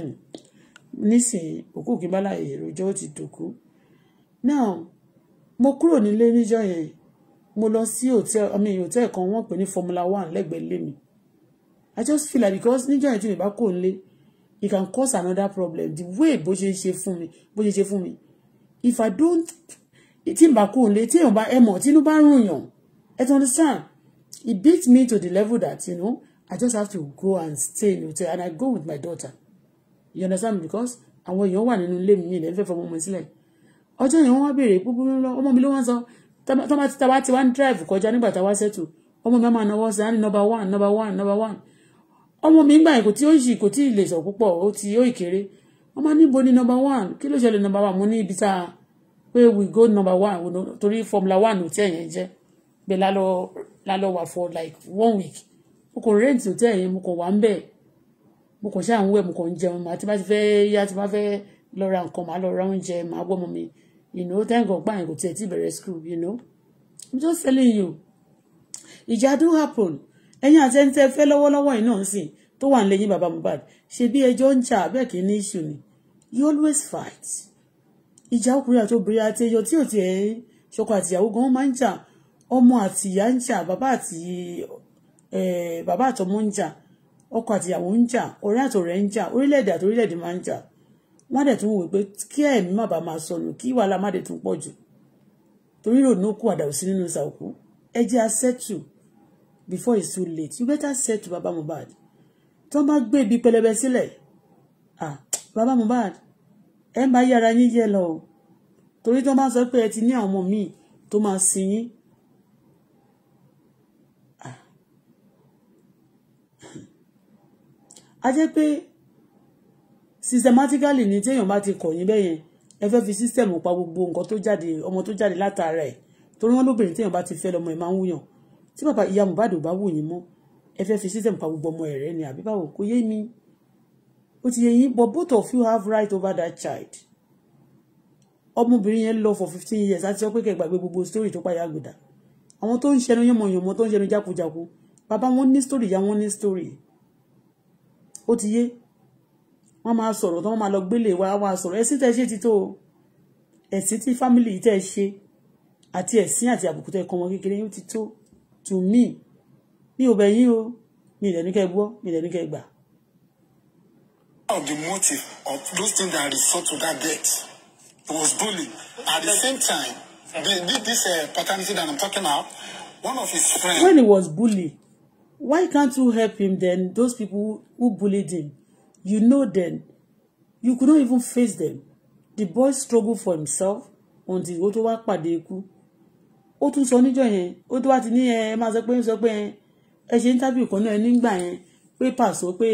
nísìnyí òkú kí n bá láàyè rojọ́ ó ti dòkú now mo kúrò nílé níjọ́ yẹn mo lọ sí hotel àmì hotel kan wọ́n pè ní formula one lẹ́gbẹ̀ẹ́ lé mi i just feel like because níjọ́ yẹn tí mi bá kò nílé it can cause another problem the way bó ṣe ṣe fún mi bó ṣe ṣe fún mi if i don't tí n bá kò nílé tí èèyàn bá ẹ mọ̀ tínú bá ń rùn yàn ẹ ti understand it beat me to the level that you know I just have to go and stay in the hotel and I go with my daughter you understand me because àwọn èèyàn wà nínú ilé mi ní ilẹ̀ ń fẹ́ fọmọ mi sílẹ̀ ọjọ́ yẹn wọ́n wá béèrè púpọ̀ lọ ọmọ mi ló wá sọ tọ́ba ti tàwa ti wá ń drive kọjá nígbà táwa ṣètò ọmọ mi máa náwó sí number one number one number one ọmọ mi gbà yẹn kò tí ó yìí kò tí ì lè sọ púpọ̀ ó ti ó ìkéré wọ́n máa níbo ni number one kí ló ṣẹlẹ̀ number one mo ní ibi tá a pé we go number one torí formula one ò tí ẹ̀yẹn jẹ́ pé lálọ́ wà for like one week mo kàn rent hotel yẹn mo kàn wà ń bẹ̀ mo kàn ṣáà ń wẹ̀ mo kàn ń jẹun màá bá ti fẹ́ yá tí bá fẹ́ lọ ra nǹkan màá lọ ra oúnjẹ màá gbọ́ ọmọ mi you know thank God gbà kò tiẹ̀ tí bẹ̀rẹ̀ school you know i'm just telling you ìjà do happen ẹ̀yin àti ẹni tẹ́ fẹ́ lọ́wọ́lọ́wọ́ yìí náà sìn tó wà lẹ́yìn bàbá Mohbad ṣe bí ẹjọ́ ń jà bẹ́ẹ̀ kì í ní issue ni you always fight ìjà ọkùnrin àti obìnrin àti ẹyọ tí ò tiẹ̀ ṣọkọ àtìyàwó gan máa ń jà ọmọ àtìyá ń jà bàbá àti Eh, bàbá àtọmọ ń jà ọkọ àtìyàwó ń jà ọ̀rẹ́ àtọ̀rẹ́ ń jà orílẹ̀-èdè àtọ̀rílẹ̀-èdè máa ń jà wọ́n dẹ̀ tún wò pé kí ẹ̀mí má bàa máa sọ̀rọ̀ kí wàhálà má dẹ̀ tún pọ̀ jù torí ròdùn ó kú àdàrú sí nínú ìsàkú ẹ jẹ́ a before it's too late you better settle baba Mohbad tó bá gbé ibi pẹlẹbẹ sílẹ̀ ah baba Mohbad ẹ má yára yín yẹ lọ o torí tó bá sọ pé ẹ ti ní àwọn míì tó máa sin yín a jẹ́ pé systematically ní téèyàn bá ti kọ̀ yín bẹ́ẹ̀ yẹn ẹ fẹ́ fi system pa gbogbo nǹkan tó jáde ọmọ tó jáde látara ẹ̀ torí wọn lóbìnrin téèyàn bá ti fẹ́ lọ́mọ ẹ̀ máa ń wúyàn tí bàbá ìyá Mohbad ò bá wù yín mọ́ ẹ fẹ́ fi system pa gbogbo ọmọ ẹ̀ ni àbí báwo kò yé mi ó ti yẹ yín but both of you have right over that child ọmọbìnrin yẹn lọ for fifteen years àti sọ pé kẹ́ gbogbo story tó pàyà gbèdà àwọn tó ń ṣẹnu yánmọyànmọ tó ń ṣẹnu jákujàku bàbá wọn ní story ìyá wọn ní story ó ti yé wọ́n máa sọ̀rọ̀ tó wọ́n máa lọ gbélé wa wá sọ̀rọ̀ ẹ̀sìn tẹ́ ṣe ti tó o ẹ̀sìn tí fámìlì tẹ́ ṣe àti ẹ̀sìn àti àbùkù tẹ́ kọ́ wọn kékeré yóò ti tó to me mi ò bẹ̀ yín o mi ìdẹ̀ ní kẹ́ gbọ́ mi ìdẹ̀ ní kẹ́ gbà. of the motive of those things that result to that death it was bullying at the same time they this uh, paternity that I'm talking about one of his friends. when he was bullied why can't you help him then those people who bullied him you know then, you could not even face them the boy struggle for himself until ó tó wá pàdé ikú ó tún sọ níjọ́ yẹn ó tó wá ti ní ẹ máa sọ pé ń sọ pé ẹ interview kan náà nígbà yẹn pé pàṣọ pé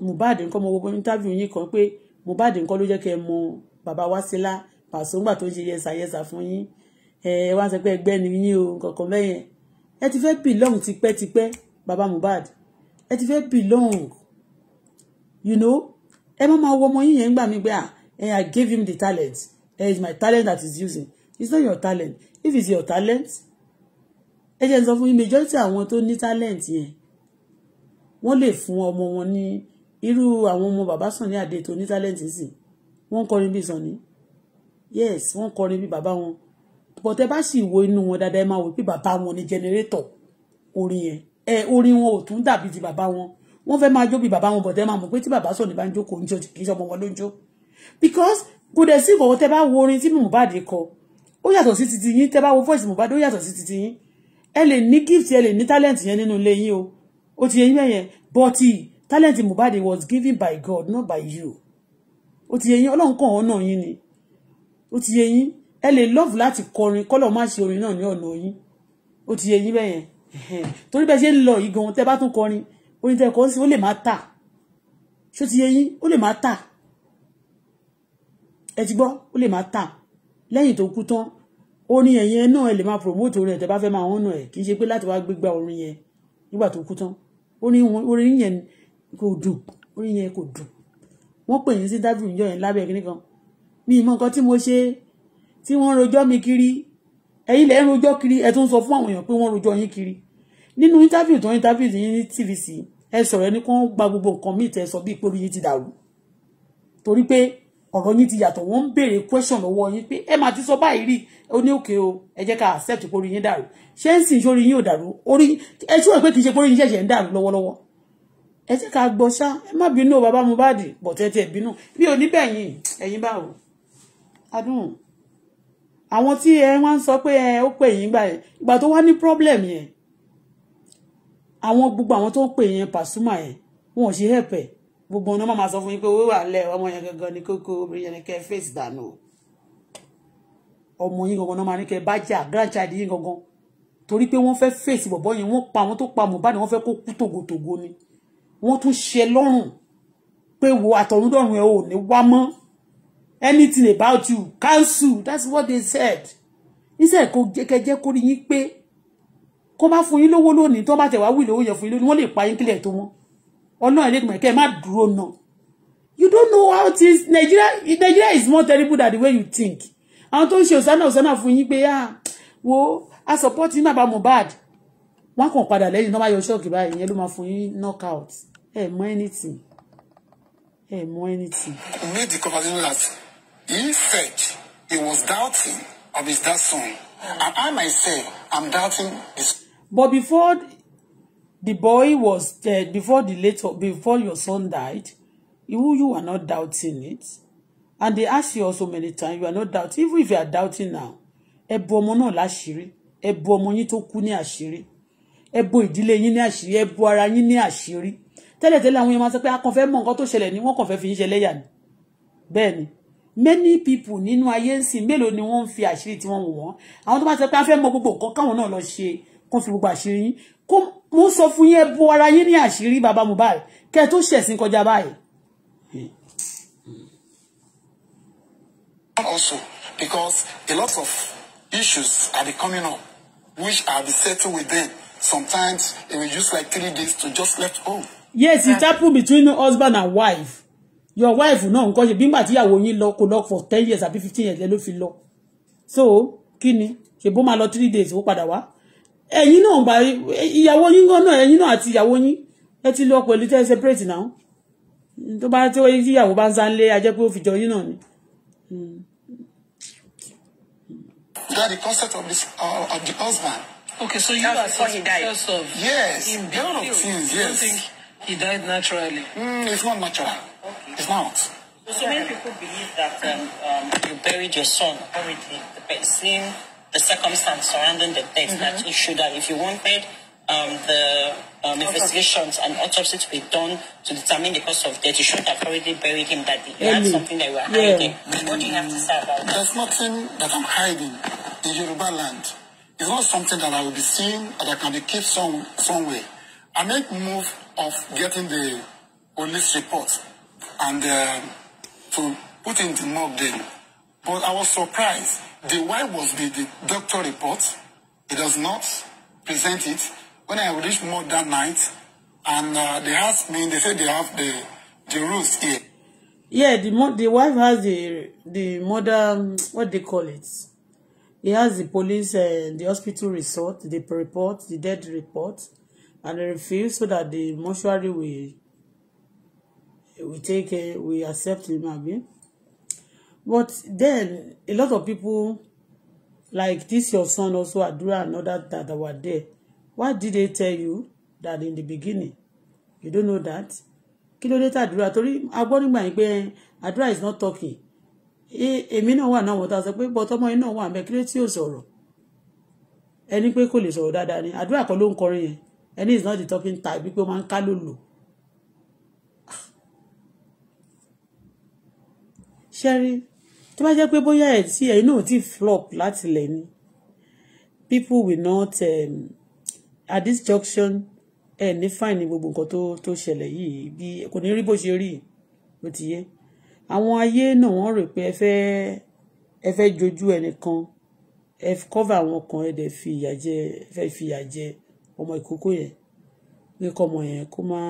Mohbad nǹkan mo gbogbo interview yín kan pé Mohbad nǹkan ló jẹ́ kẹ́ ẹ Baba wa Wásílà pàṣọ ńgbà tó ń ṣe yẹsàyẹsà fún yín ẹ wá sọ pé ẹgbẹ́ ni yín o nǹkan kan ẹ ti fẹ́ belong tipẹ́tipẹ́ baba Mohbad ẹ ti fẹ́ belong you know ẹ má máa wọ ọmọ yín yẹn gbà mí pé ah eh, I gave him the talent eh, it is my talent that is using it's not your talent if it's your talent ẹ jẹ́ n sọ fún yín majority àwọn tó ní talent yẹn wọ́n lè fún ọmọ wọn ní irú àwọn ọmọ bàbá Sunny Adé tó ní talent sí wọ́n ń kọrin bí Sunny yes wọ́n ń kọrin bí bàbá wọn but ẹ bá sì wo inú wọn dáadáa ẹ máa wò pé bàbá wọn ni jẹnẹrétọ̀ orin yẹn ẹ orin wọn ò tún dàbí ti bàbá wọn wọn fẹ́ máa jó bí bàbá wọn but ẹ máa mọ̀ pé tí bàbá sọ ní bá ń jó kò ń jó kì í ṣọmọ wọn ló ń jó because kò dẹ̀ sí ìkọ̀wọ́ tẹ bá wo orin tí Mohbad kọ ó yàtọ̀ sí titi yín tẹ bá wo voice Mohbad ó yàtọ̀ sí titi yín ẹ lè ní gift ẹ lè ní talent yẹn nínú ilé yín o ó ti yẹ yín yẹn but talent Mohbad was given by God not by you ó ti yẹ yín ọlọ́run kàn ọ́ náà yín ni ó ti yẹ ẹ lè love láti kọrin kọ́lọ̀ má ṣe orin náà ní ọ̀nà yín ó ti yẹ yín bẹ́yẹn torí bẹ́ẹ̀ ṣe ń lọ yìí gan tẹ́ bá tún kọrin orin tẹ́ kọ́ sí ó lè má tà ṣó ti yẹ yín ó lè má tà ẹ ti gbọ́ ó lè má tà lẹ́yìn tó kú tán orin ẹ̀yẹn náà ẹ lè máa promote orin ẹ̀ tẹ́ bá fẹ́ máa hàn ẹ̀ kì í ṣe pé láti wá gbégbá orin yẹn nígbà tó kú tán orin yẹn kò dùn orin yẹn kò dùn wọ́n pè yín sí dábìlì yọ yẹn lábẹ́ kíní kan mi ìmọ̀ nǹkan tí mo ṣe tí wọ́n rojọ́ mi kiri ẹ̀yin lẹ́ ń rojọ́ kiri ẹ̀ tó ń sọ fún àwọn èèyàn pé wọ́n rojọ́ yín kiri nínú interview tó ń interview yín ní TVC ẹ sọ̀rọ̀ ẹni kan gba gbogbo nǹkan míì tẹ́ sọ bíi pé orí yín ti dàrú torí pé ọ̀rọ̀ yín ti yàtọ̀ wọ́n ń béèrè question lọ́wọ́ yín pé ẹ máa ti sọ báyìí rí ó ní òkè o ẹ jẹ́ ká accept pé orí yín dàrú ṣé ń sìn sórí yín ò dàrú orí ẹ ṣúwọ̀n pé kì í ṣe pé orí yín ṣẹ̀ṣẹ̀ ń dàrú lọ́wọ́lọ́wọ́ ẹ jẹ́ ká gbọ́ ṣá ẹ má bínú bàbá Mohbad bọ̀tẹ́tẹ̀ bínú mi ò ní bẹ̀yìn ẹ̀yin báwo adùn àwọn tí ẹ wá ń sọ pé ẹ ó pè yín gbà yẹn ìgbà tó wá ní problem yẹn àwọn gbogbo àwọn tó ń pè yẹn Pasuma yẹn wọn ò ṣe help ẹ gbogbo ọ̀nà máa sọ fún yín pé owó wà lẹ ọmọ yẹn gangan ni kókó obìnrin yẹn kẹ face dànù ọmọ yín gangan náà máa ní kẹ bá jà grandchild yín gangan torí pé wọ́n fẹ́ face bọ̀bọ́ yẹn wọ́n pa àwọn tó pa Mohbad ni wọ́n fẹ́ kó kú tògótògó ni wọ́n tún ṣe lọ́rùn pé wo àtọ̀rúndọ̀rùn ẹ ò ní wá mọ́ anything about you cancel that's what they said instead kò jẹ́kẹ́jẹ́ kó rí yín pé kó bá fún yín lówó lónìí tó bá tẹ̀ wá wí lówó yẹ fún yín lónìí wọ́n lè pa yín kílẹ̀ tó mọ́ ọlọ́run ilé ìgbìmọ̀ kẹ́ ẹ má dúró you don't know how it is. Nigeria Nigeria is more terrible than the way you think àwọn tó ń ṣe òsánà òsánà fún yín pé ah wo I support you. yín bàbá Mohbad wọn kàn padà lẹ́yìn náà bá yọ ṣọ́ọ̀kì báyìí ìyẹn ló máa fún yín knock out ẹ mọ anything Hey, more anything. read the conversation last. He said he was doubting of his that son. And I myself I'm doubting this. But before the boy was dead, before the later before your son died, you you were not doubting it. And they asked you also many times, you are not doubting. Even if you are doubting now, ẹ bo ọmọ náà láṣìírí, ẹ bo ọmọ yín tó kú ní àṣírí, ẹ bo ìdílé yín ní àṣírí, ẹ bo ara yín ní àṣírí. Tẹ́lẹ̀tẹ́lẹ̀ àwọn èèyàn a kàn fẹ́ mọ nǹkan tó ṣẹlẹ̀ ni wọ́n kàn fẹ́ fi ń ṣe lẹ́yà ni. Bẹ́ẹ̀ ni, many people nínú ayé ń sìn mélòó ni wọ́n ń fi àṣírí tí wọ́n wò wọ́n àwọn tó bá sọ pé a fẹ́ mọ gbogbo nǹkan káwọn náà lọ ṣe kó fi gbogbo àṣírí yín kó mo sọ fún yín ẹbọ ara yín ní àṣírí bàbá Mohbad kẹ tó ṣẹ̀sìn kọjá báyìí. also because a lot of issues are coming up which are be settled with them sometimes it will use like three days to just left home. yes it happen between husband and wife your wife náà nǹkan ṣe bígbà tíyàwó yín lọ kò lọ for ten years àbí fifteen years ló fi lọ so kí ni ṣe bó máa lọ three days ó padà wá ẹ̀yin náà gbà ìyàwó yín gan náà ẹ̀yin náà àti ìyàwó yín ẹ ti lọ pẹ̀lú tẹ́ separate náà tó bá tí ìyàwó bá ń sánlé ajẹ́ pé ó fi jọ yín náà ni. that the concept of, this, uh, of the husband. Okay, so you are saying he Of yes, a lot of Yes, you think he died naturally. Mm, it's not natural. It's not. So many people believe that um, um, you buried your son, already, the, person, the circumstance surrounding the death, mm -hmm. that you should have, uh, if you wanted um, the um, investigations and autopsy to be done to determine the cause of death, you should have already buried him, that you had something that you were hiding. What do you have to say about that? There's nothing that I'm hiding in Yoruba land. It's not something that I will be seeing that I can be kept some, somewhere. I make move of getting the police report and uh, to put in the mob then. But I was surprised. The wife was with the doctor report. It does not present it. When I reached mob that night, and uh, they asked me, they said they have the, the rules here. Yeah, the mo the wife has the the mother um, what they call it. He has the police and uh, the hospital resort, the report, the dead report, and the refuse so that the mortuary will we take uh, we accept him abi but then a lot of people like this your son also Adura and other that, that were there why did they tell you that in the beginning you don't know that kí ló dé tá àdúrà torí agbọ́ nígbà is not talking èmi náà wà náà wọ́n ta sọ pé but tọmọ yín náà wà mẹ́ kí ló tí ò sọ̀rọ̀ ẹni pé kò lè sọ̀rọ̀ dáadáa ni àdúrà kan ló ń kọrin yẹn is not the talking type pé ó máa ń ká ṣẹ́rí tó bá jẹ́ pé bóyá ẹ̀ tí ẹ̀yin náà ti flop láti lẹ̀ ni people will not um, at this junction ẹ̀ ní fine ní gbogbo nǹkan tó ṣẹlẹ̀ yìí bí kò ní rí bó ṣe rí bó ti yé àwọn ayé náà wọ́n rò pé ẹ fẹ́ ẹ fẹ́ jojú ẹnìkan ẹ cover àwọn kan ẹ dẹ̀ fi ìyà jẹ ẹ fẹ́ fi ìyà jẹ ọmọ ìkókó yẹn pé ọmọ yẹn kó má.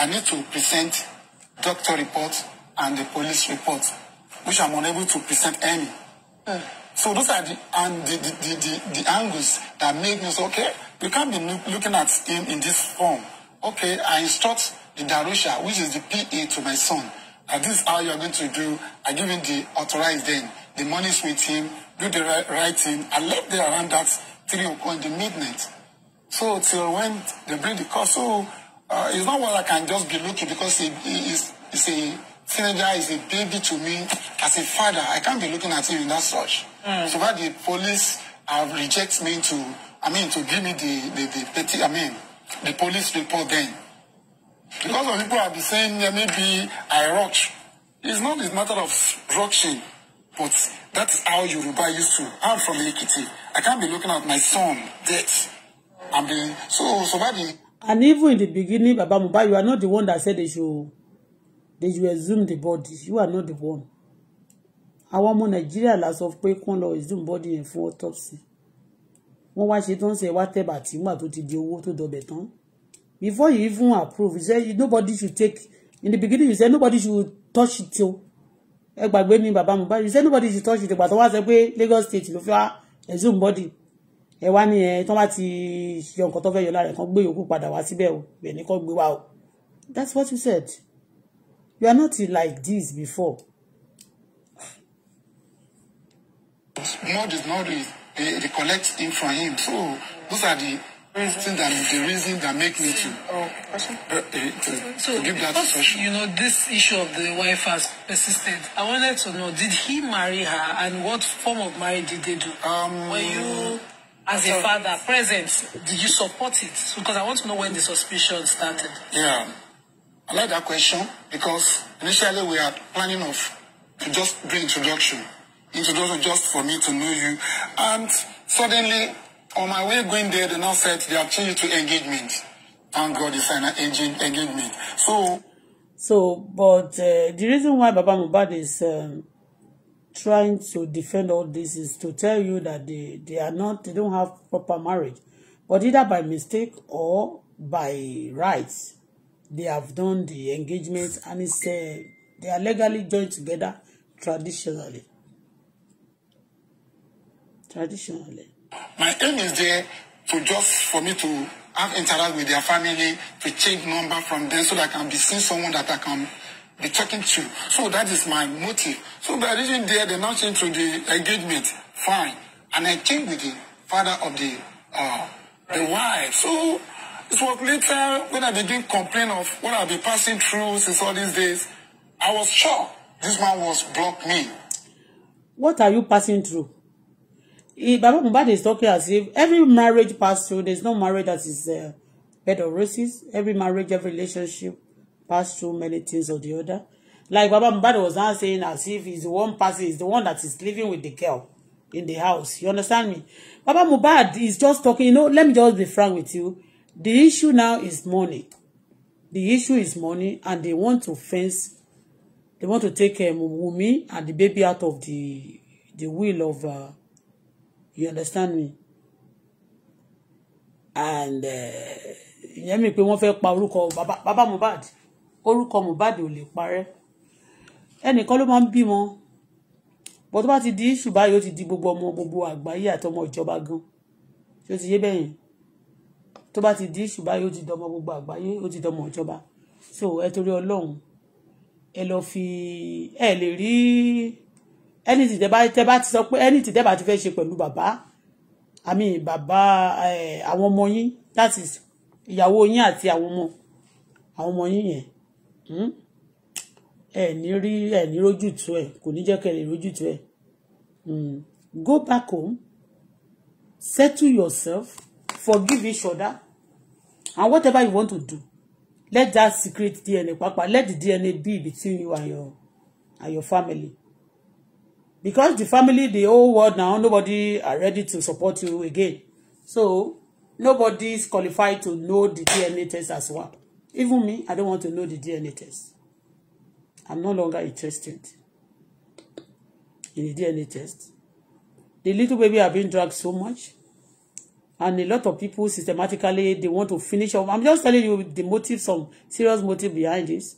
I need to present doctor report and the police report, which I'm unable to present any. Mm. So those are the and the, the, the, the, angles that make me say, okay, we can't be looking at him in this form. Okay, I instruct the Darusha, which is the PA to my son, that this is how you are going to do. I give him the authorized then. The money with him, do the writing, right thing. I left there around that 3 o'clock in the midnight. So till when they bring the car, so uh, it's not what I can just be looking because it, is a teenager, is a baby to me as a father. I can't be looking at him in that such. Mm. So that the police have reject me to, I mean, to give me the the, the petty, I mean, the police report then. Because of people have been saying yeah, maybe I rush. It's not a matter of rushing, but that's how Yoruba used to. I'm from Ekiti. I can't be looking at my son dead. I mean, so so that the And even in the beginning, Baba Mohbad, you are not the one that said they should they should exhume the body. You are not the one. Our ọmọ Nàìjíríà la sọ pé kán lọ body yẹn fún autopsy. Wọ́n wá ṣe tó ń ṣe wá tẹ̀bà tí wà tó ti di owó tó Before you even approve, you say nobody should take in the beginning you say nobody should touch it o. Ẹ gbàgbé ni Baba Mohbad, you say nobody should touch it. But tó wá sọ pé Lagos state ló fi wá body ẹ wá ní ẹ tán bá ti yọ nǹkan tó fẹ́ yọ lára ẹ̀ kan gbé yòókù padà wá síbẹ̀ o bẹ́ẹ̀ ni kò gbé wá o that's what you said you are not like this before. God is not re re recollect from him so those are the things that the reason that make me to, oh, uh, uh, to, so, give that because, You know this issue of the wife has persisted. I wanted to know did he marry her and what form of marriage did they do? Um, Were you as a father present, did you support it? Because I want to know when the suspicion started. Yeah, I like that question because initially we are planning of to just do introduction, introduction just for me to know you, and suddenly on my way going there, they now said they have changed to engagement. Thank God, it's an engagement. So. So, but uh, the reason why Baba Mubad is. Um, trying to defend all this is to tell you that they, they are not they don't have proper marriage but either by mistake or by rights they have done the engagement and it's uh, they are legally joined together traditionally traditionally my aim is there to just for me to have interact with their family to change number from them so that I can be seen someone that I can be talking too. So that is my motive. So by reaching there, they now to the engagement. Fine. And I came with the father of the uh, the wife. So it was later when I begin complain of what I've been passing through since all these days. I was sure this man was blocked me. What are you passing through? Baba Mohbad is talking as if every marriage passed through. There's no marriage that is uh, bed of roses. Every marriage, every relationship pass through many things or the other. Like Baba Mubad was now saying as if he's the one person, he's the one that is living with the girl in the house. You understand me? Baba Mubad is just talking, you know, let me just be frank with you. The issue now is money. The issue is money and they want to fence, they want to take um, Wumi and the baby out of the the will of, uh, you understand me? And, uh, ìyẹn mi pé wọ́n fẹ́ Baba Mubad orúkọ Mohbad ò lè parẹ́ ẹnìkan ló máa ń bímọ bọ́n tó bá ti di ṣùgbọ́n yóò ti di gbogbo ọmọ gbogbo àgbáyé àtọmọ ìjọba gan ṣé o ti yé bẹ́ẹ̀ yẹn tó bá ti di ṣùgbọ́n yóò ti dọmọ gbogbo àgbáyé ó ti dọmọ ìjọba so ẹ torí ọlọ́run ẹ lọ fi ẹ lè rí ẹni tí tẹ bá ti sọ pé ẹni tí tẹ bá ti fẹ́ ṣe pẹ̀lú bàbá àmì bàbá àwọn ọmọ yín that is ìyàwó yín àti àwọn ọmọ àwọn ọmọ yín yẹn Hmm? ẹ ní rí ẹ ní rójútu ẹ kò ní jẹ́ kẹ́ lè rójútu ẹ hmm. go back home settle yourself forgive each other and whatever you want to do let that secret DNA papa let the DNA be between you and your and your family because the family the whole world now nobody are ready to support you again so nobody is qualified to know the DNA test as well Even me, I don't want to know the DNA test. I'm no longer interested in the DNA test. The little baby have been dragged so much. And a lot of people systematically, they want to finish off. I'm just telling you the motive, some serious motive behind this.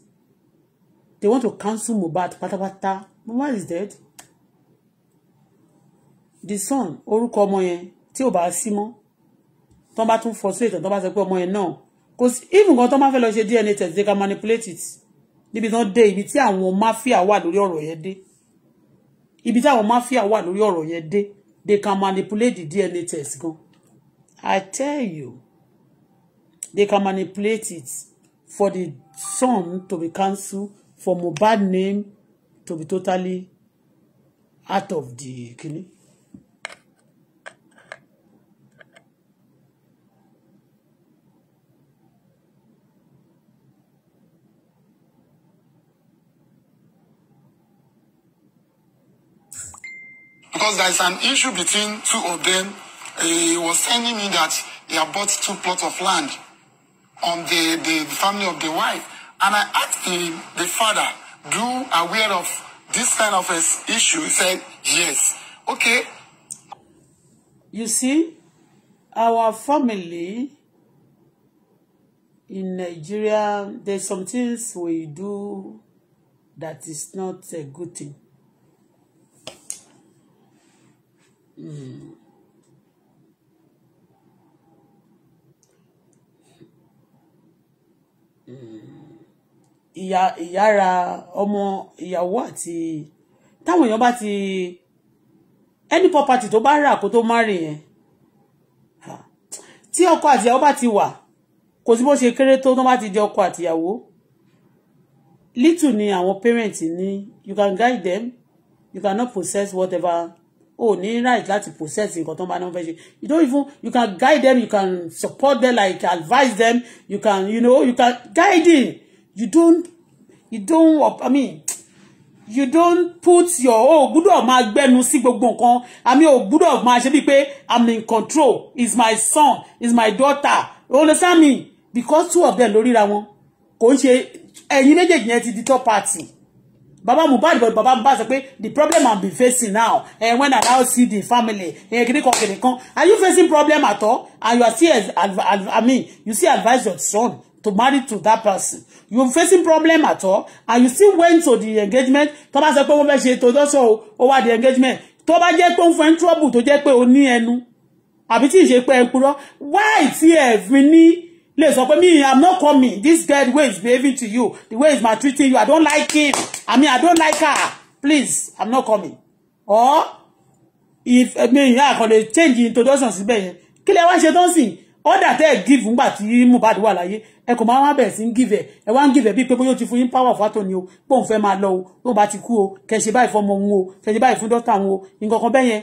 They want to cancel Mohbad pátápátá. Mubat is dead. The son, orúkọ ọmọ yẹn, tí ò bá sí mọ́. Tán bá tún fọ́ sílẹ̀ tán bá kò sí even gan tó máa fẹ́ lọ ṣe DNA test they can manipulate it níbi tán dé ibi tí àwọn mafia wà lórí ọ̀rọ̀ yẹn dé ibi tí àwọn mafia wà lórí ọ̀rọ̀ yẹn dé they can manipulate the DNA test gan I tell you they can manipulate it for the son to be cancelled for Mohbad name to be totally out of the clinic. because there is an issue between two of them. He was telling me that he had bought two plots of land on the, the, the family of the wife. And I asked him, the father, do you aware of this kind of issue? He said, yes. Okay. You see, our family in Nigeria, there's some things we do that is not a good thing. ìyá ìyára ọmọ ìyàwó àti táwọn èèyàn bá ti any property tó bá rà kó tó márì yẹn tí ọkọ àtìyàwó bá ti wà kò sí bó ṣe kéré tó tó bá ti jẹ ọkọ àtìyàwó little ni àwọn parents ní you can guide them you cannot possess whatever Oh, ní right láti process nǹkan tó bá náà fẹ́ ṣe you don't even you can guide them you can support them like advise them you can you know you can guiding you don't you don't i mean you don't put your Oh, gbúdọ̀ máa gbẹnu sí gbogbo nǹkan àmì o gbúdọ̀ máa ṣe bíi pé i'm in control is my son is my daughter you understand me because two of them ló ríra wọn kò ń ṣe ẹ̀yin méjèèjì yẹn ti di top party baba Mohbad but baba Mohbad sọ pé the problem i'm been facing now eh, when i now see the family eh, kìnìkan kìnìkan are you facing problem at all and you are still i mean you still advise your son to marry to that person you facing problem at all and you still went to the engagement tó bá sọ pé wọ́n fẹ́ ṣe tó dọ́sọ̀ ó the engagement tó bá jẹ́ pé ó ń fẹ́ trouble tó jẹ́ pé ó ní ẹnu àbí tí ì ṣe pé ẹ purọ́ why tí ẹ fi ní lè sọ pé me i'm not coming this girl way is behaving to you the way is my treating you i don't like him i mean i don't like her please i'm not coming or if ẹgbẹ́ yìí àkàn lè change introduction síbẹ̀ yẹn kí lẹ wá ṣe tán sìn order tẹ́ ẹ̀ give ńgbà tí Mohbad wà láyé ẹ kò máa wá bẹ̀rẹ̀ sí ń give ẹ̀ ẹ wá ń give ẹ̀ bíi pé bóyá ó ti fún yín power fátó ni o pé òun fẹ́ máa lọ o bó bá ti kú o kẹ ṣe báyìí fọmọ òun o kẹ ṣe báyìí fún dọ́tà òun o nǹkan kan bẹ́yẹn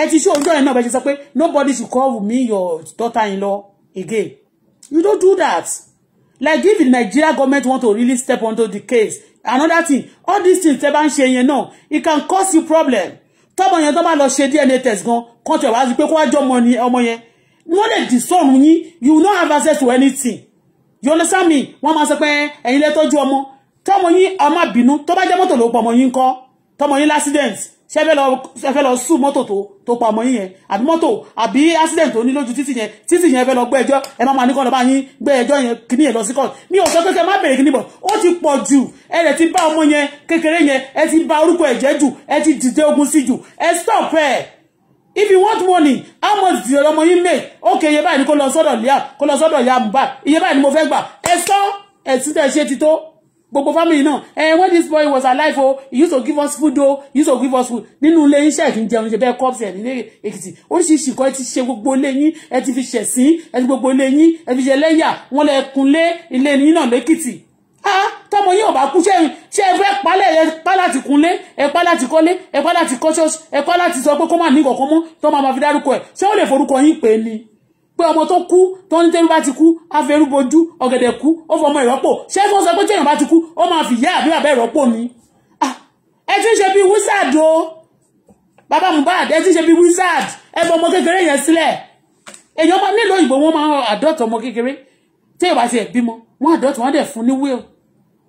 ẹ ti ṣó ojú ọ̀rẹ́ náà bẹ́ẹ̀ ṣe sọ pé nobody should call me your daughter in law again You don't do that. Like if the Nigeria government want to really step onto the case, another thing, all these things they ban ń ṣe yẹn it can cause you problem. Tọ́mọ yẹn tó bá lọ ṣe DNA test gan, kan tẹ̀ wá sí pé kó wá jọ ọmọ ni ọmọ yẹn. you will not have access to anything. You understand me? One man sọ and ẹ̀yin lẹ́tọ́jú ọmọ. Tọ́mọ yín ọmọ bínú, tó bá jẹ́ mọ́tò ló pọ̀ ọmọ yín kọ́, tọ́mọ yín ṣe fẹ́ lọ sùn mọ́tò tó pa ọmọ yín yẹn àbí mọ́tò àbí accident tó ní lójú títì yẹn títì yẹn fẹ́ lọ gbé ẹjọ́ ẹ má máa ní kọ́ lọ́ bá yín gbé ẹjọ́ yẹn kíní yẹn lọ sí court mi ò sọ pé kẹ́ má bèrè kíní bọ̀ ó ti pọ̀ jù ẹ rẹ̀ ti bá ọmọ yẹn kékeré yẹn ẹ ti bà orúkọ ẹ̀ jù ẹ ti dìde ogun sí jù ẹ stop ẹ̀ if you want money how much did ọmọ yín make okay iye báyìí ni kó lọ sọ́dọ̀ ìyá kó lọ sọ́dọ̀ ìyá Mohbad iye báyìí ni mo fẹ́ gbà ẹ sọ ẹ̀sìn tẹ̀ ṣe ti tó gbogbo family náà eh when this boy was alive oh, he used to give us food oh, he used to give us food nínú ilé iṣẹ́ kì í jẹun ṣe bẹ́ẹ̀ cups ẹ̀ nílé èkìtì oríṣiríṣi kan ẹ ti ṣe gbogbo ilé yín ẹ ti fi ṣẹ̀sín ẹ ti gbogbo ilé yín ẹ fi ṣe lẹ́yà wọn lẹ kunlé ilé yín náà lẹ́kìtì ah tọmọ yín ò bá kú ṣé ṣé ẹ fẹ́ palẹ̀ ẹ pa láti kunlé ẹ pa láti kọ́lé ẹ pa láti kọ́ ṣọ́ọ̀ṣì ẹ pa láti sọ pé kó má ní kọ̀ọ̀kan mọ́ tọ́ máa ma fi dárúkọ ẹ̀ ṣé ó lè forúkọ yín pè é ni pé ọmọ tó kú tó ní tẹ́lú bá ti kú afẹ́rúbojú ọ̀gẹ̀dẹ̀ kú ó fọmọ ìrọ́pò ṣé kó sọ pé tí èèyàn bá ti kú ó máa fi ìyá àbí bàbá ìrọ́pò ni ah, ẹ ti ń ṣe bí wizard o bàbá Mohbad ẹ ti ń ṣe bí wizard ẹ bọ ọmọ kékeré yẹn sílẹ̀ èèyàn máa nílò ìbò wọn máa àdọ́tọ̀ ọmọ kékeré tí èèyàn bá ti ẹ̀ bímọ wọn àdọ́tọ̀ wọn dẹ̀ fún ní wíl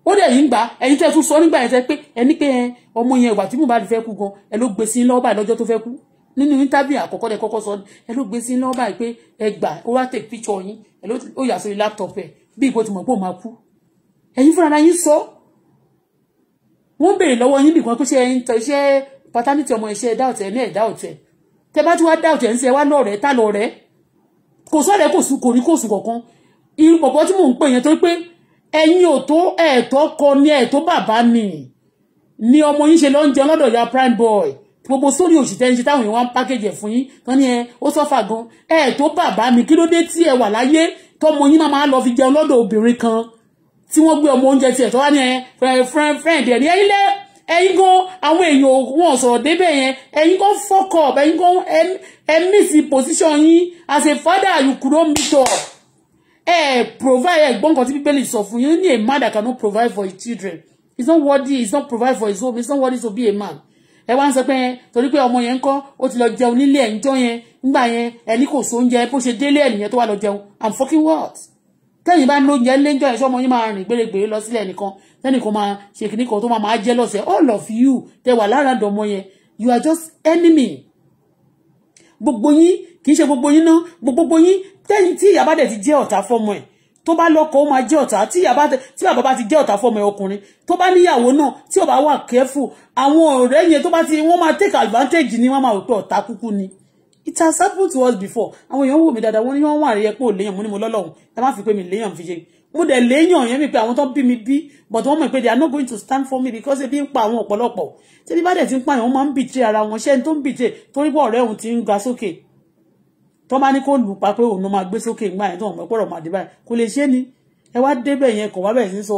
ó dẹ̀ yìí ń gbà ẹ̀yin tẹ́ tún sọ nígbà yẹn tẹ́ pé ẹni pé ọmọ yẹn ìgbà tí Mohbad fẹ́ kú gan ẹ ló gbé sí lọ́wọ́ báyìí lọ́jọ́ tó fẹ́ kú nínú interview àkọ́kọ́ dẹ kọ́kọ́ sọ ẹ ló gbé sí iná báyìí pé ẹ gbà ó wá take picture yín ẹ ló yà sórí laptop ẹ bí ìbò ti mọ̀ pé ó máa kú ẹ̀yin fúnra yín sọ wọ́n béèrè lọ́wọ́ yín nìkan pé ṣe ẹ̀yin tọ́ iṣẹ́ paternity ọmọ iṣẹ́ ẹ̀dá ọ̀tẹ̀ ní ẹ̀dá ọ̀tẹ̀ tẹ bá ti wá dá ọ̀tẹ̀ ń ṣe wá náà rẹ̀ tá lọ rẹ̀ kò sọ̀rọ̀ kò sùn kò ní kò sùn kankan irú pọ̀pọ̀ tí mò ń pè yẹn tó pé ẹ̀yin ò tó ẹ̀ẹ̀tọ́ kọ ní ẹ̀ẹ̀tọ́ bàbá ni ni ọmọ yín ṣe ló ń jẹun lọ́dọ̀ ya prime boy gbogbo sórí òṣìṣẹ́ ṣe táwọn èèyàn wá ń pákéjì ẹ̀ fún yín tán ni ẹ ó sọ́fà gan ẹ tó bàbá mi kí ló dé tí ẹ wà láyé tọmọ yín máa lọ fi jẹun lọ́dọ̀ obìnrin kan tí wọ́n gbé ọmọ oúnjẹ tiẹ̀ tó wá ní ẹ friend friend ẹ̀ ní ẹ̀yìn lẹ́ ẹ̀yìn gan àwọn èèyàn wọn sọ̀rọ̀ débẹ̀ yẹn ẹ̀yìn gan fuck up ẹ̀yìn gan ẹ miss position yín as a father you kúrò meet up ẹ provide ẹ̀gbọ́n kan tí bíbélì sọ fún yín ní a man that cannot provide for his children it's not worthy it's not provide for his home it's not worthy to be a man ẹ wá ń sọ pé torí pé ọmọ yẹn ń kọ́ ó ti lọ jẹun nílé ẹ̀ ń jọ yẹn ńgbà yẹn ẹni kò so oúnjẹ bó ṣe délé ẹ̀ tó wà lọ jẹun i'm fucking what tẹ́yìn bá ní oúnjẹ ńlé ń jọ yẹn sọ́mọ yín máa rìn gbèrègbèrè lọ sílẹ̀ nìkan tẹ́nìkan máa ṣe kìíní kan tó máa máa jẹ́ lọ́sẹ̀ all of you tẹ wà lára dọ̀mọ yẹn you are just enemy gbogbo yín kì í ṣe gbogbo yín ná gbogbo yín tẹ́yìn tí ìyá bá dẹ̀ ti jẹ́ ọ̀tá fọ́mọ tó bá lọ́kọ ó máa jẹ́ ọ̀tá tí bàbá bá ti jẹ́ ọ̀tá fọmọ ọkùnrin tó bá níyàwó náà tí ò bá wà kẹ́fù àwọn ọ̀rẹ́ yẹn tó bá ti wọ́n máa take advantage ni wọ́n máa wò pé ọ̀tá kúkú ni it has happened to us before àwọn èèyàn wò mí dáadáa wọ́n ní wọ́n wà rẹ̀ pé ò léèyàn mú ni mo lọ́lọ́hùn ẹ má fi pé mi léèyàn fi ṣe mo dẹ̀ léèyàn yẹn mi pé àwọn tó bí mi bí but wọ́n mọ̀ pé they are not going to stand for me because ebi ń pa àwọn ọ̀pọ̀lọpọ̀ tẹ́lifásẹ̀ ti ń pààyàn wọ́n máa ń bìtìrì ara wọn ṣẹ́ni tó ń bìtìrì torí pé ọ̀rẹ́ òun ti ń ga sókè tó bá ní kó lù pa pé òun ló máa gbé sókè ńgbà yẹn tó wọn pọ̀rọ̀ máa dé báyìí kò lè ṣe ni ẹ wá débẹ̀ yẹn kàn wá bẹ̀rẹ̀ sí sọ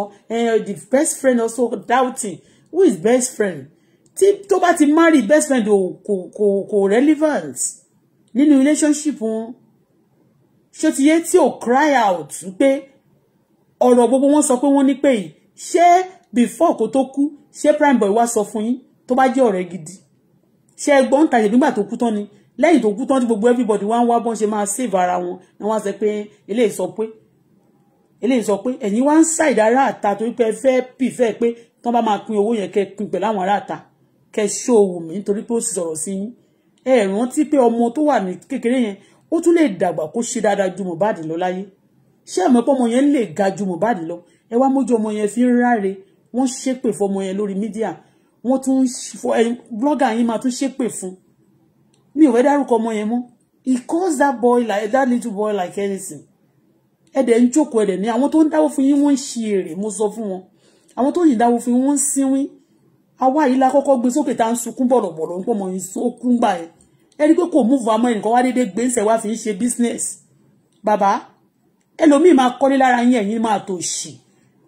the best friend also doubting who is best friend tí tó bá ti marry best friend ò kò kò kò relevant nínú relationship wọn ṣé ti yẹ tí ò cry out pé ọ̀rọ̀ gbogbo wọn sọ pé wọ́n ní pé yìí ṣé before kó tó kú ṣé prime boy wá sọ fún yín tó bá jẹ́ ọ̀rẹ́ gidi ṣé ẹgbọ́n tàyè nígbà tó kú tán ni lẹ́yìn tó kú tán tí gbogbo everybody wá ń wá bọ́n ṣe máa save ara wọn ni wọ́n á sọ pé eléyìí sọ pé eléyìí sọ pé ẹ̀yin wá ń ṣàìdá aráàta torí pé ẹ fẹ́ pì fẹ́ pé tán bá máa pín owó yẹn kẹ́ pín pẹ̀lú àwọn aráàta kẹ́ ṣó wù mí nítorí pé ó sì sọ̀rọ̀ sí yín ẹ rántí pé ọmọ tó wà ní kékeré yẹn ó tún lè dàgbà kó ṣe dáadáa ju Mohbad lọ láyé ṣé ẹ̀mọ́ pé ọmọ yẹn lè ga ju Mohbad lọ ẹ wá mójú ọmọ yẹn fi ń ráre wọ́n ṣépè fọmọ yẹn lórí mídíà wọ́n tún blọ́gà mi ò fẹ́ dárúkọ ọmọ yẹn mọ́ he calls that boy like that little boy like anything ẹ̀dẹ̀ ń jókòó ẹ̀dẹ̀ ní àwọn tó ń dáwó fún yín wọ́n ń ṣe èrè mo sọ fún wọn àwọn tó yìn dáwó fún yín wọ́n ń sínwín àwa yìí la kọ́kọ́ gbé sókè tá à ń sunkún bọ̀rọ̀bọ̀rọ̀ ń pọ̀ mọ́ ìsókún gbà ẹ̀ ẹ rí pé kò mú fún amọ́ ẹnìkan wá déédéé gbé ń sẹ̀ wá fi ń ṣe business bàbá ẹlòmíì máa kọ́lé lára yín ẹ̀yin máa tò ṣì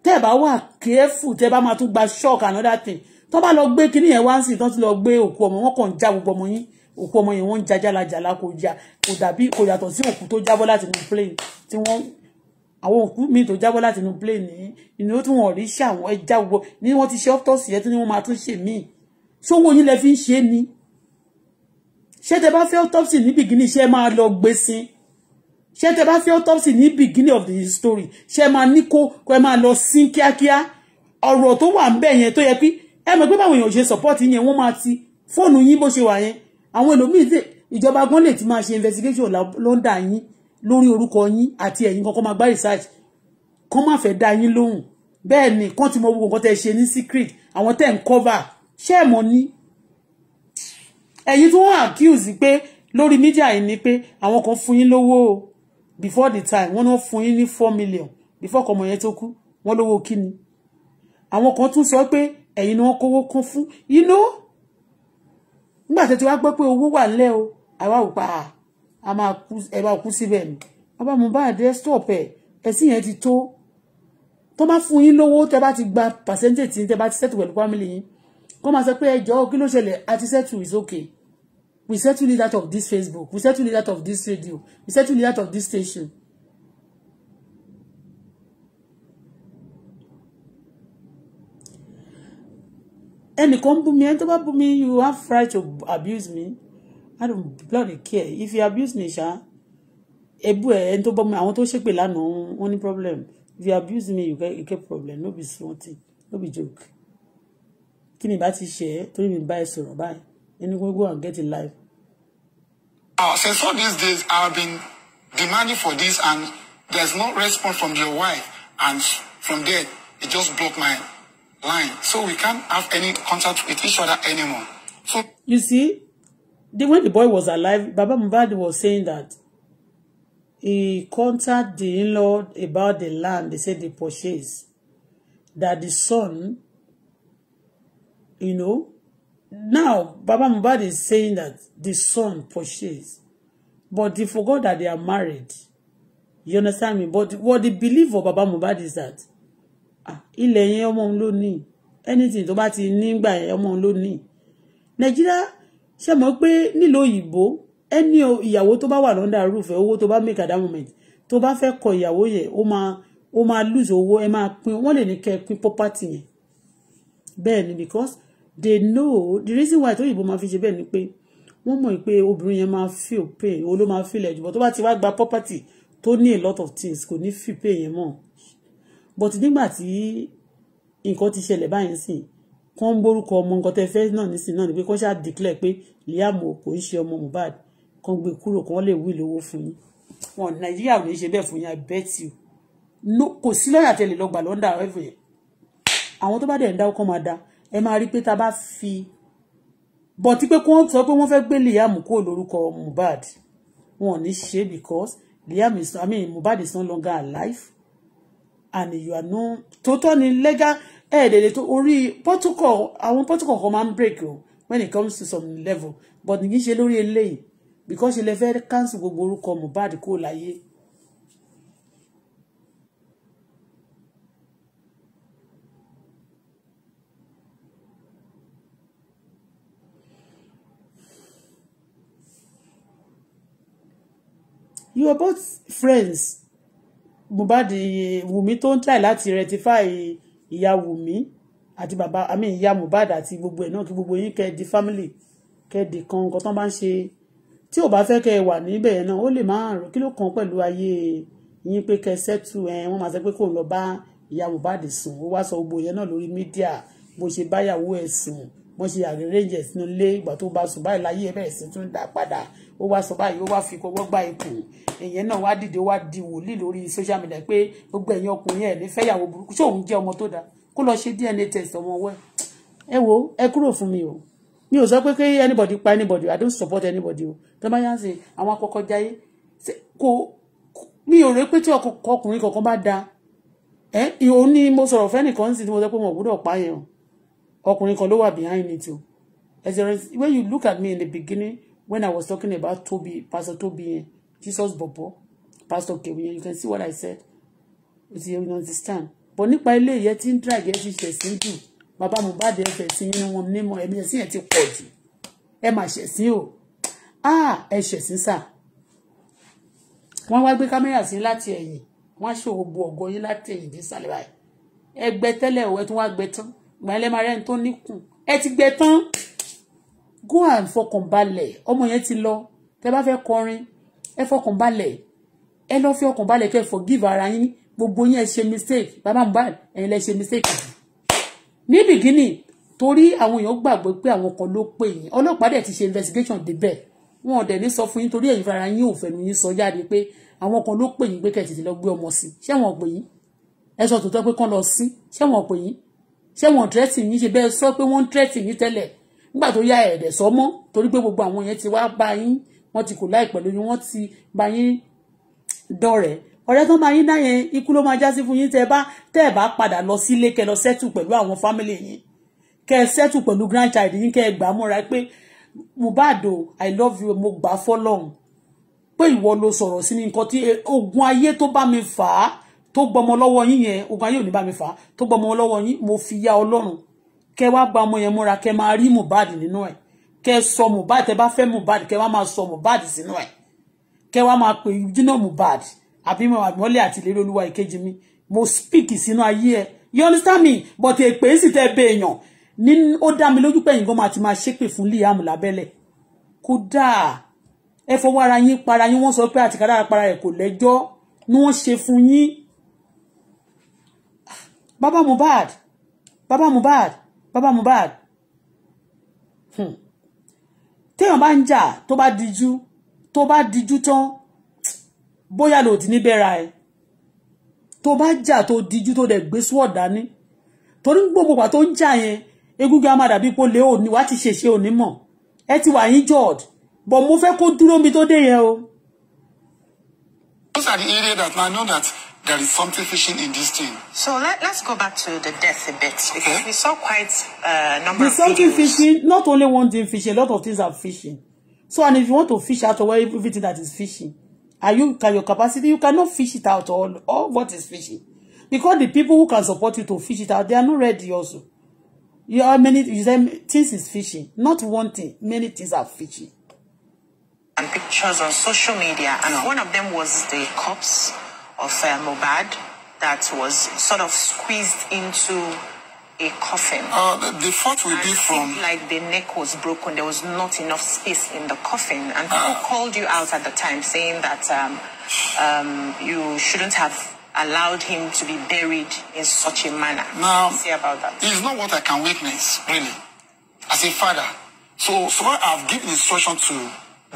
tẹ́ ẹ̀ bá wà kéèfù tẹ́ ẹ bá máa tún gba shock another thing tó bá lọ gbé kinní yẹn wá ń sìn tó ti lọ gbé òkú ọmọ wọn kàn já gbogbo ọmọ yín òkú ọmọ yẹn wọ́n ń jajálajàlá kò jà kò dàbí kò yàtọ̀ sí òkú tó jábọ́ láti inú plane tí wọ́n àwọn òkú míì tó jábọ́ láti inú plane ní ìnáwó tí wọ́n rí ṣe àwọn ẹja gbogbo ní wọ́n ti ṣe ọ́pítọ́sì yẹn tí wọ́n máa tún ṣe míì ṣówó yín lẹ fi ń ṣe ni ṣé tẹ bá fẹ́ ọ́pítọ́sì ní bìgínì ṣé máa lọ gbé sí ṣé tẹ bá fẹ́ ọ́pítọ́sì ní bìgínì of the story ṣé máa ní kó kó ẹ máa lọ sí kíákíá ọ̀rọ̀ tó wà ń bẹ̀ yẹn tó yẹ pé ẹ mọ̀ pé báwo èèyàn ṣe support yẹn wọ́n máa ti fóònù yín bó ṣe wà yẹn àwọn ẹlòmíì lè ìjọba gan lè ti máa ṣe investigation ló ń dà yín lórí orúkọ yín àti ẹ̀yin kankan máa gbá research kán má fẹ́ dá yín lóhùn bẹ́ẹ̀ ni kán ti mọ gbogbo nǹkan tẹ́ ṣe ní secret àwọn tẹ́ ń cover ṣé ẹ̀ mọ̀ ní. ẹ̀yin tí wọ́n accuse pé lórí media yìí ni pé àwọn kan fún yín lówó before the time wọ́n náà fún yín ní four million before kọ́mọ yẹn tó kú wọ́n lówó kíni. àwọn kan tún sọ pé ẹ̀yin ni wọ́n kówó kún fún you know nígbà tó ti wá gbọ́ pé owó wà nílẹ̀ o àwa ò pa a máa kú ẹ bá kú síbẹ̀ ni bàbá Mohbad stop ẹ ẹ̀sìn yẹn ti tó tó bá fún yín lówó tẹ bá ti gba percentage tí tẹ bá ti settle pẹ̀lú family yín kó máa sọ pé ẹjọ́ kí ló ṣẹlẹ̀ àti settle is okay we settle it out of this Facebook we settle it out of this radio we settle it out of this station ẹnìkan bú mi ẹni tó bá bú mi you have right to abuse me I don't bloody care if you abuse me ṣá ebu ẹ ẹni tó bọ́ mi àwọn tó ṣépè lánàá wọn ní problem if you abuse me you get, you get problem no be something no be joke kí ni ìbá ti ṣe é torí mi bá ẹ sọ̀rọ̀ báyìí ẹni gbogbo and get in life. Now, since all these days, I've been demanding for this, and there's no response from your wife, and from there, it just blocked my line. So we can't have any contact with each other anymore. So you see, the, when the boy was alive, Baba Mohbad was saying that he contacted the in-law about the land they said they purchased. That the son, you know, now Baba Mohbad is saying that the son purchased, but he forgot that they are married. You understand me? But what the belief of Baba Mohbad is that Ah, ilẹ̀ yẹn ọmọ òun ló ní anything tó bá ti nígbà yẹn ọmọ òun ló ní nàìjíríà ṣe mọ̀ pé nílò ìbò ẹni ìyàwó tó bá wà lọ́ndà rúfẹ́ owó tó bá make at that moment tó bá fẹ́ kọ ìyàwó yẹn ó máa ó máa lose owó ẹ máa pín wọ́n lè ní kẹ́ ẹ pín property yẹn bẹ́ẹ̀ ni because they know the reason why tó yìnbọn máa fi ṣe bẹ́ẹ̀ ni pé wọ́n mọ̀ pé obìnrin yẹn máa feel pain ó ló máa feel ẹ̀ jùbọ̀ tó bá ti wá gba property tó ní a lot of things kò ní feel pain yẹn mọ́ but nígbà tí nǹkan ti ṣẹlẹ̀ báyìí sí kàn ń borúkọ ọmọ nǹkan tẹ́ fẹ́ náà nísìn náà ni pé kàn ṣáà declare pé Liam o kò ń ṣe ọmọ Mohbad kàn gbé kúrò kàn lè wí lówó fún yín wọn Nàìjíríà ò ní ṣe bẹ́ẹ̀ fún yín I bet you no kò sí lọ́yà tẹ́lẹ̀ lọ́gbà lọ́ndà ẹ̀fẹ̀ àwọn tó bá dẹ̀ ń dáwọ́ kàn máa da ẹ máa rí pé ta bá fi bọ̀tí pé kí wọ́n sọ pé wọ́n fẹ́ gbé Liam kúrò lórúkọ Mohbad wọn ò ní ṣe because Liam is I mean Mohbad is no longer alive and you are no tòótọ́ ni legal Eh, tó orí protocol àwọn protocol kan máa ń break o when it comes to some level but kì í ṣe lórí eléyìí because ilẹ̀ fẹ́ cancel gbogbo orúkọ Mohbad kó láyé. You are both friends Mohbad Wùmí tó ń try láti rectify ìyá Wùmí àti bàbá àmì ìyá Mohbad àti gbogbo ẹ̀ náà kí gbogbo yín kẹ́ di family kẹ́ di kan nǹkan tán bá ń ṣe tí ò bá fẹ́ kẹ́ wà níbẹ̀ yẹn náà ó lè máa rò kí ló kàn pẹ̀lú ayé yín pé kẹ́ settle ẹ̀ eh, wọ́n máa sọ pé kò ń lọ bá ìyá Mohbad sùn ó wá sọ gbogbo yẹn náà lórí mídíà bó ṣe báyàwó ẹ̀ sùn wọ́n ṣe àrẹ́rẹ́jẹ sínú ilé ìgbà tó bá sùn báyìí láyé ẹ̀ bẹ̀rẹ̀ sí tún dá padà ó wá sọ báyìí ó wá fi kọwọ́ gbá ikùn ìyẹn náà wá dìde wá di wòlíì lórí social media pé gbogbo ẹ̀yin ọkùnrin ẹ̀ ní fẹ́yàwó burúkú ṣé òun jẹ́ ọmọ tó dáa kó lọ ṣe DNA test ọmọ wẹ́ ẹ wo ẹ kúrò fún mi o mi ò sọ pé kí anybody pa anybody I don't support anybody o tó bá yá sí àwọn akọ́kọ́ jáyé kò mi ò rẹ pé tí ọkùnrin kankan bá da ẹ ìhòòhùn ni mo sọ̀rọ̀ fẹ́nìkan ń sìn tí mo sọ pé mo ò gbúdọ̀ pààyàn ọkùnrin kan ló wà behind it o as a when you look at me in the beginning when I was talking about Tobi pastor Tobi yẹn Jesus bobo pastor kewuye you can see what I said you see, you understand but nípa ilé ìyẹn tí ń drag ẹ ti ṣẹ̀sìn jù bàbá Mohbad ẹ fẹ̀sìn inú wọn mímọ ẹ̀mí ẹ̀sìn ẹ̀ ti pọ̀ jù ẹ mà ṣẹ̀sìn o ah ẹ ṣẹ̀sìn sà wọ́n wá gbé kámẹ́rà sí láti ẹ̀yìn wọ́n á ṣe gbogbo ọ̀gọ́ yín láti ẹ̀yìn dé sàlẹ̀ báyìí ẹ gbẹ tẹ́lẹ̀ ọ̀ ẹ tún wá gbẹ tán ìgbà ẹlẹ́mà rẹ̀ ń tó níkùn ẹ ti gbẹ tán go and fọkàn balẹ̀ ọmọ yẹn ti lọ tẹ bá fẹ́ kọrin ẹ fọkàn balẹ̀ ẹ lọ fi ọkàn balẹ̀ kẹ́ forgive ara yín gbogbo yín ẹ ṣe mistake bàbá Mohbad ẹ̀yin lẹ ṣe mistake ní bìgínì torí àwọn èèyàn gbàgbọ́ pé àwọn kan ló pè yín ọlọ́pàá dẹ̀ ti ṣe investigation débẹ̀ wọn ò dẹ̀ ní sọ fún yín torí ẹ̀yin fara yín ò fẹnu yín sọ jáde pé àwọn kan ló pè yín pé kẹ́ tètè lọ gbé ọmọ sí ṣé wọn pè yín ẹ sọ tòótọ́ pé kán lọ sí ṣé wọn pè yín ṣé wọn tírẹ́tì yín ṣe bẹ́ẹ̀ sọ pé wọ́n tírẹ́tì yín tẹ́lẹ̀ nígbà tó yá ẹ̀ẹ́dẹ̀ sọ mọ́ torí pé gbogbo àwọn yẹn ti wá bá yín wọ́n ti kò láì pẹ̀lú yín wọ́n ti bá yín dọ̀rẹ́ ọ̀rẹ́ tó máa yín dá yẹn ikú ló máa já sí fún yín tẹ́ bá tẹ́ bá padà lọ sílé kẹ́ lọ sẹ́tù pẹ̀lú àwọn fámìlì yín kẹ́ sẹ́tù pẹ̀lú grandchild yín kẹ́ gbà mọ́ra pé Mohbad o I love you mo gbà fọ́lọ́run pé ìwọ ló sọ̀rọ̀ sí ní nǹkan tí e, ogun ayé tó bá mi fà á tó gbọmọ lọ́wọ́ yín yẹn ogun ayé ò ní bá mi fà á tó gbọmọ lọ́wọ́ yín mo fi yá Ọlọ́run kẹ́ wá gba ọmọ yẹn mọ́ra kẹ́ máa rí Mohbad nínú ẹ̀ kẹ́ sọ Mohbad tẹ́ bá fẹ́ Mohbad kẹ́ wá máa sọ Mohbad sínú ẹ̀ kẹ́ wá máa pè jìnnà Mohbad àbí mo àti ìlérí olúwa ìkejì mi mo speak sínú ayé ẹ̀ you understand me but èpè sì tẹ́ bẹ èèyàn ní ó dá mi lójú pé ìgbọ́n máa ti máa ṣépè fún Liam lábẹ́lẹ̀ kódà ẹ fọwọ́ ara yín para yín wọ́n sọ pé àtìkádára para rẹ̀ kò lẹ́jọ́ ni wọ́n ṣe fún yín baba Mohbad baba Mohbad baba Mohbad. Hmm téèyàn bá ń jà tó bá dijú tó bá dijú tán bóyá lò ti ní ẹ̀ tó bá jà tó dijú tó dẹ̀ gbé sword dání torí gbogbo pàtó ń jà yẹn egungun á máa dàbí òní wá ti ṣèṣe òní mọ̀ ẹ ti wà yín jọ̀d bọ̀ mo fẹ́ kó dúró mi tó dé yẹn o. Those are the areas that I know that there is something fishing in this thing. So let, let's go back to the death a bit okay. we saw quite uh, a uh, number There's of something videos. fishing, not only one thing fishing, a lot of things are fishing. So and if you want to fish out or everything that is fishing, are you can your capacity, you cannot fish it out all, all what is fishing. Because the people who can support you to fish it out, they are not ready also. You are many you say things is fishing. Not one thing, many things are fishing. And pictures on social media, and one of them was the cops of uh, Mobad that was sort of squeezed into a coffin. Uh, the, the fault and be from like the neck was broken. There was not enough space in the coffin, and ah. people uh, called you out at the time saying that um, um, you shouldn't have allowed him to be buried in such a manner. Now, say about that. It's not what I can witness, really, as a father. So, so I've given instruction to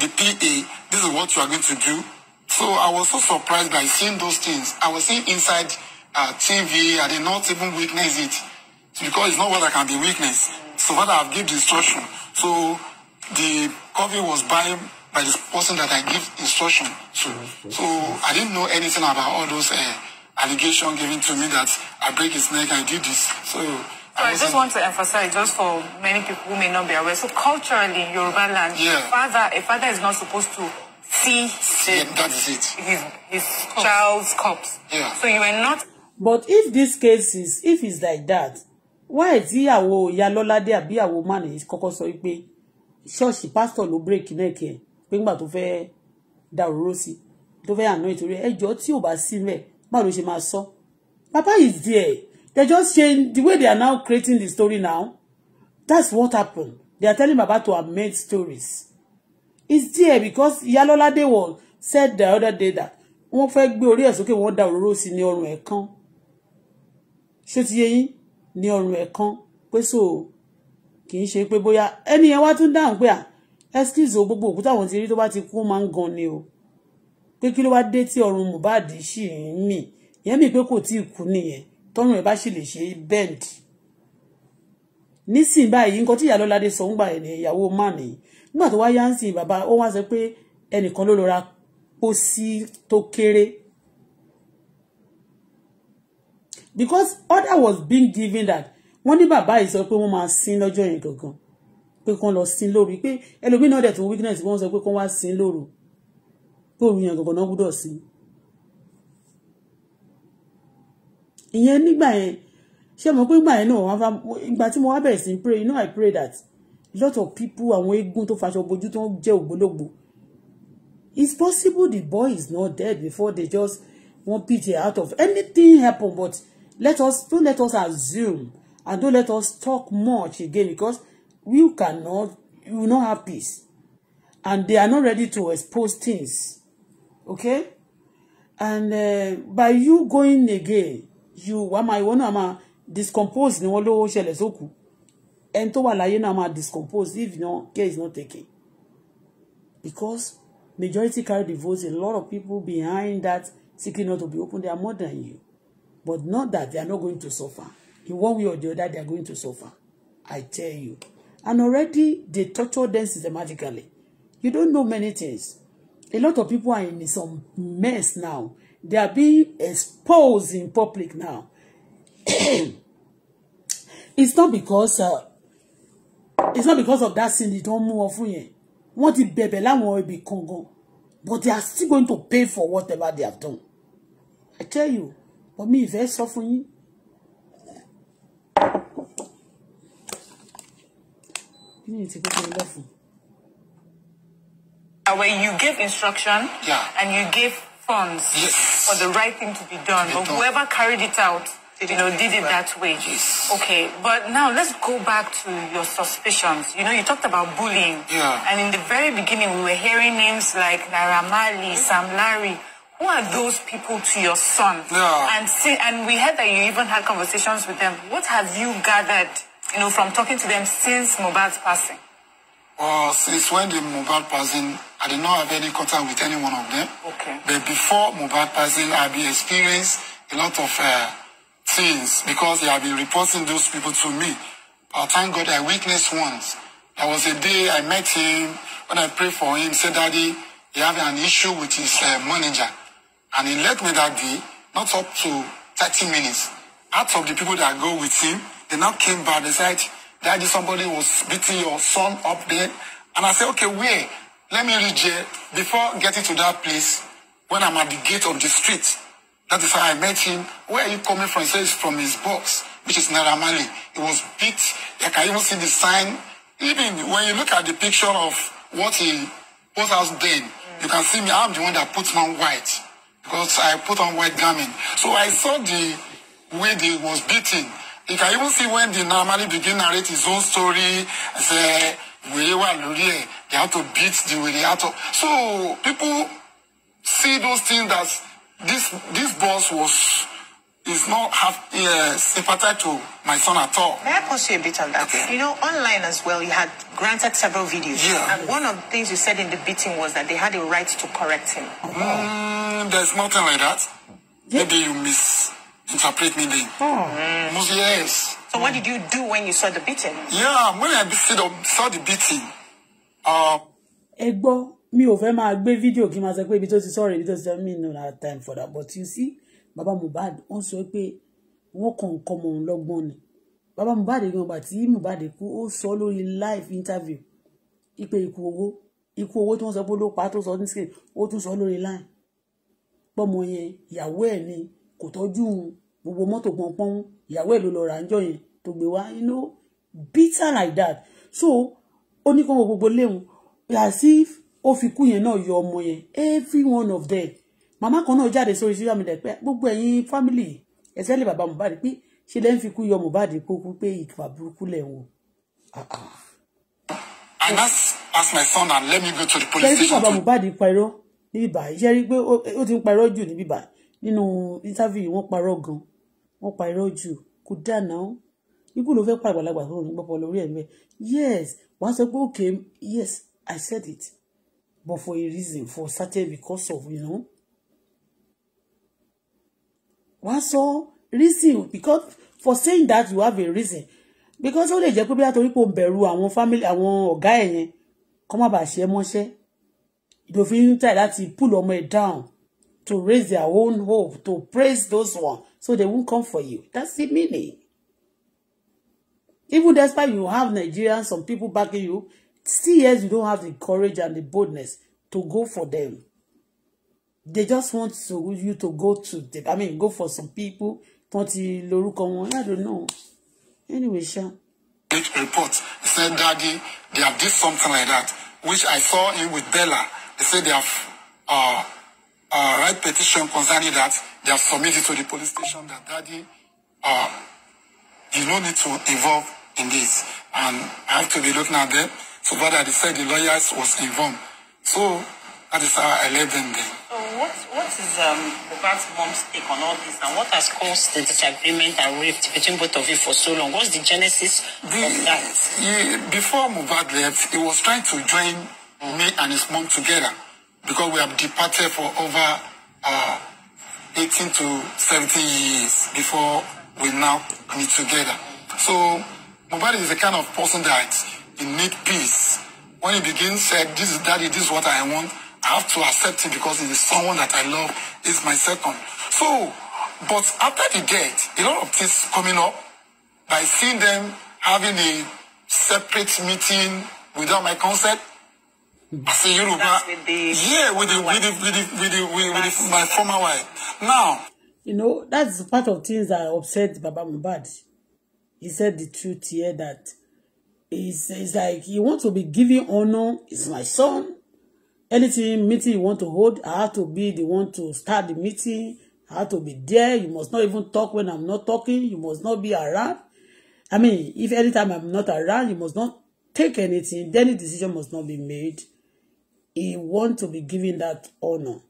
the PA. This is what you are going to do so I was so surprised by seeing those things. I was seeing inside uh, TV. I did not even witness it because it's not what I can be witness. So what I've given instruction. So the coffee was by by this person that I give instruction to. So I didn't know anything about all those uh, allegation given to me that I break his neck, I did this. So so I, I just want to emphasize, just for many people who may not be aware, so culturally in Yoruba land, yeah. father, a father is not supposed to tea yeah, that is it. his, his cups. child's cups. Yeah. So you were not. But if this case is if it's like that, why is he a ìyàwó Ìyálọ́ládé àbí be a woman? sọ pé ṣọ́ọ̀ṣì pásítọ̀ ló bírèkì náà kẹ́ pé ńgbà tó fẹ́ẹ́ da òróró sí tó To àná ìtorí ẹjọ́ tí ò bá sílẹ̀ báwo ló ṣe máa sọ. Papa is there they just change the way they are now creating the story now that's what happened they are telling about to amend stories. Is there because Ìyálọ́ládé was said the other day that wọ́n fẹ́ gbé orí ẹ̀ sókè wọ́n da òróró sí ní ọrùn ẹ̀ kan ṣó ti yé yín ní ọrùn ẹ̀ so kì í ṣe pé bóyá ẹni yẹn wá tún dáhùn pé à ah, excuse o gbogbo òkúta àwọn ti rí tó bá ti kú máa ń gan ni o pé kí ló wá dé tí ọrùn Mohbad ṣì ń mì ìyẹn mi pé kò tí ì kú nìyẹn tọrùn ẹ̀ bá ṣì lè ṣe bend nísìnyí báyìí nǹkan tí Ìyálọ́ládé sọ ń gbà ẹ̀ ní ìyàwó má nìyí nígbà tó wá yá ń sìn bàbá ó wá sọ pé ẹnìkan ló lọ ra pósí tó kéré because order was being given that wọ́n ní bàbá yìí sọ pé wọ́n máa sin lọ́jọ́ yẹn gangan pé kán lọ sin lóru pé ẹlòmíín náà dẹ̀ tó weakness wọ́n sọ pé kán wá sin lóru pé òru yẹn gangan náà gbúdọ̀ sin. ìyẹn nígbà yẹn ṣé mo pé ìgbà yẹn náà wọ́n fa ìgbà tí mo wá bẹ̀rẹ̀ sí pray you know I pray that lot of people àwọn eégún tó faṣọ bojú tó ń jẹ́ ògbólógbò it's possible the boy is not dead before they just wan pity out of anything happen but let us don't let us assume and don't let us talk much again because we cannot we will not have peace and they are not ready to expose things okay and uh, by you going again you wàá máa ìwọ náà máa discompose ni wọn lówó ṣẹlẹ̀ sókùú. And tó while láyé náà máa discompose if no care is not taken because majority carry the votes a lot of people behind that seeking not to be open they are more than you but not that they are not going to suffer in one way or the other they are going to suffer I tell you and already they torture them systematically you don't know many things a lot of people are in some mess now they are being exposed in public now [CLEARS THROAT] it's not because uh, it's not because of that sin they don't move wọn fún yẹn wọ́n ti bẹ̀bẹ̀ láwọn ibi kan but they are still going to pay for whatever they have done i tell you but me, ìfẹ́ sọ fún yín mi ti kókó lọ Where you give instruction yeah. and you give funds yes. for the right thing to be done, but whoever carried it out you know, did it that way. Yes. Okay, but now let's go back to your suspicions. You know, you talked about bullying. Yeah. And in the very beginning, we were hearing names like Naramali, Sam Larry. Who are those people to your son? Yeah. And see, and we heard that you even had conversations with them. What have you gathered, you know, from talking to them since Mobad's passing? Well, since when the Mobad passing, I did not have any contact with any one of them. Okay. But before Mobad passing, I've experienced a lot of uh, things because they have been reporting those people to me. I thank God I witnessed once. There was a day I met him when I prayed for him, said, Daddy, he had an issue with his uh, manager. And he left me that day, not up to 30 minutes. Out of the people that go with him, they now came back. They said, Daddy, somebody was beating your son up there. And I said, okay, where? Let me reach Before getting to that place, when I'm at the gate of the street, That is how I met him. Where are you coming from? He says from his box, which is Naramali. He was beat. I can even see the sign. Even when you look at the picture of what he was out then, mm. you can see me. I'm the one that puts on white because I put on white garment. So I saw the way he was beaten. You can even see when the normally begin narrate his own story. Say, they had to beat the way they had to. So people see those things that this this boss was is not have uh, sympathetic to my son at all. May I pause you a bit on that? Okay. You know, online as well, you had granted several videos. Yeah. And one of the things you said in the beating was that they had a right to correct him. Mm, there's nothing like that. Yeah. Maybe you misinterpret me then. Oh. Mm. Yes. So what did you do when you saw the beating? Yeah, when I saw the beating, uh, Ego. mi ò fẹ́ máa gbé fídíò kí n máa sọ pé ibi tó ti sọ̀rọ̀ ibi tó ti sọ mí no na time for that but you see Baba Mohbad wọ́n sọ pé wọ́n kàn ń kọ́ ọmọ òun lọ́gbọ́n ni bàbá Mohbad gan gbà tí Mohbad kú ó sọ lórí live interview ipe ikú owó ikú owó tí wọ́n sọ pé ló pa tó sọ ní skin ó tún sọ lórí line pọ́mọ yẹn ìyàwó ẹ̀ ni kò tọ́jú gbogbo mọ́tò pọ́npọ́n ìyàwó ẹ̀ ló lọ ra ńjọ́ yẹn tó gbé wá you know bitter like that so ó ní kó gbogbo léwu as if ó fi kú yẹn náà yọ ọmọ yẹn every one of them màmá kan náà jáde sórí social media pé gbogbo ẹ̀yin family ẹ̀sẹ̀ lè bàbá Mohbad pé ṣe lẹ́ ń fi kú yọ Mohbad kó kú pé ìkà burúkú lẹ̀ wò. I must ask my son and let me go to the police station. ṣe rí bàbá Mohbad parọ́ níbi bàá ṣe rí pé ó ti ń parọ́ jù níbi bàá nínú interview wọ́n parọ́ gan wọ́n parọ́ jù kò dáná ikú ló fẹ́ pàgbàlagbà tó ń gbọ́pọ̀ lórí ẹ̀ mẹ́ yes wàá sọ pé okay yes I said it but for a reason for certain because of you know wàá sọ reason because for saying that you have a reason because ó lè jẹ́ pé bí látọ̀rí kò bẹ̀rù àwọn family àwọn ọ̀gá ẹ̀ yẹn kọ́ má bàa ṣe é mọ́ṣẹ́ ìdòfin ń tà láti pull ọmọ ẹ̀ down to raise their own hope to praise those one so they won't come for you that's the meaning even despite you have Nigerians some people backing you still yes you don't have the courage and the boldness to go for them they just want to, you to go to the, I mean go for some people wọn ti lórúkọ I don't know anyway ṣá. which report said, daddy they have did something like that which I saw him with Bella they said they have uh, uh, write petition concerning that they have submitted to the police station that daddy uh, you no need to involve in this and I have to be looking at them So, but I decided the lawyers was involved. So that is how I left them there. So what, what is um, Bubat's mom's take on all this and what has caused the disagreement and rift between both of you for so long? What's the genesis the, of that? He, before Mubad left, he was trying to join me and his mom together because we have departed for over uh, 18 to 17 years before we now meet together. So Mubad is the kind of person that You need peace. When you begin saying, this is daddy, this is what I want, I have to accept him because it is someone that I love, is my second. So, but after the death, a lot of things coming up by seeing them having a separate meeting without my consent. I As you know, yeah, with the with the with the with the with, the, with the, my former wife. Now, you know that's part of things that upset Baba Mubad. He said the truth here that It's, it's like you want to be giving honor. It's my son. Anything meeting you want to hold, I have to be the one to start the meeting. I have to be there. You must not even talk when I'm not talking. You must not be around. I mean, if anytime I'm not around, you must not take anything. Any decision must not be made. He want to be given that honor.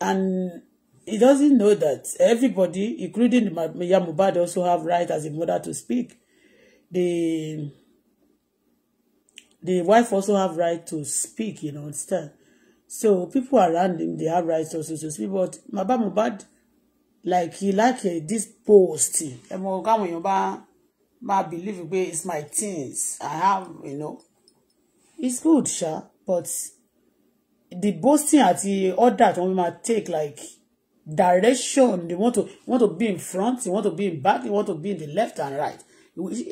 And he doesn't know that everybody, including Maya Mohbad, also have right as a mother to speak. The the wife also have right to speak, you know, understand? So people around him, they have rights also to speak. But Baba Mohbad, like he like uh, this post. Ẹ mọ̀ káwọn èèyàn bá máa believe pé it's my things. I have, you know. It's good, sure. but the boasting àti order that we might take like direction they want to want to be in front, they want to be in back, they want to be in the left and right.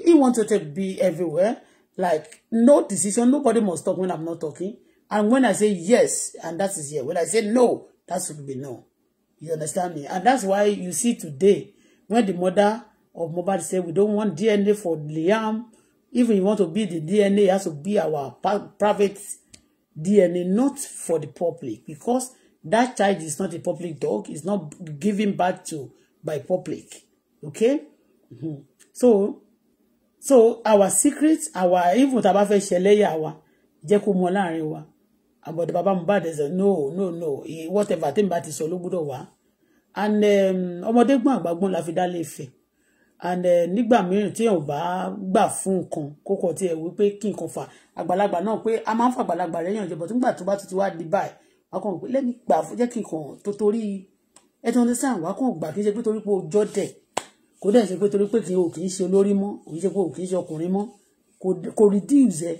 He wants to take be everywhere. Like, no decision, nobody must talk when I'm not talking. And when I say yes, and that is yes. When I say no, that should be no. You understand me? And that's why you see today, when the mother of Mohbad said, we don't want DNA for Liam. Even if you want to be the DNA, it has to be our private DNA, not for the public. Because that child is not a public dog. It's not given back to by public. Okay? Mm-hmm. So, so our secret our even tá a bá fẹ́ ṣẹlẹ́yà wa jẹ́ kó mọ láàrin wa àbọ̀dọ̀ bàbá Mohbad ẹ̀sẹ̀ no no no whatever thing mi bá ti sọ ló gbọ́dọ̀ wá and um, ọmọdé gbọ́n àgbà gbọ́n la fi dá léèfẹ̀ and eh, nígbà mìíràn tí èèyàn bá gbà fún nǹkan kókò tí ẹ wí pé kí nǹkan fà àgbàlagbà náà pé a máa ń fa àgbàlagbà rẹ yàn jẹbọ tó ń gbà tó bá tuntun wá di báyìí wà á kàn pé lẹ́ni gbà jẹ́ kí nǹkan tó torí ẹ ti wọn ti sáà wà á kàn gbà kí n ṣe pé torí kò dẹ̀ ṣe pé torí pé kì í o kì í ṣe olórí mọ́ kì í ṣe pé kì í ṣe ọkùnrin mọ́ kò reduce ẹ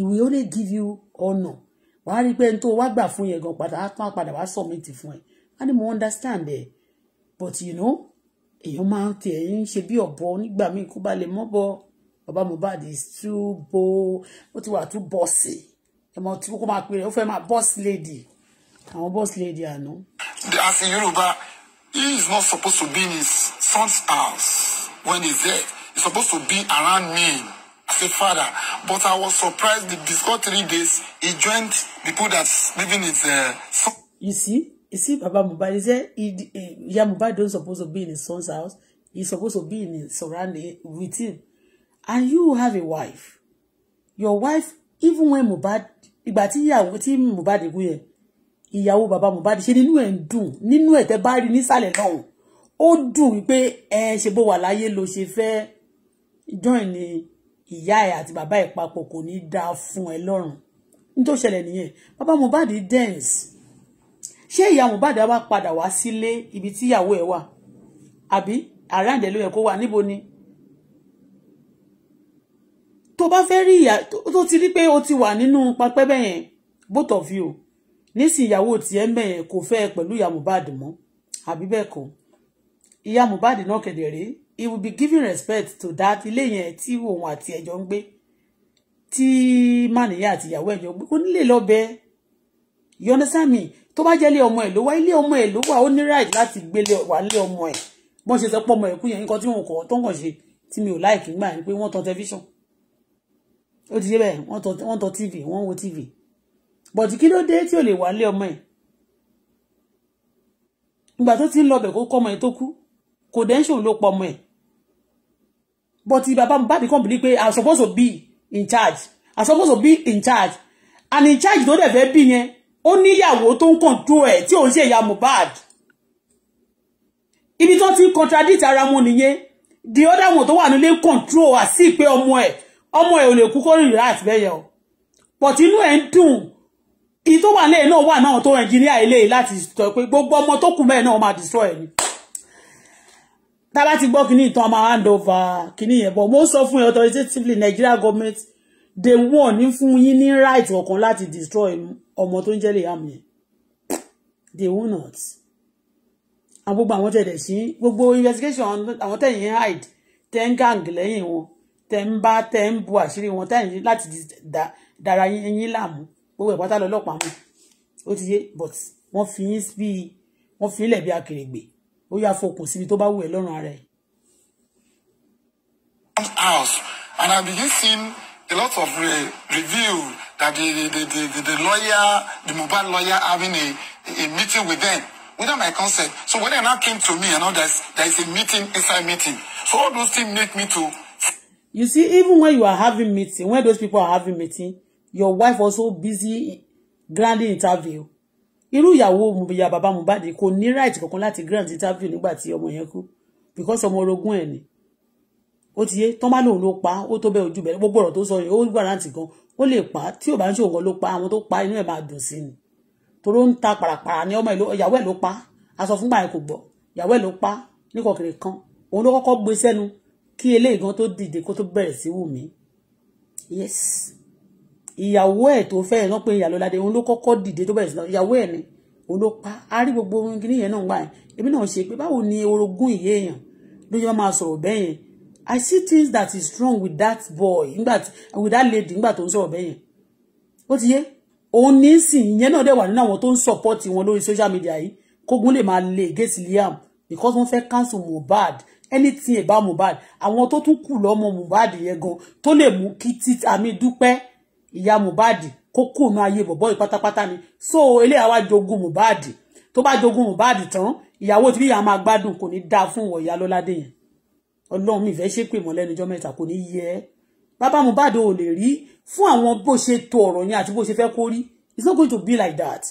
ìwé ó lè give you ọ̀nà wà á rí i pé ẹni tó wá gbà fún yẹn gan padà á tán padà wá submit fún ẹ á ní mo understand ẹ but you know èèyàn máa ń tiẹ̀ ń ṣe bí ọ̀bọ nígbà míì kó ba lè mọ́ bọ bàbá Mohbad is too bo ó ti wà too bossy ẹ mọ tí kò máa pè é ó fẹ́ máa boss lady àwọn boss lady àná. as a Yoruba he is not supposed to be in his son's house when he's there. He's supposed to be around me as a father. But I was surprised that these three days he joined people that's living in the. Uh, son. You see? You see, Baba Mohbad, is there. he, he, yeah, Mohbad don't supposed to be in his son's house. He's supposed to be in his surrounding with him. And you have a wife. Your wife, even when Mohbad, ìgbà tí ìyàwó tí Mohbad kú He, ìyàwó Baba Mohbad ṣe nínú ẹ̀ ń dùn nínú ẹ̀ tẹ́ bá rí nísàlẹ̀ náà ó dùn wípé ẹ ṣe bó wà láyé ló ṣe fẹ́ join ni ìyá ẹ àti bàbá ẹ papọ̀ kò ní dáa fún ẹ lọ́rùn nítorí ṣẹlẹ̀ nìyẹn bàbá Mohbad dance ṣé ìyá Mohbad wa padà wá sílé ibi tí ìyàwó ẹ wà àbí around ẹ ló yẹ kó wà níbo ni tó bá fẹ́ rí ìyá tó ti rí pé o ti wà nínú pápẹ́ bẹ́yẹn both of you nísìnyí ìyàwó tiẹ̀ mẹ́yẹn kò fẹ́ pẹ̀lú ìyá Mohbad mọ́ àbí bẹ́ẹ̀ kọ́ ìyá Mohbad náà kẹ̀dẹ̀ rèé he will be giving respect to that ilé yẹn tí òun àti ẹ̀jọ́ ń gbé tí mànìyà àti ìyàwó ẹ̀jọ́ ń gbé ó nílé lọ́bẹ̀ you understand me tó bá jẹ́ ilé ọmọ ẹ̀ ló wá ilé ọmọ ẹ̀ ló wà ó ní right láti gbélé wà nílé ọmọ ẹ̀ bọ́n ṣe sọ pé ọmọ ẹ̀ kú yẹn nǹkan tí wọn kọ̀ tó ń kàn ṣe tí mi ò láìkí gbà ni pé wọ́n tan tẹlifíṣàn ó ti yé bẹ́ẹ̀ wọ́n tan tv wọ́n wo tv bọ̀dì kí ló dé tí ò lè wà nílé ọmọ ẹ̀ ìgbà tó ti ń lọ bẹ̀ kó kọ́ ọmọ ẹ̀ tó kú kò dẹ́ ń ṣòun ló pọ̀ ọmọ ẹ̀ but bàbá Mohbad kàn bìlí pé i'm supposed to be in charge i'm supposed to be in charge and in charge tó dẹ̀ fẹ́ bí yẹn ó níyàwó tó ń control ẹ̀ tí òun ṣe ìyá Mohbad ibi tó ti contradict ara wọn nìyẹn the other one tó wà nílé control àti pé ọmọ ẹ̀ ọmọ ẹ̀ ò lè kú kórìíra àtìbẹ́yẹ o but inú ẹ̀ ń dùn ìyí tó wà lẹ́yìn náà wà náà tó ẹnjìníà eléyìí láti sọ pé gbogbo ọmọ tó kù mẹ́ẹ̀ náà máa destroy ẹ̀ ni tá a bá ti gbọ́ kíní hand over kíní yẹn bọ̀ mo sọ fún authoritatively Nigeria government they won ní fún yín ní right ọ̀kan láti destroy ọmọ tó ń jẹ́ lè hàm they will not àwọn gbogbo àwọn tẹ̀lẹ̀ sí gbogbo investigation àwọn tẹ̀yìn hide tẹ̀ ń gang lẹ́yìn wọn tẹ̀ Ten bá tẹ̀ ń bu àṣírí wọn tẹ̀yìn láti dára yín láàmú gbogbo ìpátá lọ́lọ́pàá mọ̀ ó ti yé but wọ́n fi yín bí wọ́n fi yín lẹ̀ bí ó yá fokùn síbi tó bá wù ẹ́ lọ́rùn ara ẹ̀. house and I begin seeing a lot of re review that the, the, the, the, the lawyer, the mobile lawyer having a, a meeting with them without my consent. So when they now came to me and all that, there is a meeting inside meeting. So all those things make me to. You see, even when you are having meeting, when those people are having meeting, your wife also busy granting interview irú ìyàwó ìyá bàbá Mohbad kò ní right kankan láti grant interview nígbà tí ọmọ yẹn kú because ọmọ orogún ẹ̀ ni ó ti yé tán bá lòun ló pa ó tó bẹ́ẹ̀ ojú bẹ́ẹ̀ gbogbo ọ̀rọ̀ tó sọ yẹn ó gbàrántì gan ó lè pa tí ò bá ń ṣe òun ló pa àwọn tó pa inú ẹ̀ máa dùn sí ni toró ń ta pàràpàrà ní ọmọ ìyàwó ẹ̀ ló pa aṣọ fúngbà ẹ̀ kò gbọ́ ìyàwó ẹ̀ ló pa ní kọ̀kiri kan òun ló kọ́kọ́ gbé sẹ́nu kí eléyìí gan tó dìde kó tó bẹ̀rẹ̀ sí wù mí yes ìyàwó ẹ̀ tó fẹ́ ẹ̀ náà pé ìyàlọ́ládé òun ló kọ́kọ́ dìde tó bẹ̀rẹ̀ sí ìyàwó ẹ̀ ni òun ló pa á rí gbogbo ohun kìíní yẹn náà gbà èmi náà ṣe pé báwo ni orogún ìyé èèyàn ló yẹ máa sọ̀rọ̀ bẹ́ẹ̀ I see things that is wrong with that boy nígbà with that lady nígbà tó ń sọ̀rọ̀ bẹ́ẹ̀ yẹn ó ti yé òun ní sìn ìyẹn náà dẹ̀ wà nínú àwọn tó ń support wọn lórí social media yìí kógun lè máa le against Liam because wọ́n fẹ́ cancel Mohbad anything about Mohbad àwọn tó tún kù lọ́mọ Mohbad yẹn gan tó lè mú kí títí àmì dúpẹ́ ìyá Mohbad kó kùnú ayé bọ̀bọ́ yìí pátápátá ni so eléyà wá jogún Mohbad tó bá jogún Mohbad tán ìyàwó tí ìyá máa gbádùn kò ní dáa fún ìwọ ìyá lọ́ládé yẹn ọlọ́run mi ìfẹ́ ṣépè mọ́ lẹ́nujọ́ mẹ́ta kò ní yẹ ẹ́ bàbá Mohbad ò lè rí fún àwọn bó ṣe to ọ̀rọ̀ yẹn àti bó ṣe fẹ́ kó rí it's not going to be like that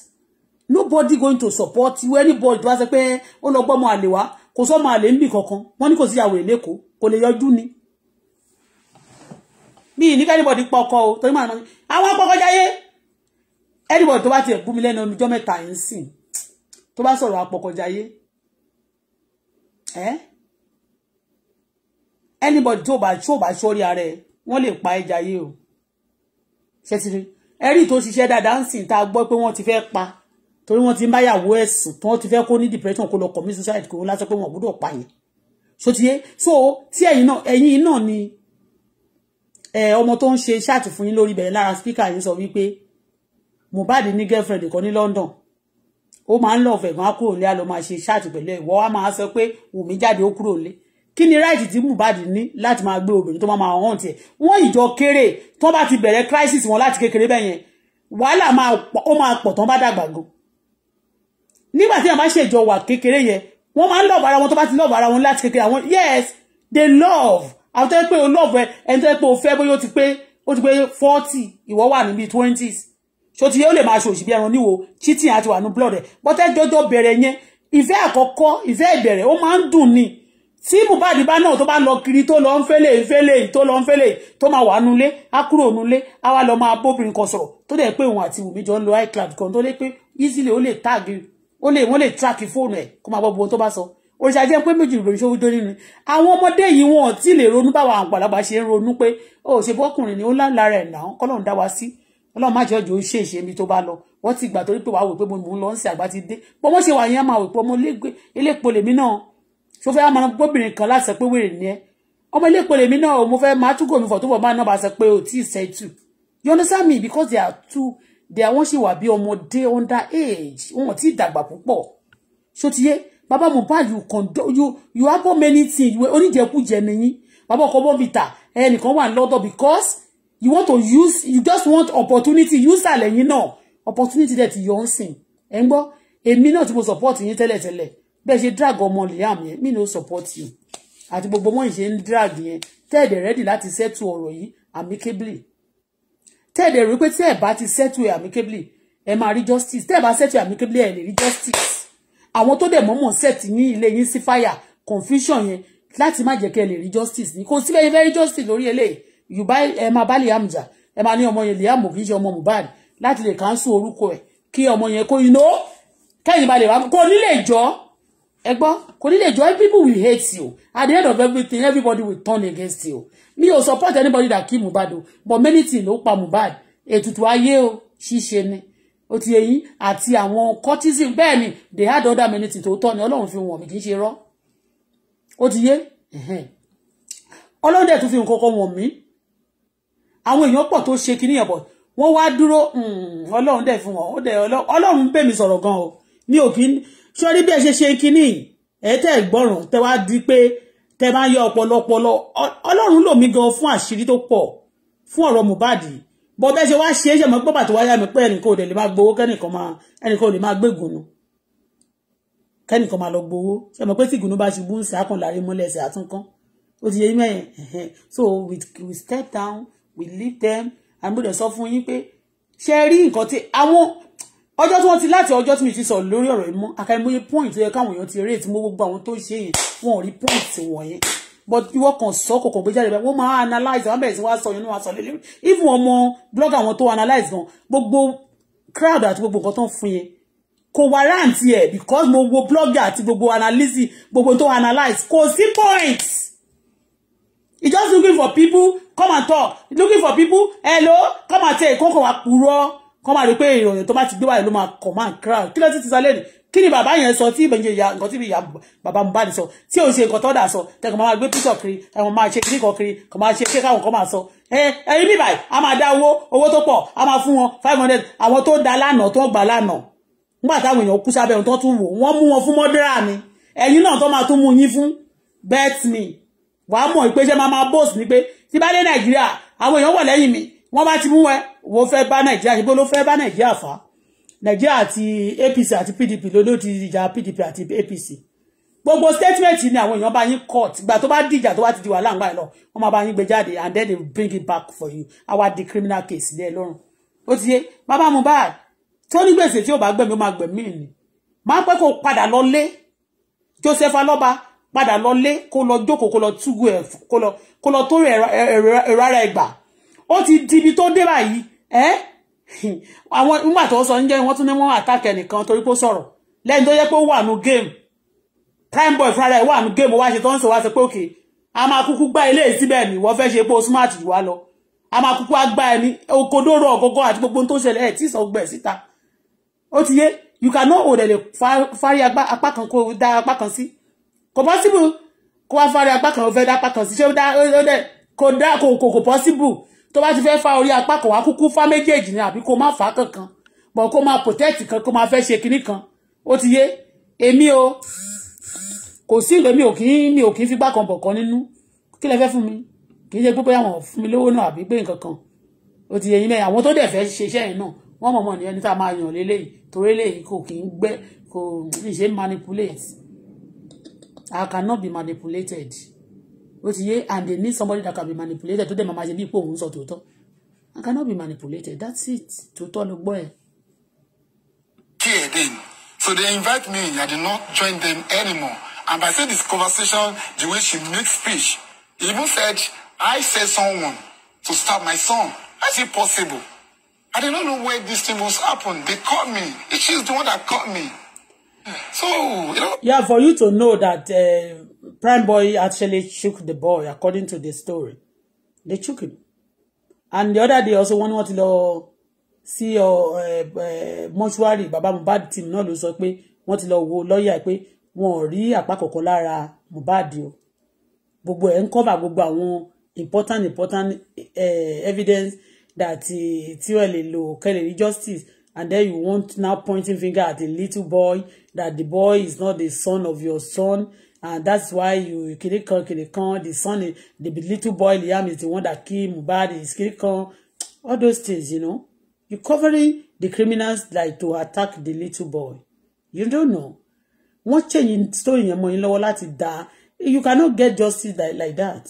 nobody going to support you anybody tó bá ṣe pé ó lọ gbọ́mọ àlè wá kò sọ́mọ àlè ń bì kankan wọ́n ní kò sí ìyàwó kò lè yọjú ni mi ní kẹ́nìbọ̀dì pọkọ o torí màá ní àwọn pọkọ jáyé anybody tó bá tiẹ̀ gún mi lẹ́nu ọjọ́ mẹ́ta yìí ń sìn tó bá sọ̀rọ̀ apọkọ jáyé ẹ́ anybody tó bá tó bá sórí ara ẹ̀ wọ́n lè pa ẹ́ jáyé o ṣe ti rí ẹ̀rí tó ṣiṣẹ́ dáadáa ń sìn tá a gbọ́ pé wọ́n ti fẹ́ pa torí wọ́n ti ń báyàwó ẹ̀sùn tí wọ́n ti fẹ́ kó ní depression kó lọ commit suicide kó lásán pé wọ́n gbọ́dọ̀ pa yẹn ṣó ti yé so tí ẹ̀yin náà ẹ̀yin náà ni ọmọ tó ń ṣe ṣáàtì fún yín lórí bẹ̀rẹ̀ lára spíkà yìí sọ wípé Mohbad ní girlfriend kan ní London ó máa ń lọ́ọ̀fẹ̀ gan kúrò lé àlọ́ máa ṣe ṣáàtì pẹ̀lú ẹ̀wọ́ á máa sọ pé Wùmí jáde ó kúrò lé kí ni ráìtì tí Mohbad ní láti máa gbé obìnrin tó máa máa hàn tiẹ̀ wọ́n ìjọ kéré tó bá ti bẹ̀rẹ̀ crisis wọn láti kékeré bẹ́yẹn wàhálà ó máa pọ̀ tán bá dàgbà gan nígbà tí àwọn bá ṣèjọ wà kékeré yẹn wọ́n máa ń lọ́ọ̀bù ara wọn tó bá ti lọ́ọ̀bù ara wọn láti kékeré àwọn yes they love àwọn tẹ́ pé o love ẹ ẹni tẹ́ pé o fẹ́ bóyá o ti pé o ti pé forty ìwọ wà níbi twenties so ti yóò lè máa ṣòṣì bí ẹran níwo cheating àti wà ní blood ẹ bọ́tẹ́ jọjọ bẹ̀rẹ̀ yẹn ìfẹ́ àkọ́kọ́ ìfẹ́ ìbẹ̀rẹ̀ ó máa ń dùn ni tí mohbad bá náà tó bá lọ kiri tó lọ ń fẹ́lẹ̀ ìfẹ́lẹ̀ tó lọ ń fẹ́lẹ̀ tó máa wà nulé á kúrò nulé á wá lọ máa bóbìnrin kan sọ̀rọ̀ tó dẹ̀ pé òun àti Wùmí jọ ń lo icloud kan tó lé pé easily ó lè tag ó lè wọ́n lè track fóònù ẹ̀ kó máa bọ́ bu ohun tó bá sọ òrìṣà jẹ́ pé méjì lórí ṣòwò dóní ni àwọn ọmọdé yìí wọn ò tí lè ronú báwa àgbàlagbà ṣe ń ronú pé ó ṣe bọ́kùnrin ni ó lára ẹ̀ náà kọ́lọ́run dá wa sí ọlọ́run má jẹ́ ọjọ́ ó ṣe ìṣe mi tó bá lọ wọ́n ti gbà torí pé wàá wò pé mo ń lọ ń ṣe àgbà ti dé pọ́ mọ́ ṣe wà yẹn máa wò pé ọmọ elépo lèmi náà ṣó fẹ́ máa gbóbìnrin kan láti sọ pé wèrè ni ẹ ọmọ elépo lèmi náà mo fẹ́ máa túgò mi fọ̀ tó bọ̀ máa náà bá sọ pé ò tí ì sẹ́tù you understand me because they are two they are wọ́n ṣì wà bí ọmọdé under age wọn ò tí ì dàgbà púpọ̀ ṣó ti yé bàbá Mohbad you condone you you have happen many things you oníjẹkújẹ nìyí bàbá ọkọ bọ́m̀bìtà ẹnìkan wà lọ́dọ̀ because you want to use you just want opportunity use àlẹ́yìn náà opportunity dẹ̀ ti yọ̀ ń sìn ẹ̀ ń gbọ́ èmi náà tí mo support yín tẹ́lẹ̀tẹ́lẹ̀ bẹ́ẹ̀ ṣe drag ọmọ Liam yẹn mi no support you Ati gbogbo mọ́ ìṣe ń drag yẹn tẹ́ẹ̀dẹ̀ ready láti settle ọ̀rọ̀ yìí amicably tẹ́ẹ̀dẹ̀ rí pé tí ẹ̀ bá ti settle amicably ẹ̀ máa rí justice tẹ́ẹ̀ bá settle amicably ẹ̀ lè justice àwọn tó dẹ̀ mọ́mọ́ set ní ilé yín sí fire confusion yẹn láti má jẹ́ kẹ́ lè rí justice ní kò sí bẹ́ẹ̀ fẹ́ rí justice lórí eléyìí yorùbá ẹ máa bá liam jà ẹ máa ní ọmọ yẹn liam kì í ṣe ọmọ Mohbad láti lè cancel orúkọ ẹ kí ọmọ yẹn kó iná kẹ́yìn bá wá kó nílé ìjọ ẹ gbọ́ kó nílé ìjọ people will hate you at the end of everything everybody will turn against you mi ò support anybody that kill Mohbad o but many things ló pa Mohbad ètùtù ayé o ṣíṣe ni ó ti yẹ yín àti àwọn cortism bẹ́ẹ̀ ni they had other many things tó tọ́ ni ọlọ́run fi wọ̀n mí kì í ṣe rọ́ ó ti yé ọlọ́run dẹ̀ tún fi nǹkan kan wọ̀n mí àwọn èèyàn pọ̀ tó ṣe kinní yẹn bọ̀ wọ́n wá dúró hmm, ọlọ́run dẹ̀ fún wọn ó dẹ̀ ọlọ́run bẹ̀ mí sọ̀rọ̀ gan o ní òkín sọ́rí bí ẹ ṣe ṣe kinní ẹ tẹ́ gbọ́ràn tẹ́ wá di pé tẹ́ bá ń yọ ọ̀pọ̀lọpọ̀lọ ọlọ́run lò mí gan fún àṣírí tó pọ̀ fún ọ̀rọ̀ Mohbad yìí bọ́ bẹ́ẹ̀ ṣe wá ṣe é ṣe mọ́ pọ́pà tó wáyà mi pé ẹnìkan ò dẹ̀ lè máa gbowó kẹ́nìkan máa ẹnìkan ò lè máa gbégun nù kẹ́nìkan máa lọ gbowó ṣe mọ̀ pé tí ìgùnú bá ṣubú ń ṣe àkànlárí mọ́lẹ̀ ṣe àtúnkán ó ti yẹ mẹ́yìn [LAUGHS] so we, we step down we leave them and mo dẹ̀ sọ fún yín pé ṣe rí nǹkan tí àwọn ọjọ́ tí wọ́n ti láti ọjọ́ tí mi ti sọ lórí ọ̀rọ̀ yìí mọ́ àkàìmọye point tó yẹ káwọn èèyàn ti eré tí mo gbogbo àwọn tó ṣe yẹn wọn ò rí point wọ̀nyẹn but ìwọ kan sọ kòkò gbé jáde wọ́n máa analyze wọ́n bẹ̀rẹ̀ sí wá sọ yẹn wọ́n sọ lélẹ̀ even ọmọ blogger wọn tó analyze gan gbogbo crowd àti gbogbo nǹkan tó ń fún yẹn kò warrant yẹ because mo wo blogger àti gbogbo analysis gbogbo tó analyze kò sí point e just looking for people come and talk looking for people hello come and take kókò wá purọ́ kọ́ máa rí pé ìròyìn tó bá ti gbé wáyé ló máa command crowd kí ló ti ti sọ lẹ́nu kí ni bàbá yẹn sọ tí ìbẹ̀jẹ̀ ìyá nǹkan tí ìyá bàbá Mohbad sọ tí òun ṣe nǹkan tọ́dà sọ tẹ̀kọ̀ máa gbé píṣọ̀ kiri ẹ̀wọ̀n máa ṣe kíríkọ̀ kiri kọ̀ máa ṣe kí káwọn kan máa sọ ẹ ẹyin bíbà a máa dá owó owó tó pọ̀ a máa fún wọn five hundred àwọn tó da lánàá tó gbà lánàá nígbà táwọn èèyàn kú sábẹ́ tó tún wò wọ́n mú wọn fún mọ́dẹ́rà ni ẹ̀yin náà tó máa tún mú yín fún bet me wàá mọ̀ pé ṣé máa máa bọ́ọ̀sì ni pé tí bá dé Nàìjíríà àwọn èèyàn wọ̀ lẹ́yìn mi wọ́n bá ti mú ẹ wo fẹ́ bá Nàìjíríà ṣe bó ló fẹ́ bá Nàìjíríà fà Nigeria àti apc àti pdp ló ti dìjà pdp àti apc gbogbo statement ni àwọn èèyàn bá yín court ìgbà tó bá dìjà tó bá ti di wàhálà ńgbà lọ wọn máa bá yín gbé jáde and then they bring it back for you Our the criminal case there, lọ́rùn ó ti yé bàbá Mohbad tó ní gbèsè tí ò bá gbẹ̀mí ó máa gbẹ̀mí ni máa pẹ́ kó padà lọ lé Joseph Alọ́ba padà lọ lé kó lọ jókòó kó lọ túgú ẹ̀ kó lọ tó ẹ̀rọ ara ẹ̀gbà ó ti di ibi tó dé báyìí ẹ́ àwọn nígbà tó sọ níjẹ́ wọ́n tún ní wọ́n attack ẹnìkan torí sọ̀rọ̀ lẹ́yìn tó wà nù game prime boy friday wà nù game wá ṣe tó ń sọ wá pé òkè a máa kúkú gbá ilé ìsíbẹ̀ ni wọ́n fẹ́ ṣe pé o smart jù lọ a máa kúkú emi ẹni òkodoro ọ̀gọ́gọ́ àti gbogbo tó ṣẹlẹ̀ ẹ̀ tí ìsọ̀ gbẹ̀ síta ó ti yé you fárí apá kan kó dá apá kan sí kò possible kó wá fárí apá kan o fẹ́ dá apá kan sí ṣé o dá possible tó bá ti fẹ́ fa orí apá kan wá kúkú fá méjèèjì ni àbí kó má fà á kankan bọ̀ kó máa protect kan kó máa fẹ́ ṣe kinní kan ó ti yé èmi o kò sí ìlú mi ò kí mi ò kí fi gbá kan bọ̀ kan nínú kí lẹ fẹ́ fún mi kì í ṣe pé bóyá wọn fún mi lówó náà àbí pé nǹkan kan ó ti yé yín mẹ́rin àwọn tó dẹ̀ fẹ́ ṣiṣẹ́ yẹn náà wọ́n mọ̀mọ́ ní ẹni tá a máa yàn léléyìí torí léyìí kò kì í gbẹ́ kò ní ṣe manipulate I cannot be manipulated ó ti yé and they need somebody that can be manipulated tó dẹ̀ máa ma ṣe bí ipò òun sọ tòótọ́ I cannot be manipulated that's it tòótọ́ ló gbọ́ ẹ̀. here then so they invite me I did not join them anymore and by saying this conversation the way she make speech he even said I said someone to stab my son How is it possible I did not know where this thing was happen they called me is the one that called me so you know. yeah for you to know that. Uh, Prime Boy actually shook the boy, according to the story. They shook him. And the other day also wọ́n ní see your lọ sí uh, uh, mọ́ṣúárì bàbá Mohbad team not lose sọ me, want to know wo lọ́ọ̀yà pé wọn ò rí àpá kọ̀ọ̀kan lára Mohbad o. Gbogbo ẹ̀ ń kọ́bà gbogbo àwọn important important uh, evidence that eh, tí wọ́n lè lò kẹ́lẹ̀ justice and then you want now pointing finger at a little boy that the boy is not the son of your son and that's why you kirikan kirikan the son the little boy Liam is the one that kill Mohbad is kirikan all those things you know you covering the criminals like to attack the little boy you don't know wọ́n change story yẹn mọ́ yín lọ́wọ́ láti da you cannot get justice like, like that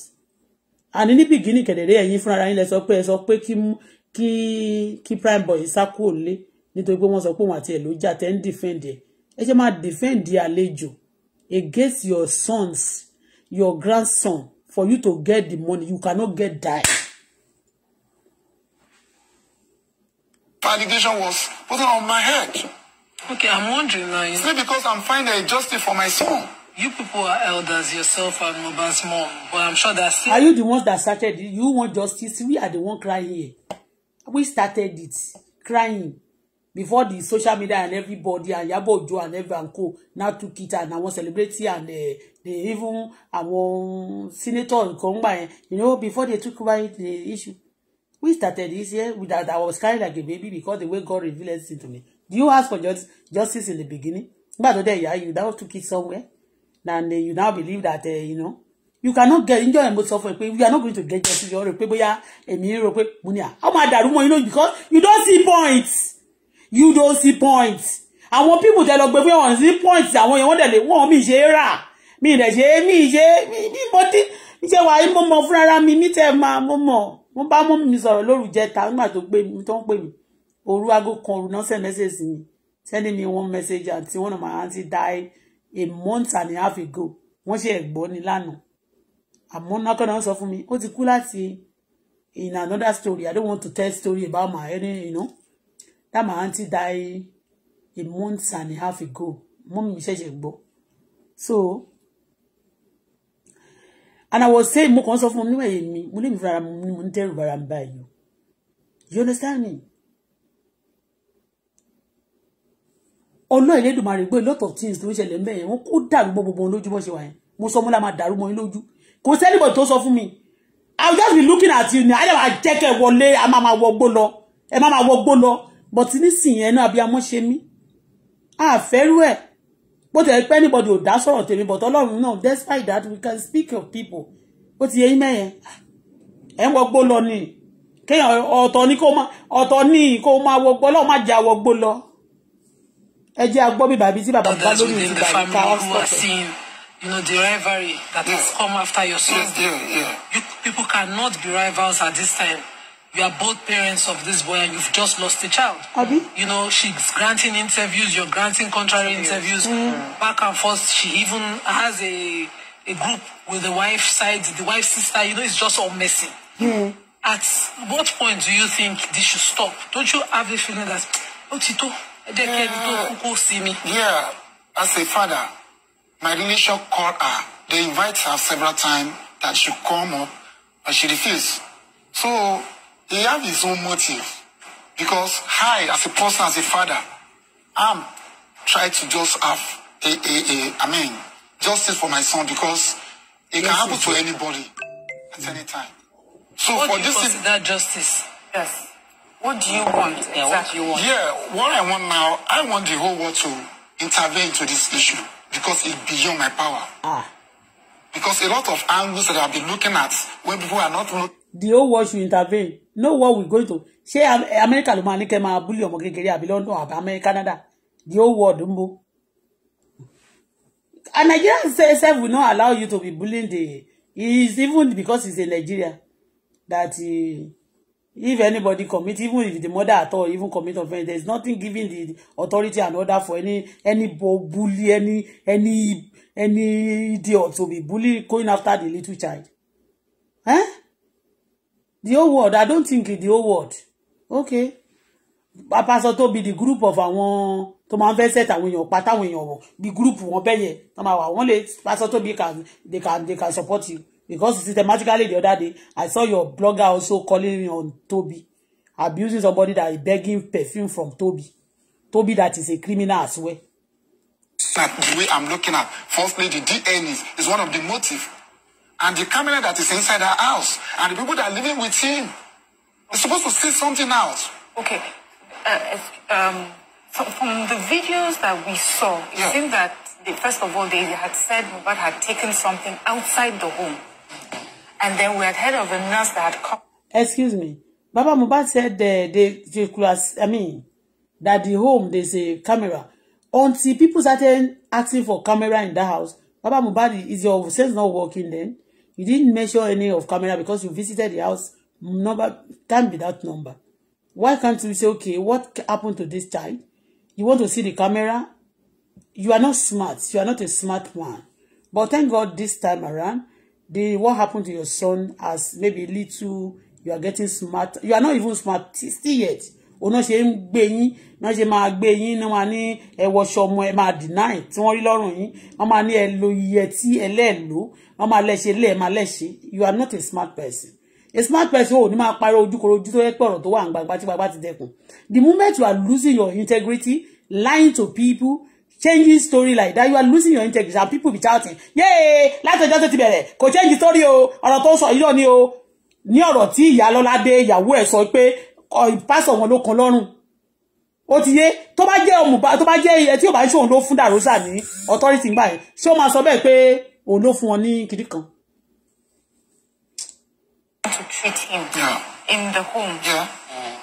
and ní bìgínì kẹ̀dẹ̀rẹ́ ẹ̀yin fúnra yín lẹ sọ pé ẹ sọ pé kí kí kí prime boy sá kúrò lé nítorí pé wọ́n sọ pé òun àti ẹ̀ ló jà tẹ́ ń defend ẹ̀ ẹ ṣe máa defend àlejò against your sons, your grandson, for you to get the money. You cannot get that. Allegation was put on my head. Okay, I'm wondering now. Is it because I'm finding a justice for my son? You people are elders, yourself and Moban's mom, but I'm sure that's it. Are you the ones that started it? You want justice? We are the one crying here. We started it, crying before the social media and everybody and yabo Ojo and everyone and co now took it and àwọn celebrity and uh, eh, they even àwọn senator nǹkan eh, you know before they took away the issue we started this year with that I was crying like a baby because the way God revealed everything to me do you ask for just, justice in the beginning But today, yeah, you now took it somewhere and uh, you now believe that uh, you know you cannot get injọ and mo sọ fún you are not going to get justice yọ̀ rẹ̀ pé yeah, a mirror, pé mo ní à ó máa you know because you don't see points you don't see point àwọn people tẹ lọ gbé fún wọn sí point àwọn èèyàn wọn dẹ̀ lè wọ́n mi ṣe é rà mi dẹ̀ ṣe é mi ṣe é mi mo ti ṣe wàá mo mọ fúnra mi mi tẹ máa mo mọ mo bá mọ́ mi sọ̀rọ̀ lóru jẹta nígbà tó gbé mi tó ń pè mí òru aago kan òru náà send message sí mi sending me one message àti one of my aunty die a month and a half ago wọ́n ṣe ẹ̀gbọ́ ni lánàá àmọ́ nákọ́nà sọ fún mi ó ti kú láti in another story i don't want to tell story about my any you know that my aunty die a month and a half ago mummy mi ṣẹ̀ṣẹ̀ gbọ́ so and i was saying mo kàn sọ fún mi níwọ̀ èmi mo lè mi fara mi mo ń dẹ́rù bara mi báyìí o you understand me ọlọ́ọ̀ Elédùmarè gbé lot of things tó ń ṣẹlẹ̀ mbẹ́ yẹn wọ́n kó dàrú gbogbo gbogbo lójúmọ́ ṣe wà yẹn mo sọ mo la máa dàrú mọ́ yín lójú kò sẹ́ni bọ̀ tó sọ fún mi i will just be looking at you ni ayé wa jẹ́ kẹ́ wọlé a máa ma wọgbó lọ ẹ máa ma wọgbó lọ but nísìnyí ẹnu abiyamọ ṣe mí àfẹ́rú ẹ̀ bó tẹ̀ pé anybody ò dá sọ̀rọ̀ tèmi but ọlọ́run náà despite that we can speak of people ó ti yẹ yín mẹ́yẹn ẹ̀ ń wọgbó lọ ni kéèyàn ọ̀tọ̀ ni kó máa ọ̀tọ̀ ni kó máa wọgbó ọlọ́run má jẹ́ àwọgbó lọ ẹ jẹ́ agbọ́ bíbà bíi tí bàbá bá lórí ìlú bàbá ká ọ̀sán. You know, the rivalry that yeah. has come after your soul. Yeah, yeah, yeah. You, people cannot be rivals at this time. you are both parents of this boy and you've just lost a child. Abby? You know, she's granting interviews, you're granting contrary yes. interviews, mm. back and forth. She even has a, a group with the wife side, the wife sister, you know, it's just all messy. Mm. At what point do you think this should stop? Don't you have a feeling that, oh, Tito, yeah. go see me? Yeah, as a father, my relation called her. They invite her several times that she come up, but she refused. So He have his own motive because I, as a person, as a father, I'm try to just have a, a, a I mean, justice for my son because it yes, can happen yes, to yes. anybody at any time. So what for do you this, consider justice? Yes. What do you want? Yeah, what do you want? Yeah, what I want now, I want the whole world to intervene to this issue because it beyond my power. Ah. Because a lot of angles that I've been looking at when people are not The whole world should intervene know what we going to ṣé America, ló máa ní kẹ́ máa búlì ọmọ kékeré àbí london àbí amẹ́ríkà canada the whole world ń bó and nigeria say sef will not allow you to be bullying the is even because he's a nigeria that he, if anybody commit even if the mother at all even commit offence, there is nothing giving the authority and order for any any bully any any any idiot to be bully going after the little child. Eh? the whole world i don't think the whole world okay pásọ tó bi the group of àwọn tó máa ń fẹ́ set àwọn èèyàn pa táwọn èèyàn wọ̀ the group wọn bẹ́ẹ̀ yẹn wọ́n máa wà wọ́n lè pásọ tó bi can they can they can support you because systematically the other day i saw your blogger also calling on Tobi abusing somebody that is begging perfume from Tobi Tobi that is a criminal as well. the way i'm looking at firstly the dna is one of the motive and the camera that is inside her house and the people that are living with him. is supposed to see something out. Okay. Uh, um, so from the videos that we saw, it yeah. seemed that, they, first of all, they had said Mubad had taken something outside the home. And then we had heard of a nurse that had come. Excuse me. Baba Mubad said they, they, they could, I mean, that the home, there's a camera. Until people started asking for camera in the house, Baba Mubarak, is your sense not working then? You didn't measure any of camera because you visited the house number time that number. Why can't you say, okay, what happened to this child? You want to see the camera? You are not smart. You are not a smart man. But thank God this time around, the what happened to your son as maybe little, you are getting smart. You are not even smart still yet. òun náà ṣe ń gbé yín náà ṣe máa gbé yín náà máa ní ẹwọṣọ ọmọ ẹ deny tí wọ́n rí lọ́rùn yín wọ́n máa ní ẹ lo iye tí ẹlẹ́ẹ̀lò wọ́n máa lẹ́ṣe lé ẹ̀ máa lẹ́ṣe you are not a smart person a smart person ò ní máa pariwo ojúkorojú tó yẹ pé ọ̀rọ̀ tó wà ń gbangba tí gbangba ti dẹkùn the moment you are losing your integrity lying to people changing story like that you are losing your integrity and people be shouting yay láti ọjọ́ tó ti bẹ̀rẹ̀ kò change story o ọ̀rọ̀ tó ń sọ yíyọ ni o ní ọ̀rọ̀ tí ìyá lọ́ládé ìyàwó ẹ̀ sọ pé pásọ̀ wọn ló kan lọ́rùn ó ti yé tó bá jẹ́ ọmọ tó bá jẹ́ ẹ tí ò bá ń ṣòun ló fún dàrúsà ní authority gbà yẹn ṣé ó máa sọ bẹ́ẹ̀ pé ló fún wọn ní kan. to treat him yeah. in the home. Yeah.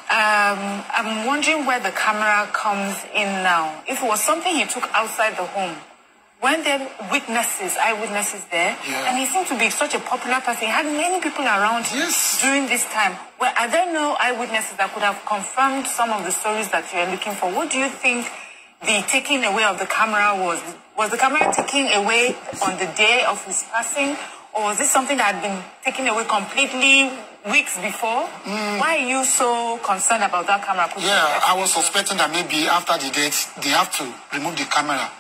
Um, I'm wondering where the camera comes in now. If it was something he took outside the home, when there witnesses, eyewitnesses there, yeah. and he seemed to be such a popular person, he had many people around yes. during this time. Well, are there no eyewitnesses that could have confirmed some of the stories that you're looking for? What do you think the taking away of the camera was? Was the camera taken away on the day of his passing? Or was this something that had been taken away completely weeks before? Mm. Why are you so concerned about that camera? Could yeah, I was suspecting that maybe after the death, they have to remove the camera.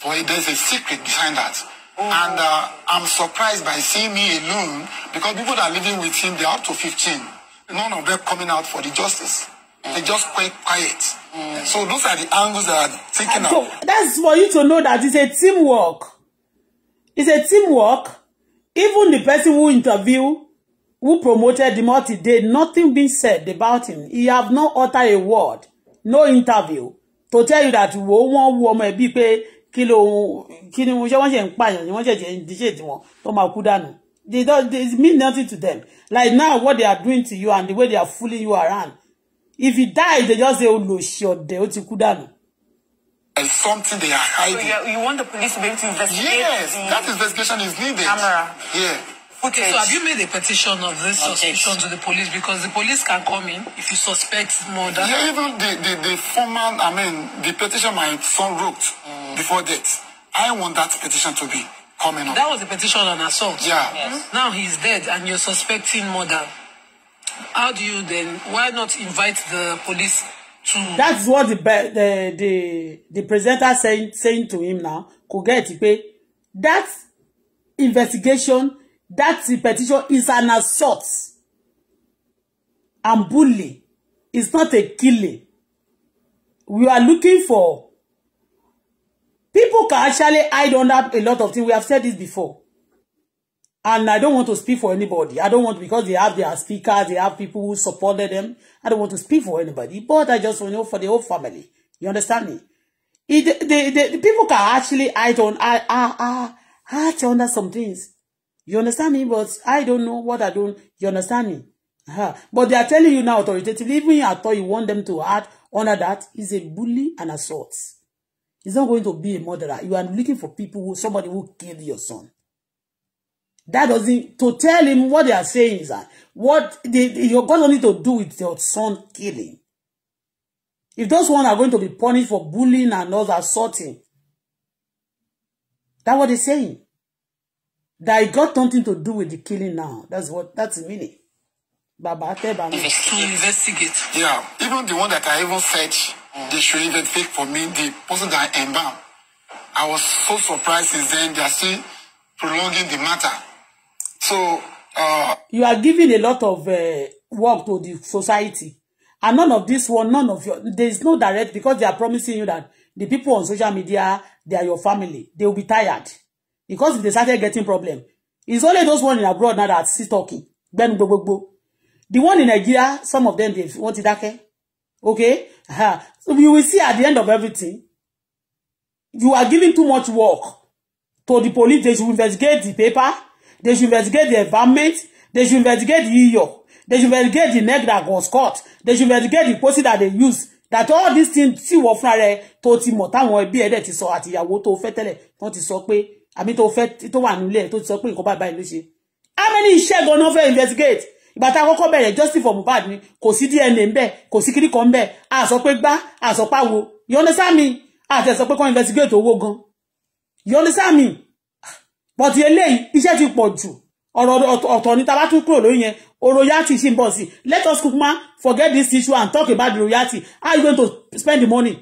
But there's a secret behind that. Oh. And uh, I'm surprised by seeing me alone because people that are living with him, they're up to 15. None of them coming out for the justice. They just quite quiet. So those are the angles that are taken out. That's for you to know that it's a teamwork. It's a teamwork. Even the person who interview, who promoted the multi did nothing being said about him. He have not uttered a word, no interview. To tell you that wo wọ́n wo ọmọ ẹbí pé kilo ló kí ni wọ́n ṣe wọ́n ṣe ń pààyàn ni wọ́n ṣe ṣe ń díṣe tiwọn tó They don't they mean nothing to them. Like now what they are doing to you and the way they are fooling you around If he dies, they just say, oh no, sure, they ó ti kú dànù. And something they are hiding. So you want the police to be able to investigate? Yes, the... that investigation is needed. Camera. Yeah. Okay, so have you made a petition of this suspicion to the police? Because the police can come in if you suspect murder. Yeah, even the, the, the former, I mean, the petition my son wrote mm. before death. I want that petition to be coming up. That was a petition on assault. Yeah. Yes. Now he's dead and you're suspecting murder how do you then why not invite the police to. that is what the the the, the presenter saying saying to him now kò get it pé that investigation that petition is an assault and bullying it's not a killing we are looking for people can actually hide under a lot of things we have said this before And I don't want to speak for anybody. I don't want, because they have their speakers, they have people who supported them. I don't want to speak for anybody, but I just want to know for the whole family. You understand me? It, the, the, the people can actually I don't I, I, I, hide under some things. You understand me? But I don't know what I don't, you understand me? Uh -huh. But they are telling you now authoritatively, even I thought you want them to add under that, is a bully and assault. He's not going to be a murderer. You are looking for people who, somebody who killed your son. That doesn't to tell him what they are saying is that what the they, your God only to do with your son killing. If those one are going to be punished for bullying and all that sorting, that's what they're saying. That it got something to do with the killing now. That's what that's the meaning. Baba Teba. Investigate. Yeah. Even the one that I even fetch, they should even take for me the person that I embalmed. I was so surprised since then they are still prolonging the matter. So uh, you are giving a lot of uh, work to the society, and none of this one, none of your there is no direct because they are promising you that the people on social media they are your family. They will be tired because if they started getting problem, it's only those one in abroad now that sit talking. Then go go go. The one in Nigeria, some of them they want it okay. Okay, uh-huh. So you will see at the end of everything, you are giving too much work to the police. They should investigate the paper. They should investigate the environment. They should investigate the EO. They should investigate the neck that was caught. They should investigate the post that they use. That all these things tí wọ́n fúnra rẹ̀ tó ti mọ̀ táwọn ẹbí ẹ̀dẹ̀ ti sọ àti ìyàwó tó fẹ́ tẹ́lẹ̀ wọ́n ti sọ pé àbí tó fẹ́ tó wà nílé ẹ̀ tó ti sọ pé How many share gan-an fẹ́ investigate? Ìgbà tá a kọ́kọ́ bẹ̀rẹ̀ justice for Mohbad ni kò sí DNA ń bẹ̀ kò sí kíríkọ ń bẹ̀ a sọ pé gbá a sọ You understand me? Àti ẹ̀ sọ pé kọ́ investigate owó You understand me? bọ̀tì eléyìí iṣẹ́ ti pọ̀ jù ọ̀rọ̀ ọ̀tọ̀ ní tabá tún kúrò lórí yẹn o royalty ṣì ń bọ̀ sí let us kukuma forget this issue and talk about the royalty how you going to spend the money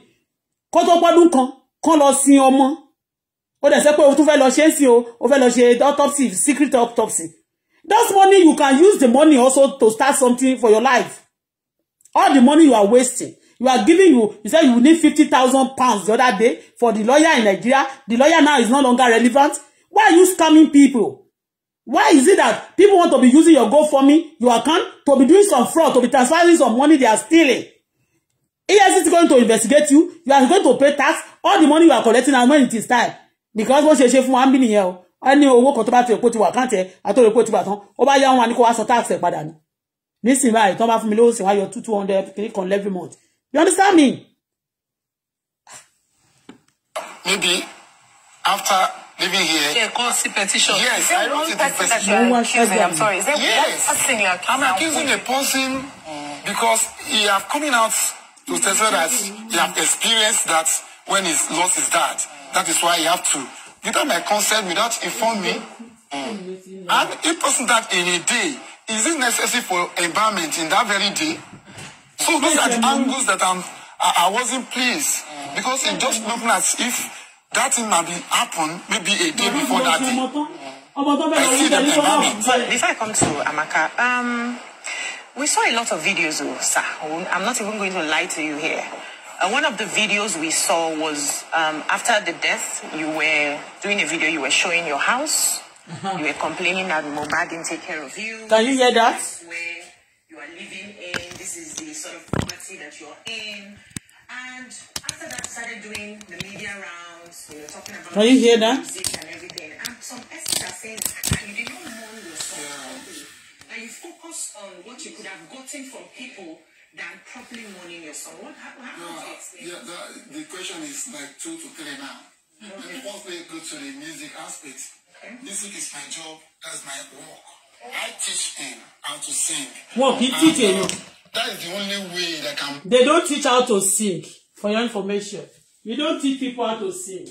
kó tó pọ́dún kan kán lọ sin ọmọ ó dẹ̀ sẹ́ pé o tún fẹ́ lọ ṣe é sí o o fẹ́ lọ ṣe autopsy secret autopsy that money you can use the money also to start something for your life all the money you are wasting you are giving you you say you need fifty thousand pounds the other day for the lawyer in Nigeria the lawyer now is no longer relevant Why are you scamming people? Why is it that people want to be using your GoFundMe, your account, to be doing some fraud, to be transferring some money they are stealing? EFCC is going to investigate you. You are going to pay tax. All the money you are collecting and when it is time. Because once ṣe ṣe fún wa ń bí nìyẹn o. to ní owó kan tó bá ti òpó ti wà káǹtì ẹ̀ àtọ́rọ̀ òpó ti wà tán. Ó bá yá wọn ní kó wá tax ẹ̀ padà ni. Nísìnyí báyìí tán bá fún mi lówó sí wá yọ two two hundred every month. You understand me? Maybe after living here. They call see petition. Yes, I wrote it in petition. No I'm sorry. Is there yes. one person you accusing? I'm accusing a person mm. because he have coming out to tell testify that he have experienced that when he lost his dad. That is why he have to, without my consent, without informing, me. Mm. And if person that in a day, is it necessary for environment in that very day? So those are the angles that I'm, I, I wasn't pleased mm. because it just looked as if that thing might be happen maybe a day before that I see them environment. Before I come to Amaka, um, we saw a lot of videos, oh, sir. I'm not even going to lie to you here. Uh, one of the videos we saw was um, after the death, you were doing a video, you were showing your house. Uh -huh. You were complaining that Mobad didn't take care of you. Can you hear that? Where you are living in, this is the sort of property that you're in. And after that, started doing the media rounds, you know, talking about Can you hear that? music and everything. And some experts are saying that ah, you did not mourn your suffering. That you focus on what you could have gotten from people than properly mourning your son. What, how, how yeah, yeah that, the question is like two to three now. Okay. And once they go to the music aspect, okay. music is my job, that's my work. I teach him how to sing. Well, he teaches you. That is the only way that can. They don't teach how to sing, for your information. You don't teach people how to sing.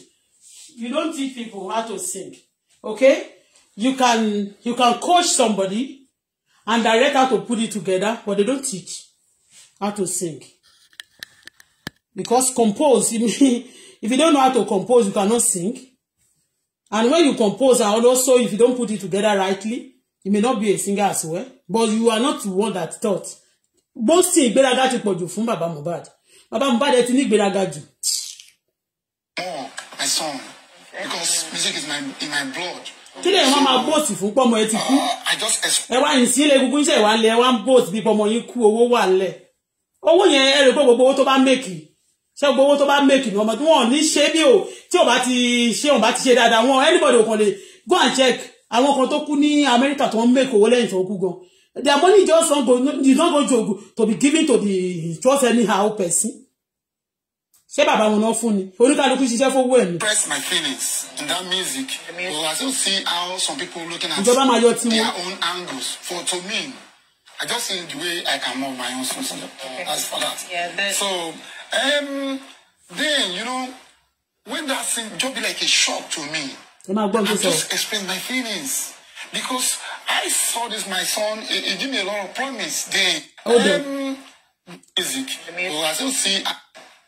You don't teach people how to sing. Okay? You can you can coach somebody and direct how to put it together, but they don't teach how to sing. Because compose, [LAUGHS] if you don't know how to compose, you cannot sing. And when you compose, and also if you don't put it together rightly, you may not be a singer as well. But you are not the one that taught boasting ìgbéraga ti pọ̀jù fún bàbá Mohbad bàbá Mohbad ẹ ti ní ìgbéraga jù. oh my son because music is my, in my blood. kí lè wọ́n máa bóòsì fún pọ́mọ ẹ ti kú uh, ẹ wá yìí sílẹ̀ egungun iṣẹ́ ìwà lẹ̀ ẹ wá ń bóòsì bí pọ́mọ yín kú owó wà lẹ̀ owó yẹn ẹ rò pé gbogbo owó tó bá mẹ́kì ṣé gbogbo owó tó bá mẹ́kì ni ọmọ tí wọ́n ní ṣe bí o tí ò bá ti ṣe ò bá ti ṣe dáadáa wọn anybody ò kàn lè go and check àwọn kan tó kú ní Amẹ́ríkà tó ń mẹ́kì owó lẹ́yìn tó kú gan-an Their money just don't go, is not going to, to be given to the just anyhow person. Ṣé bàbá wọn náà fún ni? Oníkálukú ṣiṣẹ́ fowó for when. Press my feelings in that music. well, I still see how some people looking at Ìjọba their own angles. For to me, I just see the way I can move my own social uh, as for that. Yeah, that. So, um, then, you know, when that thing just be like a shock to me. I just explain my feelings because I saw this, my son, He it gave me a lot of promise. The um, music, well, I still see, uh,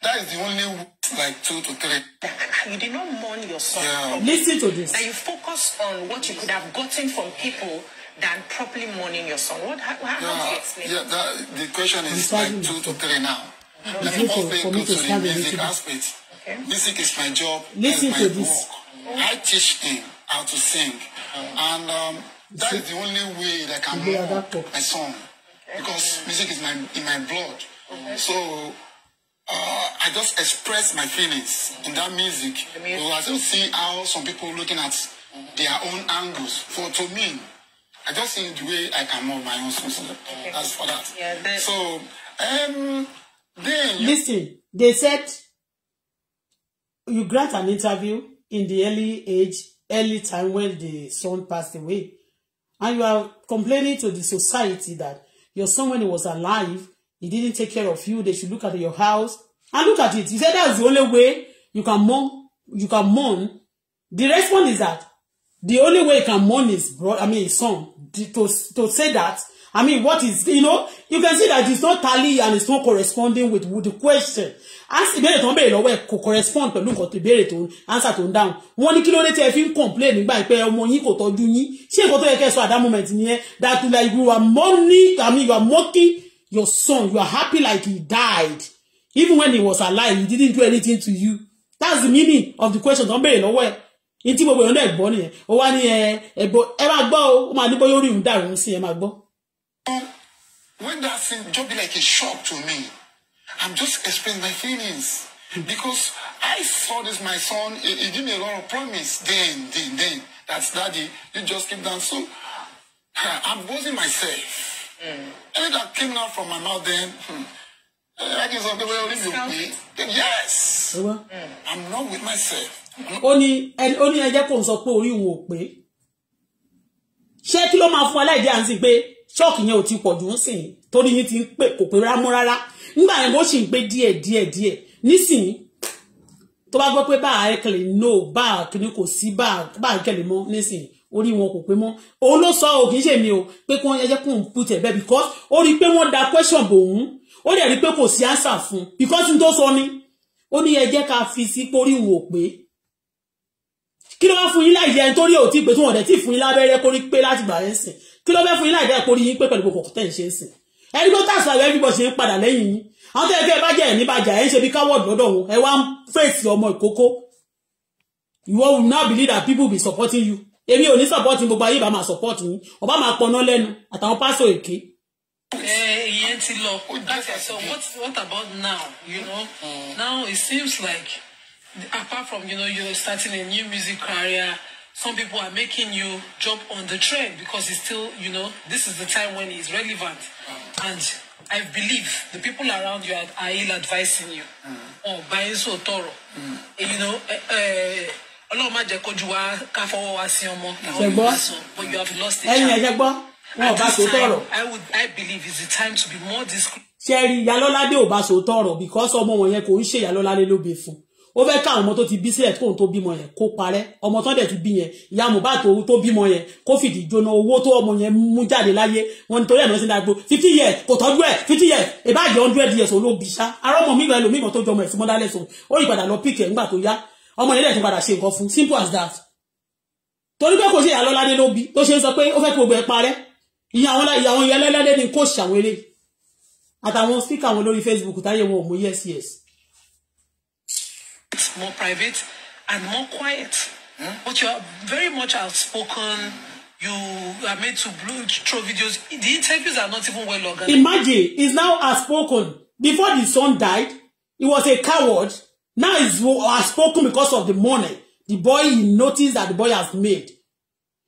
that is the only like two to three. You did not mourn your son. Yeah. Listen to this. And you focus on what you could have gotten from people than properly mourning your son. What, how, how yeah, do you explain yeah, that? The question is like two to three now. Okay. Let me first go to the music aspect. Okay. Music is my job. Listen my to this. Work. I teach him how to sing. And um, That is the only way that I can know my song because music is my in my blood. So uh, I just express my feelings in that music. So I just see how some people looking at their own angles. For to me, I just see the way I can move my own soul. Okay. That's for that. So um, then listen. They said you grant an interview in the early age, early time when the son passed away and you are complaining to the society that your son when he was alive he didn't take care of you they should look at your house and look at it he said that's the only way you can mourn you can mourn the response is that the only way you can mourn is brother I mean his son to to say that I mean, what is, you know, you can see that it's not tally and it's not corresponding with, with the question. Ask ìbéèrè tó ń béèrè lọ́wọ́ ẹ̀ kò correspond pẹ̀lú nǹkan tó ìbéèrè tó answer tó ń dáhùn. Wọ́n ní kí ló dé tí ẹ fi ń complain nígbà pé ọmọ yín kò tọ́jú yín. Ṣé nǹkan tó yẹ kẹ́ sọ at that moment nìyẹn? That like you are mourning, I mean you are mocking your son. You are happy like he died. Even when he was alive, he didn't do anything to you. That's the meaning of the question tó ń béèrè lọ́wọ́ ẹ̀ ní tí gbogbo èèyàn náà gbọ́ nìyẹn ó wá ní ẹ ẹ ẹ máa gbọ́ ó máa ní bóyá orí òun dàrú sí ẹ máa gbọ́. When that scene just be like a shock to me. I'm just expressing my feelings because I saw this my son. He, he gave me a lot of promise then, then, then. That's daddy. You just keep down. So [LAUGHS] I'm boasting myself. Mm. Anything that came out from my mouth then. Hmm, eh, I can say, well, if you pay, then yes. Mm. I'm not with myself. ó ní ó ní ẹjẹ kò ń sọ pé orí òun ò pé ṣé kí ló máa fún aláìdí à pé ṣọ́ọ̀kì yẹn ò ti pọ̀ jù ń sìn torí yín ti ń pè kò pé rámú rárá nígbà yẹn bó sì ń pé díẹ̀ díẹ̀ díẹ̀ nísìnyí tó bá gbọ́ pé bá àkẹlẹ̀ no bá àkẹlẹ̀ kò sí bá àkẹlẹ̀ mọ́ nísìnyí orí wọn kò pé mọ́ òun ló sọ òkì ṣe mi o pé kí wọ́n ẹjẹ́ kó ń putẹ̀ bẹ́ẹ̀ because ó rí i pé wọ́n da question bòun ó dẹ̀ rí i pé kò sí answer fún because n tó sọ ni ó ní ẹjẹ́ ká fi sí pórí wò pé kí ló wá fún yín láì yẹ nítorí òtí pé tí wọn ò dẹ̀ tí fún yín lábẹ́rẹ́ kórí pé láti gbà yẹn sìn kí ló fẹ́ fún yín láì dẹ́ yín pé pẹ̀lú gbogbo tẹ̀ ń sìn ẹni tó tà sàrẹ́ bí bọ́sẹ̀ ń padà lẹ́yìn yín àwọn tẹ́ ẹgbẹ́ ìbàjẹ́ ẹ̀ níbàjá ẹ̀ ń ṣe bí coward lọ́dọ̀ wọn ẹ wá ń fèsì ọmọ ìkókó you will now believe that people be supporting you èmi ò ní support ní gbogbo ayé bá máa support yín ọba máa pọnà lẹ́nu àtàwọn pásọ èké. Eh, ìyẹn ti lọ that's it so what, about now you know mm. now it seems like apart from you know you're starting a new music career some people are making you jump on the trend because it's still, you know, this is the time when it's relevant. Mm. And I believe the people around you are, are ill advising you mm. or buying so thorough. Mm. You know, eh, eh, Ọlọ́run má jẹ́ kójú wa ká fọwọ́ wa sí ọmọ àwọn Yorùbá but you have lost the chance. At this time, I would I believe it's the time to be more discreet. Ṣé rí Ìyálọ́ládé ò bá sòótọ́ ọ̀rọ̀ because ọmọ wọ̀nyẹn kò ń ṣe Ìyálọ́ládé ló bí fún un ó fẹ́ ká àwọn ọmọ tó ti bí sílẹ̀ kóun tó bímọ yẹn kó parẹ́ ọmọ tán dẹ̀ ti bí yẹn ìyá Mohbad tó tó bímọ yẹn kó fìdí jóná owó tó ọmọ yẹn mú jáde láyé wọn nítorí ẹ̀ náà sí dàgbò fifty years kò tọ́jú ẹ̀ fifty years ìbáàjẹ́ hundred years olóbi ṣá arọ́mọ mi ìgbàlómi ìgbà tó jọmọ ẹ̀ sí mọ́dálẹ̀ sùn ó ìpadà lọ píkẹ̀ ńgbà tó yá ọmọ yẹn lẹ́ẹ̀tún padà ṣe nǹkan fún simple as that torí pé kò ṣe ìyàlọ́ládé ló bí tó ṣe ń sọ pé ó fẹ́ kí gbogbo ẹ̀ parẹ́ ìyá àwọn ìyàlọ́ládé ni kò ṣàwérè àtàwọn spíkà wọn lórí Facebook táyé wọn ò mú yes yes more private and more quiet. Mm. But you are very much outspoken. You are made to blow, throw videos. The interviews are not even well organized. Imagine, he's now outspoken. Before the son died, he was a coward. Now he's outspoken because of the money. The boy he noticed that the boy has made.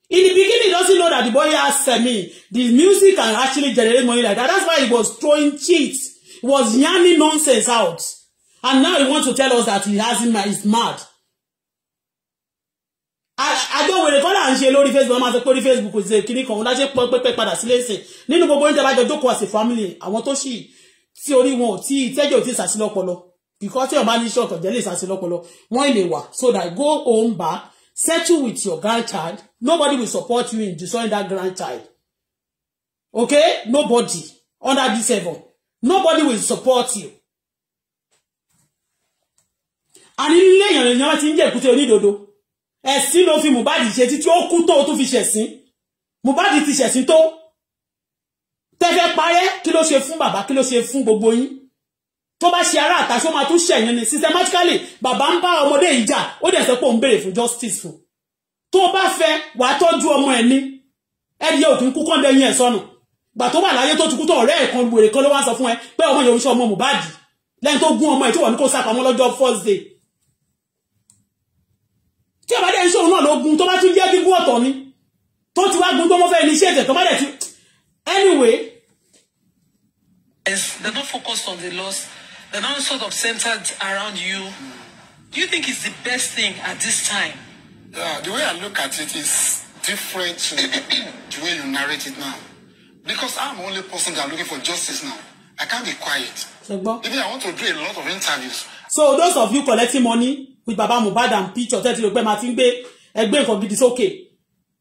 In the beginning, he doesn't know that the boy has semi. The music can actually generate money like that. That's why he was throwing cheats. He was yarning nonsense out. And now he wants to tell us that he has him is mad. I don't want àjọwèrè kọ́lá ń ṣe lórí Facebook máa sọ pé orí Facebook kò ṣe kíní kan that's lazy." pẹ́pẹ́ padà sílé ṣe nínú gbogbo oúnjẹ bájọ with the family I want to see. See only one. See, tell your ìtẹ́jọ́ tí ìsàsí lọ́pọlọ because your tí ọba ní iṣẹ́ ọ̀kọ̀jẹ́ lè ìsàsí lọ́pọlọ Why they wà so that go home back settle with your grandchild nobody will support you in destroying that grandchild okay nobody under this heaven nobody will support you ani nílé èèyàn èèyàn bá ti ń jẹ́ èkúté onídodo ẹ̀sìn ló fi Mohbad ṣe títí ó kú tó o tún fi ṣẹ̀sìn Mohbad ti ṣẹ̀sìn tó tẹ́fẹ́ parẹ́ kí ló ṣe fún bàbá kí ló ṣe fún gbogbo yín tó bá ṣe ará àtàṣọ máa tún ṣẹ̀yìn ni systematically bàbá ń bá ọmọdé yìí jà ó dẹ̀ sọ pé òun béèrè fún justice fún fe bá fẹ́ wàá tọ́jú ọmọ ẹ̀ ní ẹni yẹ òkun kú kọ́ńdé yín ẹ̀ sọnù ba tó wà láyé tó ti kú tó ọ̀rẹ́ ẹ̀ kan wèrè kan ló wá sọ fún ẹ pé ọmọ yorùbá ọmọ Mohbad lẹ́yìn tó gún ọmọ ẹ̀ tí wọ́n ní kó sá lọ́jọ́ first day tí ọba dẹ́ iṣẹ́ náà ló tó bá tún jẹ́ gígún ọ̀tọ̀ ni tó ti wá gun tó fẹ́ ní iṣẹ́ ẹ̀tẹ̀ tó bá dẹ̀ ti anyway. Yes, they're not focused on the loss. They're not sort of centered around you. Do you think it's the best thing at this time? Yeah, the way I look at it is different to [COUGHS] the way you narrate it now. Because I'm the only person that looking for justice now. I can't be quiet. Even I want to do a lot of interviews. So those of you collecting money with baba Mohbad and picture tẹ́tí ló pẹ́ máa ti ń gbé ẹgbẹ́ nǹkan gidi sókè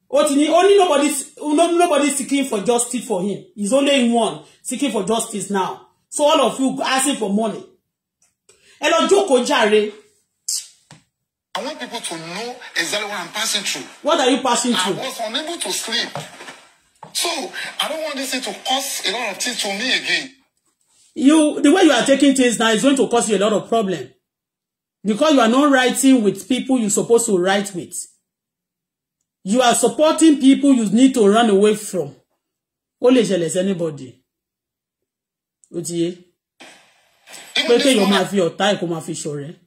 ó ti ní ó ní nobody nobody seeking for justice for him Is only one seeking for justice now so all of you asking for money ẹ lọ jókòó jàre. I want people to know exactly what I'm passing through. What are you passing through? I was unable to sleep. So I don't want this thing to cause a lot of things to me again. You, the way you are taking things now is going to cause you a lot of problems because you are not writing with people you supposed to write with. You are supporting people you need to run away from. Ó lè anybody. Ó ti yé. Pé fi ọ̀tá ẹ̀ kó fi ṣọ̀rẹ́.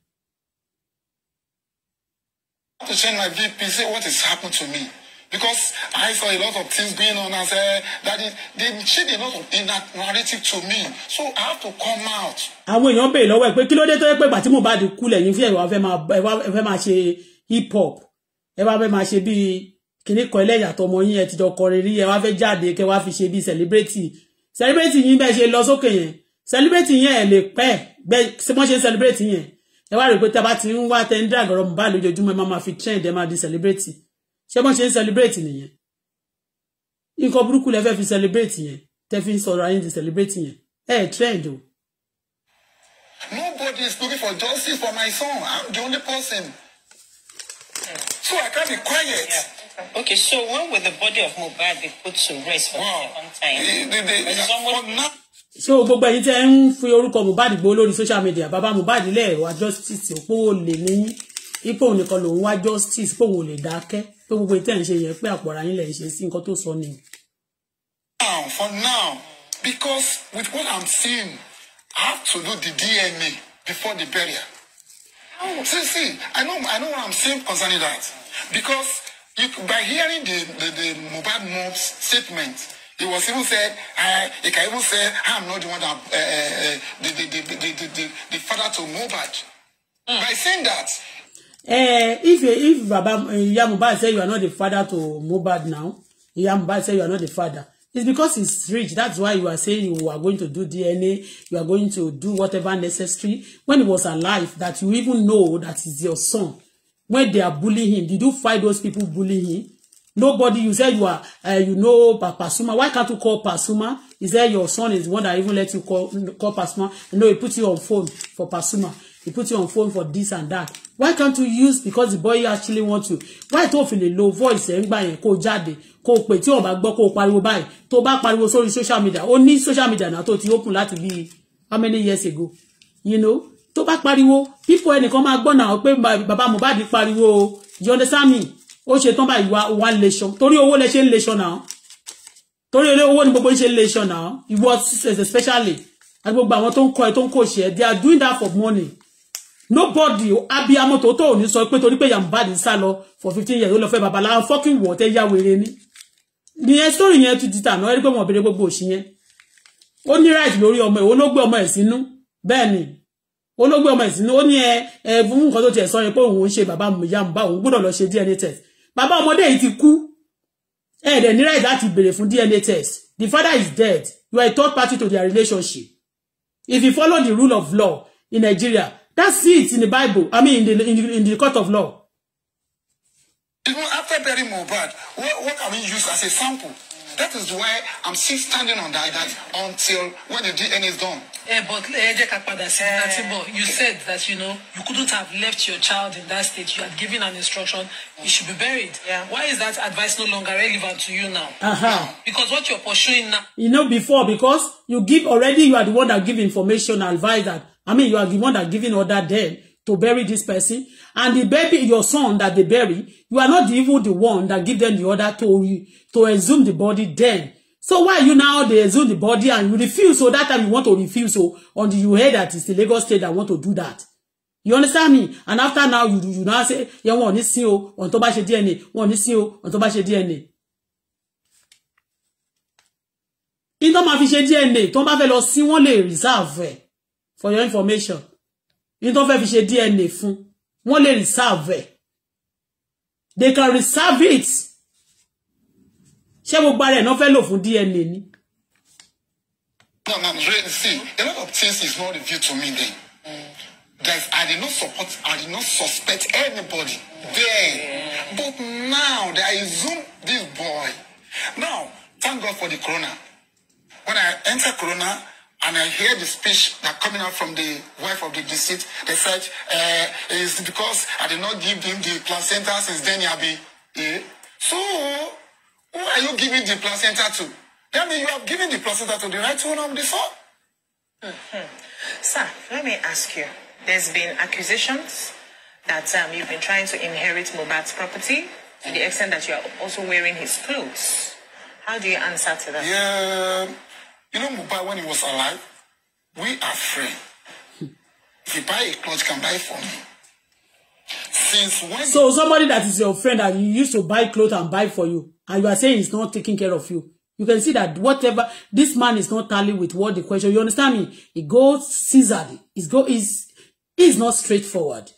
to change my BP, say what has happened to me because I saw a lot of things going on and said that is, they shade a lot of in that narrative to me so I have to come out. àwọn èèyàn béèrè lọ́wọ́ ẹ̀ pé kí ló dé tó yẹ pé ìgbà tí Mohbad kú lẹ́yìn fún ẹ̀wà fẹ́ máa ṣe hip hop ẹ wá fẹ́ máa ṣe bíi kìnní kan ẹlẹ́yàtọ̀ ọmọ yín ẹ ti jọ kọrin rí ẹ wá fẹ́ jáde kẹ wá fi ṣe bíi celebrity celebrity yín bẹ́ẹ̀ ṣe lọ sókè yẹn celebrity yẹn ẹ lè pẹ́ gbẹ́ bọ́n ṣe celebrity yẹn ẹ wá rò pé tá a bá ti ń wá tẹ́ ń dàgọ̀rọ̀ Mohbad lójoojúmọ́ ẹ máa fi trend ẹ máa di celebrity ṣé bọ́n ṣe ń celebrate nìyẹn nǹkan burúkú lẹ fi celebrate yẹn tẹ́ fi ń sọ̀rọ̀ ayé ti celebrate yẹn ẹ̀ trend o. nobody is looking for justice for my son i'm the only person so i can be quiet. Yeah. Okay, so when will the body of Mohbad be put to rest for wow. the second time? The, the, the, someone... so gbogbo ẹ̀yin tẹ́ ń fi orúkọ Mohbad gbó lórí social media bàbá Mohbad lẹ wá justice òpó olè ní ipò nìkan lòun wá justice pòun ò lè dákẹ́ pé gbogbo ìtẹ́ ń ṣe yẹ pé àpọ̀ra yín lẹ̀ ṣe sí nǹkan tó sọ ni. now for now because with what i'm seeing i have to do the dna before the burial. Oh. see see i know i know what i'm saying concerning that because you, by hearing the the the Mohbad mom's statement he was even said uh, he can even say i'm not the one that uh, uh, uh, the, the, the, the, the, the, the father to Mohbad. Mm. by saying that eh, if if Baba Iya eh, Mohbad say you are not the father to Mubad now, Iya Mohbad say you are not the father. It's because he's rich. That's why you are saying you are going to do DNA, you are going to do whatever necessary. When he was alive, that you even know that is your son. When they are bullying him, did you fight those people bullying him? Nobody, you said you are, uh, you know, Pasuma. Why can't you call Pasuma? Is that your son is the one that even let you call, call Pasuma? No, he put you on phone for Pasuma. He put you on phone for this and that why can't you use because the boy actually want you why tó fi lè lo voice ẹ̀ ń gbà yẹn kó jáde kó o pè tí o bá gbọ́ kó o pariwo báyìí tó bá pariwo sórí social media ó ní social media náà tó ti open láti bí how many years ago you know tó bá pariwo people ẹnìkan máa gbọ́ náà pé bàbá Mohbad pariwo o you understand me ó ṣe tán báyìí wá wá leṣan torí owó lẹ ṣe ń leṣan náà torí owó ni gbogbo ń ṣe ń leṣan náà ìwọ especially àti gbogbo àwọn tó ń kọ ẹ tó ń kò ṣe ẹ they are doing that for money nobody abiyamọ tòótọ́ ò so sọ pé torí pé bad sá lọ for fifteen years ó lọ fẹ́ babaláwo fọ́kìn wọ̀ tẹ́ yá we're ni nìyẹn sórí yẹn ti di tànà ẹni pé wọn bèrè gbogbo òsì yẹn ó ní right lórí ọmọ ẹ ó ló gbé ọmọ ẹ sínú bẹ́ẹ̀ ni ó ló gbé ọmọ ẹ sínú ó ní ẹ ẹ to nǹkan tó tiẹ̀ sọ yẹn pé òun ń ṣe bàbá ìyá Mohbad òun gbọ́dọ̀ lọ ṣe DNA test bàbá ọmọdé yìí ti kú ẹ ẹ̀ dẹ̀ ní right láti bèrè fún DNA test the father is dead you are a third party to their relationship if you follow the rule of law in Nigeria That's it in the Bible. I mean, in the, in the, in the court of law. Even after burying Mohbad, what, what can we use as a sample? That is why I'm still standing on that, that until when the DNA is done. Yeah, but uh, you said that you know you couldn't have left your child in that state. You had given an instruction; he should be buried. Yeah. Why is that advice no longer relevant to you now? Uh-huh. Because what you're pursuing now. You know, before because you give already, you are the one that give information advice that I mean, you are the one that giving order there to bury this person. And the baby, your son that they bury, you are not even the one that give them the order to, to exhume the body then. So why you now they exhume the body and you refuse? So that time you want to refuse. So on the you hear that it's the Lagos state that want to do that. You understand me? And after now you you now say, you want this sin on tó bá ṣe DNA, wọ́n ní sin on tó bá ṣe DNA. In the máa fi DNA, tó bá fẹ́ lọ sin reserve for your information ní tó fẹ́ fi ṣe DNA fún wọ́n lè reserve ẹ̀ they can reserve it ṣé gbogbo ara ẹ̀ náà fẹ́ lò fún DNA ni. now no. see a lot of things is not revealed to me then guys i did not support i did not suspect anybody there. but now that i zoom this boy now thank god for the corona when i enter corona and I hear the speech that coming out from the wife of the deceased, they said, uh, it's because I did not give him the placenta since then he'll been So, who are you giving the placenta to? That means you have given the placenta to the right one of the soul. Mm-hmm. Sir, let me ask you. There's been accusations that um, you've been trying to inherit Mobat's property to the extent that you are also wearing his clothes. How do you answer to that? Yeah. You know, Mubai, when he was alive, we are free. If you buy a clothes, can buy for me. Since when... So somebody that is your friend that you used to buy clothes and buy for you, and you are saying he's not taking care of you. You can see that whatever this man is not tally with what the question. You understand me? He goes Caesar. He's go is is not straightforward.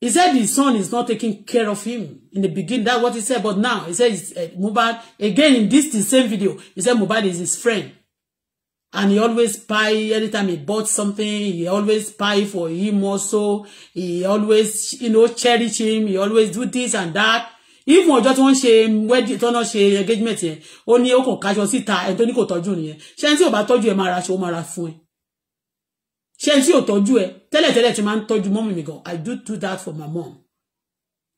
He said his son is not taking care of him in the beginning. That's what he said. But now he says uh, Mohbad again in this the same video. He said Mubad is his friend, and he always buy anytime he bought something. He always buy for him also. He always you know cherish him. He always do this and that. Even ọjọ́ tí wọ́n ṣe wedding tọ́nà ṣe engagement yẹn ó ní ó kàn kájọ síta ẹni tó ní kò tọ́jú nìyẹn told you tí ò bá tọ́jú ṣé n tí ò tọ́jú ẹ tẹ́lẹ̀tẹ́lẹ̀ tí máa ń tọ́jú mọ́mì mi gan i do do that for my mom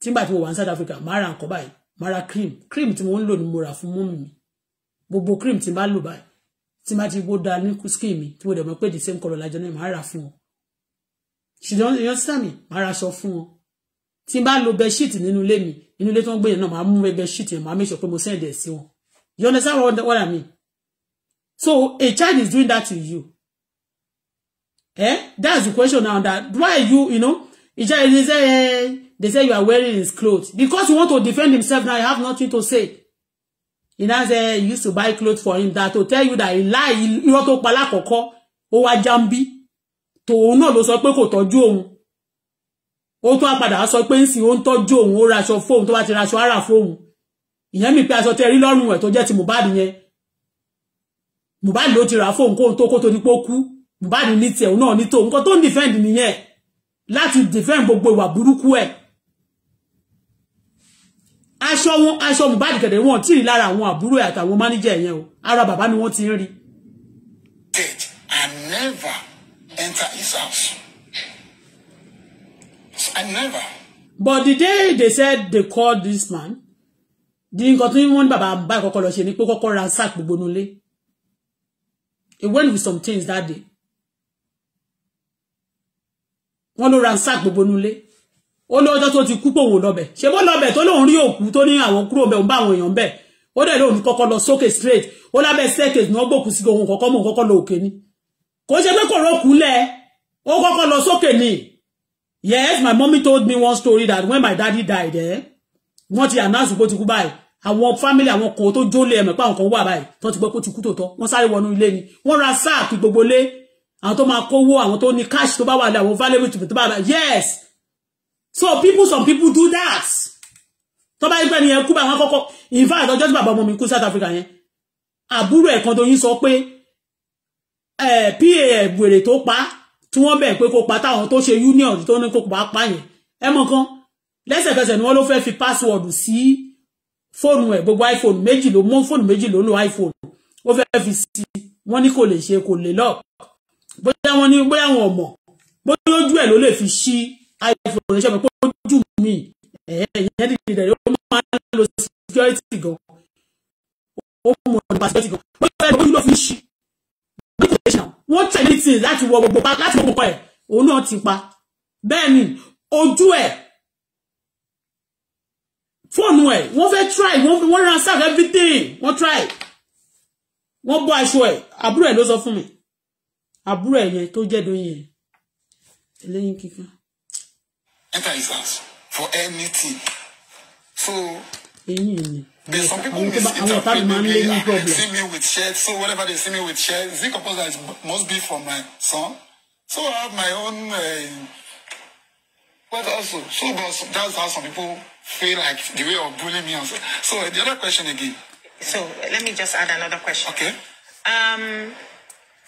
tí n bá ti wò wá ní South Africa Mara ra nǹkan báyìí máa cream cream tí mo ń lò ní mo rà fún mọ́mì mi gbogbo cream tí n bá lò báyìí tí n bá ti gbó da ní skin mi tí mo dẹ̀ mọ̀ pé the same colour lájọ náà máa rà fún ọ ṣùgbọ́n èèyàn sísá mi máa ra aṣọ fún ọ tí n bá lo bedsheet nínú ilé mi inú ilé tó ń gbé yẹn náà máa mú bedsheet yẹn máa make pé mo send sí wọn you understand what I mean so a child is doing that to you Eh? That's the question now that why you, you know, they say, they say you are wearing his clothes. Because you want to defend himself now, you have nothing to say. He now say you used to buy clothes for him that to tell you that he lie, irọ́ tó pa lákọ̀ọ́kọ́, ó wá jambi. Tòun náà ló sọ pé kò tọ́jú òun. Ó tún àpàdà sọ pé ń sìn ó ń tọ́jú òun, ó raṣọ fóun tó bá ti raṣọ ara fóun. Ìyẹn mi pé aṣọ tẹ rí lọ́rùn ẹ̀ tó jẹ́ ti Mohbad yẹn. Mohbad ló ti rà fóun kóun tó kó tó ní pé ó Mohbad ní tiẹ̀ òun náà ní tó nǹkan tó ń defend nìyẹn láti defend gbogbo ìwà burúkú ẹ̀ aṣọ wọn aṣọ Mohbad gẹ̀dẹ̀ wọn tí ì lára àwọn àbúrò ẹ̀ àtàwọn máníjà yẹn o ara bàbá ni wọ́n ti ń rí. I never enter his house. I never. But the day they said they called this man di nǹkan tí wọ́n ní bàbá báyìí kọ́kọ́ lọ ṣe ni pé kọ́kọ́ ransack gbogbo nulẹ̀ he went with some things that day wọ́n ló ransack gbogbo nulé ó lọ́jọ́ tó ti kú pòwò lọ́bẹ̀ ṣe bó lọ́bẹ̀ tó lóun rí òkú tó ní àwọn kúrò bẹ̀ òun bá àwọn èèyàn bẹ̀ ó dẹ̀ lóun kọ́kọ́ lọ sókè straight ó lábẹ́ staircase náà gbòkú sí ohun kọ́kọ́ mọ̀ kọ́kọ́ lọ òkè ni kò ṣe pé kò rókú lẹ̀ ó kọ́kọ́ lọ sókè ni yes my mommy told me one story that when my daddy died eh, wọ́n ti announce pé ó ti kú báyìí àwọn family àwọn kan tó jólè ẹ̀mẹ̀pá àwọn kan wà báyìí tó ti gbọ́ pé ó ti kú tòótọ́ wọ́n sáré wọnú ilé ni wọ́n ra sáà gbogbo lé àwọn tó máa kówó àwọn tó ní cash tó bá wà ní àwọn valuable tó bá wà yes so people some people do that tó bá yín pẹ́ nìyẹn kú bá wọn kọ́kọ́ in fact ọjọ́ tí bàbá ọmọ mi kú South Africa yẹn àbúrò ẹ̀kan tó yín sọ pé pa wèrè tó pa tí wọ́n bẹ̀ pé kó pa táwọn tó ṣe union tó ní kó pa pa yẹn ẹ mọ̀ kan lẹ́sẹ̀kẹsẹ̀ ni wọ́n ló fẹ́ fi password sí fóònù ẹ̀ gbogbo iPhone méjì ló mú fóònù méjì ló lo iPhone ó fẹ́ fi sí wọ́n ní kò lè ṣe kò lè lock bóyá wọn ní bóyá wọn ò mọ̀ bóyá ojú ẹ̀ ló lè fi ṣí iphone ṣe pé ojú mi ìyẹn dìde rẹ̀ ó máa ń lo security gan ó mọ̀ nípa security gan bóyá ojú ló fi ṣí wọ́n tẹ̀lé tí láti wọ gbogbo pa láti wọ gbogbo ẹ̀ òun náà ti pa bẹ́ẹ̀ ni ojú ẹ̀ fóònù ẹ̀ wọ́n fẹ́ try wọ́n ransack everything wọ́n try wọ́n bọ́ aṣọ ẹ̀ àbúrò ẹ̀ ló sọ fún mi àbúrò ẹ̀ tó jẹ́ dóyin yẹn eléyìí kíkan. enter his house for anything so. eyín ni there's some people misinterpret ah, me they see me with shirt so whenever they see me with shirt zinc compose that must be for my son so I have my own uh, but also so but that's how some people feel like the way of bullying me also so the other question again. so let me just add another question. okay. Um,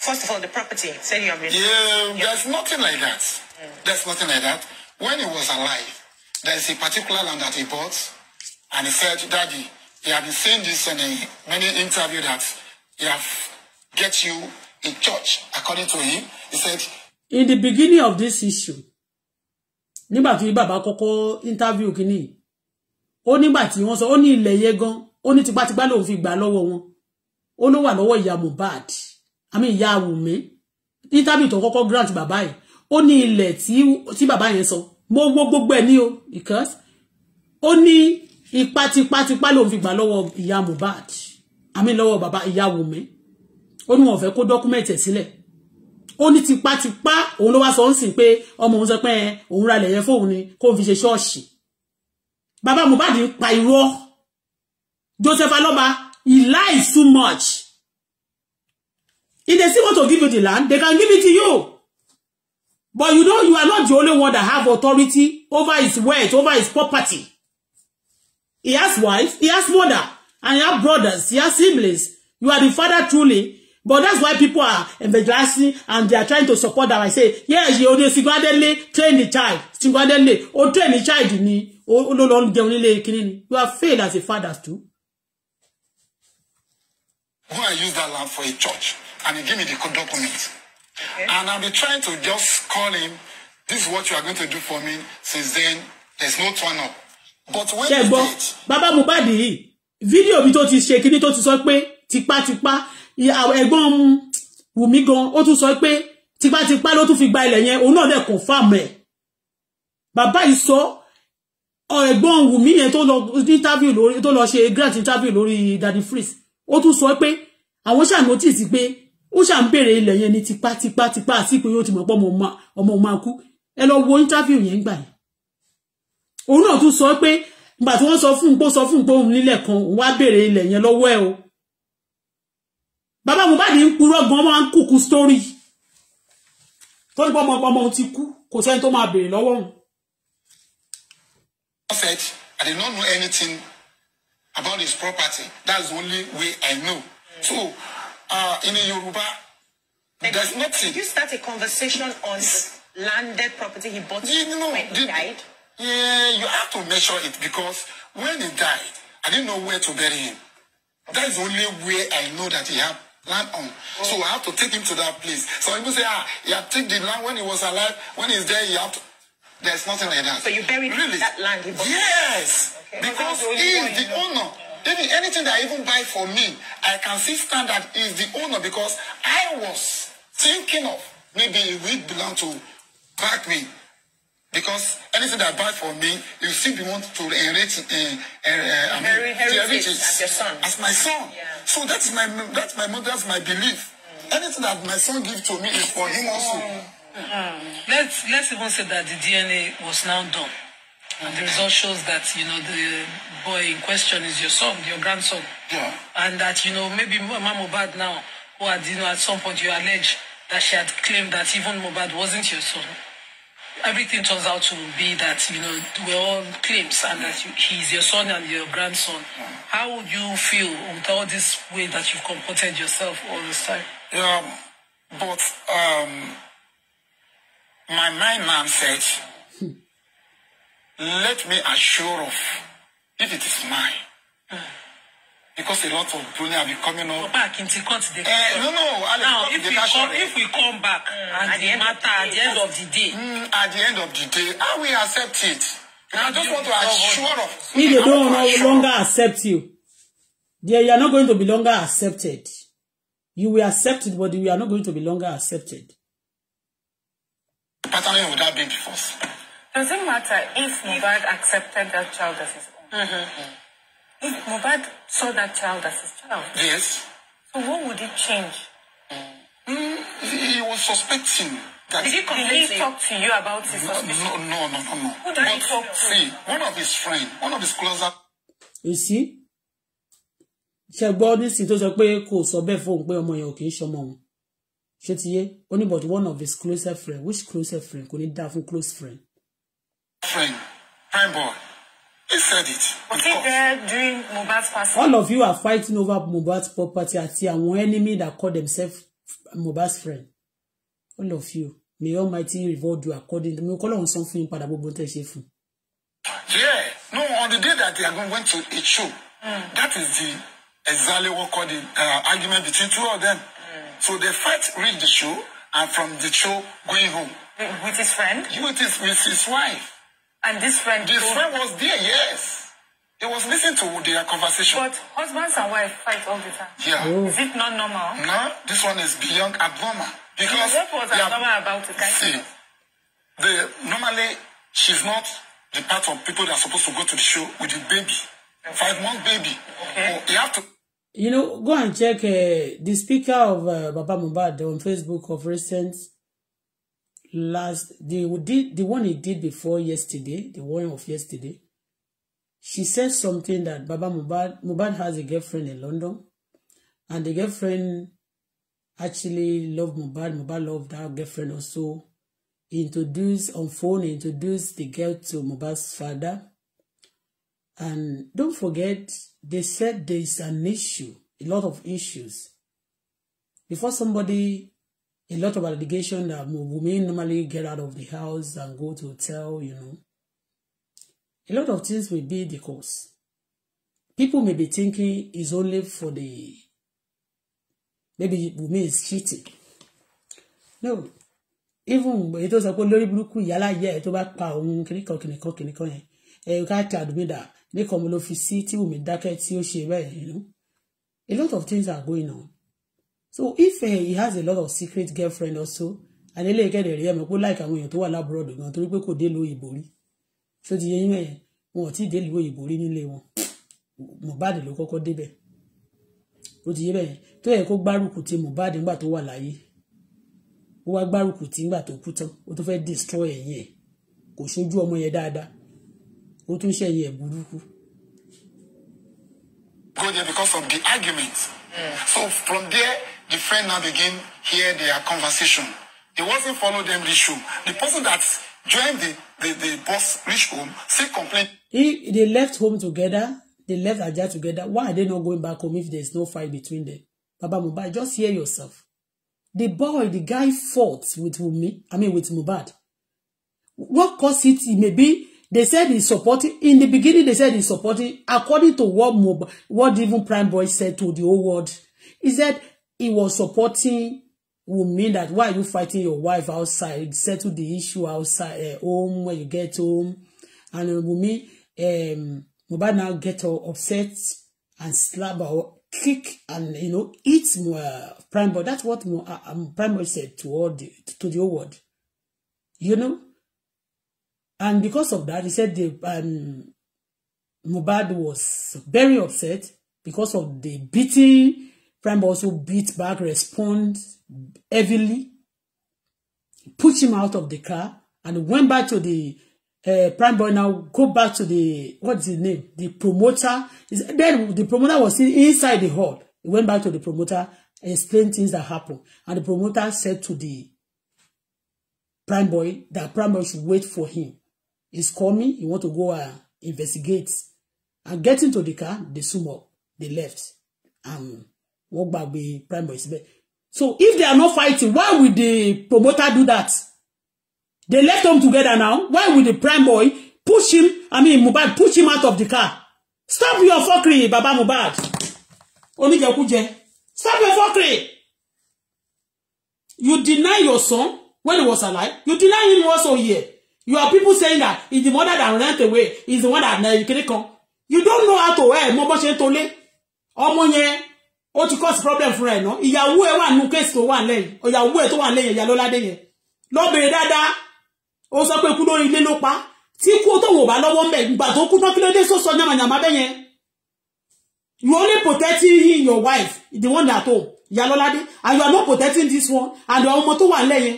First of all, the property. Said you have been. Yeah, there's nothing like that. Mm. There's nothing like that. When he was alive, there's a particular land that he bought, and he said, "Daddy, he have been saying this in a many interview that he have get you a church." According to him, he said. In the beginning of this issue, nígbà tí bàbá kọ́kọ́ interview kìíní ó nígbà tí wọ́n sọ ó ní ilẹ̀ yẹn gan ó ní tipátipá lòun fi gbà lọ́wọ́ wọn ó ló wà lọ́wọ́ ìyá àmì ìyá Wùmí interview tó kọ́kọ́ grant bàbá yìí ó ní ilẹ̀ tí bàbá yẹn sọ gbogbo gbogbo ẹ̀ ní o because ó ní ipa tipátipá lòun fi gbà lọ́wọ́ ìyá Mohbad àmì lọ́wọ́ bàbá ìyá Wùmí ó ní wọn fẹ́ kó dọ́kúmẹ̀tì ẹ̀ sílẹ̀ ó ní tipátipá òun ló wá sọ ń sìn pé ọmọ òun sọ pé òun ra ilẹ̀ yẹn fóun ni kóun fi ṣe ṣọ́ọ̀ṣì bàbá Mohbad ń pa irọ́ Joseph Aloba he lies too much If they still want to give you the land, they can give it to you. But you know, you are not the only one that have authority over his wealth, over his property. He has wife, he has mother, and he has brothers, he has siblings. You are the father truly. But that's why people are evangelizing and they are trying to support them. I say, yes, you only single train the child. single or train the child ni, or no long You have failed as a father too. Who are use that land for a church? and he gave me the document. Okay. And I'll be trying to just call him. This is what you are going to do for me. Since then, there's no turn up. But when Ṣé gbọ́, Bàbá Mohbad yìí, fídíò mi tó ti ṣe kíní tó ti sọ pé tipátipá ẹ̀gbọ́n Wùmí gan, ó tún sọ pé tipátipá ló tún fi gba ilẹ̀ yẹn, òun náà dẹ̀ confirm ẹ̀. Bàbá yìí sọ ẹ̀gbọ́n Wùmí yẹn tó lọ interview lórí tó lọ ṣe grant interview lórí Daddy Freeze. Ó tún sọ pé àwọn ṣà notice pé ó ṣà ń béèrè ilẹ̀ yẹn ní tipátipátipá àti pé yóò ti mọ̀ pé ọmọ máa kú ẹ lọ wo íńtáfíù yẹn gbà yẹn òun náà tún sọ pé ìgbà tí wọ́n sọ fún un pé ó sọ fún un pé òun nílẹ̀ kan òun wá béèrè ilẹ̀ yẹn lọ́wọ́ ẹ o bàbá Mohbad ń purọ́ gan máa ń kúkú sítórì tó ní pọ́mọ ọmọ ti kú kò sẹ́ni tó máa béèrè lọ́wọ́ òun. Prophet, I did not know anything about his property. That's the only way I know. So uh, in Yoruba. There's nothing. Did you start a conversation on yes. landed property he bought you know, when he died? Yeah, you have to measure it because when he died, I didn't know where to bury him. Okay. is the only way I know that he had land on. Oh. So I have to take him to that place. So people say, ah, he had taken the land when he was alive. When he's there, he have to. There's nothing like that. So you buried really? that land? he bought. Yes. Okay. Because he is the owner. Yeah. David, anything that I even buy for me, I can see standard is the owner because I was thinking of maybe it will belong to back me. Because anything that I buy for me, you see, we want to enrich, eh, uh, eh, uh, eh, uh, I mean, Heritage as your son, as my son. Yeah. So that's my that's my mother's my belief. Mm. Anything that my son give to me is for him also. Mm. Mm. Let's let's even say that the DNA was now done. And the result shows that, you know, the boy in question is your son, your grandson. Yeah. And that, you know, maybe Mama Mobad now, who had, you know, at some point you allege that she had claimed that even Mobad wasn't your son. Everything turns out to be that, you know, we're all claims and that you, he's your son and your grandson. Yeah. How would you feel with all this way that you've comported yourself all this time? Yeah, but um, my mind man says let me assure of if it is mine. Because a lot of money are becoming up. back into court. uh, no, no. Alex, now, if we, come, if we come back mm, at, at the, the matter, at the end of the day. Mm, at the end of the day, how we accept it? I just want to assure of. If they don't no longer accept you, they you are not going to be longer accepted. You will accept it, but you are not going to be longer accepted. Partnering with that baby first doesn't matter if Mubad accepted that child as his own. Mm-hmm. mm-hmm. If Mubad saw that child as his child. Yes. So what would it change? Mm, mm he was suspecting. That Did he, complain he talk to you about his no, suspicion? No, no, no, no, no. Who did he talk to? See, one of his friends, one of his closer. You see? ṣe gbọ́ nísìnyí tó sọ pé kò sọ bẹ́ẹ̀ fóun pé ọmọ yẹn ò kì í ṣọmọ wọn ṣé ti yé ó ní but one of his closer friend which closer friend kò ní dá fún close friend friend, prime boy. He said it. Okay, there during Mohbad's passing. All of you are fighting over Mohbad's property àti àwọn enemy that call themselves Mohbad's friend. All of you. May Almighty reward you according to me. Kọ́ lọ́run san fún yín padà gbogbo Yeah, no, on the day that they are going to a show, mm. that is the exactly what called the uh, argument between two of them. Mm. So they fight, read the show, and from the show going home. With his friend? With his, with his wife. And this friend. this told... friend was there, yes. He was listening to their conversation. But husbands and wife fight all the time. Yeah. Ooh. Is it not normal? No, this one is beyond abnormal. Because what was abnormal about it? See, the normally she's not the part of people that are supposed to go to the show with the baby. Okay. Five month baby. Okay. So oh, you have to you know, go and check uh, the speaker of uh, Baba Mubad on Facebook of recent last the did the one he did before yesterday, the one of yesterday. She said something that Baba Mubad Mubad has a girlfriend in London, and the girlfriend actually loved Mubad. Mubad loved that girlfriend also. introduced on phone, introduced the girl to Mubad's father. And don't forget, they said there is an issue, a lot of issues. Before somebody a lot of allegation that women normally get out of the house and go to hotel, you know. A lot of things will be the cause. People may be thinking it's only for the maybe women is cheating. No, even èyí tó sọ pé lórí burúkú ìyálà yẹ ẹ tó bá pa òun kìnìkan kìnìkan kìnìkan yẹn ẹ ká kí àdúmídà nìkan mo ló fi sí tí wùmí dákẹ́ tí ó ṣe A lot of things are going on so if uh, he has a lot of secret girlfriend also adele kẹdẹ rí ẹmọ pé láìka àwọn èèyàn tó wà lábúrọdù gan torí pé kò dé lóyè borí tó ti yẹ yín mẹyẹ wọn ò tí ì dé lóyè borí nílé wọn Mohbad ló kọ́kọ́ débẹ̀ ó ti yé bẹyẹn tó yẹ kó gbárùkù ti Mohbad nígbà tó wà láyé ó wá gbárùkù ti nígbà tó kú tán ó to fẹ́ destroy ẹ̀yìn ẹ̀ kò ṣojú ọmọ yẹn dáadáa ó tún ṣẹ̀yìn ẹ̀ burúkú. go there because of the argument mm. so from there the friend now begin hear their conversation. He wasn't follow them reach home. The person that joined the, the, the bus reach home, say complain. If they left home together, they left Ajah together, why are they not going back home if there's no fight between them? Baba Mohbad, just hear yourself. The boy, the guy fought with me. I mean with Mohbad. What caused it? It may be they said he's supporting in the beginning they said he's supporting according to what Mohbad, what even Prime Boy said to the whole world. He said he was supporting would mean that why are you fighting your wife outside settle the issue outside uh, home when you get home and uh, Wunmi um, Mohbad now get all upset and slap or kick and you know eat more uh, Prime but that's what uh, um, Prime said to all the to the whole world you know and because of that he said the um, Mohbad was very upset because of the beating Prime also beat back, respond heavily, pushed him out of the car, and went back to the uh, Prime Boy. Now go back to the what's his name? The promoter. is. then the promoter was still inside the hall. He went back to the promoter, explained things that happened, and the promoter said to the Prime Boy that Prime Boy should wait for him. He's coming. He want to go uh, investigate. And getting to the car, they sum up. They left. Um, wọ́n gbàgbé prime boy síbẹ̀ so if they are not fighting why would the promoter do that they left them together now why would the prime boy push him i mean Mohbad push him out of the car stop your fuckery baba Mohbad oníjẹkújẹ stop your fuckery you deny your son when he was alive you deny him also here you are people saying that he's the mother that ran away he's the one that eh, na ekele kan you don't know how to ẹ eh, mọ bó tole. ń tolé ọmọ yẹn O, ti cause problem fúnra ẹ̀ náà ìyàwó ẹ̀ wà nínú kéèsì tó wà lẹ́yìn ìyàwó ẹ̀ tó wà lẹ́yìn ìyá lọ́ládé yẹn lọ́bẹ̀rẹ̀ dáadáa ó sọ pé kú lórí ilé ló pa tí kú tó wò bá lọ́wọ́ mẹ́ ìgbà tó kú tán kí ló So sọ́sọ yàmàyàmà bẹ́ yẹn you only protecting him your wife the one at home ìyá lọ́ládé and you are not protecting this one and your ọmọ tó wà lẹ́yìn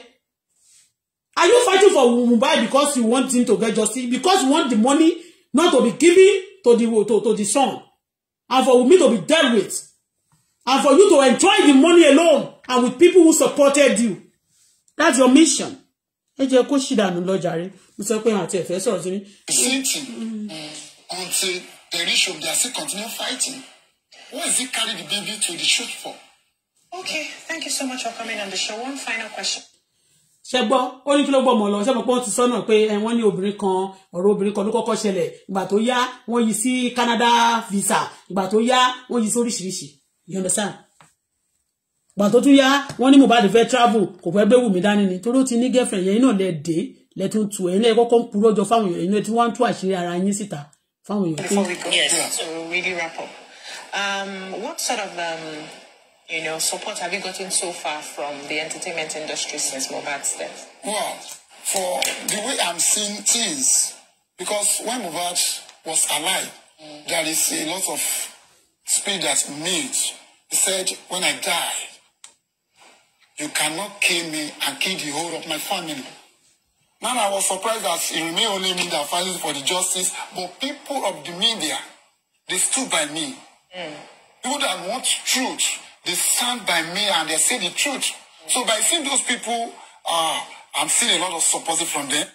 Are you fighting for Mumbai because you want him to get justice? Because you want the money not to be given to the to, to the son and for me to be dealt with? and for you to enjoy the money alone and with people who supported you. That's your mission. Ẹ jẹ́ kó ṣì dànù Mo sọ pé àwọn àti ẹ̀fẹ́ sọ̀rọ̀ sí mi. Eh, until the rich of their still continue fighting. What is he carry the baby to the church for? Okay, thank you so much for coming on the show. One final question. ṣe ó ní kí ló gbọ́ mọ̀ lọ ṣe mọ̀ ti sọ́nà pé eh, wọ́n ní obìnrin kan ọ̀rọ̀ obìnrin kan ló kọ́kọ́ ṣẹlẹ̀ ìgbà tó yá wọ́n yí sí Canada visa ìgbà tó yá wọ́n yí sí oríṣiríṣi you understand gbà tó tún yá wọ́n ní Mohbad fẹ́ travel kò fẹ́ gbé Wùmí dání ni torí ó ti ní girlfriend yẹn náà lẹ dé lẹ tún tu ẹ̀yin lẹ kọ́kọ́ ń purọ́ jọ fáwọn èèyàn ẹ̀yin lẹ tún wá ń àṣírí ara yín síta fáwọn èèyàn. Before we go yes, yeah. really wrap up, um, what sort of um, you know, support have you gotten so far from the entertainment industry since Mohbad's death? Well, for the way I'm seeing things, because when Mohbad was alive, mm. there is a lot of Spirit that means, he said, when I die, you cannot kill me and kill the whole of my family. Man, I was surprised that it may only me that fighting for the justice, but people of the media, they stood by me. Mm. People that want truth, they stand by me and they say the truth. Mm. So by seeing those people, uh, I'm seeing a lot of support from them.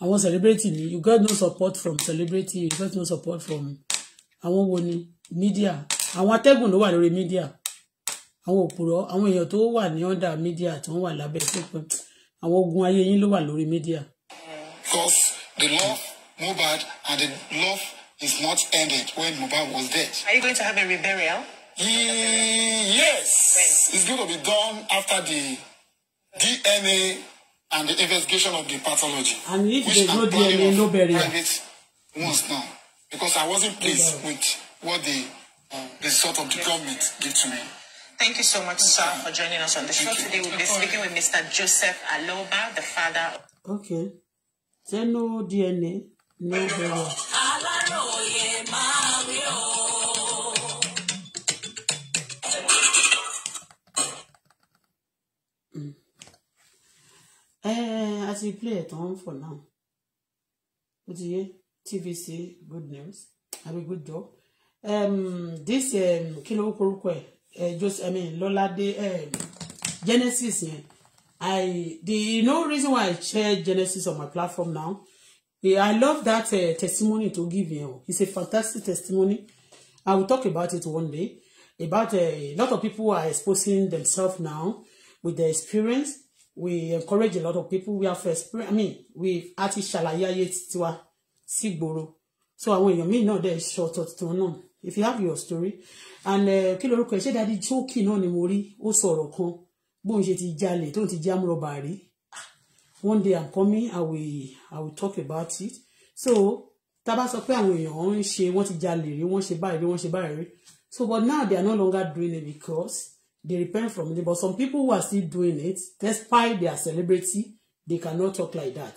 àwọn celebrity ni you got no support from celebrity you got no support from àwọn wo ni mídíà àwọn atẹ́gùn ló wà lórí mídíà àwọn òpùrọ̀ àwọn èèyàn tó wà ní ọ̀dà mídíà tó ń wà lábẹ́ pípẹ́ àwọn ogun ayé yín ló wà lórí mídíà. because the love Mohbad and the love is not ended when Mohbad was dead. are you going to have a reburial. Ye yes when? it's going to be done after the DNA and the investigation of the pathology. and if there's no DNA no burial. private ones now because I wasn't pleased with what the um, the sort of government give to me. Thank you so much, sir, for joining us on the show today. We'll be speaking with Mr. Joseph Aloba, the father. okay. Say no DNA, no hero. Mm. Eh, as we play at home for now. But yeah, TVC, good news. Have a good job um, this um, kilo ló korúkọ ẹ uh, eh, Joseph I mean Lola Lọ́ládé um, Genesis yẹn I the you know reason why I share Genesis on my platform now eh, I love that uh, testimony to give you it's a fantastic testimony I will talk about it one day about uh, a lot of people are exposing themselves now with their experience we encourage a lot of people we have experience I mean we àti ṣàlàyé ayé tiwa sí gbòòrò so àwọn you míì náà there ṣe ọ̀tọ̀ tuntun náà if you have your story and eh, kí lorúkọ ẹ ṣé dadi jókì náà ni mo rí ó sọ̀rọ̀ kan bóun ṣe ti jalè tóun ti já múrọ̀bà rí ah, one day i'm coming i will i will talk about it so tábà sọ pé àwọn èèyàn ń ṣe wọ́n ti jalè rí wọ́n ṣe báyìí rí wọ́n ṣe báyìí rí so but now they are no longer doing it because they repent from it but some people who are still doing it despite their celebrity they cannot talk like that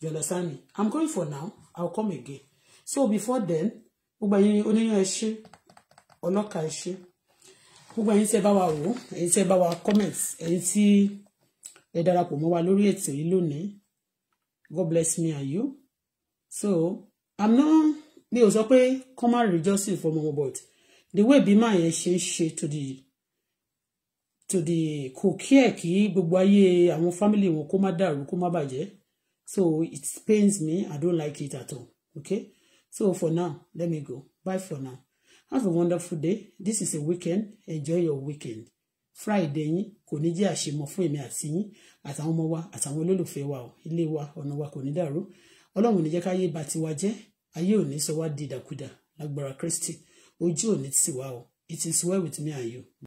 you understand me i'm going for now i'll come again so before then gbogbo ẹ̀yin oníyàn ẹ ṣé ọlọ́kà ẹ ṣé gbogbo ẹ̀yin tí ẹ bá wa wò ẹ̀yin tí bá wa comment ẹ̀yin tí ẹ darapọ̀ mọ́ wa lórí ètò yìí lónìí God bless me and you so i'm not mi ò sọ pé common rejoicing for momo but the way bí máa yẹn ṣe ń ṣe to the to the kò kí ẹ̀ kí gbogbo ayé àwọn family wọn kó má dàrú kó má bàjẹ́ so it pains me i don't like it at all okay. So for now, let me go. Bye for now. Have a wonderful day. This is a weekend. Enjoy your weekend. Friday yín kò ní jẹ́ àṣemọ fún èmi àti yín àtàwọn ọmọ wa àtàwọn olólùfẹ́ wa o ilé wa ọ̀nà wa kò ní dàrú ọlọ́run ò ní jẹ́ ba tiwa jẹ́ ayé ò ní sọ wá di ìdàkudà lagbara Kristi ojú ò ní tì wá o it is well with me and you.